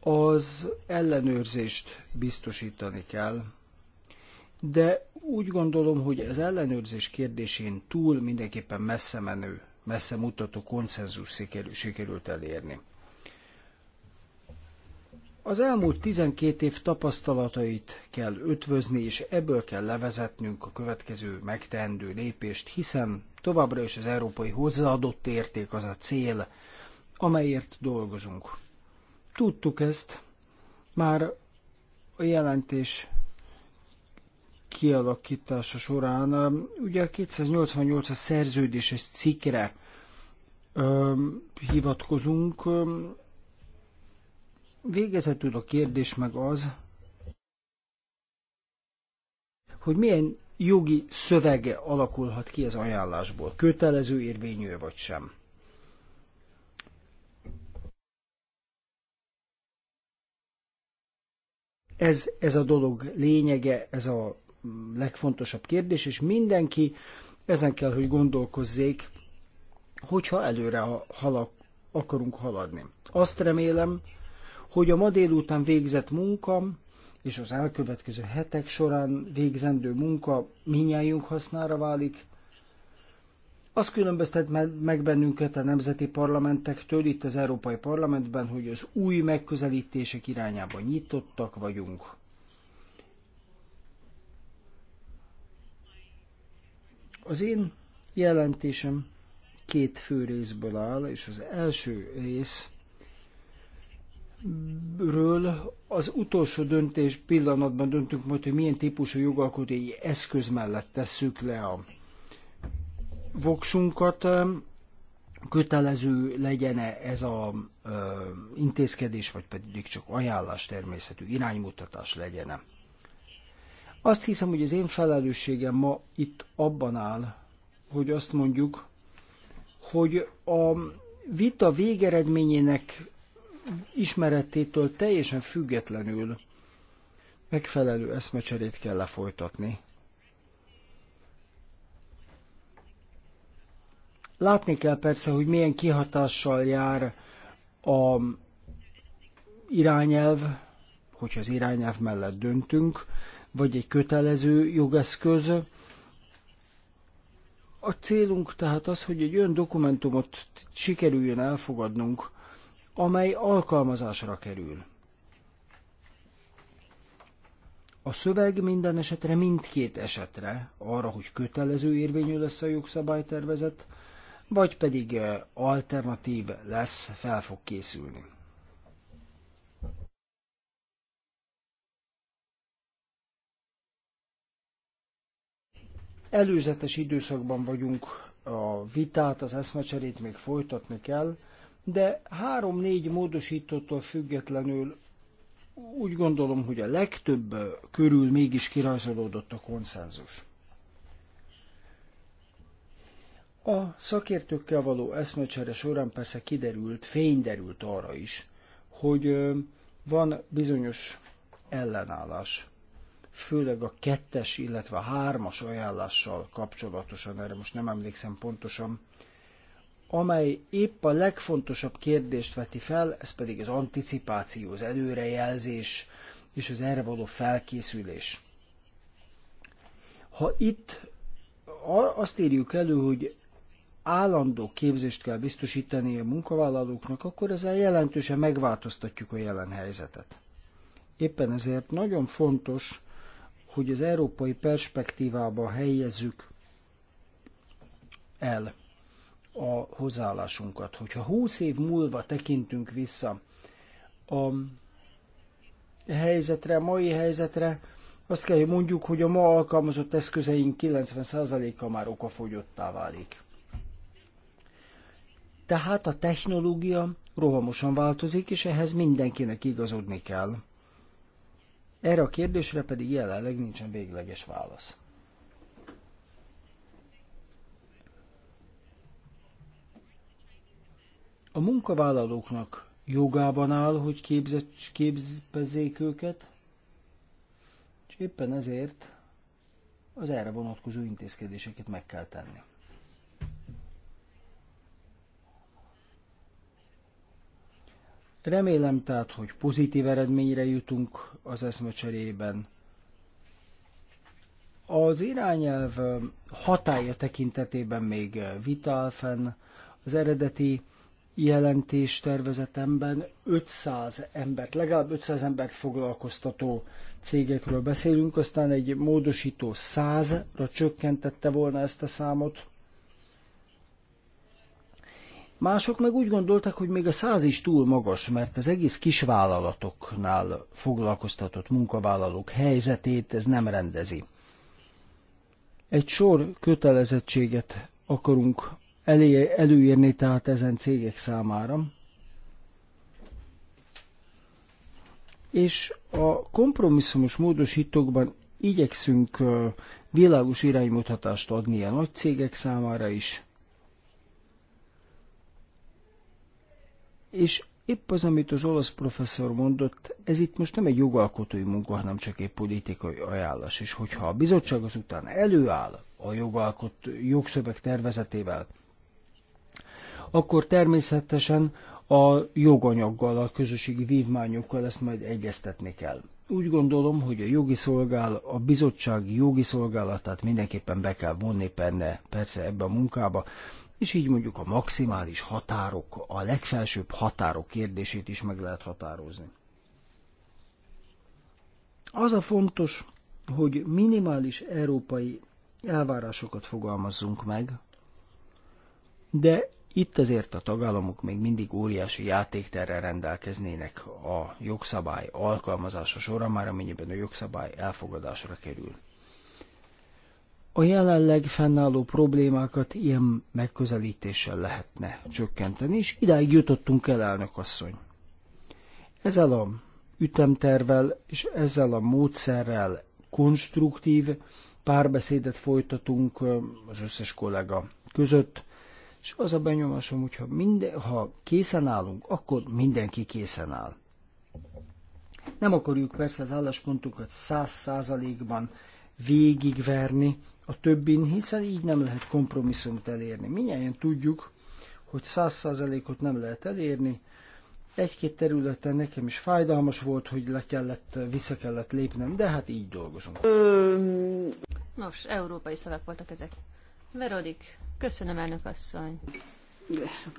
az ellenőrzést biztosítani kell, de úgy gondolom, hogy az ellenőrzés kérdésén túl mindenképpen messze menő, messze mutató konszenzus sikerült elérni. Az elmúlt 12 év tapasztalatait kell ötvözni, és ebből kell levezetnünk a következő megteendő lépést, hiszen továbbra is az európai hozzáadott érték az a cél, amelyért dolgozunk. Tudtuk ezt már a jelentés kialakítása során. Um, ugye a 288 a szerződéses cikkre um, hivatkozunk. Um, végezetül a kérdés meg az, hogy milyen jogi szövege alakulhat ki az ajánlásból, kötelező érvényű vagy sem. Ez, ez a dolog lényege, ez a legfontosabb kérdés, és mindenki ezen kell, hogy gondolkozzék, hogyha előre halak, akarunk haladni. Azt remélem, hogy a ma délután végzett munka és az elkövetkező hetek során végzendő munka minnyájunk hasznára válik, az különböztet meg bennünket a nemzeti parlamentektől itt az Európai Parlamentben, hogy az új megközelítések irányába nyitottak vagyunk. Az én jelentésem két fő részből áll, és az első rész ről az utolsó döntés pillanatban döntünk majd, hogy milyen típusú jogalkotói eszköz mellett tesszük le a voksunkat, kötelező legyen -e ez a ö, intézkedés, vagy pedig csak ajánlás természetű iránymutatás legyen -e. Azt hiszem, hogy az én felelősségem ma itt abban áll, hogy azt mondjuk, hogy a vita végeredményének ismeretétől teljesen függetlenül megfelelő eszmecserét kell lefolytatni Látni kell persze, hogy milyen kihatással jár a irányelv, hogyha az irányelv mellett döntünk, vagy egy kötelező jogeszköz. A célunk tehát az, hogy egy olyan dokumentumot sikerüljön elfogadnunk, amely alkalmazásra kerül. A szöveg minden esetre mindkét esetre, arra, hogy kötelező érvényű lesz a jogszabálytervezet, vagy pedig alternatív lesz, fel fog készülni. Előzetes időszakban vagyunk, a vitát, az eszmecserét még folytatni kell, de három-négy módosítótól függetlenül úgy gondolom, hogy a legtöbb körül mégis kirajzolódott a konszenzus. A szakértőkkel való eszmecsere során persze kiderült, fényderült arra is, hogy van bizonyos ellenállás, főleg a kettes, illetve a hármas ajánlással kapcsolatosan, erre most nem emlékszem pontosan, amely épp a legfontosabb kérdést veti fel, ez pedig az anticipáció, az előrejelzés és az erre való felkészülés. Ha itt azt írjuk elő, hogy állandó képzést kell biztosítani a munkavállalóknak, akkor ezzel jelentősen megváltoztatjuk a jelen helyzetet. Éppen ezért nagyon fontos, hogy az európai perspektívába helyezzük el a hozzáállásunkat. Hogyha húsz év múlva tekintünk vissza a helyzetre, a mai helyzetre, azt kell, hogy mondjuk, hogy a ma alkalmazott eszközeink 90%-a már okafogyottá válik. Tehát a technológia rohamosan változik, és ehhez mindenkinek igazodni kell. Erre a kérdésre pedig jelenleg nincsen végleges válasz. A munkavállalóknak jogában áll, hogy képzet, képzezzék őket, és éppen ezért az erre vonatkozó intézkedéseket meg kell tenni. Remélem tehát, hogy pozitív eredményre jutunk az eszmecserében. Az irányelv hatája tekintetében még vitál fenn. Az eredeti jelentés tervezetemben 500 embert, legalább 500 embert foglalkoztató cégekről beszélünk, aztán egy módosító 100-ra csökkentette volna ezt a számot, Mások meg úgy gondolták, hogy még a száz is túl magas, mert az egész kisvállalatoknál foglalkoztatott munkavállalók helyzetét ez nem rendezi. Egy sor kötelezettséget akarunk elé, előírni tehát ezen cégek számára, és a kompromisszumos módosítókban igyekszünk világos iránymutatást adni a nagy cégek számára is, És épp az, amit az olasz professzor mondott, ez itt most nem egy jogalkotói munka, hanem csak egy politikai ajánlás. És hogyha a bizottság azután előáll a jogalkot, jogszöveg tervezetével, akkor természetesen a joganyaggal, a közösségi vívmányokkal ezt majd egyeztetni kell. Úgy gondolom, hogy a jogi szolgál, a bizottsági jogi szolgálatát mindenképpen be kell vonni benne, persze ebbe a munkába, és így mondjuk a maximális határok, a legfelsőbb határok kérdését is meg lehet határozni. Az a fontos, hogy minimális európai elvárásokat fogalmazzunk meg, de itt azért a tagállamok még mindig óriási játékterrel rendelkeznének a jogszabály alkalmazása során, már amennyiben a jogszabály elfogadásra kerül. A jelenleg fennálló problémákat ilyen megközelítéssel lehetne csökkenteni, és idáig jutottunk el, elnök asszony. Ezzel a ütemtervel és ezzel a módszerrel konstruktív párbeszédet folytatunk az összes kollega között, és az a benyomásom, hogy ha, minden, ha készen állunk, akkor mindenki készen áll. Nem akarjuk persze az álláspontunkat száz százalékban végigverni, a többin, hiszen így nem lehet kompromisszumot elérni. Minnyáján tudjuk, hogy száz százalékot nem lehet elérni. Egy-két területen nekem is fájdalmas volt, hogy le kellett, vissza kellett lépnem, de hát így dolgozunk. Nos, európai szavak voltak ezek. Verodik, köszönöm elnök asszony.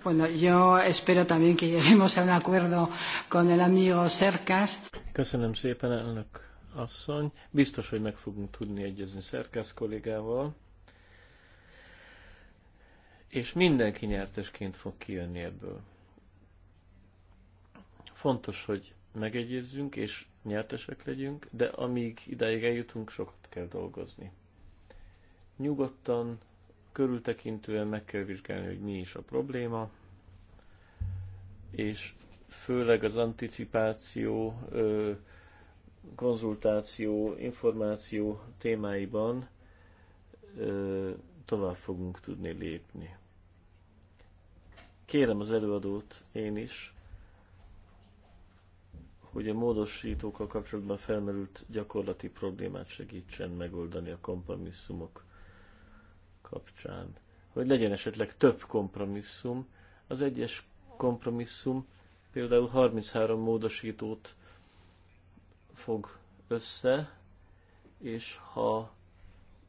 Bueno, yo espero también que lleguemos a un acuerdo con el amigo Cercas. Köszönöm szépen, elnök asszony. Biztos, hogy meg fogunk tudni egyezni szerkesz kollégával. És mindenki nyertesként fog kijönni ebből. Fontos, hogy megegyezzünk és nyertesek legyünk, de amíg ideig eljutunk, sokat kell dolgozni. Nyugodtan, körültekintően meg kell vizsgálni, hogy mi is a probléma, és főleg az anticipáció, konzultáció, információ témáiban ö, tovább fogunk tudni lépni. Kérem az előadót, én is, hogy a módosítókkal kapcsolatban felmerült gyakorlati problémát segítsen megoldani a kompromisszumok kapcsán. Hogy legyen esetleg több kompromisszum, az egyes kompromisszum például 33 módosítót fog össze, és ha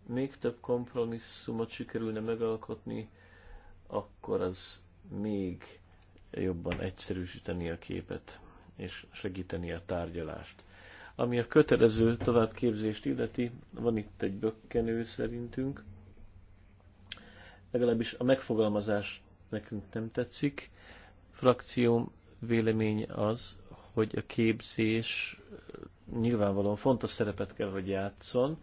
még több kompromisszumot sikerülne megalkotni, akkor az még jobban egyszerűsíteni a képet, és segíteni a tárgyalást. Ami a kötelező továbbképzést illeti, van itt egy bökkenő szerintünk. Legalábbis a megfogalmazás nekünk nem tetszik. Frakcióm vélemény az, hogy a képzés nyilvánvalóan fontos szerepet kell, hogy játszon,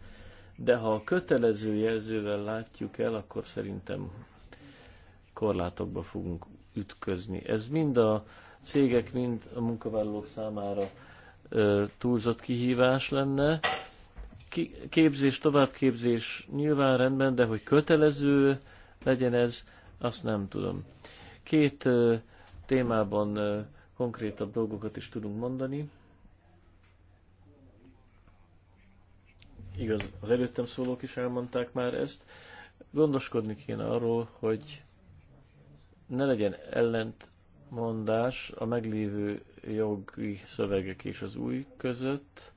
de ha a kötelező jelzővel látjuk el, akkor szerintem korlátokba fogunk ütközni. Ez mind a cégek, mind a munkavállalók számára túlzott kihívás lenne. képzés, továbbképzés nyilván rendben, de hogy kötelező legyen ez, azt nem tudom. Két témában konkrétabb dolgokat is tudunk mondani. igaz, az előttem szólók is elmondták már ezt, gondoskodni kéne arról, hogy ne legyen ellentmondás a meglévő jogi szövegek és az új között,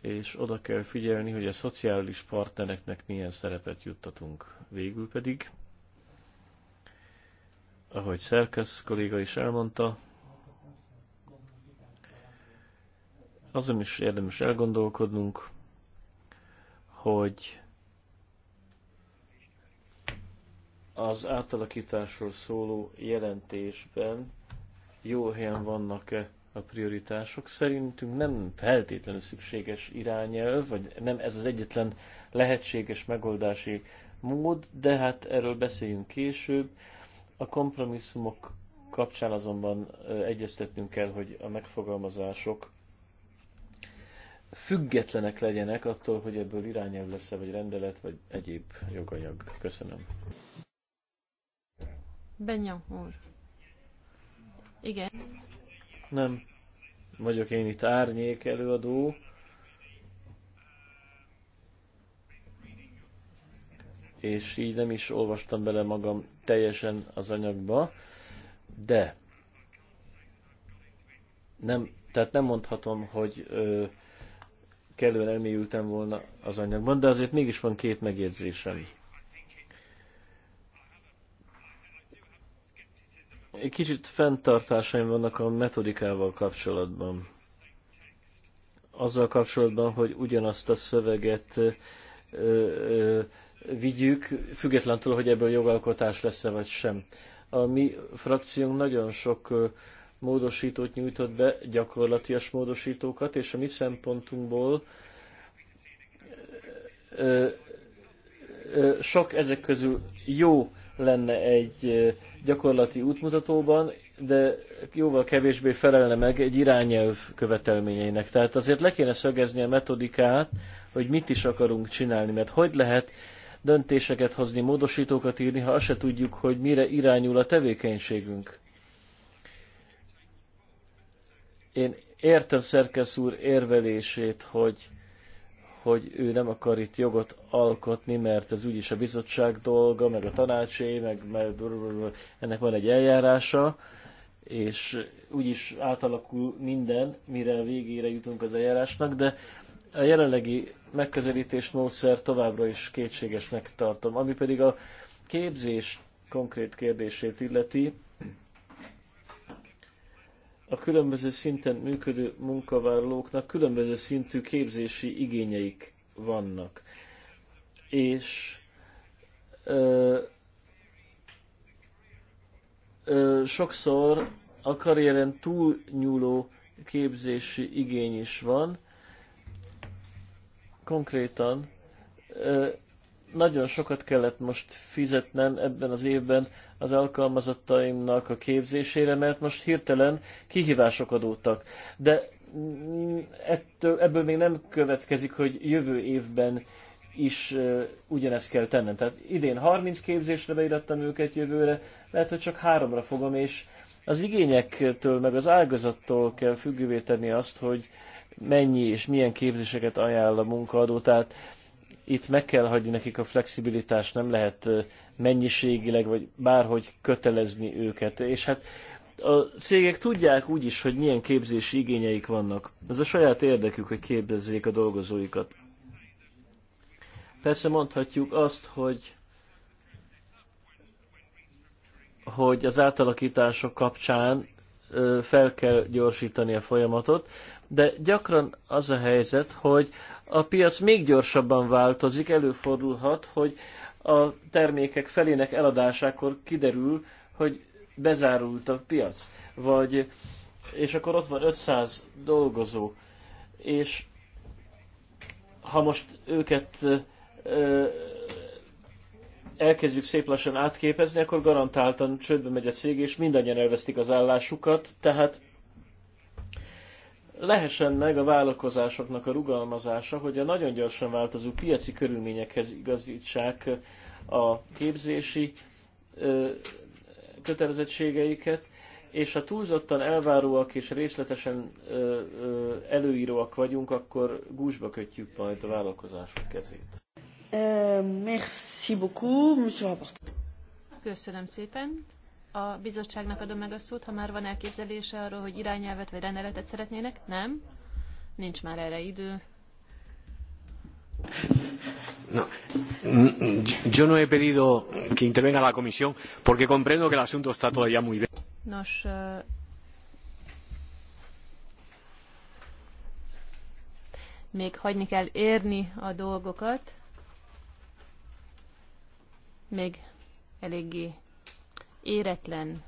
és oda kell figyelni, hogy a szociális partnereknek milyen szerepet juttatunk. Végül pedig, ahogy Szerkesz kolléga is elmondta, azon is érdemes elgondolkodnunk, hogy az átalakításról szóló jelentésben jó helyen vannak-e a prioritások. Szerintünk nem feltétlenül szükséges irányelv, vagy nem ez az egyetlen lehetséges megoldási mód, de hát erről beszéljünk később. A kompromisszumok kapcsán azonban egyeztetnünk kell, hogy a megfogalmazások függetlenek legyenek attól, hogy ebből irányelv lesz vagy rendelet, vagy egyéb joganyag. Köszönöm. Benyam úr. Igen. Nem. Vagyok én itt árnyék előadó. És így nem is olvastam bele magam teljesen az anyagba, de nem, tehát nem mondhatom, hogy ö, kellően elmélyültem volna az anyagban, de azért mégis van két megjegyzésem. Egy kicsit fenntartásaim vannak a metodikával kapcsolatban. Azzal kapcsolatban, hogy ugyanazt a szöveget ö, ö, vigyük, függetlenül, hogy ebből jogalkotás lesz-e vagy sem. A mi frakciónk nagyon sok módosítót nyújtott be, gyakorlatias módosítókat, és a mi szempontunkból sok ezek közül jó lenne egy gyakorlati útmutatóban, de jóval kevésbé felelne meg egy irányelv követelményeinek. Tehát azért le kéne szögezni a metodikát, hogy mit is akarunk csinálni, mert hogy lehet döntéseket hozni, módosítókat írni, ha azt se tudjuk, hogy mire irányul a tevékenységünk. Én értem Szerkesz úr érvelését, hogy, hogy ő nem akar itt jogot alkotni, mert ez úgyis a bizottság dolga, meg a tanácsé, meg, meg ennek van egy eljárása, és úgyis átalakul minden, mire a végére jutunk az eljárásnak, de a jelenlegi megközelítés módszer továbbra is kétségesnek tartom. Ami pedig a képzés konkrét kérdését illeti, a különböző szinten működő munkavállalóknak különböző szintű képzési igényeik vannak. És ö, ö, sokszor a karrieren túlnyúló képzési igény is van. Konkrétan ö, nagyon sokat kellett most fizetnem ebben az évben az alkalmazottaimnak a képzésére, mert most hirtelen kihívások adódtak. De mm, ettől, ebből még nem következik, hogy jövő évben is ugyanezt kell tennem. Tehát idén 30 képzésre beirattam őket jövőre, lehet, hogy csak háromra fogom, és az igényektől, meg az ágazattól kell függővé tenni azt, hogy mennyi és milyen képzéseket ajánl a munkaadó. Tehát itt meg kell hagyni nekik a flexibilitást, nem lehet mennyiségileg vagy bárhogy kötelezni őket. És hát a cégek tudják úgy is, hogy milyen képzési igényeik vannak. Ez a saját érdekük, hogy képezzék a dolgozóikat. Persze mondhatjuk azt, hogy hogy az átalakítások kapcsán fel kell gyorsítani a folyamatot, de gyakran az a helyzet, hogy a piac még gyorsabban változik, előfordulhat, hogy a termékek felének eladásákor kiderül, hogy bezárult a piac, vagy, és akkor ott van 500 dolgozó, és ha most őket ö, elkezdjük szép lassan átképezni, akkor garantáltan csődbe megy a cég, és mindannyian elvesztik az állásukat, tehát lehessen meg a vállalkozásoknak a rugalmazása, hogy a nagyon gyorsan változó piaci körülményekhez igazítsák a képzési kötelezettségeiket, és ha túlzottan elváróak és részletesen előíróak vagyunk, akkor gúzsba kötjük majd a vállalkozások kezét. Merci beaucoup, monsieur Köszönöm szépen a bizottságnak adom meg a szót, ha már van elképzelése arról, hogy irányelvet vagy rendeletet szeretnének? Nem? Nincs már erre idő. No. Yo no he pedido que intervenga la comisión porque comprendo que el asunto está todavía muy bien. Nos, uh... még hagyni kell érni a dolgokat. Még eléggé éretlen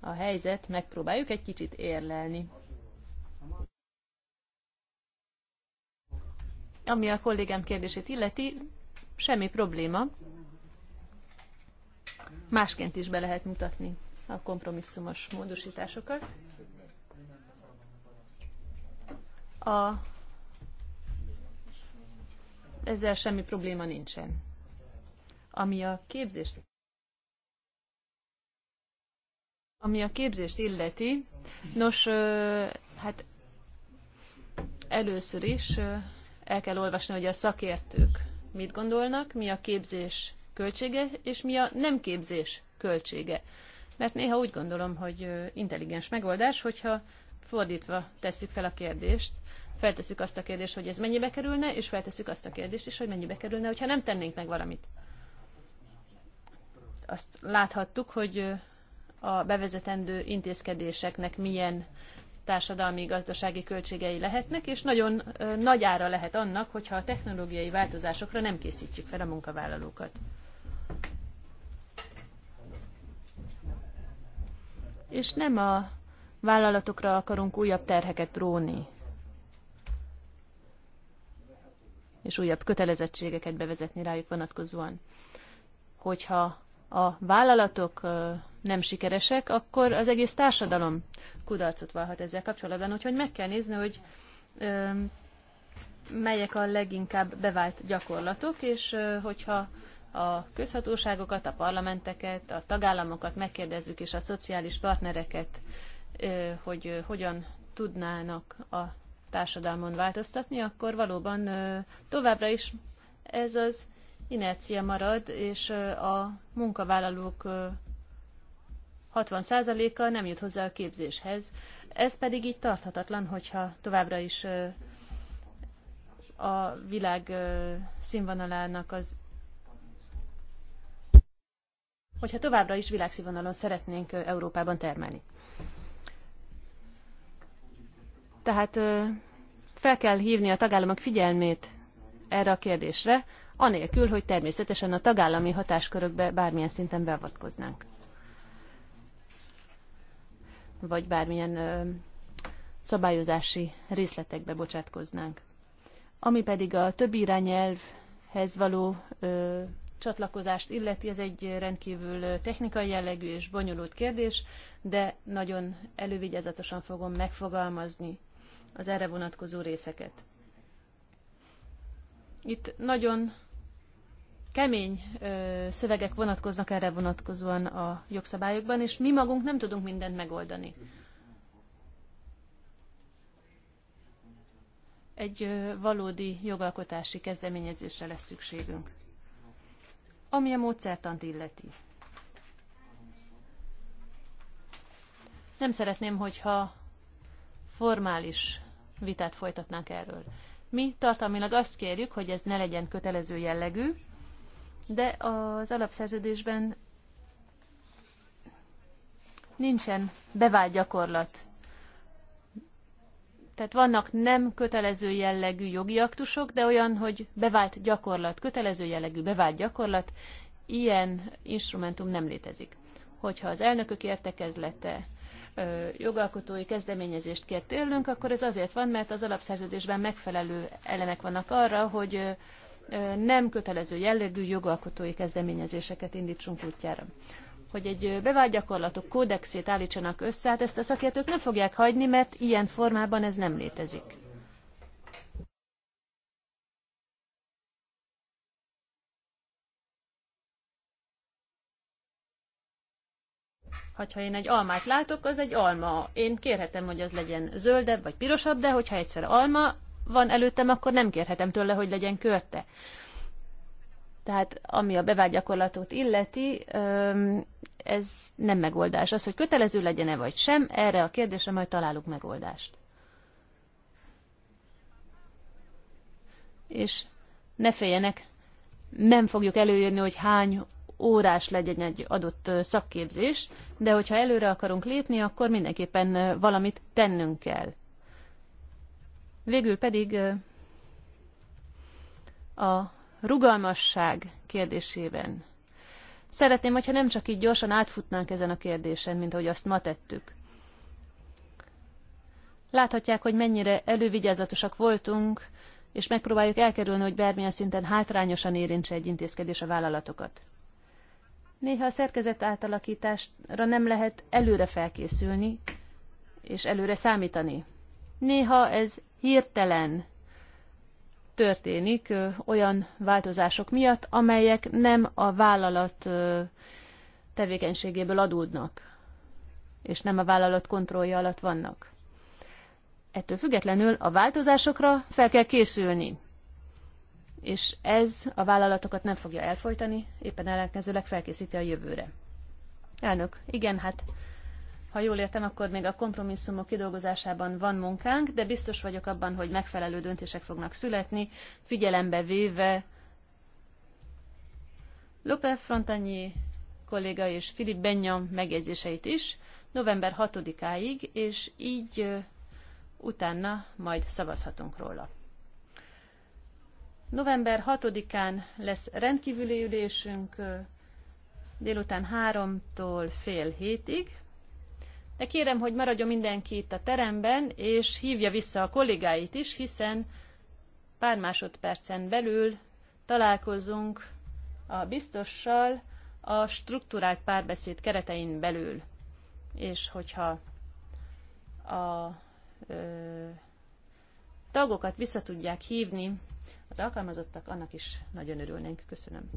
a helyzet, megpróbáljuk egy kicsit érlelni. Ami a kollégám kérdését illeti, semmi probléma. Másként is be lehet mutatni a kompromisszumos módosításokat. A ezzel semmi probléma nincsen. Ami a képzést Ami a képzést illeti, nos, hát először is el kell olvasni, hogy a szakértők mit gondolnak, mi a képzés költsége, és mi a nem képzés költsége. Mert néha úgy gondolom, hogy intelligens megoldás, hogyha fordítva tesszük fel a kérdést, feltesszük azt a kérdést, hogy ez mennyibe kerülne, és feltesszük azt a kérdést is, hogy mennyibe kerülne, hogyha nem tennénk meg valamit. Azt láthattuk, hogy a bevezetendő intézkedéseknek milyen társadalmi, gazdasági költségei lehetnek, és nagyon nagy ára lehet annak, hogyha a technológiai változásokra nem készítjük fel a munkavállalókat. És nem a vállalatokra akarunk újabb terheket róni, és újabb kötelezettségeket bevezetni rájuk vonatkozóan. Hogyha a vállalatok nem sikeresek, akkor az egész társadalom kudarcot vallhat ezzel kapcsolatban. Úgyhogy meg kell nézni, hogy ö, melyek a leginkább bevált gyakorlatok, és ö, hogyha a közhatóságokat, a parlamenteket, a tagállamokat megkérdezzük, és a szociális partnereket, ö, hogy ö, hogyan tudnának a társadalmon változtatni, akkor valóban ö, továbbra is ez az inercia marad, és a munkavállalók 60%-a nem jut hozzá a képzéshez. Ez pedig így tarthatatlan, hogyha továbbra is a világ színvonalának az hogyha továbbra is világszínvonalon szeretnénk Európában termelni. Tehát fel kell hívni a tagállamok figyelmét erre a kérdésre, anélkül, hogy természetesen a tagállami hatáskörökbe bármilyen szinten beavatkoznánk vagy bármilyen ö, szabályozási részletekbe bocsátkoznánk. Ami pedig a többi irányelvhez való ö, csatlakozást illeti, ez egy rendkívül technikai jellegű és bonyolult kérdés, de nagyon elővigyázatosan fogom megfogalmazni az erre vonatkozó részeket. Itt nagyon kemény ö, szövegek vonatkoznak erre vonatkozóan a jogszabályokban, és mi magunk nem tudunk mindent megoldani. Egy ö, valódi jogalkotási kezdeményezésre lesz szükségünk. Ami a módszertant illeti. Nem szeretném, hogyha formális vitát folytatnánk erről. Mi tartalmilag azt kérjük, hogy ez ne legyen kötelező jellegű, de az alapszerződésben nincsen bevált gyakorlat. Tehát vannak nem kötelező jellegű jogi aktusok, de olyan, hogy bevált gyakorlat, kötelező jellegű bevált gyakorlat, ilyen instrumentum nem létezik. Hogyha az elnökök értekezlete jogalkotói kezdeményezést kért tőlünk, akkor ez azért van, mert az alapszerződésben megfelelő elemek vannak arra, hogy nem kötelező jellegű jogalkotói kezdeményezéseket indítsunk útjára. Hogy egy bevált gyakorlatok kódexét állítsanak össze, hát ezt a szakértők nem fogják hagyni, mert ilyen formában ez nem létezik. hogyha én egy almát látok, az egy alma. Én kérhetem, hogy az legyen zöldebb vagy pirosabb, de hogyha egyszer alma, van előttem, akkor nem kérhetem tőle, hogy legyen körte. Tehát ami a bevált gyakorlatot illeti, ez nem megoldás. Az, hogy kötelező legyen-e vagy sem, erre a kérdésre majd találunk megoldást. És ne féljenek, nem fogjuk előírni, hogy hány órás legyen egy adott szakképzés, de hogyha előre akarunk lépni, akkor mindenképpen valamit tennünk kell. Végül pedig a rugalmasság kérdésében. Szeretném, hogyha nem csak így gyorsan átfutnánk ezen a kérdésen, mint ahogy azt ma tettük. Láthatják, hogy mennyire elővigyázatosak voltunk, és megpróbáljuk elkerülni, hogy bármilyen szinten hátrányosan érintse egy intézkedés a vállalatokat. Néha a szerkezet átalakításra nem lehet előre felkészülni, és előre számítani. Néha ez hirtelen történik ö, olyan változások miatt, amelyek nem a vállalat ö, tevékenységéből adódnak, és nem a vállalat kontrollja alatt vannak. Ettől függetlenül a változásokra fel kell készülni, és ez a vállalatokat nem fogja elfolytani, éppen ellenkezőleg felkészíti a jövőre. Elnök, igen, hát ha jól értem, akkor még a kompromisszumok kidolgozásában van munkánk, de biztos vagyok abban, hogy megfelelő döntések fognak születni, figyelembe véve Lope Frontanyi kolléga és Filip Benyam megjegyzéseit is november 6-áig, és így utána majd szavazhatunk róla. November 6-án lesz rendkívüli ülésünk délután 3-tól fél hétig, de kérem, hogy maradjon mindenki itt a teremben, és hívja vissza a kollégáit is, hiszen pár másodpercen belül találkozunk a biztossal a struktúrált párbeszéd keretein belül. És hogyha a ö, tagokat vissza tudják hívni, az alkalmazottak, annak is nagyon örülnénk. Köszönöm.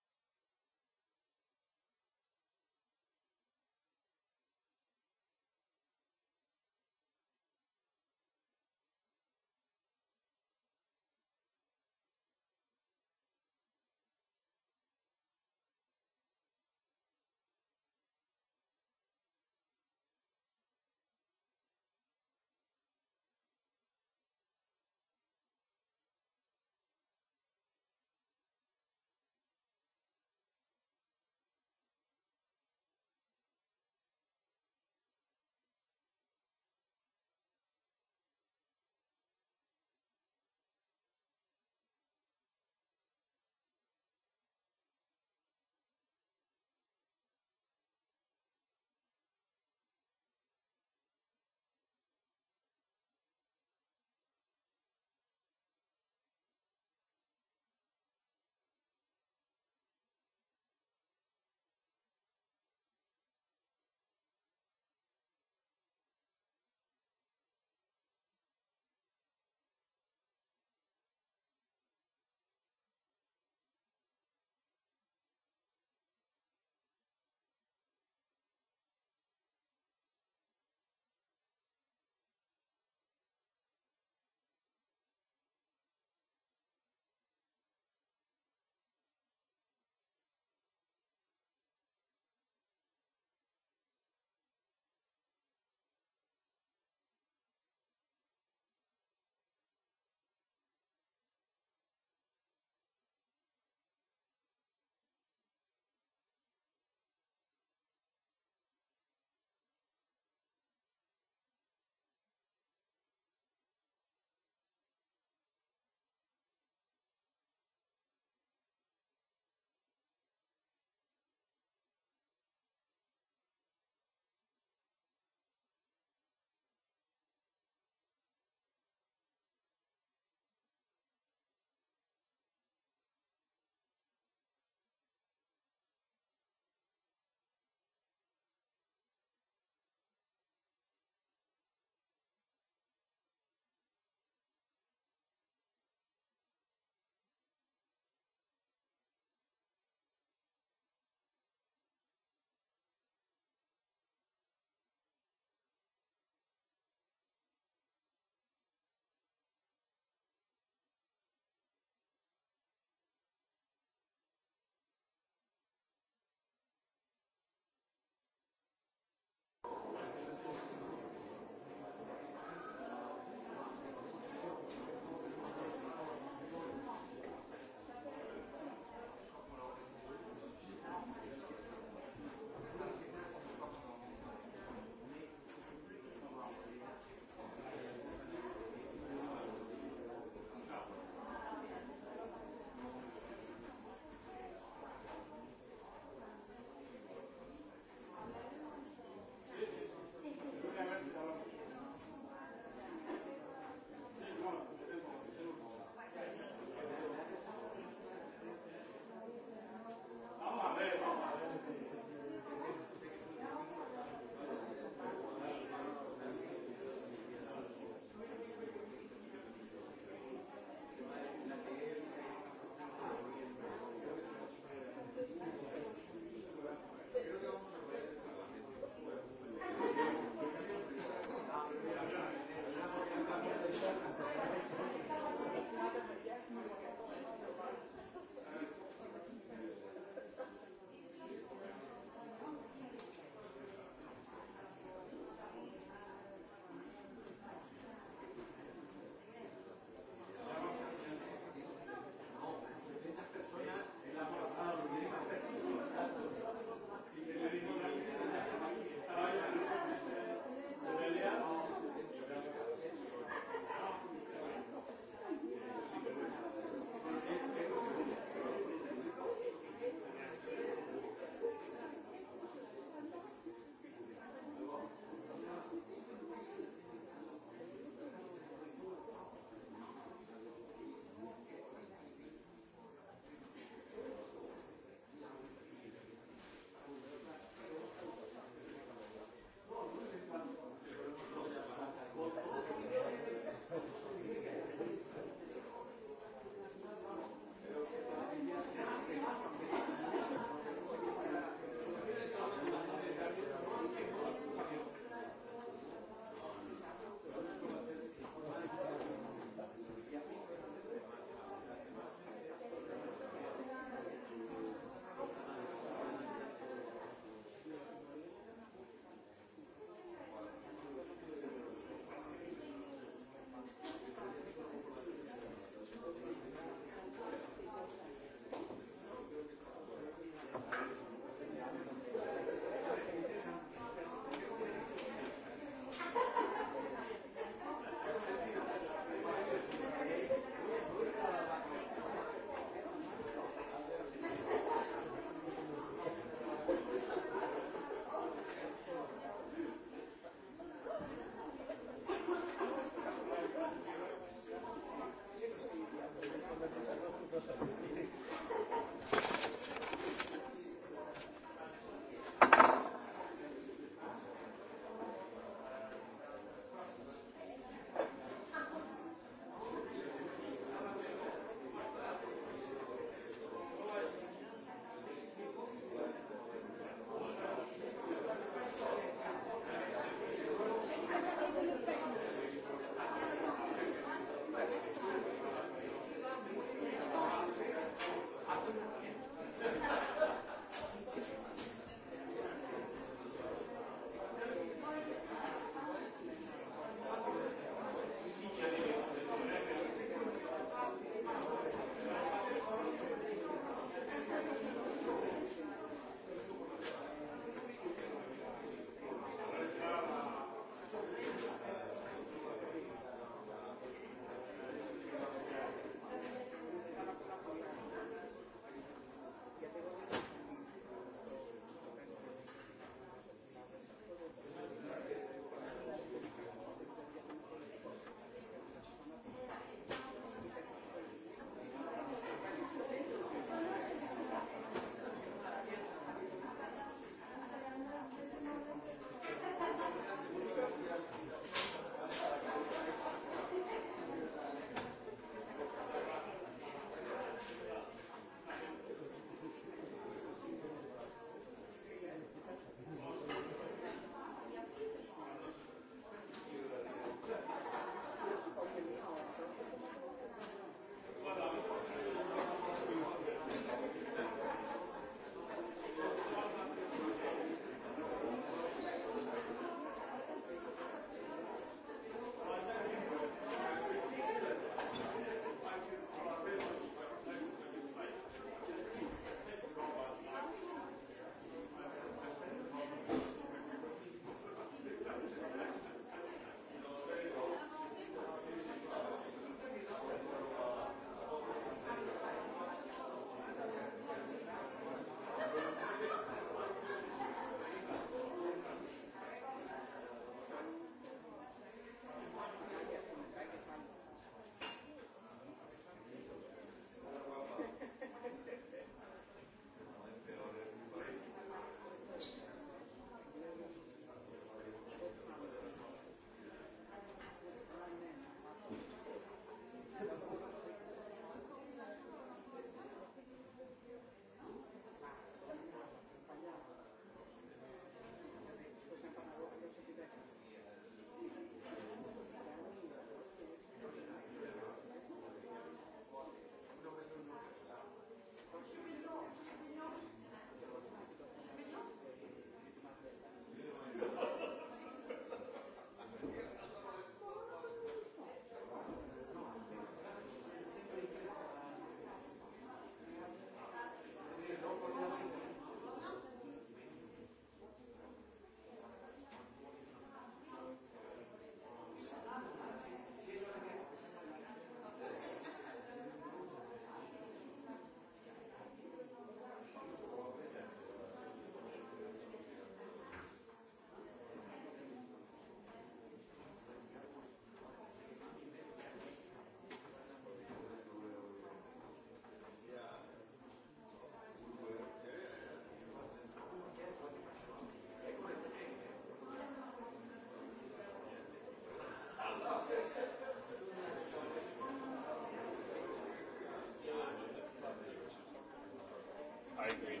I agree.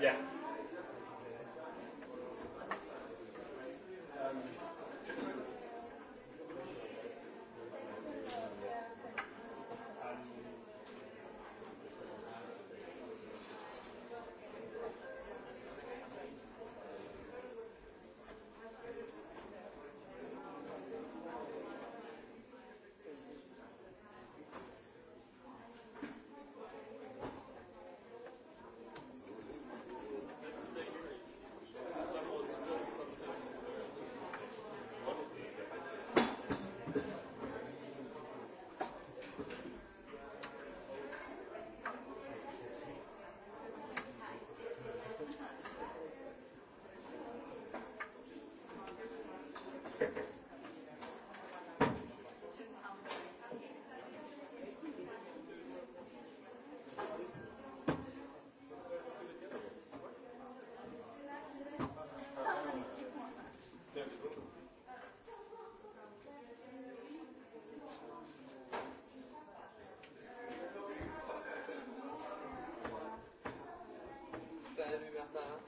Yeah. Ellenőrizettel.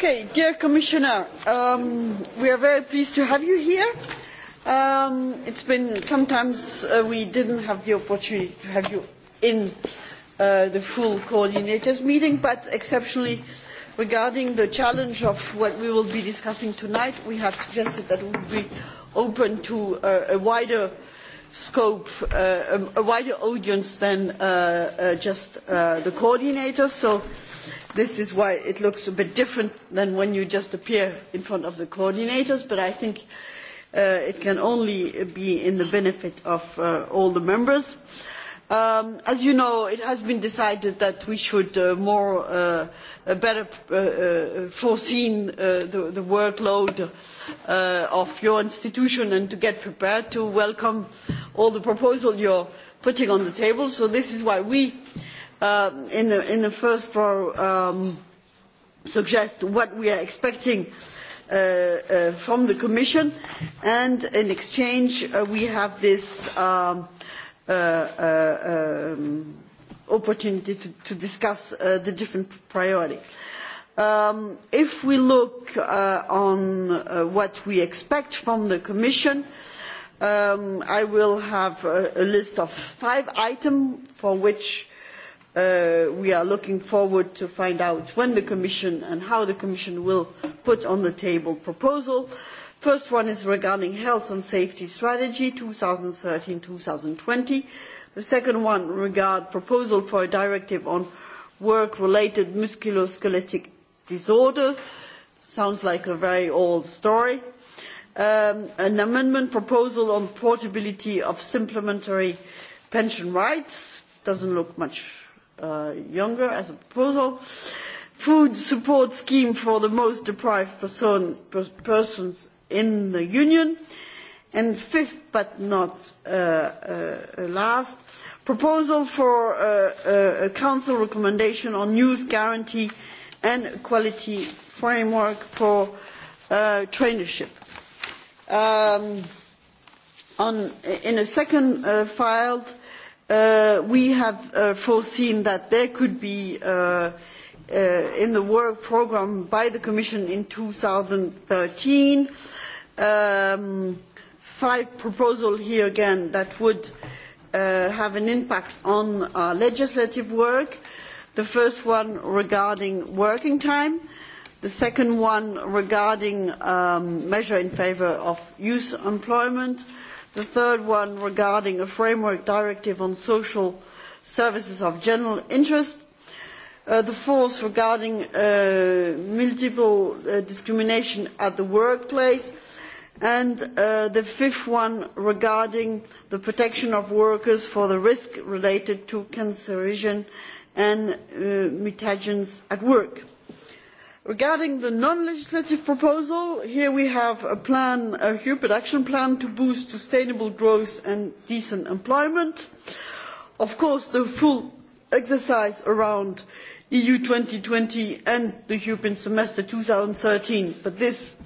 dear Commissioner, um, we are very pleased to have you here. Um, it's been sometimes uh, we didn't have the opportunity to have you in uh, the full coordinators meeting, but exceptionally regarding the challenge of what we will be discussing tonight, we have suggested that we be open to uh, a wider scope, uh, um, a wider audience than uh, uh, just uh, the coordinators. So this is why it looks a bit different than when you just appear in front of the coordinators but i think uh, it can only be in the benefit of uh, all the members. Um, as you know it has been decided that we should uh, more, uh, better uh, uh, foresee the, the workload of your institution and to get prepared to welcome all the proposals you are putting on the table so this is why we Uh, in, the, first row um, suggest what we are expecting uh, uh, from the Commission, and in exchange we have this um, um, opportunity to, discuss the different priorities. if we look at on what we expect from the commission i will have a list of five items for which Uh, we are looking forward to finding out when the commission and how the commission will put on the table proposals. the first one is regarding the health and safety strategy two thousand and thirteen two thousand and twenty the second one regards a proposal for a directive on work related musculoskeletal disorder sounds like a very old story um, an amendment proposal on portability of supplementary pension rights doesn't look much uh, younger as a proposal food support scheme for the most deprived person, per, persons in the union and fifth but not uh, uh, last proposal for uh, uh, a council recommendation on youth guarantee and quality framework for uh, traineeship. Um, on, in a second filed Uh, we have uh, foreseen that there could be uh, in the work programme by the commission in two thousand and thirteen um, five proposals here again that would have an impact on our legislative work the first one regarding working time the second one regarding um, measures in favour of youth employment and the third one regarding a framework directive on social services of general interest uh, the fourth regarding uh, multiple uh, discrimination at the workplace and uh, the fifth one regarding the protection of workers for the risk related to cancerogen and uh, mutagens at work regarding the non legislative proposal here we have a, plan, a hubert action plan to boost sustainable growth and decent employment. of course the full exercise around eu two thousand and twenty and the european semester two thousand and thirteen but this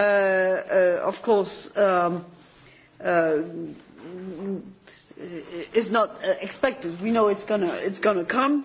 uh, uh, of course um, uh, is not expected. we know it is going to come.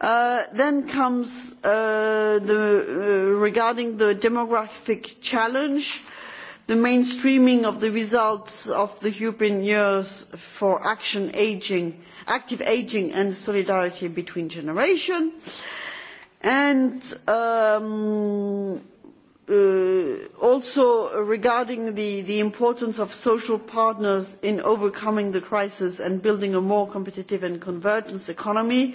Uh, then comes uh, the, uh, regarding the demographic challenge the mainstreaming of the results of the european years for aging, active ageing and solidarity between generations and um, also regarding the, the importance of social partners in overcoming the crisis and building a more competitive and convergent economy and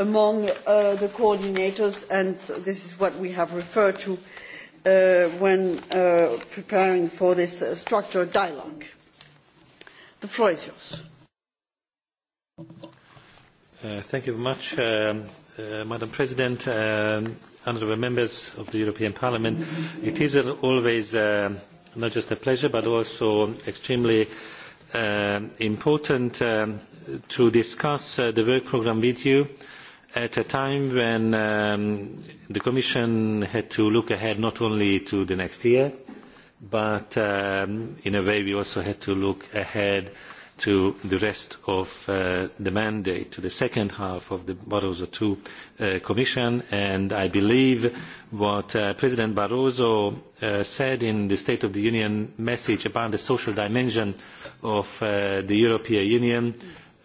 among uh, the coordinators, and this is what we have referred to uh, when uh, preparing for this structured dialogue. The floor is yours. thank you very much, um, Madam President, um, honourable members of the European Parliament. It is always not just a pleasure, but also extremely um, important um, to discuss the work programme with you. Uh, at a time when um, the Commission had to look ahead not only to the next year, but um, in a way we also had to look ahead to the rest of uh, the mandate, to the second half of the Barroso II uh, Commission. And I believe what uh, President Barroso uh, said in the State of the Union message about the social dimension of uh, the European Union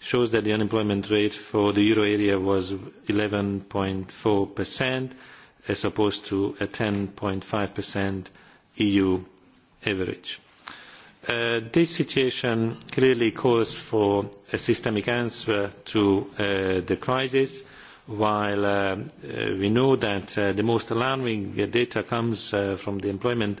shows that the unemployment rate for the euro area was 11.4% as opposed to a 10.5% EU average. Uh, this situation clearly calls for a systemic answer to uh, the crisis while uh, uh we know that uh, the most alarming data comes uh, from the employment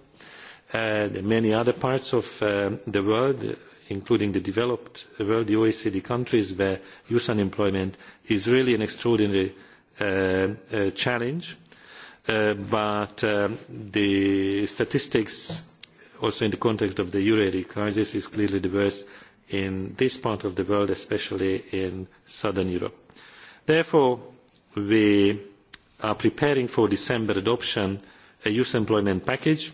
and uh, many other parts of uh, the world including the developed world the oecd countries where youth unemployment is really an extraordinary uh, challenge but the statistics also in the context of the euro area crisis is clearly the worst in this part of the world especially in southern europe. therefore we are preparing for december adoption a youth employment package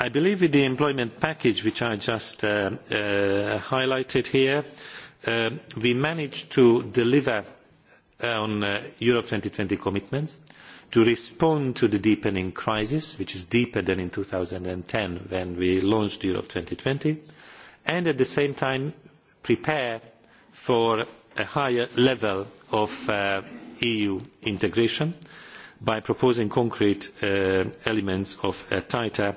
I believe with the employment package which I just uh, uh, highlighted here, uh, we managed to deliver on Europe 2020 commitments, to respond to the deepening crisis, which is deeper than in 2010 when we launched Europe 2020, and at the same time prepare for a higher level of EU integration by proposing concrete elements of a tighter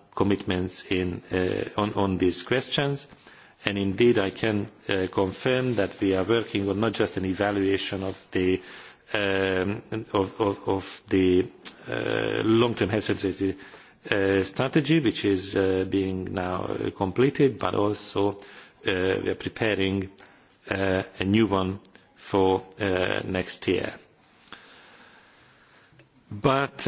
commitments in, uh, on, on these questions. And indeed, I can uh, confirm that we are working on not just an evaluation of the, um, of, of, of the uh, long-term health sensitivity strategy, which is being now completed, but also we are preparing a new one for next year. But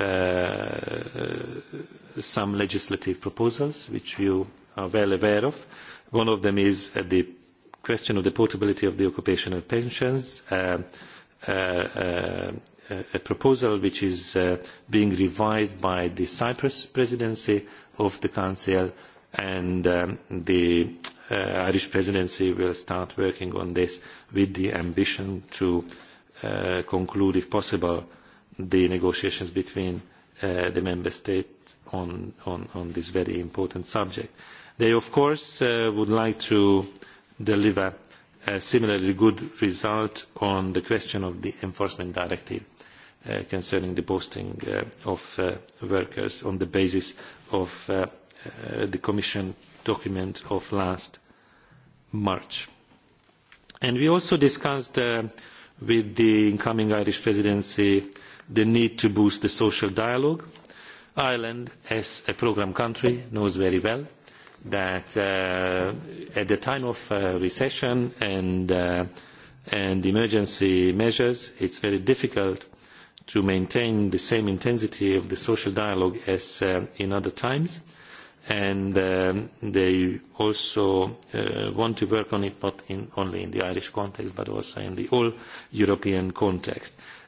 Uh, uh, some legislative proposals, which you are well aware of. One of them is uh, the question of the portability of the occupational pensions, uh, uh, uh, a proposal which is being revised by the Cyprus presidency of the Council, and um, the Irish presidency will start working on this with the ambition to conclude, if possible, the negotiations between uh, the member states on, on, on this very important subject. They, of course, uh, would like to deliver a similarly good result on the question of the enforcement directive uh, concerning the posting uh, of uh, workers on the basis of uh, the Commission document of last March. And we also discussed with the incoming Irish presidency the need to boost the social dialogue. Ireland, as a programme country, knows very well that uh, at the time of uh, recession and, uh, and emergency measures, it's very difficult to maintain the same intensity of the social dialogue as in other times. And um, they also want to work on it not only in the Irish context, but also in the whole European context.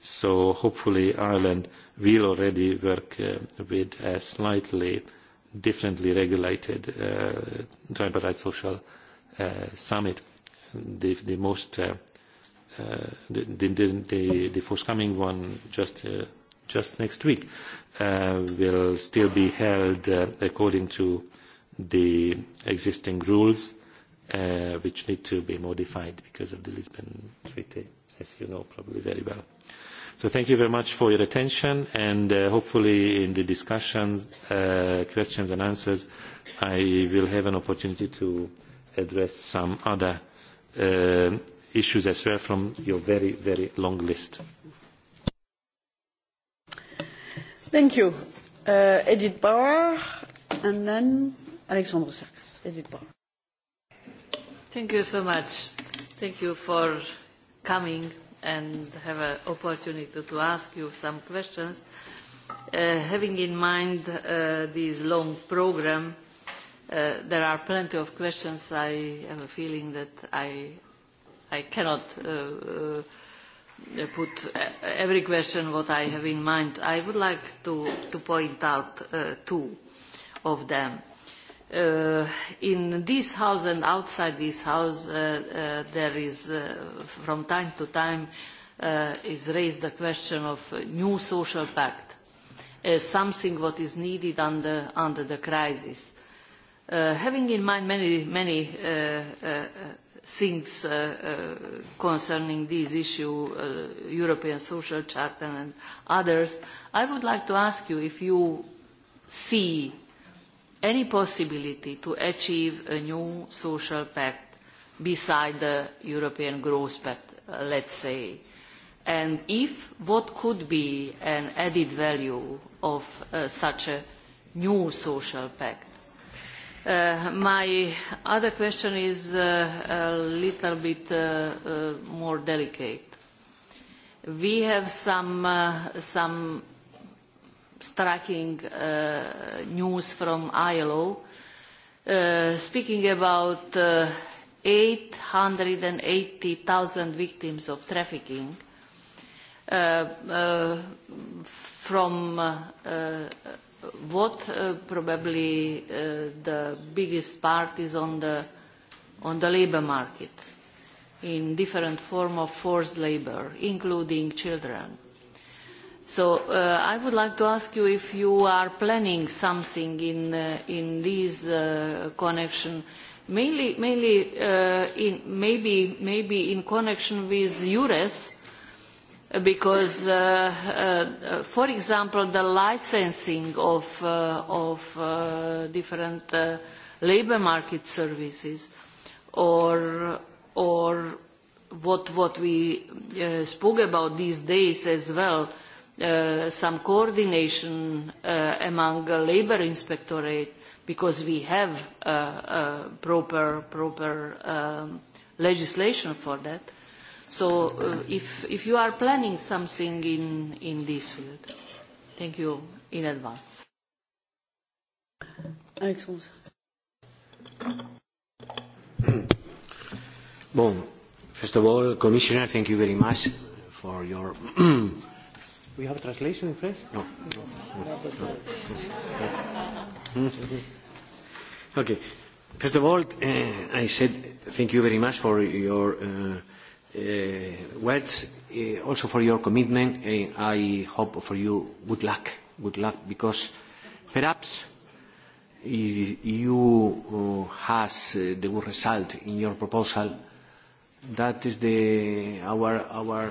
so hopefully Ireland will already work uh, with a slightly differently regulated uh, rights social summit. The, forthcoming one just uh, next week uh, will still be held according to the existing rules, which need to be modified because of the Lisbon Treaty, as you know probably very well. So thank you very much for your attention, and uh, hopefully in the discussions, uh, questions and answers, I will have an opportunity to address some other uh, issues as well from your very, very long list. Thank you. Uh, Edith Bauer, and then Alexandre Sarkas. Edith Bauer. Thank you so much. Thank you for coming and have an opportunity to ask you some questions. Uh, having in mind uh, this long program, uh, there are plenty of questions. I have a feeling that I, I cannot uh, uh, put every question what I have in mind. I would like to, to point out uh, two of them. Uh, in this house and outside this house, uh, uh, there is uh, from time to time uh, is raised the question of new social pact as something what is needed under, under the crisis. having in mind many, many things concerning this issue, European Social Charter and others, I would like to ask you if you see any possibility to achieve a new social pact beside the European growth pact, uh, let's say? And if what could be an added value of uh, such a new social pact? Uh, my other question is uh, a little bit uh, uh, more delicate. We have some, some striking uh, news from ILO, uh, speaking about uh, 880,000 victims of trafficking uh, uh, from uh, uh what uh, probably uh, the biggest part is on the, on the labour market in different form of forced labour, including children. So uh, I would like to ask you if you are planning something in, uh, in this uh, connection, mainly, mainly uh, in, maybe, maybe in connection with EURES, because, uh, uh, uh, for example, the licensing of, uh, of uh, different uh, labor market services or, or what, what we uh, spoke about these days as well, Uh, some coordination uh, among the labor inspectorate because we have uh, uh, proper proper um, legislation for that. So uh, if, if you are planning something in, in this field, thank you in advance. Excellent. Bon, first of all, Commissioner, thank you very much for your We have a translation in French? No. no. okay. First of all, uh, I said thank you very much for your uh, uh, words, uh, also for your commitment. Uh, I hope for you good luck, good luck, because perhaps you uh, has uh, the good result in your proposal. That is the our our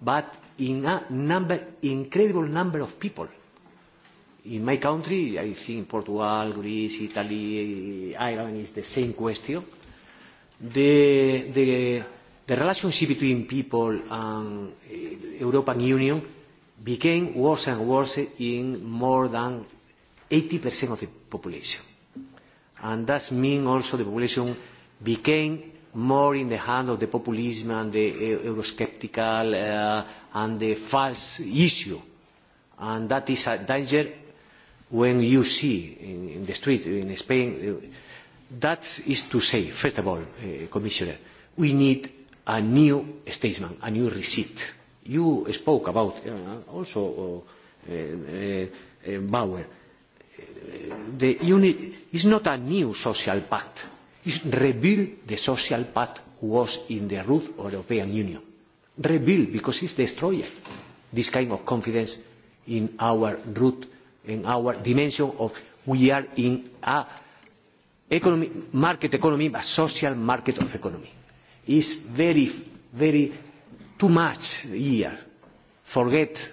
but in a number, incredible number of people. In my country, I think Portugal, Greece, Italy, Ireland is the same question. The, the, the relationship between people and eh, European Union became worse and worse in more than 80% of the population. And that means also the population became more in the hand of the populism and the e, eurosceptical uh, and the false issue. And that is a danger when you see in, in the street in Spain. That is to say, first of all, uh, Commissioner, we need a new statement, a new receipt. You spoke about uh, also uh, uh, uh Bauer. Uh, the unit is not a new social pact is rebuild the social pact was in the root of European Union. Rebuild because it's destroyed. This kind of confidence in our root, in our dimension of we are in a economy, market economy, but social market of economy. It's very, very too much here. Forget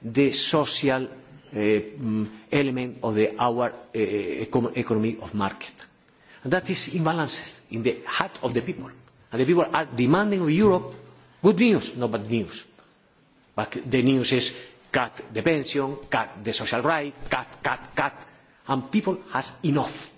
the social uh, element of the, our uh, economy of market And that is imbalances in the heart of the people. And the people are demanding of Europe good news, not bad news. But the news is cut the pension, cut the social right, cut, cut, cut. And people has enough.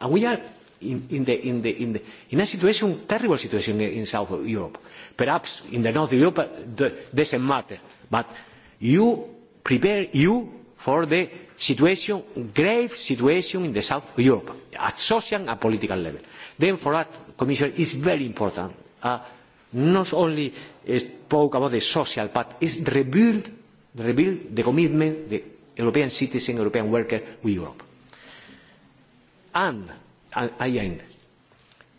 And we are in, in, the, in, the, in, the, in a situation, terrible situation in, in South of Europe. Perhaps in the North of Europe, uh, the, doesn't matter. But you prepare you for the situation, grave situation in the south of Europe, at social and political level. Then for that, Commissioner, it's very important. Uh, not only uh, spoke about the social, but it's rebuild, rebuild the commitment, the European citizen, European worker with Europe. And, and I end.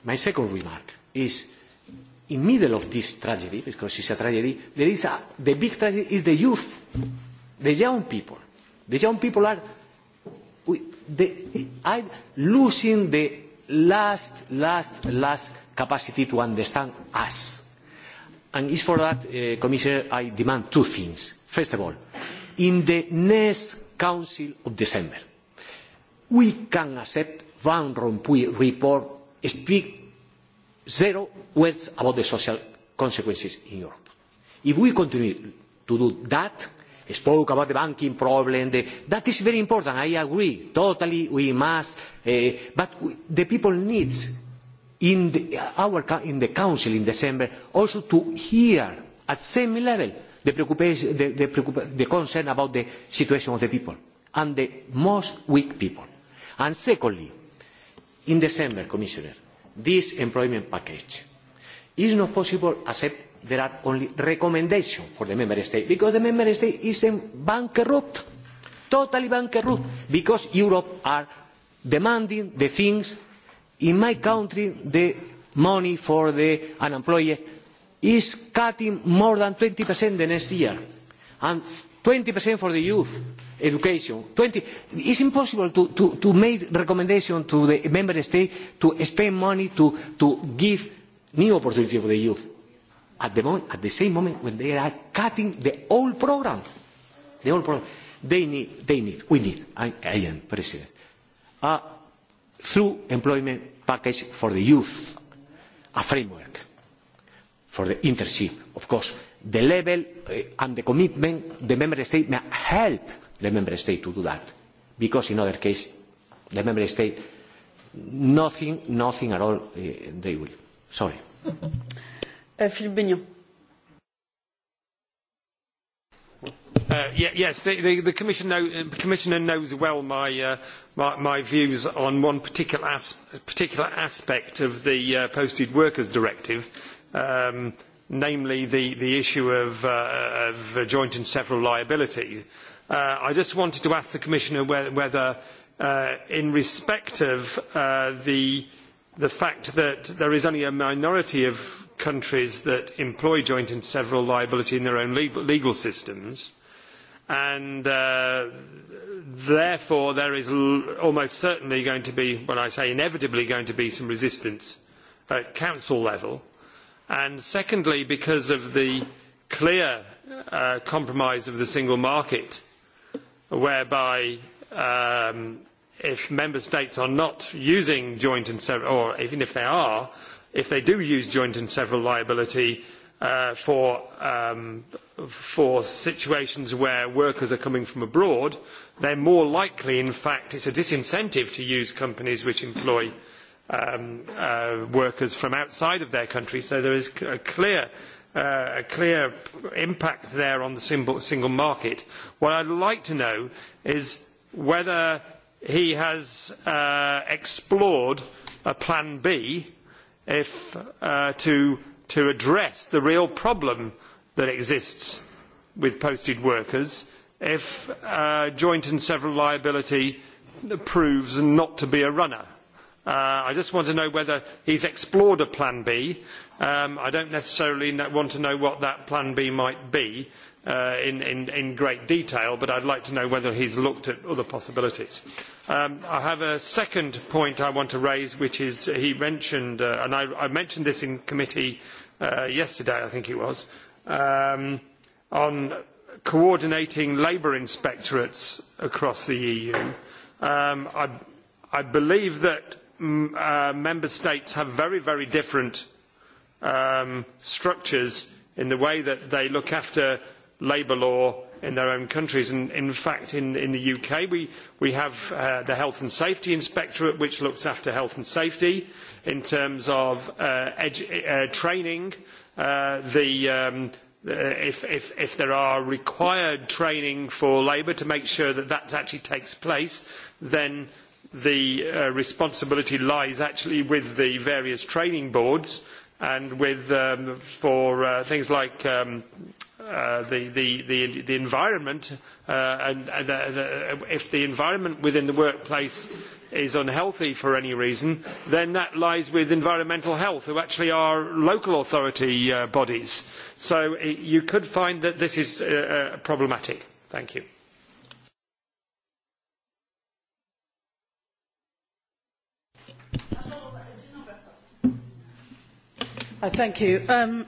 My second remark is, in middle of this tragedy, because it's a tragedy, there is a, the big tragedy is the youth, the young people The young people are we, they, are losing the last, last, last capacity to understand us. And it's for that, uh, Commissioner, I demand two things. First of all, in the next Council of December, we can accept Van Rompuy report speak zero words about the social consequences in Europe. If we continue to do that, spoke about the banking problem. The, that is very important. I agree totally. We must, uh, but the people needs in the, our in the council in December also to hear at same level the the, the, the concern about the situation of the people and the most weak people. And secondly, in December, Commissioner, this employment package is not possible except there are only recommendations for the member state because the member state is bankrupt, totally bankrupt, because Europe are demanding the things. In my country, the money for the unemployed is cutting more than 20% the next year, and 20% for the youth education. 20. It's impossible to, to, to make recommendations to the member state to spend money to, to give new opportunity for the youth at the, moment, at the same moment when they are cutting the whole program. The whole program. They need, they need we need, I, I am President, a through employment package for the youth, a framework for the internship. Of course, the level uh, and the commitment, the member state may help the member state to do that. Because in other case, the member state, nothing, nothing at all uh, they will. Sorry. Philippe eh, Bennion. Uh, yes, the, the, the commissioner, uh, commissioner knows well my, uh, my, my views on one particular, as, particular aspect of the uh, Posted Workers Directive, um, namely the, the issue of, uh, of joint and several liability. Uh, I just wanted to ask the Commissioner whether, whether uh, in respect of uh, the, the fact that there is only a minority of countries that employ joint and several liability in their own legal systems and uh, therefore there is l- almost certainly going to be when i say inevitably going to be some resistance at council level and secondly because of the clear uh, compromise of the single market whereby um, if member states are not using joint and several or even if they are uh, if they do use joint and several liability uh, for, um, for situations where workers are coming from abroad, they're more likely, in fact, it's a disincentive to use companies which employ um, uh, workers from outside of their country. So there is a clear Uh, a clear impact there on the single market. What I'd like to know is whether he has uh, explored a plan B if, uh, to, to address the real problem that exists with posted workers if uh, joint and several liability proves not to be a runner. Uh, I just want to know whether he's explored a plan B. Um, I don't necessarily want to know what that plan B might be uh, in, in, in great detail, but I'd like to know whether he's looked at other possibilities. Um, I have a second point I want to raise, which is he mentioned, uh, and I, I mentioned this in committee uh, yesterday, I think it was, um, on coordinating labour inspectorates across the EU. Um, I, I believe that mm, uh, member states have very, very different um, structures in the way that they look after labour law in their own countries. And in fact, in, in the UK, we, we have uh, the Health and Safety Inspectorate, which looks after health and safety in terms of uh, edu- uh, training. Uh, the, um, if, if, if there are required training for labour to make sure that that actually takes place, then the uh, responsibility lies actually with the various training boards and with um, for uh, things like um, Uh, the, the, the, the environment uh, and, and uh, the, the, uh, if the environment within the workplace is unhealthy for any reason, then that lies with environmental health, who actually are local authority uh, bodies. So it, you could find that this is uh, uh, problematic. Thank you. Uh, thank you. Um,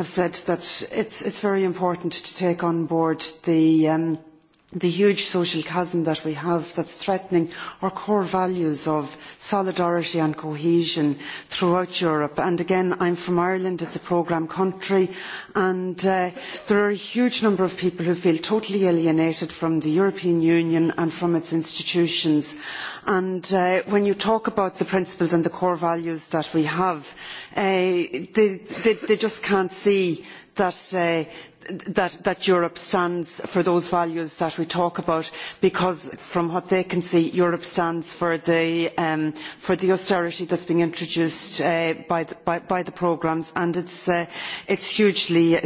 have said that it is very important to take on board the um, the huge social chasm that we have that's threatening our core values of solidarity and cohesion throughout Europe. And again, I'm from Ireland, it's a programme country, and uh, there are a huge number of people who feel totally alienated from the European Union and from its institutions. And uh, when you talk about the principles and the core values that we have, uh, they, they, they just can't see that uh, that, Europe stands for those values that we talk about because from what they can see Europe stands for the, um, austerity that is being introduced uh, by, the, programmes and it uh, is hugely,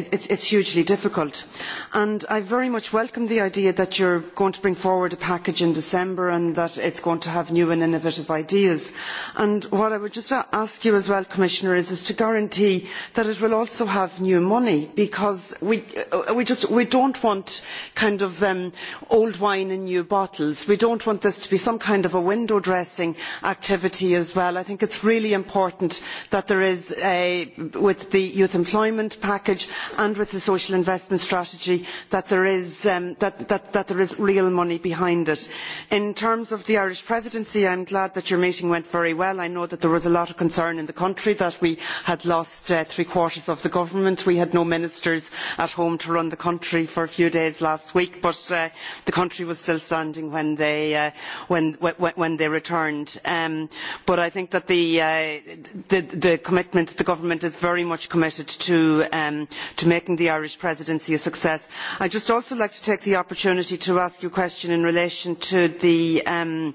difficult. I very much welcome the idea that you are going to bring forward a package in December and that it is going to have new and innovative ideas. what I would just ask you as well, Commissioner, is, is to guarantee that it will also have new money because we, Uh, we just we don't want kind of um, old wine in new bottles. We don't want this to be some kind of a window dressing activity as well. I think it's really important that there is a, with the youth employment package and with the social investment strategy that there is um, that, that, that there is real money behind it. In terms of the Irish presidency, I'm glad that your meeting went very well. I know that there was a lot of concern in the country that we had lost uh, three quarters of the government. We had no ministers at home home to run the country for a few days last week, but uh, the country was still standing when they, uh, when, when, when they returned. Um, but I think that the, uh, the, the commitment, the government is very much committed to, um, to making the Irish presidency a success. I just also like to take the opportunity to ask you a question in relation to the um,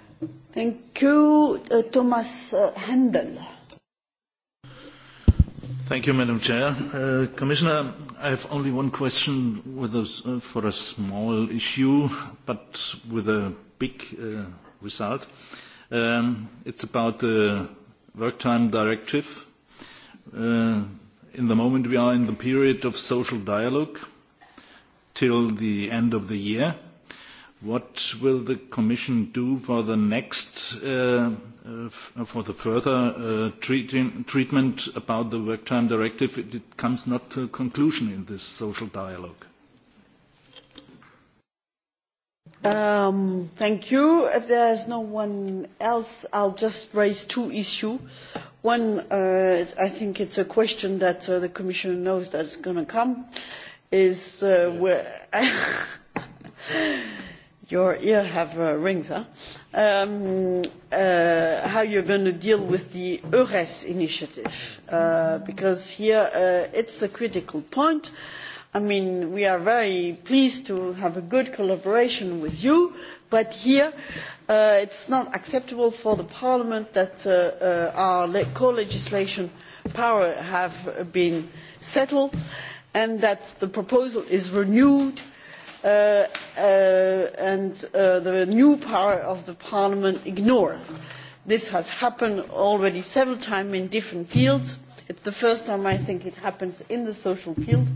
Thank you, uh, Thomas uh, Handel. Thank you, Madam Chair. Uh, Commissioner, I have only one question with uh, for a small issue, but with a big uh, result. Um, it's about the work time directive. Uh, in the moment, we are in the period of social dialogue till the end of the year What will the Commission do for the next, uh, uh for the further uh, treatment about the work time directive if it comes not to a conclusion in this social dialogue? Um, thank you. If is no one else, I'll just raise two issues. One, uh, I think it's a question that uh, the Commission knows that's going to come, is yes. where your ear have uh, rings, huh? Um, uh, how you're going to deal with the EURES initiative, uh, because here uh, it's a critical point. I mean, we are very pleased to have a good collaboration with you, but here uh, it's not acceptable for the Parliament that uh, uh, our le co-legislation power have been settled and that the proposal is renewed Uh, uh, and uh, the new power of the parliament ignored. This has happened already several times in different fields. it is the first time I think it has happened in the social field,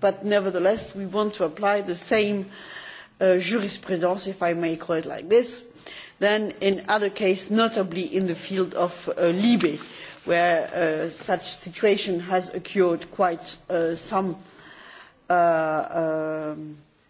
but nevertheless we want to apply the same jurisprudence, if I may call it like this, as in other cases, notably in the field of libe where such a situation has occurred quite some um,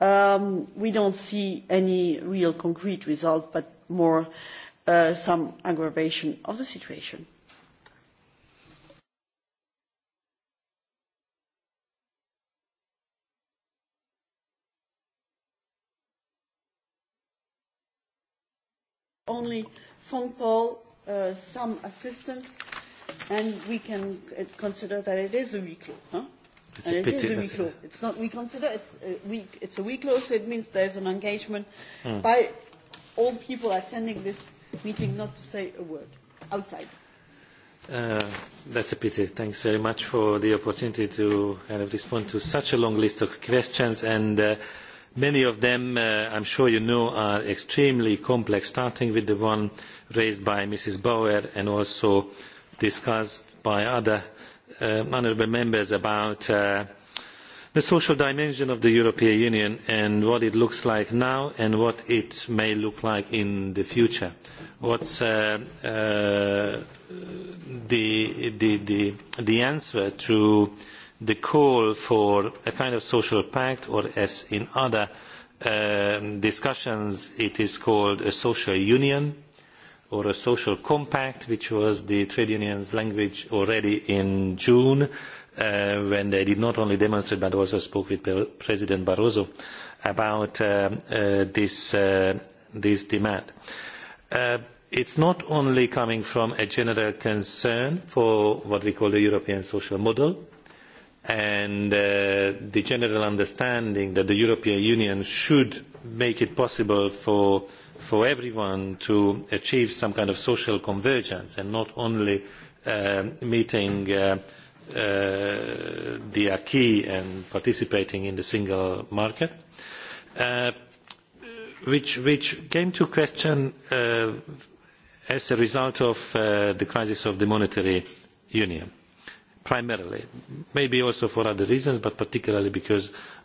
Um, we do not see any real concrete result, but more uh, some aggravation of the situation. Only phone call, uh, some assistance, and we can uh, consider that it is a recall. It's a pity. It is a week law. It's not we consider it's a week. It's a week law, so it means there's an engagement mm. by all people attending this meeting not to say a word outside. Uh, that's a pity. Thanks very much for the opportunity to kind of respond to such a long list of questions, and uh, many of them, uh, I'm sure you know, are extremely complex. Starting with the one raised by Mrs. Bauer and also discussed by other Uh, honourable members about uh, the social dimension of the european union and what it looks like now and what it may look like in the future what is uh, uh the, the, the answer to the call for a kind of social pact or as in other uh, discussions it is called a social union? or a social compact, which was the trade union's language already in June, uh, when they did not only demonstrate but also spoke with President Barroso about uh, uh, this, uh, this demand. Uh, it's not only coming from a general concern for what we call the European social model and uh, the general understanding that the European Union should make it possible for for everyone to achieve some kind of social convergence and not only uh, meeting uh, uh, the acquis and participating in the single market, which, which came to question as a result of the crisis of the monetary union primarily maybe also for other reasons but particularly because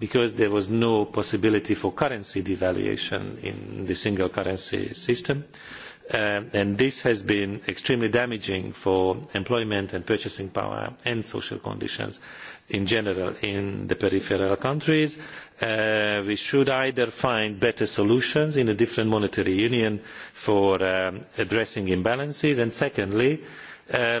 because there was no possibility for currency devaluation in the single currency system. Uh, and this has been extremely damaging for employment and purchasing power and social conditions in general in the peripheral countries. Uh, we should either find better solutions in a different monetary union for um, addressing imbalances and secondly uh,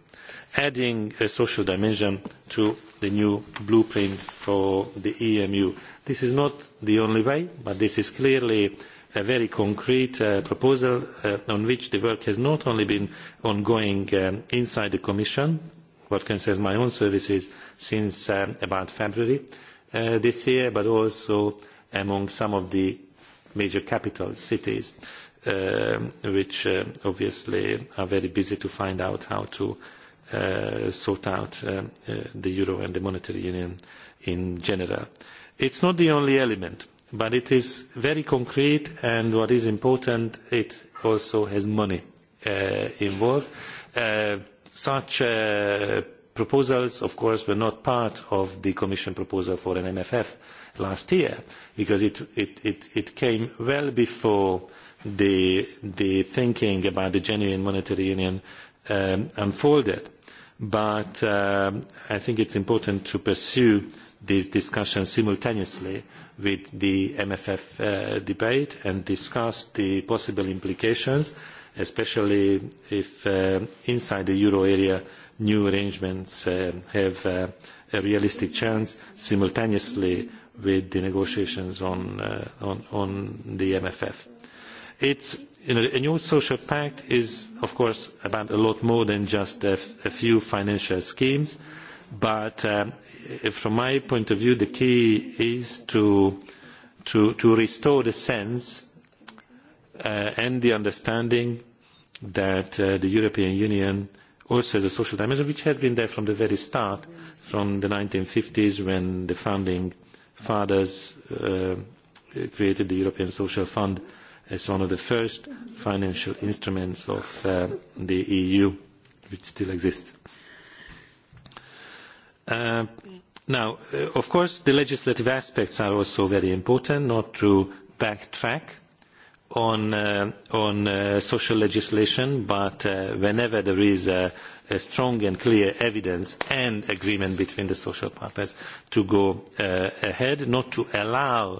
adding a social dimension to the new blueprint for the emu. this is not the only way but this is clearly a very concrete uh, proposal uh, on which the work has not only been ongoing um, inside the commission what concerns my own services since um, about february uh, this year but also among some of the major capital cities um, which um, obviously are very busy to find out how to uh, sort out uh, uh, the euro and the monetary union in general. It's not the only element, but it is very concrete and what is important, it also has money uh, involved. Uh, such uh, proposals, of course, were not part of the Commission proposal for an MFF last year because it, it, it, it came well before the, the thinking about the genuine monetary union um, unfolded but uh, I think it is important to pursue these discussions simultaneously with the MFF uh, debate and discuss the possible implications, especially if uh, inside the euro area new arrangements have a realistic chance simultaneously with the negotiations on, the MFF. It's a new social pact is, of course, about a lot more than just a, few financial schemes. But um, from my point of view, the key is to, to, to restore the sense uh, and the understanding that uh, the European Union also has a social dimension, which has been there from the very start, from the 1950s when the founding fathers uh, created the European Social Fund as one of the first financial instruments of uh, the EU which still exists. Uh, now, uh, of course, the legislative aspects are also very important, not to backtrack on, uh, on uh, social legislation, but uh, whenever there is a, a strong and clear evidence and agreement between the social partners to go uh, ahead, not to allow uh,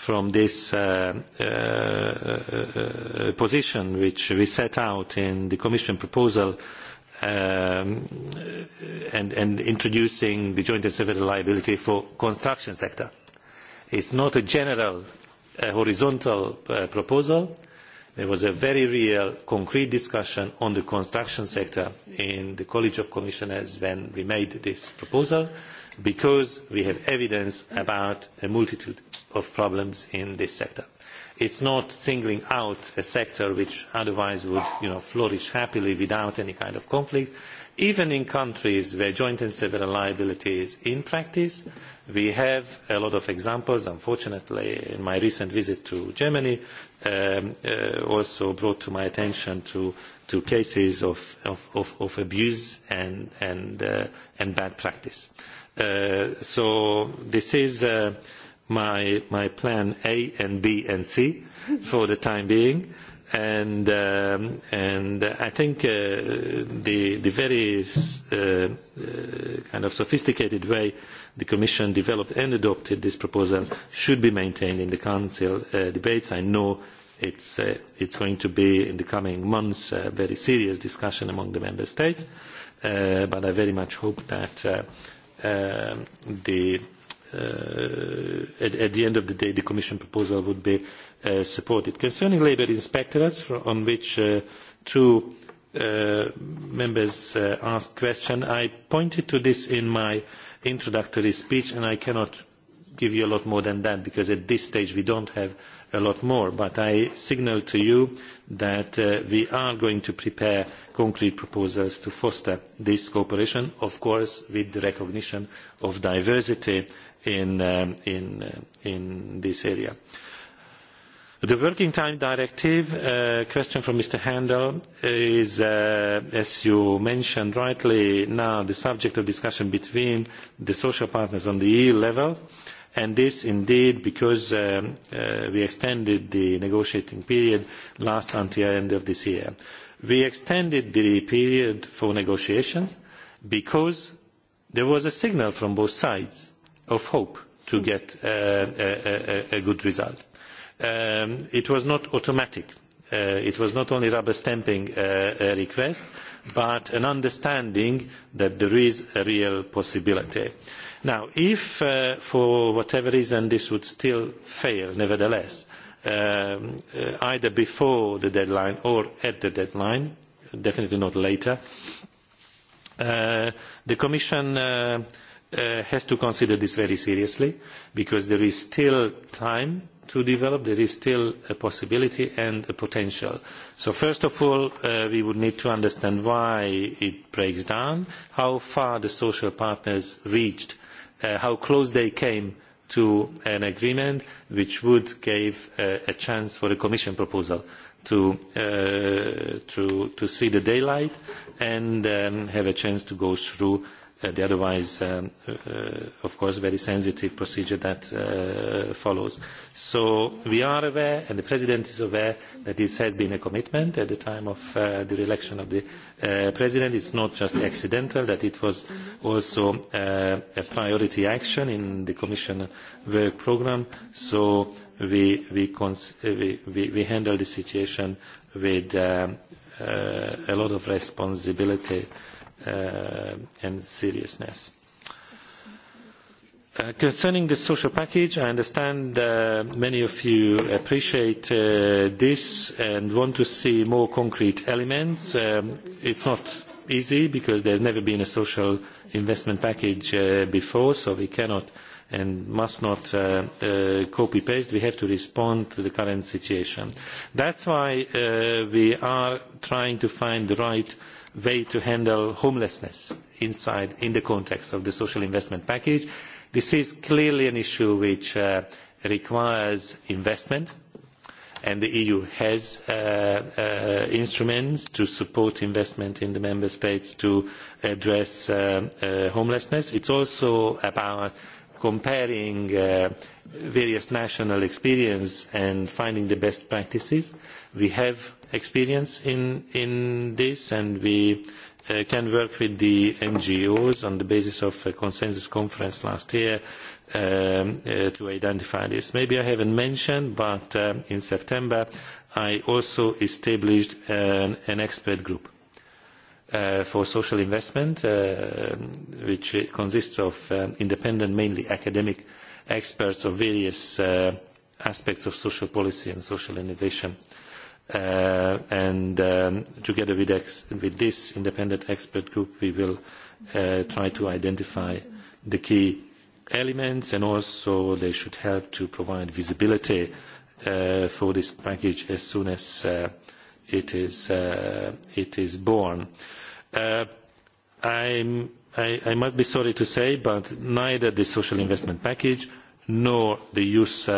from this uh uh, uh, uh, position which we set out in the Commission proposal um, and, and introducing the joint and several liability for construction sector. It's not a general horizontal uh, proposal. There was a very real concrete discussion on the construction sector in the College of Commissioners when we made this proposal because we have evidence about a multitude of problems in this sector. it is not singling out a sector which otherwise would you know, flourish happily without any kind of conflict. even in countries where joint and several liability is in practice we have a lot of examples unfortunately in my recent visit to germany um, uh, also brought to my attention to, cases of, abuse and, uh, bad practice. Uh, so this is my, my plan A and B and C for the time being. And, um, and I think uh, the, the very uh, uh, kind of sophisticated way the Commission developed and adopted this proposal should be maintained in the Council uh, debates. I know it's, uh, it's going to be in the coming months a very serious discussion among the Member States, uh, but I very much hope that uh, uh, the Uh, at, at the end of the day the commission proposal would be uh, supported. concerning labour inspectorates on which uh, two members asked questions i pointed to this in my introductory speech and i cannot give you a lot more than that because at this stage we do not have a lot more but i signalled to you that uh, we are going to prepare concrete proposals to foster this cooperation of course with the recognition of diversity in, uh, in, uh, in this area. The Working Time Directive, uh, question from Mr. Handel, is, uh, as you mentioned rightly now, the subject of discussion between the social partners on the EU level, and this indeed because um, uh, we extended the negotiating period last until the end of this year. We extended the period for negotiations because there was a signal from both sides of hope to hmm. get uh, a, good result. Um, it was not automatic. Uh, it was not only rubber stamping uh, a request but an understanding that there is a real possibility. now if for whatever reason this would still fail nevertheless um, either before the deadline or at the deadline definitely not later the commission Uh, has to consider this very seriously because there is still time to develop there is still a possibility and a potential. so first of all uh, we would need to understand why it breaks down how far the social partners reached uh, how close they came to an agreement which would give a chance for a commission proposal to, to, see the daylight and um, have a chance to go through Uh, the otherwise, um, uh, of course, very sensitive procedure that uh, follows. So we are aware, and the President is aware, that this has been a commitment at the time of uh, the election of the uh, President. It's not just accidental, that it was also uh, a priority action in the Commission work programme. So we, we, we, we, we handle the situation with um, uh, a lot of responsibility uh, and seriousness. Uh, concerning the social package, I understand uh, many of you appreciate uh, this and want to see more concrete elements. Um, it's not easy because there's never been a social investment package uh, before, so we cannot and must not uh, uh, copy paste we have to respond to the current situation. That's why uh, we are trying to find the right way to handle homelessness in the context of the social investment package. This is clearly an issue which uh, requires investment and the EU has uh, uh, instruments to support investment in the member states to address homelessness. It is also about comparing various national experiences and finding the best practices. We have experience in, this and we uh, can work with the ngos on the basis of a consensus conference last year um, uh, to identify this. maybe i have not mentioned but um, in september i also established an, expert group uh, for social investment which consists of um, independent mainly academic experts of various aspects of social policy and social innovation. Uh, and um, together with, with this independent expert group we will uh, try to identify the key elements and also they should help to provide visibility uh, for this package as soon as uh, it is, uh, it is born. I, i must be sorry to say but neither the social investment package nor the youth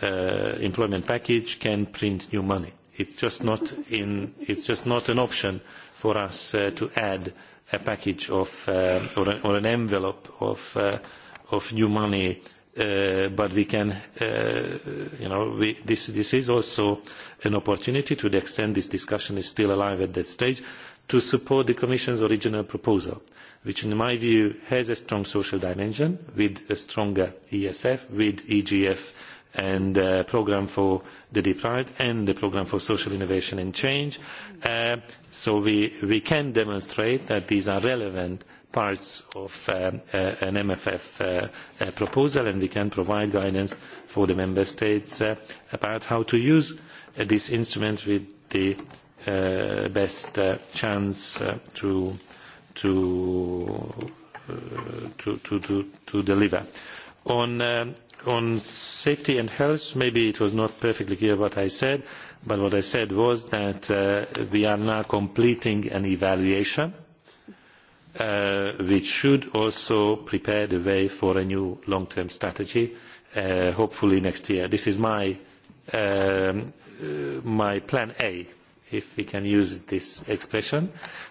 Uh, employment package can print new money. It's just not, in, it's just not an option for us uh, to add a package of, uh, or, an, or an envelope of, uh, of new money, uh, but we can, uh, you know, we, this, this is also an opportunity to the extent this discussion is still alive at that stage to support the Commission's original proposal, which in my view has a strong social dimension with a stronger ESF, with EGF and the uh, programme for the deprived and the programme for social innovation and change uh, so we, can demonstrate that these are relevant parts of uh, an mff proposal and we can provide guidance for the member states about how to use this instrument with the best chance to deliver. on um, on safety and health maybe it was not perfectly clear what i said but what i said was that uh, we are now completing an evaluation uh, which should also prepare the way for a new long term strategy uh, hopefully next year. this is my, um, my plan a if we can use this expression.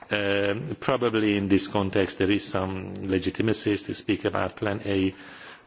Um, probably in this context there is some legitimacy to speak about plan a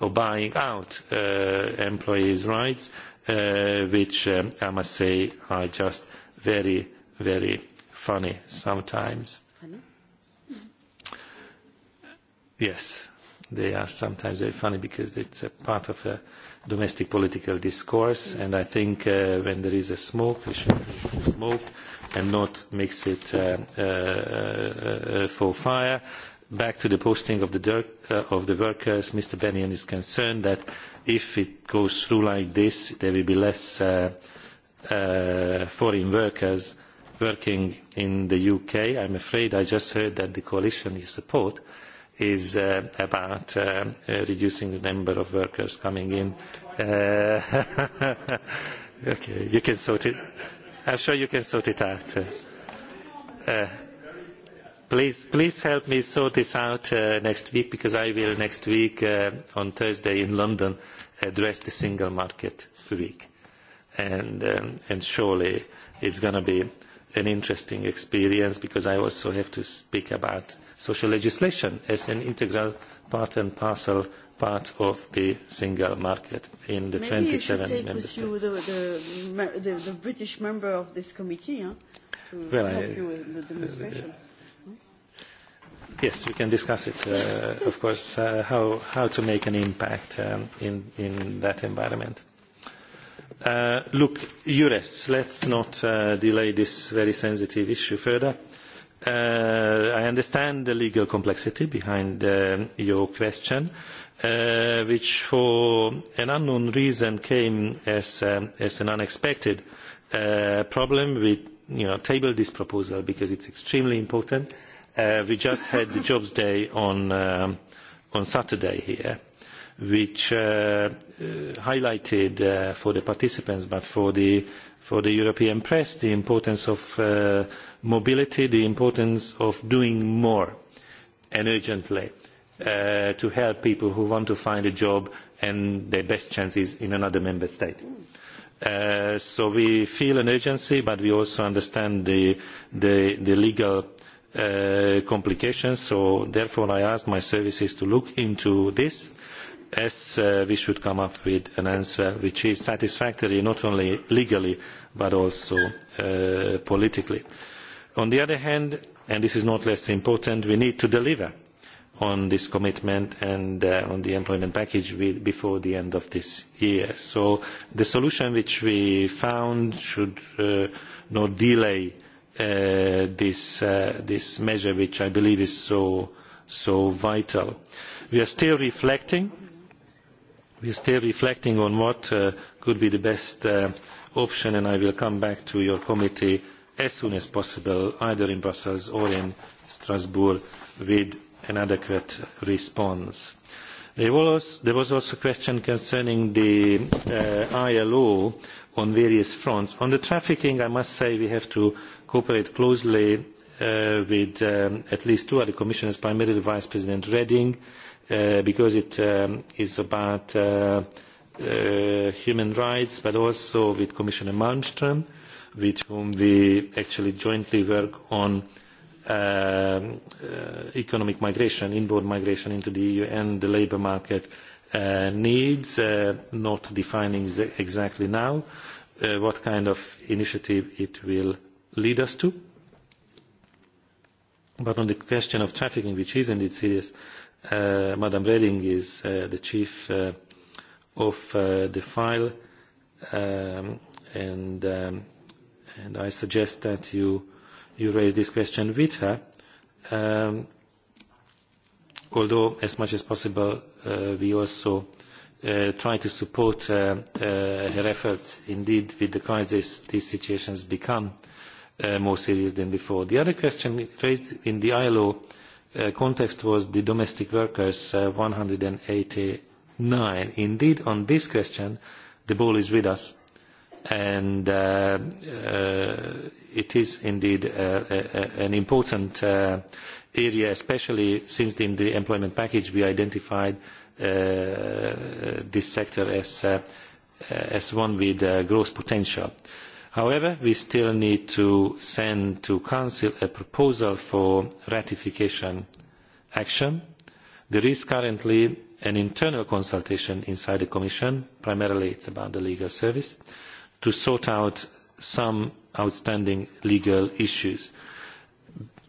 or buying out uh, employees' rights, uh, which um, I must say are just very, very funny sometimes. Mm-hmm. Yes, they are sometimes very funny because it's a part of a domestic political discourse, and I think uh, when there is a smoke, we should smoke and not mix it uh, uh, uh, uh for fire back to the posting of the, uh, workers, Mr. Bennion is concerned that if it goes through like this, there will be less uh, uh, foreign workers working in the UK. I'm afraid I just heard that the coalition you support is about reducing the number of workers coming in. okay, you can sort it. I'm sure you can sort it out. Please, help me sort this out uh, next week because I will next week uh, on Thursday in London address the single market week, and um, surely it is going to be an interesting experience because I also have to speak about social legislation as an integral part and parcel part of the single market in the Maybe 27 you take member states. You the, the, the, the British member of this committee huh, to well, help I, you with the demonstration. Uh, Yes, we can discuss it, uh, of course, uh, how, how to make an impact um, in, in that environment. Uh, look, Jures, let's not uh, delay this very sensitive issue further. Uh, I understand the legal complexity behind uh, your question, uh, which for an unknown reason came as, um, as an unexpected uh, problem. We you know, tabled this proposal because it's extremely important Uh, we just had the jobs day on, um, Saturday here, which uh, uh, highlighted for the participants, but for the, for the European press, the importance of mobility, the importance of doing more and urgently to help people who want to find a job and their best chances in another member state. so we feel an urgency, but we also understand the legal Uh, complications so therefore i asked my services to look into this as uh, we should come up with an answer which is satisfactory not only legally but also uh, politically. on the other hand and this is not less important we need to deliver on this commitment and on the employment package before the end of this year. so the solution which we found should not delay Uh, this, uh, this measure, which I believe is so, so vital. We are still reflecting. We are still reflecting on what uh, could be the best option, and I will come back to your committee as soon as possible, either in Brussels or in Strasbourg, with an adequate response. There was, there was also a question concerning the uh, ILO on various fronts. On the trafficking, I must say we have to cooperate closely uh, with um, at least two other commissioners primarily vice president reding uh, because it um, is about uh, human rights but also with commissioner malmstrm with whom we actually jointly work on um, economic migration inward migration into the eu and the labour market needs not defining exactly now what kind of initiative it will lead us to. But on the question of trafficking, which is indeed serious, uh, Madam Reding is uh, the chief uh, of uh, the file, um, and, um, and I suggest that you, you raise this question with her. Um, although as much as possible uh, we also uh, try to support uh, uh her efforts. Indeed, with the crisis, these situations become Uh, more serious than before. The other question raised in the ILO uh, context was the domestic workers, uh, eighty 189. Indeed, on this question, the ball is with us, and it is indeed an important area, especially since in the employment package we identified this sector as, as one with growth potential. However, we still need to send to Council a proposal for ratification action. There is currently an internal consultation inside the Commission, primarily it's about the legal service, to sort out some outstanding legal issues,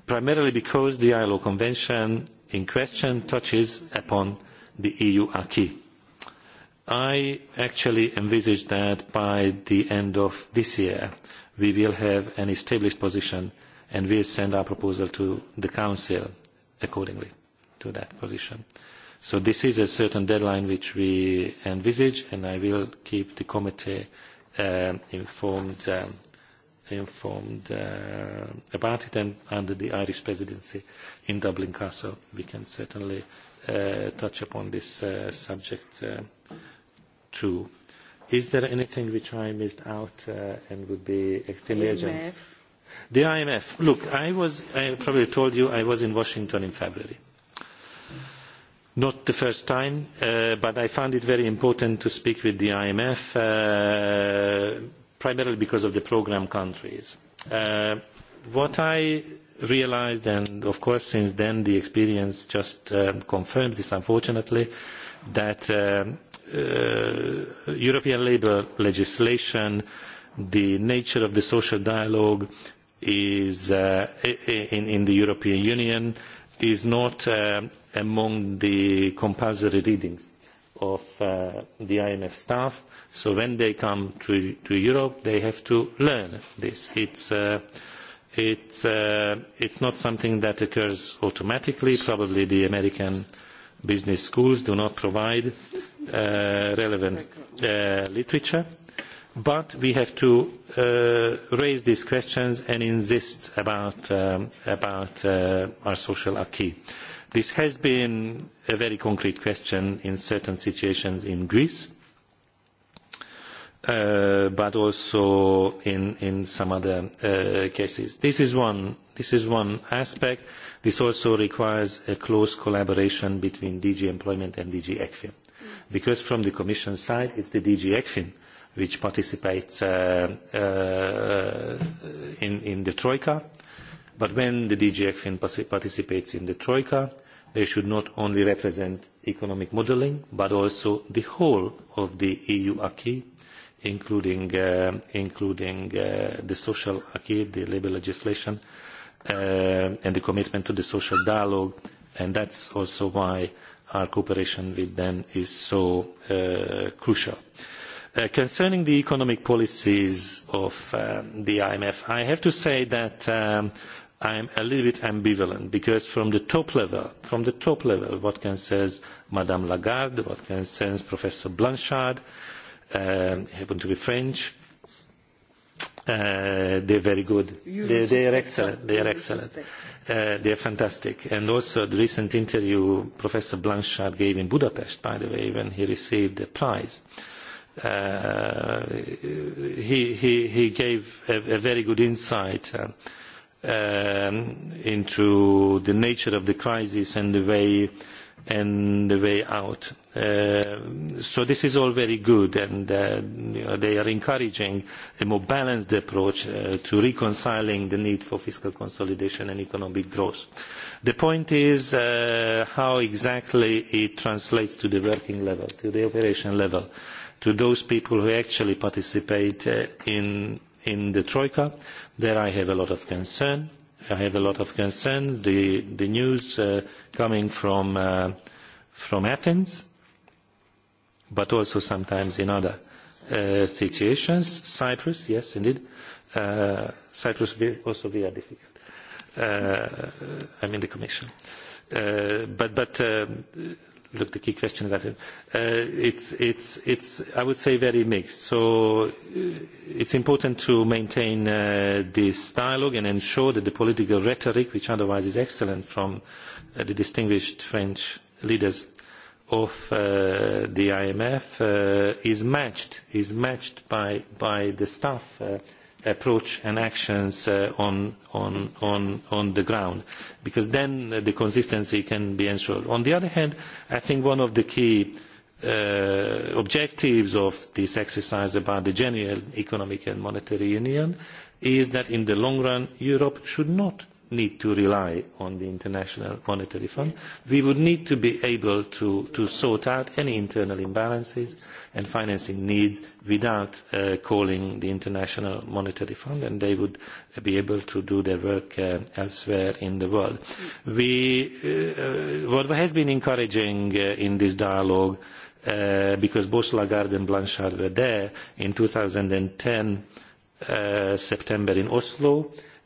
primarily because the ILO Convention in question touches upon the EU acquis I actually envisage that by the end of this year, we will have an established position and will send our proposal to the Council accordingly to that position. So this is a certain deadline which we envisage, and I will keep the committee uh, informed, um, informed uh, about it. And under the Irish presidency in Dublin Castle, we can certainly uh, touch upon this uh, subject uh, true. Is there anything which I missed out uh, and would be extremely urgent? IMF. The IMF. Look, I was, I probably told you I was in Washington in February. Not the first time, uh, but I found it very important to speak with the IMF, uh, primarily because of the program countries. Uh, what I realized, and of course since then the experience just uh, confirms this unfortunately, that uh, Uh, European labour legislation, the nature of the social dialogue is uh, in, in the European Union is not uh, among the compulsory readings of uh, the IMF staff. So when they come to, to Europe, they have to learn this. It's, uh, it's, uh, it's not something that occurs automatically. Probably the American business schools do not provide Uh, relevant uh, literature but we have to uh, raise these questions and insist about, um, about uh, our social acquis. This has been a very concrete question in certain situations in Greece, uh, but also in, in some other uh, cases. This is, one, this is one aspect. This also requires a close collaboration between DG Employment and DG ECFIN because from the Commission side, it is the DG ECFIN which participates uh, uh, in, in the Troika. But when the DG ECFIN participates in the Troika, they should not only represent economic modelling, but also the whole of the EU acquis, including, uh, including uh, the social acquis, the labour legislation, and the commitment to the social dialogue. And that is also why uh, our cooperation with them is so uh, crucial. Uh, concerning the economic policies of um, the imf i have to say that i am um, a little bit ambivalent because from the top level from the top level what concerns madame lagarde what concerns professor blanchard um, happen to be french uh, they are very good they, they are excellent they are excellent. Uh, they are fantastic. And also the recent interview Professor Blanchard gave in Budapest, by the way, when he received the prize, uh, he, he, he gave a, very good insight uh, um, into the nature of the crisis and the way and the way out. Uh, so this is all very good and uh, you know, they are encouraging a more balanced approach uh, to reconciling the need for fiscal consolidation and economic growth. The point is uh, how exactly it translates to the working level, to the operation level, to those people who actually participate uh, in, in the Troika. There I have a lot of concern I have a lot of concerns. The, news uh, coming uh, from, Athens, but also sometimes in other uh, situations. Cyprus, yes, indeed. Cyprus Cyprus also a difficult. I mean the Commission. but um, look the key questions i think uh, it's i would say very mixed so uh, it's important to maintain uh, this dialogue and ensure that the political rhetoric which otherwise is excellent from uh, the distinguished french leaders of the imf is matched is matched by by the staff approach and actions uh, on, on, on, on the ground, because then the consistency can be ensured. On the other hand, I think one of the key uh, objectives of this exercise about the general economic and monetary union is that in the long run, Europe should not need to rely on the International Monetary Fund. We would need to be able to, sort out any internal imbalances and financing needs without calling uh, calling the International Monetary Fund, and they would be able to do their work uh, elsewhere in the world. We, uh, what has been encouraging in this dialogue, because both Lagarde and Blanchard were there in 2010 uh, September in Oslo,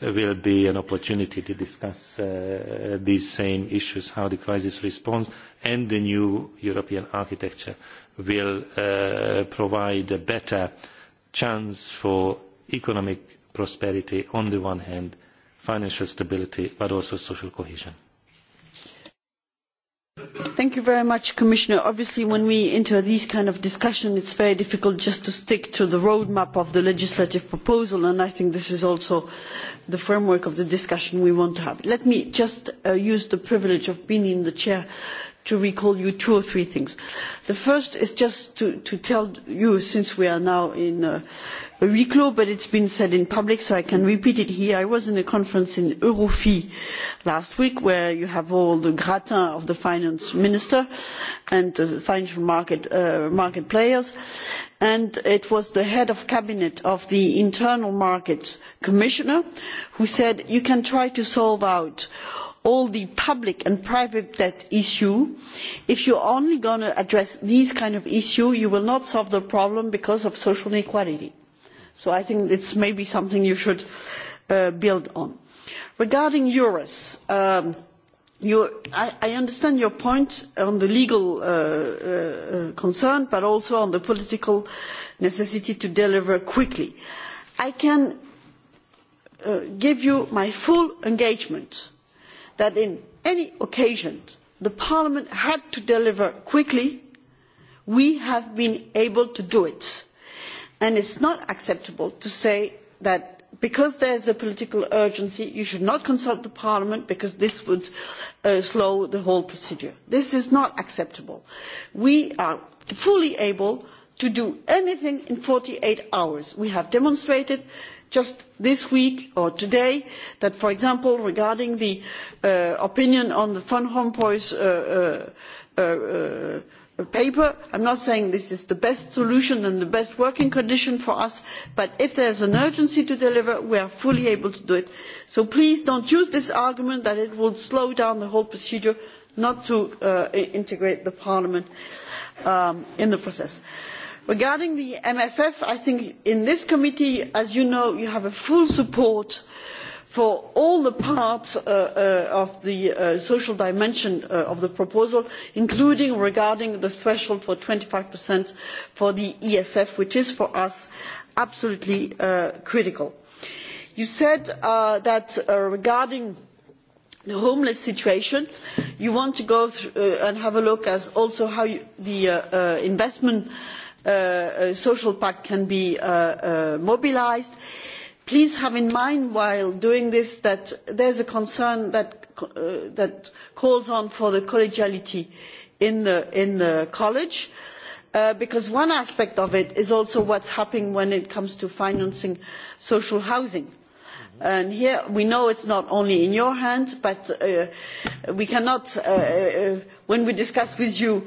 will be an opportunity to discuss uh, these same issues, how the crisis response and the new European architecture will uh, provide a better chance for economic prosperity on the one hand, financial stability, but also social cohesion. Thank you very much, Commissioner. Obviously, when we enter these kind of discussions, it's very difficult just to stick to the roadmap of the legislative proposal, and I think this is also the framework of the discussion we want to have. Let me just uh, use the privilege of being in the chair uh, to recall you two or three things. The first is just to, to tell you, since we are now in uh, a huis clos, but it's been said in public, so I can repeat it here. I was in a conference in Eurofi last week, where you have all the gratin of the finance minister and the financial market, uh, market players, and it was the head of cabinet of the internal markets commissioner who said, you can try to solve out all the public and private debt issue if you are only going to address these kinds of issues you will not solve the problem because of social inequality. so i think it is maybe something you should uh, build on. regarding eures um, I, understand your point on the legal uh, uh, concern but also on the political necessity to deliver quickly. i can give you my full engagement that on any occasion the parliament had to deliver quickly we have been able to do it and it is not acceptable to say that because there is a political urgency you should not consult parliament because this would uh, slow the whole procedure. this is not acceptable. we are fully able to do anything in forty eight hours. we have demonstrated that just this week or today that for example regarding the uh, opinion on the van rompuy's uh, uh, uh, uh paper i am not saying this is the best solution and the best working condition for us but if there is an urgency to deliver we are fully able to do it so please do not use this argument that it will slow down the whole procedure not to uh, integrate the parliament um, in the process regarding the mff i think in this committee as you know you have full support for all the parts uh, uh, of the uh, social dimension of the proposal including regarding the threshold for twenty five for the esf which is for us absolutely critical. you said that regarding the homeless situation you want to go and have a look at also how the investment Uh, uh, social pact can be uh, mobilised. please have in mind while doing this that there is a concern that, calls for collegiality in the, college because one aspect of it is also what is happening when it comes to financing social housing. here we know it is not only in your hands but we cannot when we discuss with you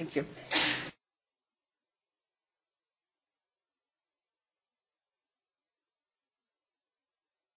Thank you.